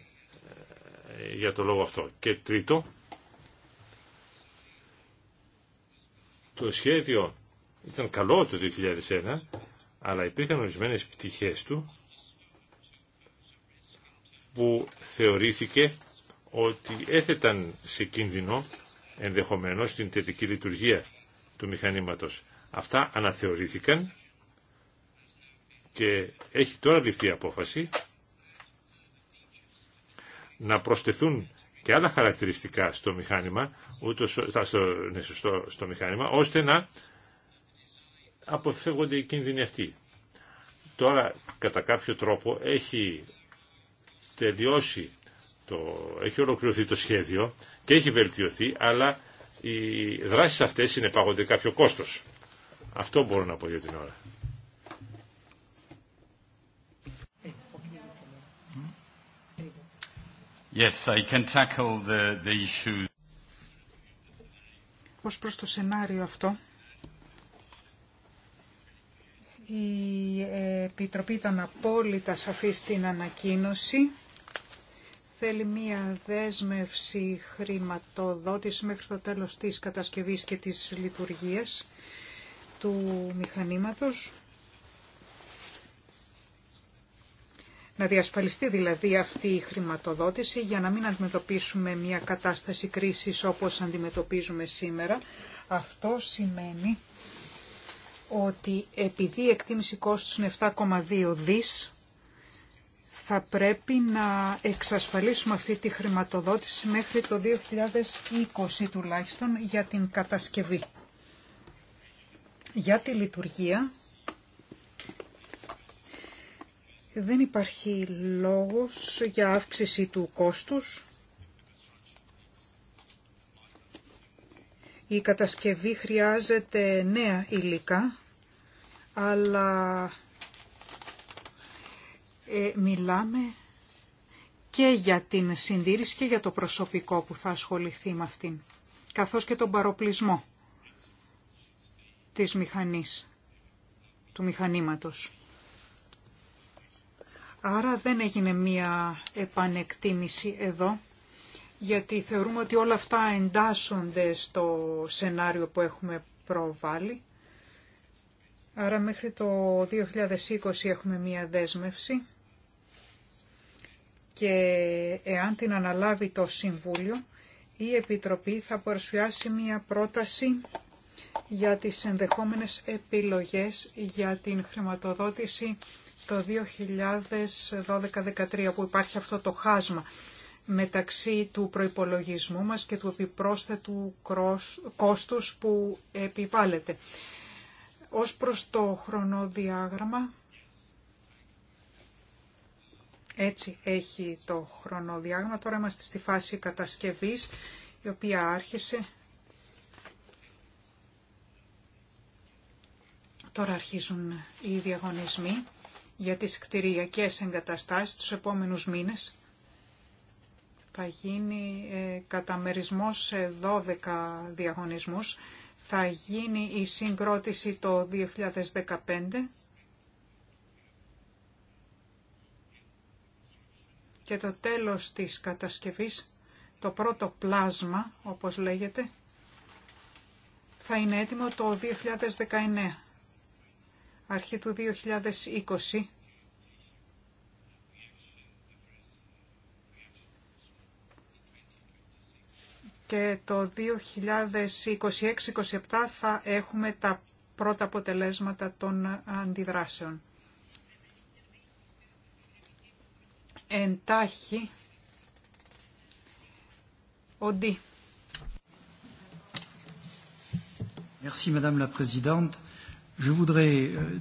ε, για το λόγο αυτό. Και τρίτο, Το σχέδιο ήταν καλό το 2001, αλλά υπήρχαν ορισμένες πτυχές του που θεωρήθηκε ότι έθεταν σε κίνδυνο ενδεχομένως την τελική λειτουργία του μηχανήματος. Αυτά αναθεωρήθηκαν και έχει τώρα ληφθεί απόφαση να προσθεθούν και άλλα χαρακτηριστικά στο μηχάνημα, ναι, στο, στο μηχάνημα, ώστε να αποφεύγονται οι κίνδυνοι αυτοί. Τώρα, κατά κάποιο τρόπο, έχει τελειώσει, το, έχει ολοκληρωθεί το σχέδιο και έχει βελτιωθεί, αλλά οι δράσεις αυτές συνεπάγονται κάποιο κόστος. Αυτό μπορώ να πω για την ώρα. Yes, I Ως προς το σενάριο αυτό, η Επιτροπή ήταν απόλυτα σαφή στην ανακοίνωση. Θέλει μία δέσμευση χρηματοδότηση μέχρι το τέλος της κατασκευής και της λειτουργίας του μηχανήματος. να διασφαλιστεί δηλαδή αυτή η χρηματοδότηση για να μην αντιμετωπίσουμε μια κατάσταση κρίσης όπως αντιμετωπίζουμε σήμερα. Αυτό σημαίνει ότι επειδή η εκτίμηση κόστου είναι 7,2 δις, θα πρέπει να εξασφαλίσουμε αυτή τη χρηματοδότηση μέχρι το 2020 τουλάχιστον για την κατασκευή. Για τη λειτουργία δεν υπάρχει λόγος για αύξηση του κόστους. Η κατασκευή χρειάζεται νέα υλικά, αλλά ε, μιλάμε και για την συντήρηση και για το προσωπικό που θα ασχοληθεί με αυτήν, καθώς και τον παροπλισμό της μηχανής, του μηχανήματος. Άρα δεν έγινε μία επανεκτίμηση εδώ, γιατί θεωρούμε ότι όλα αυτά εντάσσονται στο σενάριο που έχουμε προβάλει. Άρα μέχρι το 2020 έχουμε μία δέσμευση και εάν την αναλάβει το Συμβούλιο, η Επιτροπή θα παρουσιάσει μία πρόταση για τις ενδεχόμενες επιλογές για την χρηματοδότηση το 2012-2013 που υπάρχει αυτό το χάσμα μεταξύ του προϋπολογισμού μας και του επιπρόσθετου κόστους που επιβάλλεται. Ως προς το χρονοδιάγραμμα, έτσι έχει το χρονοδιάγραμμα, τώρα είμαστε στη φάση κατασκευής η οποία άρχισε. Τώρα αρχίζουν οι διαγωνισμοί για τις κτηριακές εγκαταστάσεις τους επόμενους μήνες. Θα γίνει ε, καταμερισμός σε 12 διαγωνισμούς. Θα γίνει η συγκρότηση το 2015. Και το τέλος της κατασκευής, το πρώτο πλάσμα, όπως λέγεται, θα είναι έτοιμο το 2019 αρχή του 2020 και το 2026-2027 θα έχουμε τα πρώτα αποτελέσματα των αντιδράσεων. Εντάχει, ο Merci, Madame la Présidente. Je voudrais... Euh,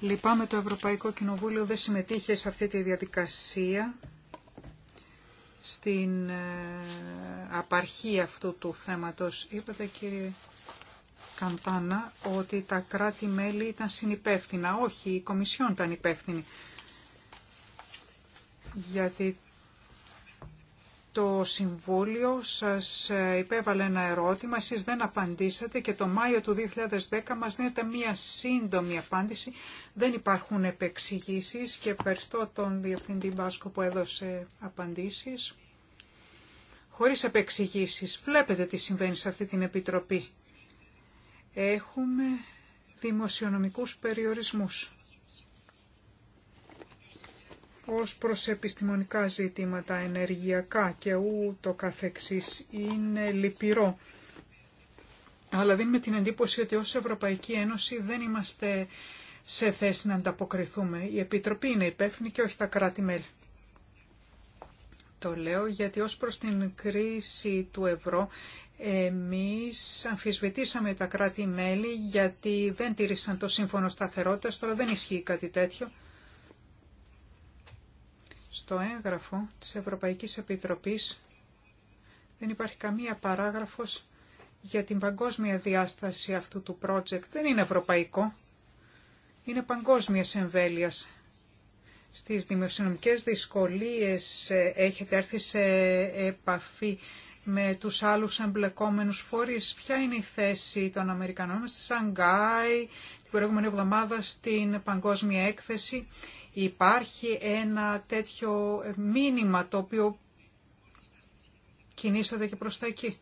Λυπάμαι το Ευρωπαϊκό Κοινοβούλιο δεν συμμετείχε σε αυτή τη διαδικασία στην ε, απαρχή αυτού του θέματος. Είπατε κύριε Καντάνα ότι τα κράτη-μέλη ήταν συνυπεύθυνα. Όχι, η Κομισιόν ήταν υπεύθυνη. Γιατί το Συμβούλιο σας ε, υπέβαλε ένα ερώτημα, εσείς δεν απαντήσατε και το Μάιο του 2010 μας δίνετε μία σύντομη απάντηση. Δεν υπάρχουν επεξηγήσεις και ευχαριστώ τον Διευθυντή Μπάσκο που έδωσε απαντήσεις. Χωρίς επεξηγήσεις, βλέπετε τι συμβαίνει σε αυτή την Επιτροπή. Έχουμε δημοσιονομικούς περιορισμούς ως προς επιστημονικά ζητήματα ενεργειακά και ούτω καθεξής είναι λυπηρό. Αλλά δίνουμε την εντύπωση ότι ως Ευρωπαϊκή Ένωση δεν είμαστε σε θέση να ανταποκριθούμε. Η Επιτροπή είναι υπεύθυνη και όχι τα κράτη-μέλη. Το λέω γιατί ως προς την κρίση του ευρώ εμείς αμφισβητήσαμε τα κράτη-μέλη γιατί δεν τήρησαν το σύμφωνο σταθερότητας, τώρα δεν ισχύει κάτι τέτοιο. Στο έγγραφο της Ευρωπαϊκής Επιτροπής δεν υπάρχει καμία παράγραφος για την παγκόσμια διάσταση αυτού του project. Δεν είναι ευρωπαϊκό. Είναι παγκόσμια εμβέλειας. Στις δημοσιονομικές δυσκολίες ε, έχετε έρθει σε επαφή με τους άλλους εμπλεκόμενους φορείς. Ποια είναι η θέση των Αμερικανών στη Σανγκάη, την προηγούμενη εβδομάδα στην Παγκόσμια Έκθεση. Υπάρχει ένα τέτοιο μήνυμα το οποίο κινήσατε και προς τα εκεί.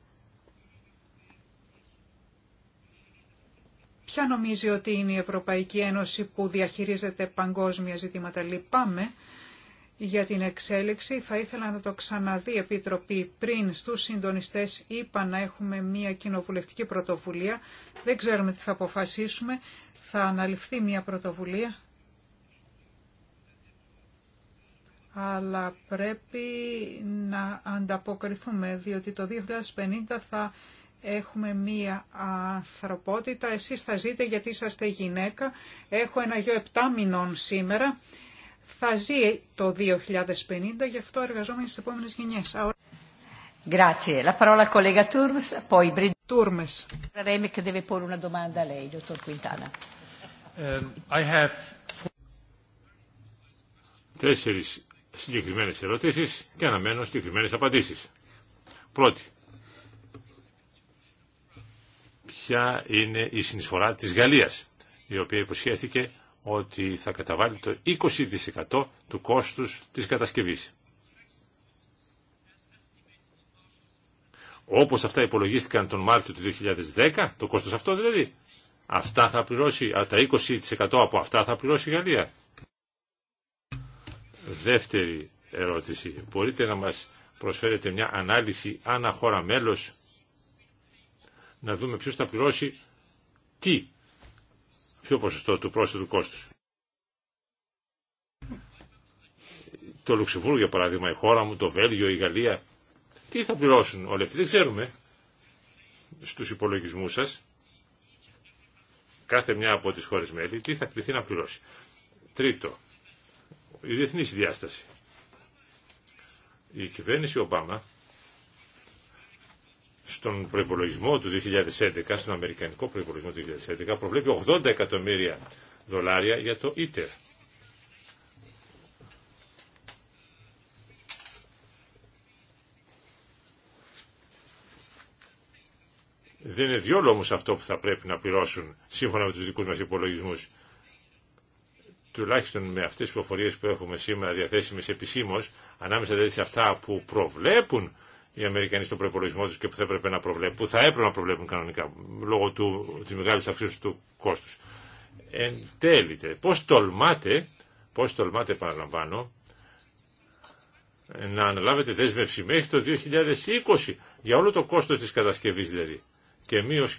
Ποια νομίζει ότι είναι η Ευρωπαϊκή Ένωση που διαχειρίζεται παγκόσμια ζητήματα. Λυπάμαι για την εξέλιξη. Θα ήθελα να το ξαναδεί η Επιτροπή πριν στους συντονιστές. Είπα να έχουμε μια κοινοβουλευτική πρωτοβουλία. Δεν ξέρουμε τι θα αποφασίσουμε. Θα αναλυφθεί μια πρωτοβουλία αλλά πρέπει να ανταποκριθούμε, διότι το 2050 θα έχουμε μία ανθρωπότητα. Εσείς θα ζείτε γιατί είσαστε γυναίκα. Έχω ένα γιο 7 μηνών σήμερα. Θα ζει το 2050, γι' αυτό εργαζόμενοι στις επόμενες γενιές. Grazie. La parola al collega Turmes, poi Brid... Turmes. che deve porre una domanda a lei, dottor Quintana. Um, I have... Τέσσερις συγκεκριμένες ερωτήσεις και αναμένω συγκεκριμένες απαντήσεις. Πρώτη, ποια είναι η συνεισφορά της Γαλλίας, η οποία υποσχέθηκε ότι θα καταβάλει το 20% του κόστους της κατασκευής. Όπως αυτά υπολογίστηκαν τον Μάρτιο του 2010, το κόστος αυτό δηλαδή, αυτά θα πληρώσει, τα 20% από αυτά θα πληρώσει η Γαλλία. Δεύτερη ερώτηση. Μπορείτε να μας προσφέρετε μια ανάλυση ανά χώρα μέλος να δούμε ποιος θα πληρώσει τι, ποιο ποσοστό του πρόσθετου κόστους. Το Λουξεμβούργο για παράδειγμα, η χώρα μου, το Βέλγιο, η Γαλλία, τι θα πληρώσουν όλοι αυτοί, δεν ξέρουμε στους υπολογισμούς σας κάθε μια από τις χώρες μέλη τι θα κληθεί να πληρώσει. Τρίτο, η διεθνής διάσταση. Η κυβέρνηση Ομπάμα στον προπολογισμό του 2011, στον αμερικανικό προπολογισμό του 2011, προβλέπει 80 εκατομμύρια δολάρια για το ίτερ. Δεν είναι διόλου όμως αυτό που θα πρέπει να πληρώσουν σύμφωνα με τους δικούς μας υπολογισμούς τουλάχιστον με αυτές τις προφορίες που έχουμε σήμερα διαθέσιμες επισήμως, ανάμεσα δηλαδή σε αυτά που προβλέπουν οι Αμερικανοί στον προπολογισμό τους και που θα έπρεπε να προβλέπουν, που θα έπρεπε να προβλέπουν κανονικά, λόγω του, της μεγάλης αξίωσης του κόστους. Εν τέλει, πώς τολμάτε, πώς τολμάτε παραλαμβάνω, να αναλάβετε δέσμευση μέχρι το 2020 για όλο το κόστος της κατασκευής δηλαδή. Και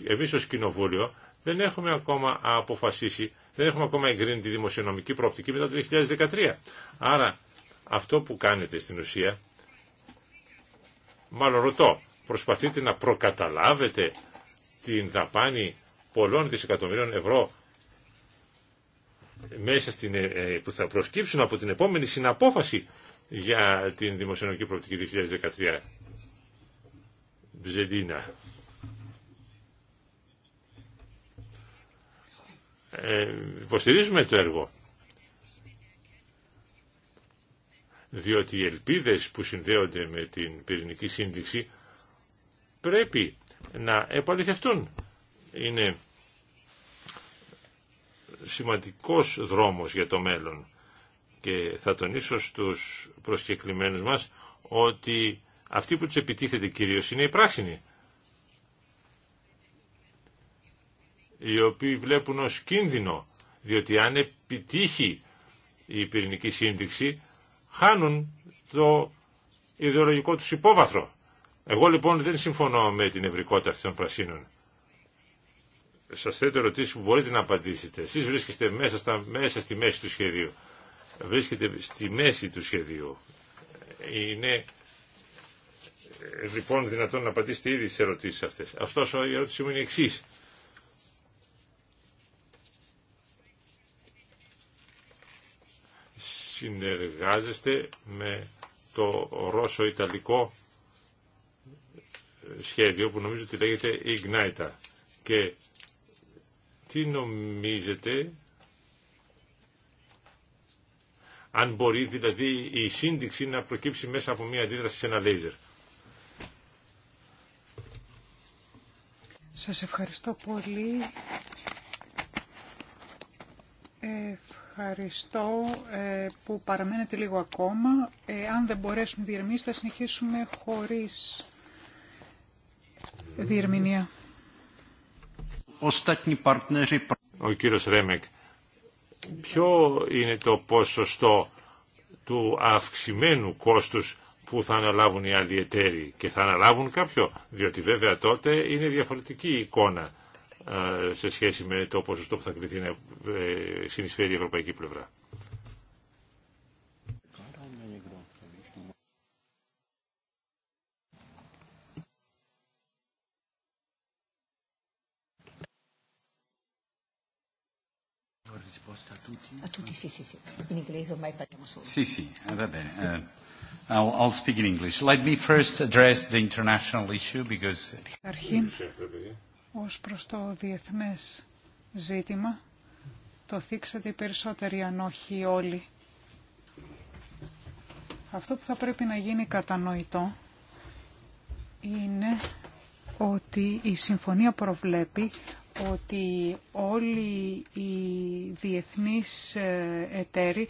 εμείς ως Κοινοβούλιο δεν έχουμε ακόμα αποφασίσει δεν έχουμε ακόμα εγκρίνει τη δημοσιονομική προοπτική μετά το 2013. Άρα αυτό που κάνετε στην ουσία, μάλλον ρωτώ, προσπαθείτε να προκαταλάβετε την δαπάνη πολλών δισεκατομμυρίων ευρώ μέσα στην, ε, ε, που θα προσκύψουν από την επόμενη συναπόφαση για την δημοσιονομική προοπτική 2013. Ζεντίνα. Ε, υποστηρίζουμε το έργο. Διότι οι ελπίδες που συνδέονται με την πυρηνική σύνδεξη πρέπει να επαληθευτούν. Είναι σημαντικός δρόμος για το μέλλον και θα τονίσω στους προσκεκλημένους μας ότι αυτοί που τους επιτίθεται κυρίως είναι οι πράσινοι οι οποίοι βλέπουν ως κίνδυνο, διότι αν επιτύχει η πυρηνική σύνδεξη, χάνουν το ιδεολογικό τους υπόβαθρο. Εγώ λοιπόν δεν συμφωνώ με την ευρικότητα αυτών των πρασίνων. Σα θέτω ερωτήσει που μπορείτε να απαντήσετε. Εσεί βρίσκεστε μέσα, στα, μέσα στη μέση του σχεδίου. Βρίσκεται στη μέση του σχεδίου. Είναι ε, λοιπόν δυνατόν να απαντήσετε ήδη στι ερωτήσει αυτέ. Αυτό η ερώτησή μου είναι εξή. συνεργάζεστε με το Ρώσο-Ιταλικό σχέδιο που νομίζω ότι λέγεται Ignita. Και τι νομίζετε, αν μπορεί δηλαδή η σύνδεξη να προκύψει μέσα από μια αντίδραση σε ένα λέιζερ. Σας ευχαριστώ πολύ. Ε, Ευχαριστώ ε, που παραμένετε λίγο ακόμα. Ε, αν δεν μπορέσουν να θα συνεχίσουμε χωρίς διερμηνία. Ο κύριος Ρέμεκ, ποιο είναι το ποσοστό του αυξημένου κόστους που θα αναλάβουν οι άλλοι και θα αναλάβουν κάποιο, διότι βέβαια τότε είναι διαφορετική η εικόνα σε σχέση με το ποσοστό που θα κληθεί να συνεισφέρει η ευρωπαϊκή πλευρά. A tutti, sì, sì, sì. In inglese ormai parliamo solo. Sì, sì, va bene. I'll, I'll speak in English. Let me first address the international issue because... Ως προς το διεθνές ζήτημα, το θίξατε οι περισσότεροι αν όχι όλοι. Αυτό που θα πρέπει να γίνει κατανοητό είναι ότι η συμφωνία προβλέπει ότι όλοι οι διεθνείς ε, εταίροι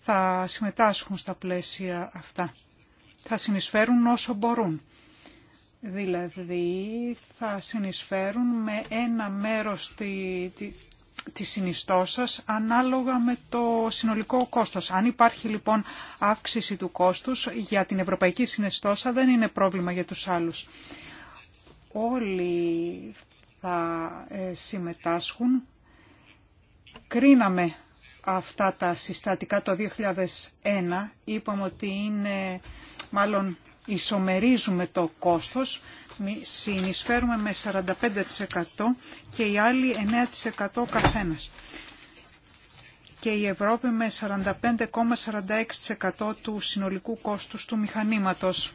θα συμμετάσχουν στα πλαίσια αυτά. Θα συνεισφέρουν όσο μπορούν. Δηλαδή θα συνεισφέρουν με ένα μέρος τη, τη, της ανάλογα με το συνολικό κόστος. Αν υπάρχει λοιπόν αύξηση του κόστους για την ευρωπαϊκή συνιστόσα δεν είναι πρόβλημα για τους άλλους. Όλοι θα ε, συμμετάσχουν. Κρίναμε αυτά τα συστατικά το 2001. Είπαμε ότι είναι μάλλον ισομερίζουμε το κόστος, συνεισφέρουμε με 45% και οι άλλοι 9% καθένας. Και η Ευρώπη με 45,46% του συνολικού κόστους του μηχανήματος.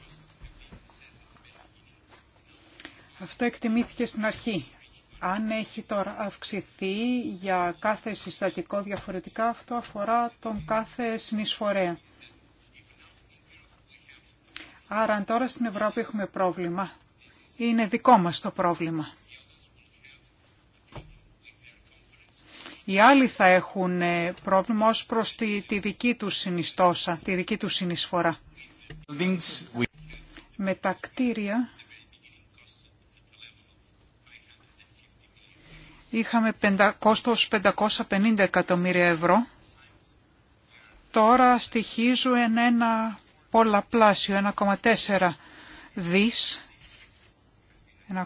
Αυτό εκτιμήθηκε στην αρχή. Αν έχει τώρα αυξηθεί για κάθε συστατικό διαφορετικά, αυτό αφορά τον κάθε συνεισφορέα. Άρα αν τώρα στην Ευρώπη έχουμε πρόβλημα, είναι δικό μας το πρόβλημα. Οι άλλοι θα έχουν ε, πρόβλημα ως προς τη, τη δική τους συνιστόσα, τη δική τους συνεισφορά. Με τα κτίρια είχαμε κόστος 550 εκατομμύρια ευρώ. Τώρα στοιχίζουν ένα πολλαπλάσιο, 1,4 δις,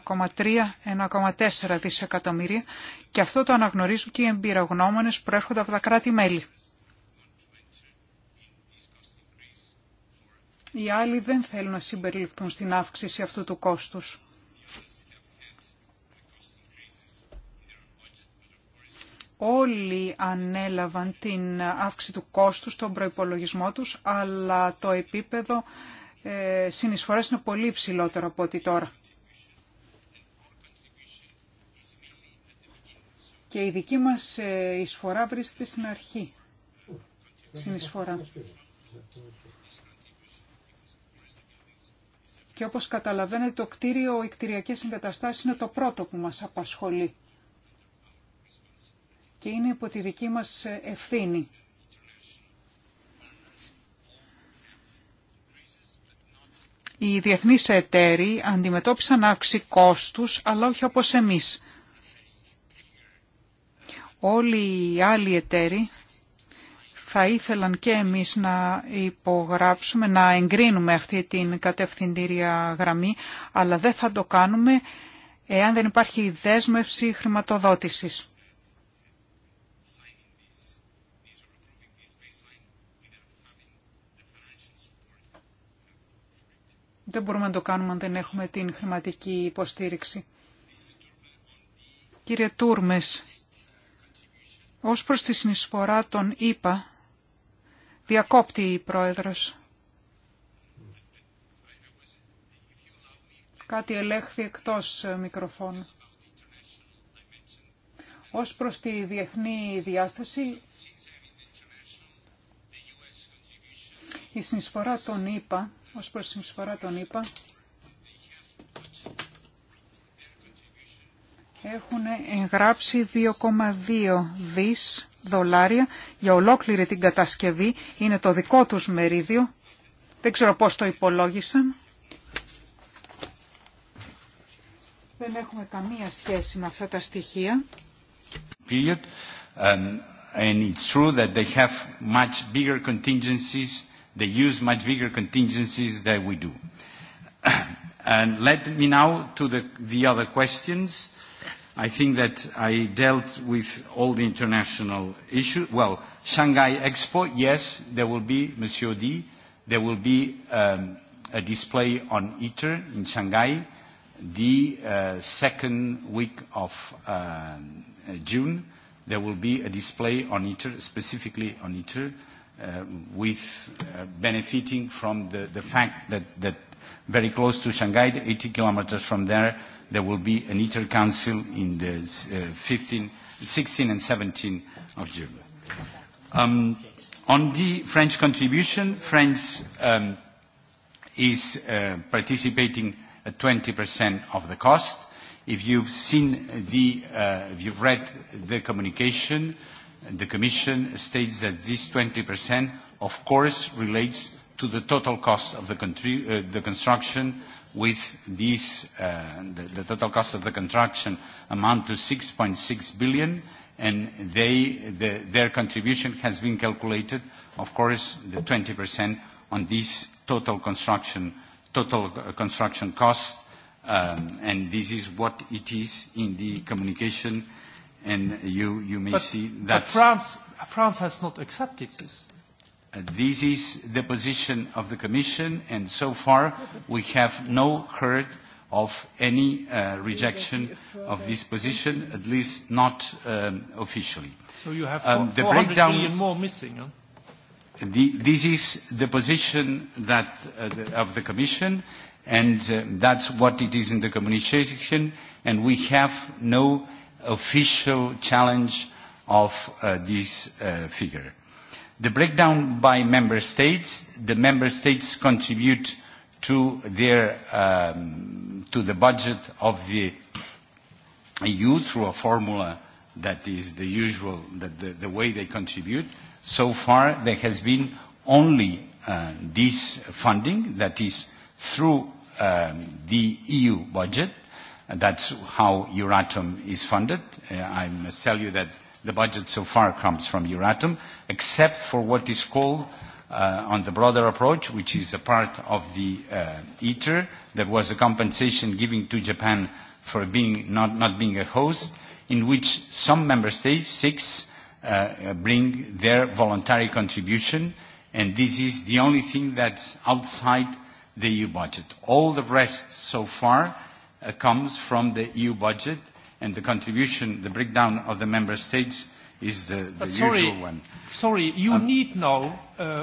1,3-1,4 δισεκατομμύρια και αυτό το αναγνωρίζουν και οι εμπειρογνώμονες που έρχονται από τα κράτη-μέλη. Οι άλλοι δεν θέλουν να συμπεριληφθούν στην αύξηση αυτού του κόστους. όλοι ανέλαβαν την αύξηση του κόστου στον προϋπολογισμό τους, αλλά το επίπεδο ε, συνεισφοράς είναι πολύ υψηλότερο από ό,τι τώρα. Και η δική μας ε, εισφορά βρίσκεται στην αρχή. Συνεισφορά. Και όπως καταλαβαίνετε το κτίριο, οι κτηριακές εγκαταστάσεις είναι το πρώτο που μας απασχολεί και είναι υπό τη δική μας ευθύνη. Οι διεθνείς εταίροι αντιμετώπισαν αύξηση κόστους, αλλά όχι όπως εμείς. Όλοι οι άλλοι εταίροι θα ήθελαν και εμείς να υπογράψουμε, να εγκρίνουμε αυτή την κατευθυντήρια γραμμή, αλλά δεν θα το κάνουμε εάν δεν υπάρχει δέσμευση χρηματοδότησης. Δεν μπορούμε να το κάνουμε αν δεν έχουμε την χρηματική υποστήριξη. Κύριε Τούρμες, ως προς τη συνεισφορά των ΙΠΑ, διακόπτει η Πρόεδρος. Κάτι ελέγχθη εκτός μικροφώνου. Ως προς τη διεθνή διάσταση, η συνεισφορά των ΙΠΑ ως προς συμφορά των έχουν εγγράψει 2,2 δις δολάρια για ολόκληρη την κατασκευή. Είναι το δικό τους μερίδιο. Δεν ξέρω πώς το υπολόγισαν. Δεν έχουμε καμία σχέση με αυτά τα στοιχεία. Um, and it's true that They use much bigger contingencies than we do. And let me now to the other questions. I think that I dealt with all the international issues. Well, Shanghai Expo, yes, there will be, Monsieur D, there will be a display on ITER in Shanghai the second week of June. There will be a display on ITER, specifically on ITER with benefiting from the fact that very close to Shanghai, 80 kilometers from there, there will be an ITER Council in the 15, 16 and 17 of June. On the French contribution, France is participating at 20% of the cost. If you've seen the, if you've read the communication, The Commission states that this 20% of course relates to the total cost of the construction with this, the total cost of the construction amount to 6.6 billion and their contribution has been calculated, of course, the 20% on this total construction, total construction cost and this is what it is in the communication and you you may see that. But France France has not accepted this. This is the position of the Commission, and so far we have no heard of any rejection of this position, at least not officially. So you have 400 million more missing. This is the position that of the Commission, and that's what it is in the communication, and we have no official challenge of this figure. The breakdown by member states, the member states contribute to their to the budget of the EU through a formula that is the usual, the way they contribute. So far there has been only this funding that is through the EU budget That's how Euratom is funded. I must tell you that the budget so far comes from Euratom, except for what is called on the broader approach, which is a part of the ITER. that was a compensation given to Japan for not being a host, in which some member states, six, bring their voluntary contribution, and this is the only thing that's outside the EU budget. All the rest so far comes from the EU budget, and the contribution, the breakdown of the member states is the usual one. Sorry, you need now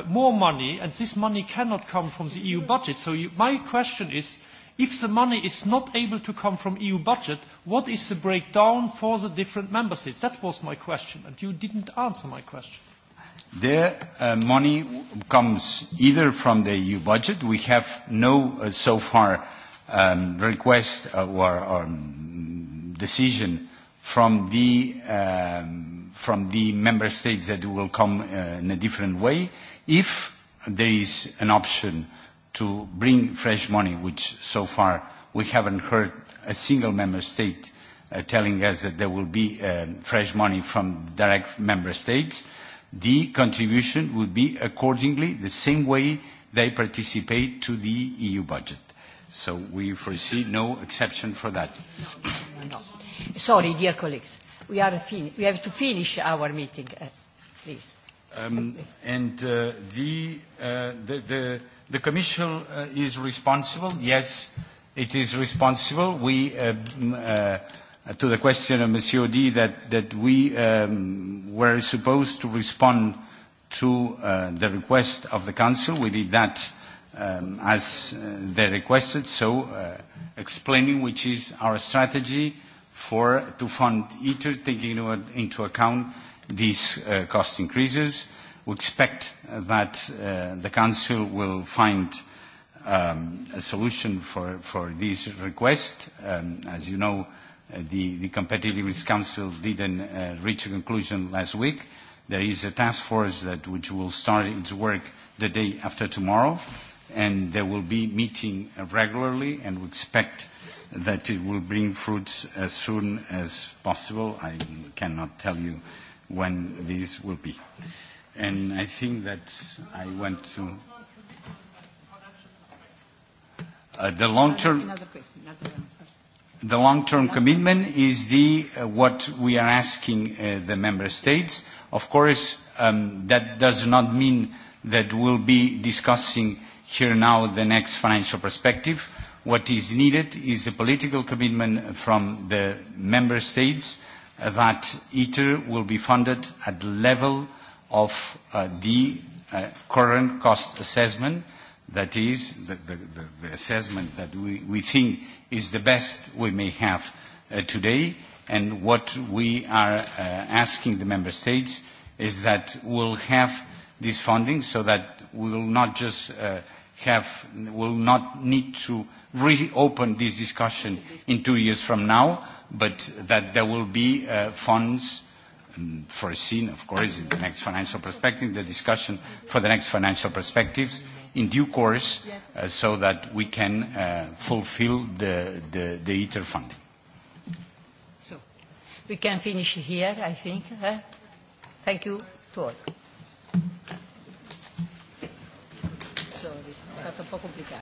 more money, and this money cannot come from the EU budget. So my question is, if the money is not able to come from EU budget, what is the breakdown for the different member states? That was my question, and you didn't answer my question. The money comes either from the EU budget. We have no, so far request or decision from the member states that will come in a different way if there is an option to bring fresh money which so far we haven't heard a single member state telling us that there will be fresh money from direct member states the contribution would be accordingly the same way they participate to the eu budget So we foresee no exception for that. No, no, Sorry, dear colleagues. We, are we have to finish our meeting, please. and the, the, the, Commission is responsible. Yes, it is responsible. We, to the question of Monsieur D, that, that we were supposed to respond to the request of the Council. We did that as they requested, so explaining which is our strategy for to fund ITER, taking into account these cost increases. We expect that the Council will find a solution for this request. As you know, the Competitiveness Council didn't reach a conclusion last week. There is a task force that which will start its work the day after tomorrow and they will be meeting regularly, and we expect that it will bring fruits as soon as possible. I cannot tell you when this will be. And I think that I went to the long-term. The long-term commitment is the what we are asking the member states. Of course, that does not mean that we'll be discussing here now the next financial perspective. What is needed is a political commitment from the member states that ITER will be funded at the level of the current cost assessment, that is, the assessment that we think is the best we may have today. And what we are asking the member states is that we'll have this funding so that we will not just have will not need to reopen this discussion in two years from now, but that there will be funds foreseen, of course, in the next financial perspective, the discussion for the next financial perspectives in due course so that we can fulfill the ITER funding. So we can finish here, I think. Thank you to all αυτό ευχαριστώ. πολύ